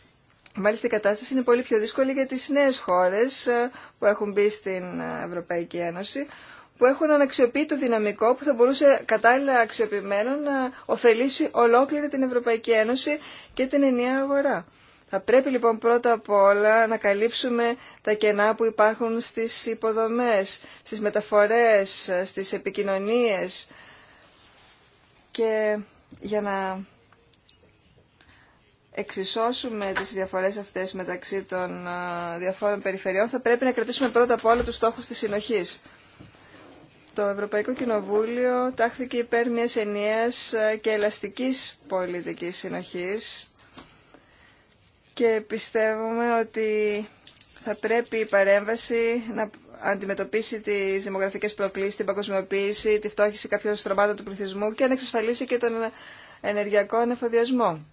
Μάλιστα η κατάσταση είναι πολύ πιο δύσκολη για τις νέες χώρες ε, που έχουν μπει στην Ευρωπαϊκή Ένωση, που έχουν το δυναμικό που θα μπορούσε κατάλληλα αξιοποιημένο να ωφελήσει ολόκληρη την Ευρωπαϊκή Ένωση και την ενιαία αγορά. Θα πρέπει λοιπόν πρώτα απ' όλα να καλύψουμε τα κενά που υπάρχουν στις υποδομές, στις μεταφορές, στις επικοινωνίες και για να εξισώσουμε τις διαφορές αυτές μεταξύ των ε, διαφόρων περιφερειών θα πρέπει να κρατήσουμε πρώτα απ' όλα τους στόχους της συνοχής το Ευρωπαϊκό Κοινοβούλιο τάχθηκε υπέρ μια ενιαία και ελαστική πολιτική συνοχή. και πιστεύουμε ότι θα πρέπει η παρέμβαση να αντιμετωπίσει τι δημογραφικέ προκλήσει, την παγκοσμιοποίηση, τη φτώχιση κάποιων στρωμάτων του πληθυσμού και να εξασφαλίσει και τον ενεργειακό ανεφοδιασμό.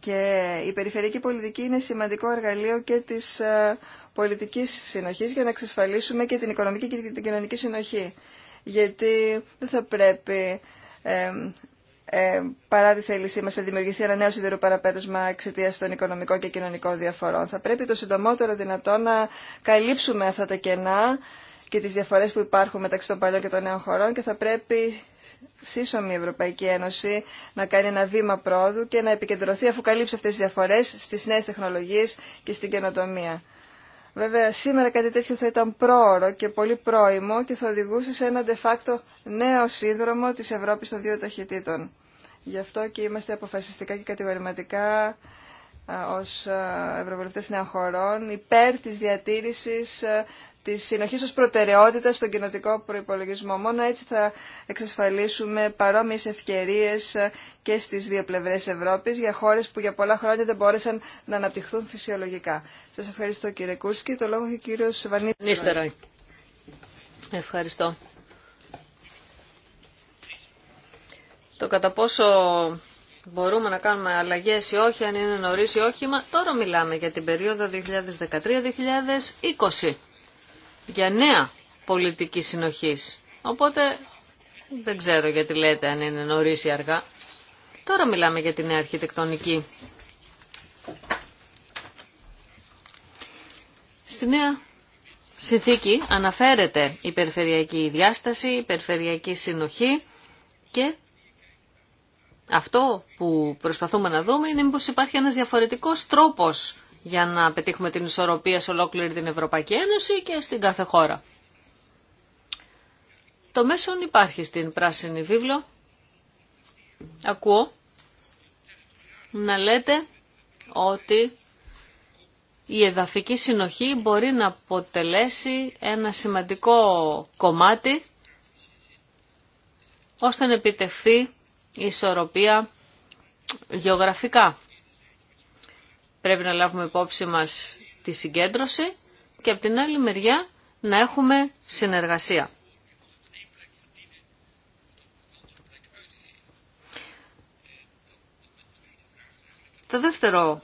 Και η περιφερειακή πολιτική είναι σημαντικό εργαλείο και τη ε, πολιτική συνοχή για να εξασφαλίσουμε και την οικονομική και την κοινωνική συνοχή γιατί δεν θα πρέπει ε, ε, παρά τη θέλησή μας να δημιουργηθεί ένα νέο σιδηρού παραπέτασμα εξαιτία των οικονομικών και κοινωνικών διαφορών. Θα πρέπει το συντομότερο δυνατό να καλύψουμε αυτά τα κενά και τις διαφορές που υπάρχουν μεταξύ των παλιών και των νέων χωρών και θα πρέπει σύσσωμη η Ευρωπαϊκή Ένωση να κάνει ένα βήμα πρόοδου και να επικεντρωθεί αφού καλύψει αυτές τις διαφορές στις νέες τεχνολογίες και στην καινοτομία. Βέβαια, σήμερα κάτι τέτοιο θα ήταν πρόωρο και πολύ πρόημο και θα οδηγούσε σε ένα de facto νέο σύνδρομο της Ευρώπης των δύο ταχυτήτων. Γι' αυτό και είμαστε αποφασιστικά και κατηγορηματικά ως ευρωβουλευτές νέων χωρών υπέρ της διατήρησης Τη συνοχή ως προτεραιότητα στον κοινοτικό προϋπολογισμό. Μόνο έτσι θα εξασφαλίσουμε παρόμοιες ευκαιρίες και στις δύο πλευρές Ευρώπης για χώρες που για πολλά χρόνια δεν μπόρεσαν να αναπτυχθούν φυσιολογικά. Σας ευχαριστώ κύριε Κούρσκι. Το λόγο έχει ο κύριος Βανίστεροι. Ευχαριστώ. Το κατά πόσο μπορούμε να κάνουμε αλλαγές ή όχι, αν είναι νωρίς ή όχι, μα τώρα μιλάμε για την περίοδο 2013-2020 για νέα πολιτική συνοχής. Οπότε δεν ξέρω γιατί λέτε αν είναι νωρί ή αργά. Τώρα μιλάμε για τη νέα αρχιτεκτονική. Στη νέα συνθήκη αναφέρεται η περιφερειακή διάσταση, η περιφερειακή συνοχή και αυτό που προσπαθούμε να δούμε είναι μήπως υπάρχει ένας διαφορετικός τρόπος για να πετύχουμε την ισορροπία σε ολόκληρη την Ευρωπαϊκή Ένωση και στην κάθε χώρα. Το μέσον υπάρχει στην πράσινη βίβλο. Ακούω να λέτε ότι η εδαφική συνοχή μπορεί να αποτελέσει ένα σημαντικό κομμάτι ώστε να επιτευχθεί η ισορροπία γεωγραφικά πρέπει να λάβουμε υπόψη μας τη συγκέντρωση και από την άλλη μεριά να έχουμε συνεργασία. Το δεύτερο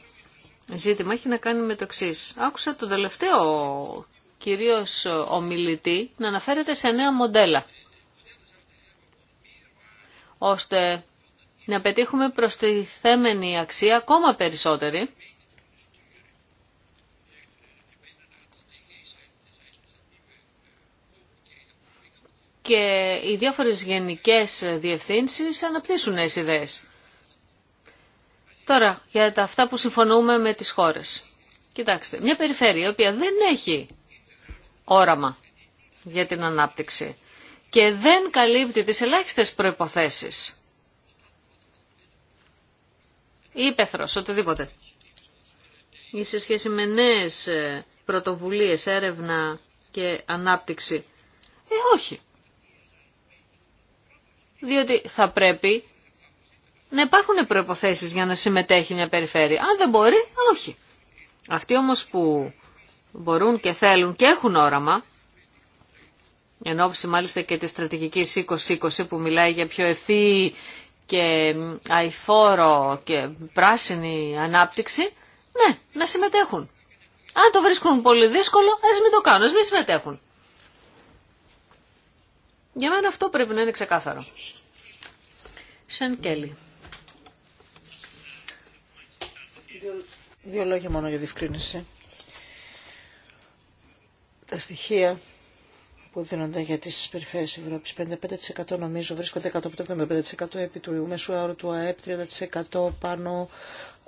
ζήτημα έχει να κάνει με το εξή. Άκουσα τον τελευταίο κυρίως ομιλητή να αναφέρεται σε νέα μοντέλα ώστε να πετύχουμε θέμενη αξία ακόμα περισσότερη και οι διάφορες γενικές διευθύνσεις αναπτύσσουν νέες ιδέες. Τώρα, για τα αυτά που συμφωνούμε με τις χώρες. Κοιτάξτε, μια περιφέρεια η οποία δεν έχει όραμα για την ανάπτυξη και δεν καλύπτει τις ελάχιστες προϋποθέσεις. υπεθρός, οτιδήποτε. Ή σε σχέση με νέες ε, πρωτοβουλίες, έρευνα και ανάπτυξη. Ε, όχι διότι θα πρέπει να υπάρχουν προϋποθέσεις για να συμμετέχει μια περιφέρεια. Αν δεν μπορεί, όχι. Αυτοί όμως που μπορούν και θέλουν και έχουν όραμα, εν μάλιστα και της στρατηγικής 2020 που μιλάει για πιο ευθύ και αηφόρο και πράσινη ανάπτυξη, ναι, να συμμετέχουν. Αν το βρίσκουν πολύ δύσκολο, ας μην το κάνουν, ας μην συμμετέχουν. Για μένα αυτό πρέπει να είναι ξεκάθαρο. Σεν Κέλλη. Δύο λόγια μόνο για διευκρίνηση. Τα στοιχεία που δίνονται για τις περιφέρειες Ευρώπης, 55% νομίζω βρίσκονται κάτω από το 75% επί του μέσου άρου του ΑΕΠ, 30% πάνω,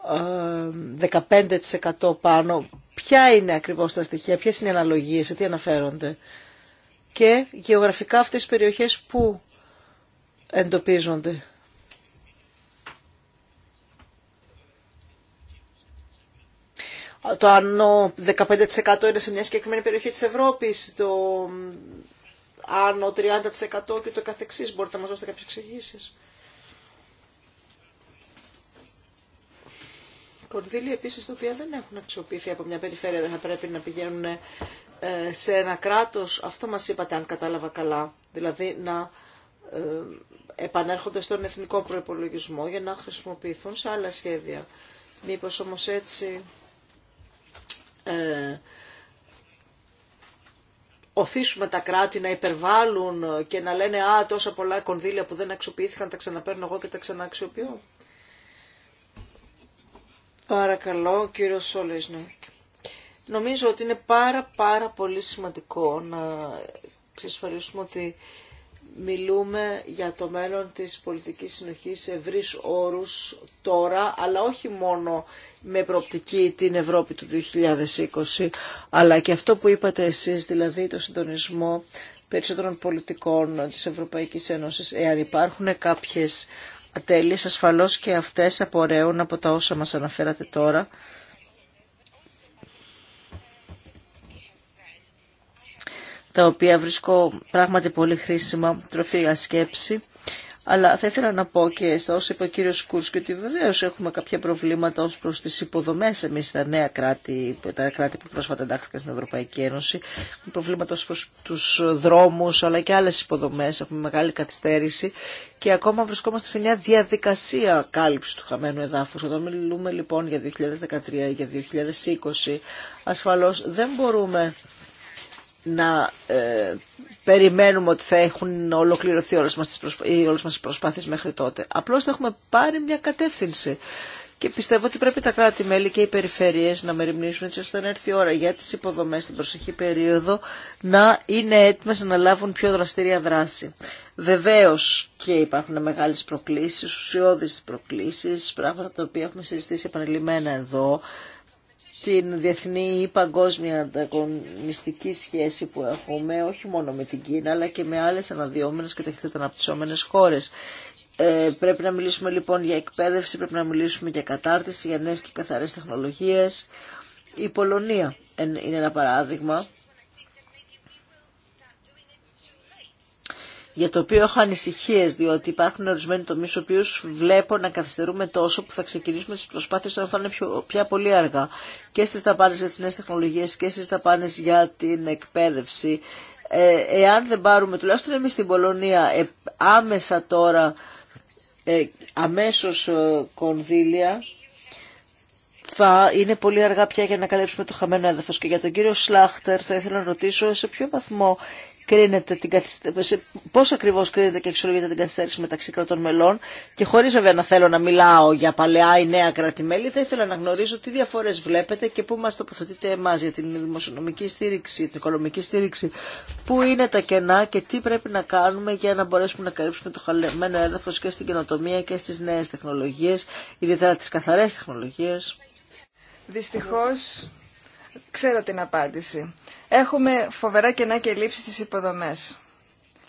15% ε, πάνω. Ποια είναι ακριβώς τα στοιχεία, ποιες είναι οι αναλογίες, σε τι αναφέρονται και γεωγραφικά αυτές τις περιοχές που εντοπίζονται. Το άνω 15% είναι σε μια συγκεκριμένη περιοχή της Ευρώπης, το άνω 30% και το καθεξής. Μπορείτε να μας δώσετε κάποιες εξηγήσει. Κονδύλια επίσης τα οποία δεν έχουν αξιοποιηθεί από μια περιφέρεια δεν θα πρέπει να πηγαίνουν ε, σε ένα κράτος, αυτό μας είπατε αν κατάλαβα καλά, δηλαδή να ε, επανέρχονται στον εθνικό προϋπολογισμό για να χρησιμοποιηθούν σε άλλα σχέδια. Μήπως όμως έτσι ε, οθήσουμε τα κράτη να υπερβάλλουν και να λένε «Α, τόσα πολλά κονδύλια που δεν αξιοποιήθηκαν τα ξαναπαίρνω εγώ και τα ξανααξιοποιώ». Παρακαλώ, κύριο Σόλεσνακ. Νομίζω ότι είναι πάρα πάρα πολύ σημαντικό να εξασφαλίσουμε ότι μιλούμε για το μέλλον της πολιτικής συνοχής σε ευρύς όρους τώρα, αλλά όχι μόνο με προοπτική την Ευρώπη του 2020, αλλά και αυτό που είπατε εσείς, δηλαδή το συντονισμό περισσότερων πολιτικών της Ευρωπαϊκής Ένωσης, εάν υπάρχουν κάποιες ατέλειες, ασφαλώς και αυτές απορρέουν από τα όσα μας αναφέρατε τώρα τα οποία βρίσκω πράγματι πολύ χρήσιμα, τροφή για σκέψη. Αλλά θα ήθελα να πω και στα όσα είπε ο κύριο Κούρσκι ότι βεβαίω έχουμε κάποια προβλήματα ω προ τι υποδομέ. Εμεί τα νέα κράτη, τα κράτη που πρόσφατα εντάχθηκαν στην Ευρωπαϊκή Ένωση, έχουμε προβλήματα ω προ του δρόμου αλλά και άλλε υποδομέ. Έχουμε μεγάλη καθυστέρηση και ακόμα βρισκόμαστε σε μια διαδικασία κάλυψη του χαμένου εδάφου. Όταν μιλούμε λοιπόν για 2013 ή για 2020, ασφαλώ δεν μπορούμε να ε, περιμένουμε ότι θα έχουν ολοκληρωθεί όλες μας τις, προσπά... μας τις προσπάθειες μέχρι τότε. Απλώς θα έχουμε πάρει μια κατεύθυνση. Και πιστεύω ότι πρέπει τα κράτη-μέλη και οι περιφέρειες να μεριμνήσουν έτσι ώστε να έρθει η ώρα για τις υποδομές στην προσεχή περίοδο να είναι έτοιμες να λάβουν πιο δραστήρια δράση. Βεβαίως και υπάρχουν μεγάλες προκλήσεις, ουσιώδεις προκλήσεις, πράγματα τα οποία έχουμε συζητήσει επανελειμμένα εδώ στην διεθνή ή παγκόσμια ανταγωνιστική σχέση που έχουμε, όχι μόνο με την Κίνα, αλλά και με άλλες αναδυόμενες και ταχύτερα αναπτυσσόμενες χώρες. Ε, πρέπει να μιλήσουμε λοιπόν για εκπαίδευση, πρέπει να μιλήσουμε για κατάρτιση, για νέες και καθαρές τεχνολογίες. Η Πολωνία είναι ένα παράδειγμα για το οποίο έχω ανησυχίε, διότι υπάρχουν ορισμένοι τομεί του οποίου βλέπω να καθυστερούμε τόσο που θα ξεκινήσουμε τι προσπάθειε όταν θα είναι πιο, πια πολύ αργά. Και στι ταπάνε για τι νέε τεχνολογίε και στι ταπάνε για την εκπαίδευση. Ε, εάν δεν πάρουμε, τουλάχιστον εμεί στην Πολωνία, ε, άμεσα τώρα, ε, αμέσως ε, κονδύλια, θα είναι πολύ αργά πια για να καλύψουμε το χαμένο έδαφο. Και για τον κύριο Σλάχτερ θα ήθελα να ρωτήσω σε ποιο βαθμό κρίνεται την καθυστέρηση, πώς ακριβώς κρίνεται και εξολογείται την καθυστέρηση μεταξύ κρατών μελών και χωρίς βέβαια να θέλω να μιλάω για παλαιά ή νέα κράτη-μέλη, θα ήθελα να γνωρίζω τι διαφορές βλέπετε και πού μας τοποθετείτε εμά για την δημοσιονομική στήριξη, την οικονομική στήριξη, πού είναι τα κενά και τι πρέπει να κάνουμε για να μπορέσουμε να καλύψουμε το χαλεμένο έδαφος και στην καινοτομία και στις νέες τεχνολογίες, ιδιαίτερα τις καθαρές τεχνολογίες. Δυστυχώς ξέρω την απάντηση. Έχουμε φοβερά κενά και λήψεις στις υποδομές.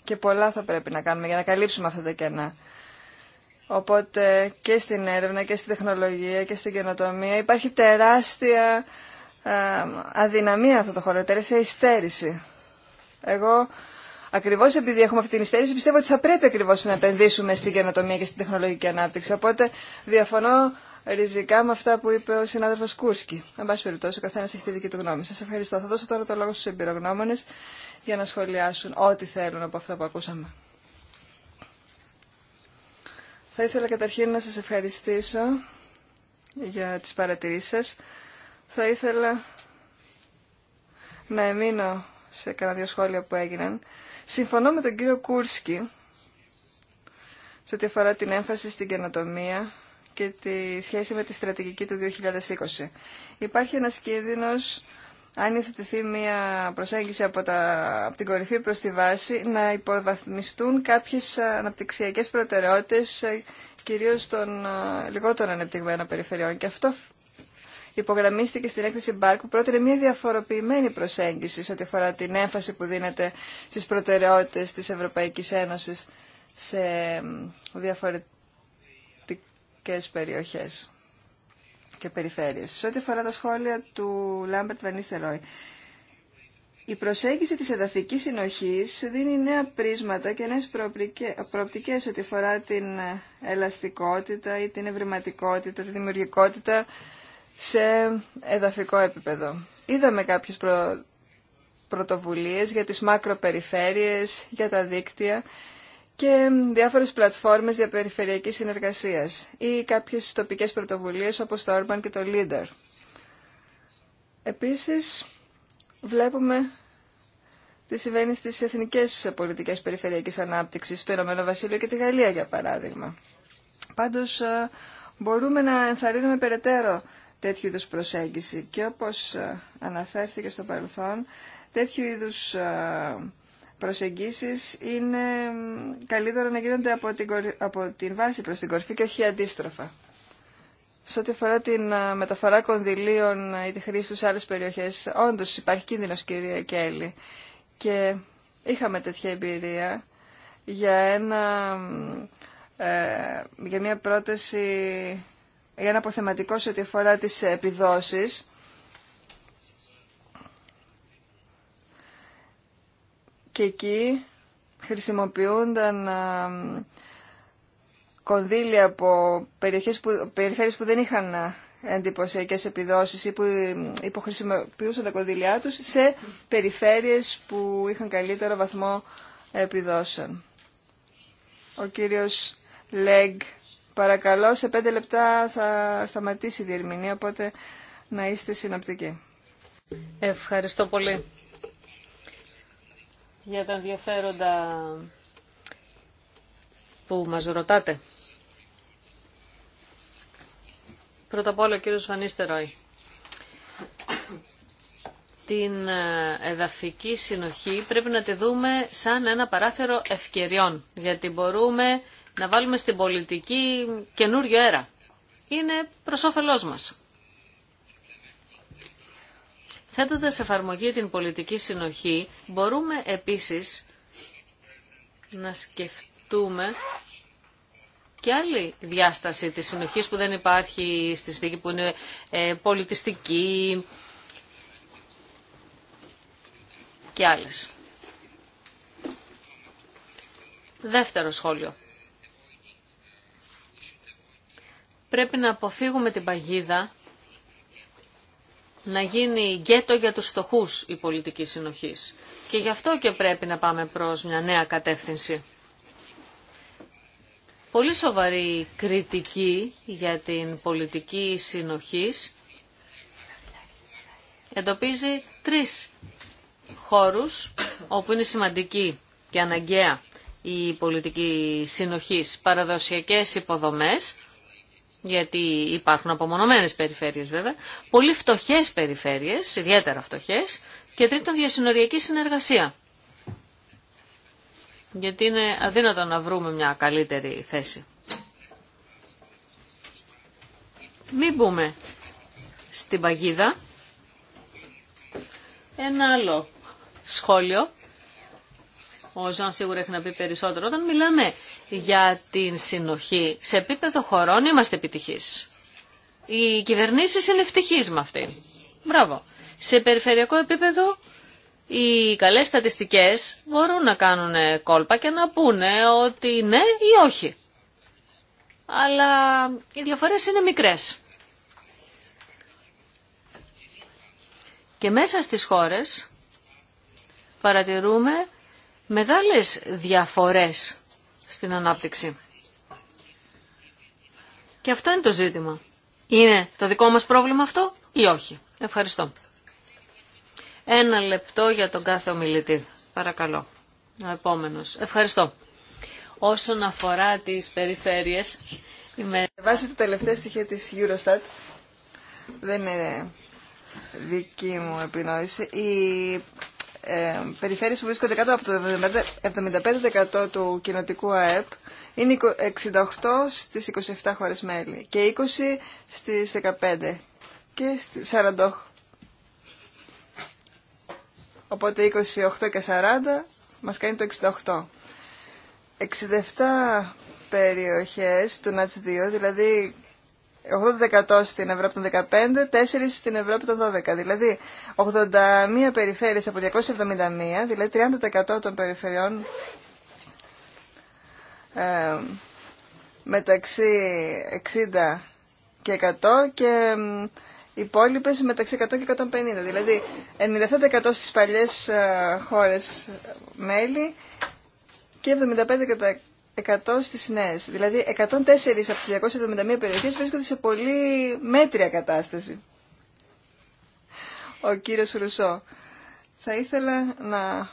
Και πολλά θα πρέπει να κάνουμε για να καλύψουμε αυτά τα κενά. Οπότε και στην έρευνα και στην τεχνολογία και στην καινοτομία υπάρχει τεράστια ε, αδυναμία αυτό το χώρο, τεράστια υστέρηση. Εγώ Ακριβώ επειδή έχουμε αυτή την υστέρηση, πιστεύω ότι θα πρέπει ακριβώ να επενδύσουμε στην καινοτομία και στην τεχνολογική ανάπτυξη. Οπότε διαφωνώ ριζικά με αυτά που είπε ο συνάδελφο Κούρσκι. Εν πάση περιπτώσει, ο καθένα έχει τη δική του γνώμη. Σα ευχαριστώ. Θα δώσω τώρα το λόγο στου εμπειρογνώμονε για να σχολιάσουν ό,τι θέλουν από αυτά που ακούσαμε. Θα ήθελα καταρχήν να σας ευχαριστήσω για τις παρατηρήσεις σας. Θα ήθελα να εμείνω σε κανένα δύο σχόλια που έγιναν. Συμφωνώ με τον κύριο Κούρσκι σε ό,τι αφορά την έμφαση στην καινοτομία και τη σχέση με τη στρατηγική του 2020. Υπάρχει ένας κίνδυνος, αν υιοθετηθεί μια προσέγγιση από, τα, από την κορυφή προς τη βάση, να υποβαθμιστούν κάποιες αναπτυξιακές προτεραιότητες, ε, κυρίως των ε, λιγότερων ανεπτυγμένων περιφερειών. Και αυτό υπογραμμίστηκε στην έκθεση Μπάρκ που πρότεινε μια διαφοροποιημένη προσέγγιση σε ό,τι αφορά την έμφαση που δίνεται στις προτεραιότητες της Ευρωπαϊκής Ένωσης σε διαφορετικές περιοχές και περιφέρειες. Σε ό,τι αφορά τα σχόλια του Λάμπερτ Βανίστερόι, η προσέγγιση της εδαφικής συνοχής δίνει νέα πρίσματα και νέες προοπτικές ό,τι αφορά την ελαστικότητα ή την ευρηματικότητα, τη δημιουργικότητα σε εδαφικό επίπεδο. Είδαμε κάποιες προ... πρωτοβουλίες για τις μακροπεριφέρειες, για τα δίκτυα και διάφορες πλατφόρμες διαπεριφερειακής συνεργασίας ή κάποιες τοπικές πρωτοβουλίες όπως το Urban και το Leader. Επίσης, βλέπουμε τι συμβαίνει στι εθνικές πολιτικές περιφερειακής ανάπτυξης, στο Ηνωμένο Βασίλειο και τη Γαλλία, για παράδειγμα. Πάντως, ε, μπορούμε να ενθαρρύνουμε περαιτέρω τέτοιου είδους προσέγγιση και όπως ε, αναφέρθηκε στο παρελθόν, τέτοιου είδους ε, προσεγγίσεις είναι καλύτερο να γίνονται από την, από την βάση προς την κορφή και όχι αντίστροφα. Σε ό,τι αφορά την μεταφορά κονδυλίων ή τη χρήση τους σε άλλες περιοχές, όντως υπάρχει κίνδυνος κυρία Κέλλη και είχαμε τέτοια εμπειρία για, ένα, ε, για μια πρόταση, για ένα αποθεματικό σε ό,τι αφορά τις επιδόσεις και εκεί χρησιμοποιούνταν κονδύλια από περιοχές που, που δεν είχαν εντυπωσιακέ επιδόσεις ή που υποχρησιμοποιούσαν τα κονδύλια τους σε περιφέρειες που είχαν καλύτερο βαθμό επιδόσεων. Ο κύριος Λέγκ, παρακαλώ, σε πέντε λεπτά θα σταματήσει η διερμηνία, οπότε να είστε συνοπτικοί. Ευχαριστώ πολύ για τα ενδιαφέροντα που μας ρωτάτε. Πρώτα απ' όλα ο κύριος Την ε, εδαφική συνοχή πρέπει να τη δούμε σαν ένα παράθυρο ευκαιριών, γιατί μπορούμε να βάλουμε στην πολιτική καινούριο αέρα. Είναι προς όφελός μας. Θέτοντας εφαρμογή την πολιτική συνοχή, μπορούμε επίσης να σκεφτούμε και άλλη διάσταση της συνοχής που δεν υπάρχει στη στιγμή που είναι ε, πολιτιστική και άλλες. Δεύτερο σχόλιο. Πρέπει να αποφύγουμε την παγίδα να γίνει γκέτο για τους φτωχούς η πολιτική συνοχής. Και γι' αυτό και πρέπει να πάμε προς μια νέα κατεύθυνση. Πολύ σοβαρή κριτική για την πολιτική συνοχής εντοπίζει τρεις χώρους όπου είναι σημαντική και αναγκαία η πολιτική συνοχής. Παραδοσιακές υποδομές, γιατί υπάρχουν απομονωμένες περιφέρειες βέβαια, πολύ φτωχές περιφέρειες, ιδιαίτερα φτωχές, και τρίτον διασυνοριακή συνεργασία. Γιατί είναι αδύνατο να βρούμε μια καλύτερη θέση. Μην μπούμε στην παγίδα. Ένα άλλο σχόλιο ο Ζαν σίγουρα έχει να πει περισσότερο. Όταν μιλάμε για την συνοχή, σε επίπεδο χωρών είμαστε επιτυχείς. Οι κυβερνήσεις είναι ευτυχείς με αυτή. Μπράβο. Σε περιφερειακό επίπεδο οι καλές στατιστικές μπορούν να κάνουν κόλπα και να πούνε ότι ναι ή όχι. Αλλά οι διαφορές είναι μικρές. Και μέσα στις χώρες παρατηρούμε μεγάλες διαφορές στην ανάπτυξη. Και αυτό είναι το ζήτημα. Είναι το δικό μας πρόβλημα αυτό ή όχι. Ευχαριστώ. Ένα λεπτό για τον κάθε ομιλητή. Παρακαλώ. Ο επόμενος. Ευχαριστώ. Όσον αφορά τις περιφέρειες... Είμαι... Βάσει τα τελευταία στοιχεία της Eurostat, δεν είναι δική μου επινόηση, ε, περιφέρειες που βρίσκονται κάτω από το 75% του κοινοτικού ΑΕΠ είναι 68 στις 27 χώρες μέλη και 20 στις 15 και στις 48. Οπότε 28 και 40 μας κάνει το 68. 67 περιοχές του ΝΑΤΣ 2, δηλαδή 80% στην Ευρώπη των 15, 4% στην Ευρώπη των 12. Δηλαδή 81 περιφέρειες από 271, δηλαδή 30% των περιφερειών ε, μεταξύ 60 και 100 και οι υπόλοιπε μεταξύ 100 και 150. Δηλαδή 97% στις παλιές ε, χώρες ε, μέλη και 75%. 100 στις νέες. Δηλαδή 104 από τις 271 περιοχές βρίσκονται σε πολύ μέτρια κατάσταση. Ο κύριος Ρουσό. Θα ήθελα να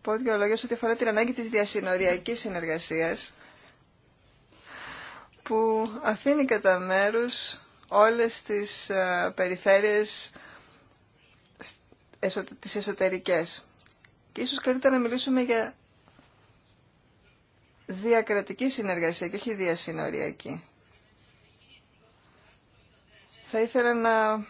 πω δύο λόγια σε ό,τι αφορά την ανάγκη της διασυνοριακής συνεργασίας που αφήνει κατά μέρους όλες τις ε, περιφέρειες τις εσωτερικές. Και ίσως καλύτερα να μιλήσουμε για διακρατική συνεργασία και όχι διασυνοριακή. Θα ήθελα να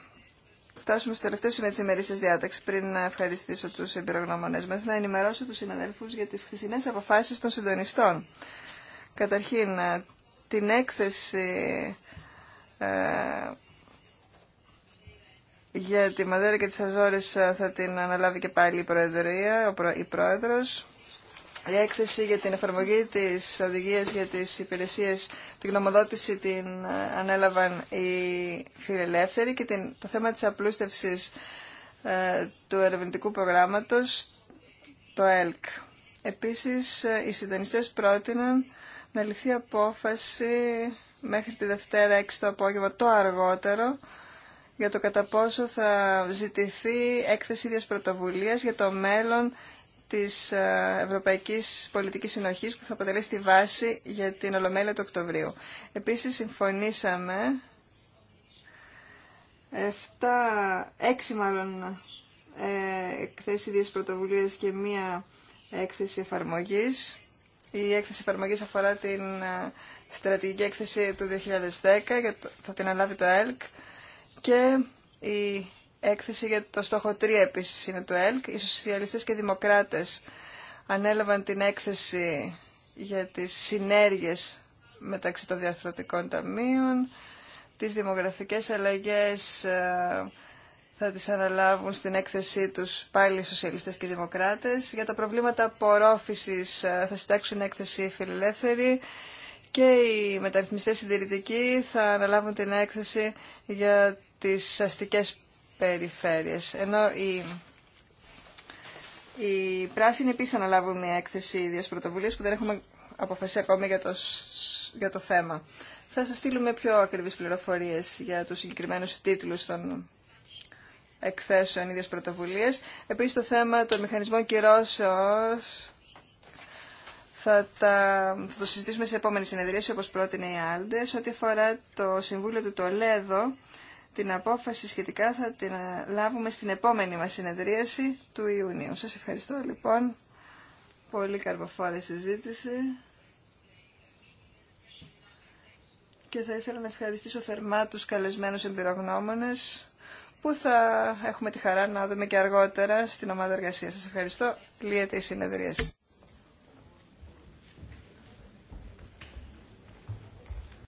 φτάσουμε στο τελευταίο σημείο της ημερήσης διάταξης πριν να ευχαριστήσω τους εμπειρογνωμονές μας, να ενημερώσω τους συναδέλφους για τις χθεσινές αποφάσεις των συντονιστών. Καταρχήν, ε, την έκθεση ε, για τη Μαδέρα και τις Αζόρες ε, θα την αναλάβει και πάλι η Προεδρία, η Πρόεδρος η έκθεση για την εφαρμογή της οδηγίας για τις υπηρεσίες, την γνωμοδότηση την ε, ανέλαβαν οι φιλελεύθεροι και την, το θέμα της απλούστευσης ε, του ερευνητικού προγράμματος, το ΕΛΚ. Επίσης, ε, οι συντονιστές πρότειναν να ληφθεί απόφαση μέχρι τη Δευτέρα 6 το απόγευμα, το αργότερο, για το κατά πόσο θα ζητηθεί έκθεση ίδιας πρωτοβουλίας για το μέλλον της ε, Ευρωπαϊκής Πολιτικής Συνοχής που θα αποτελέσει τη βάση για την Ολομέλεια του Οκτωβρίου. Επίσης συμφωνήσαμε 7, έξι μάλλον ε, εκθέσεις και μία έκθεση εφαρμογής. Η έκθεση εφαρμογής αφορά την ε, στρατηγική έκθεση του 2010, θα την αναλάβει το ΕΛΚ και η έκθεση για το στόχο 3 επίση είναι του ΕΛΚ. Οι σοσιαλιστές και δημοκράτες ανέλαβαν την έκθεση για τις συνέργειες μεταξύ των διαφορετικών ταμείων. Τις δημογραφικές αλλαγές ε, θα τις αναλάβουν στην έκθεσή τους πάλι οι σοσιαλιστές και οι δημοκράτες. Για τα προβλήματα απορρόφησης ε, θα συντάξουν έκθεση φιλελεύθεροι. και οι μεταρρυθμιστές συντηρητικοί θα αναλάβουν την έκθεση για τις αστικές περιφέρειες. Ενώ οι, οι πράσινοι επίσης αναλάβουν μια έκθεση ίδιας πρωτοβουλίας που δεν έχουμε αποφασίσει ακόμη για το, για το θέμα. Θα σας στείλουμε πιο ακριβείς πληροφορίες για τους συγκεκριμένους τίτλους των εκθέσεων ίδιας πρωτοβουλίας. Επίσης το θέμα των μηχανισμών κυρώσεως θα, τα, θα το συζητήσουμε σε επόμενη συνεδρίαση όπως πρότεινε η Άλντε. ό,τι αφορά το Συμβούλιο του Τολέδο την απόφαση σχετικά θα την ε, λάβουμε στην επόμενη μας συνεδρίαση του Ιουνίου. Σας ευχαριστώ λοιπόν. Πολύ καρποφόρη συζήτηση. Και θα ήθελα να ευχαριστήσω θερμά τους καλεσμένους εμπειρογνώμονες που θα έχουμε τη χαρά να δούμε και αργότερα στην ομάδα εργασίας. Σας ευχαριστώ. Λύεται η συνεδρίαση.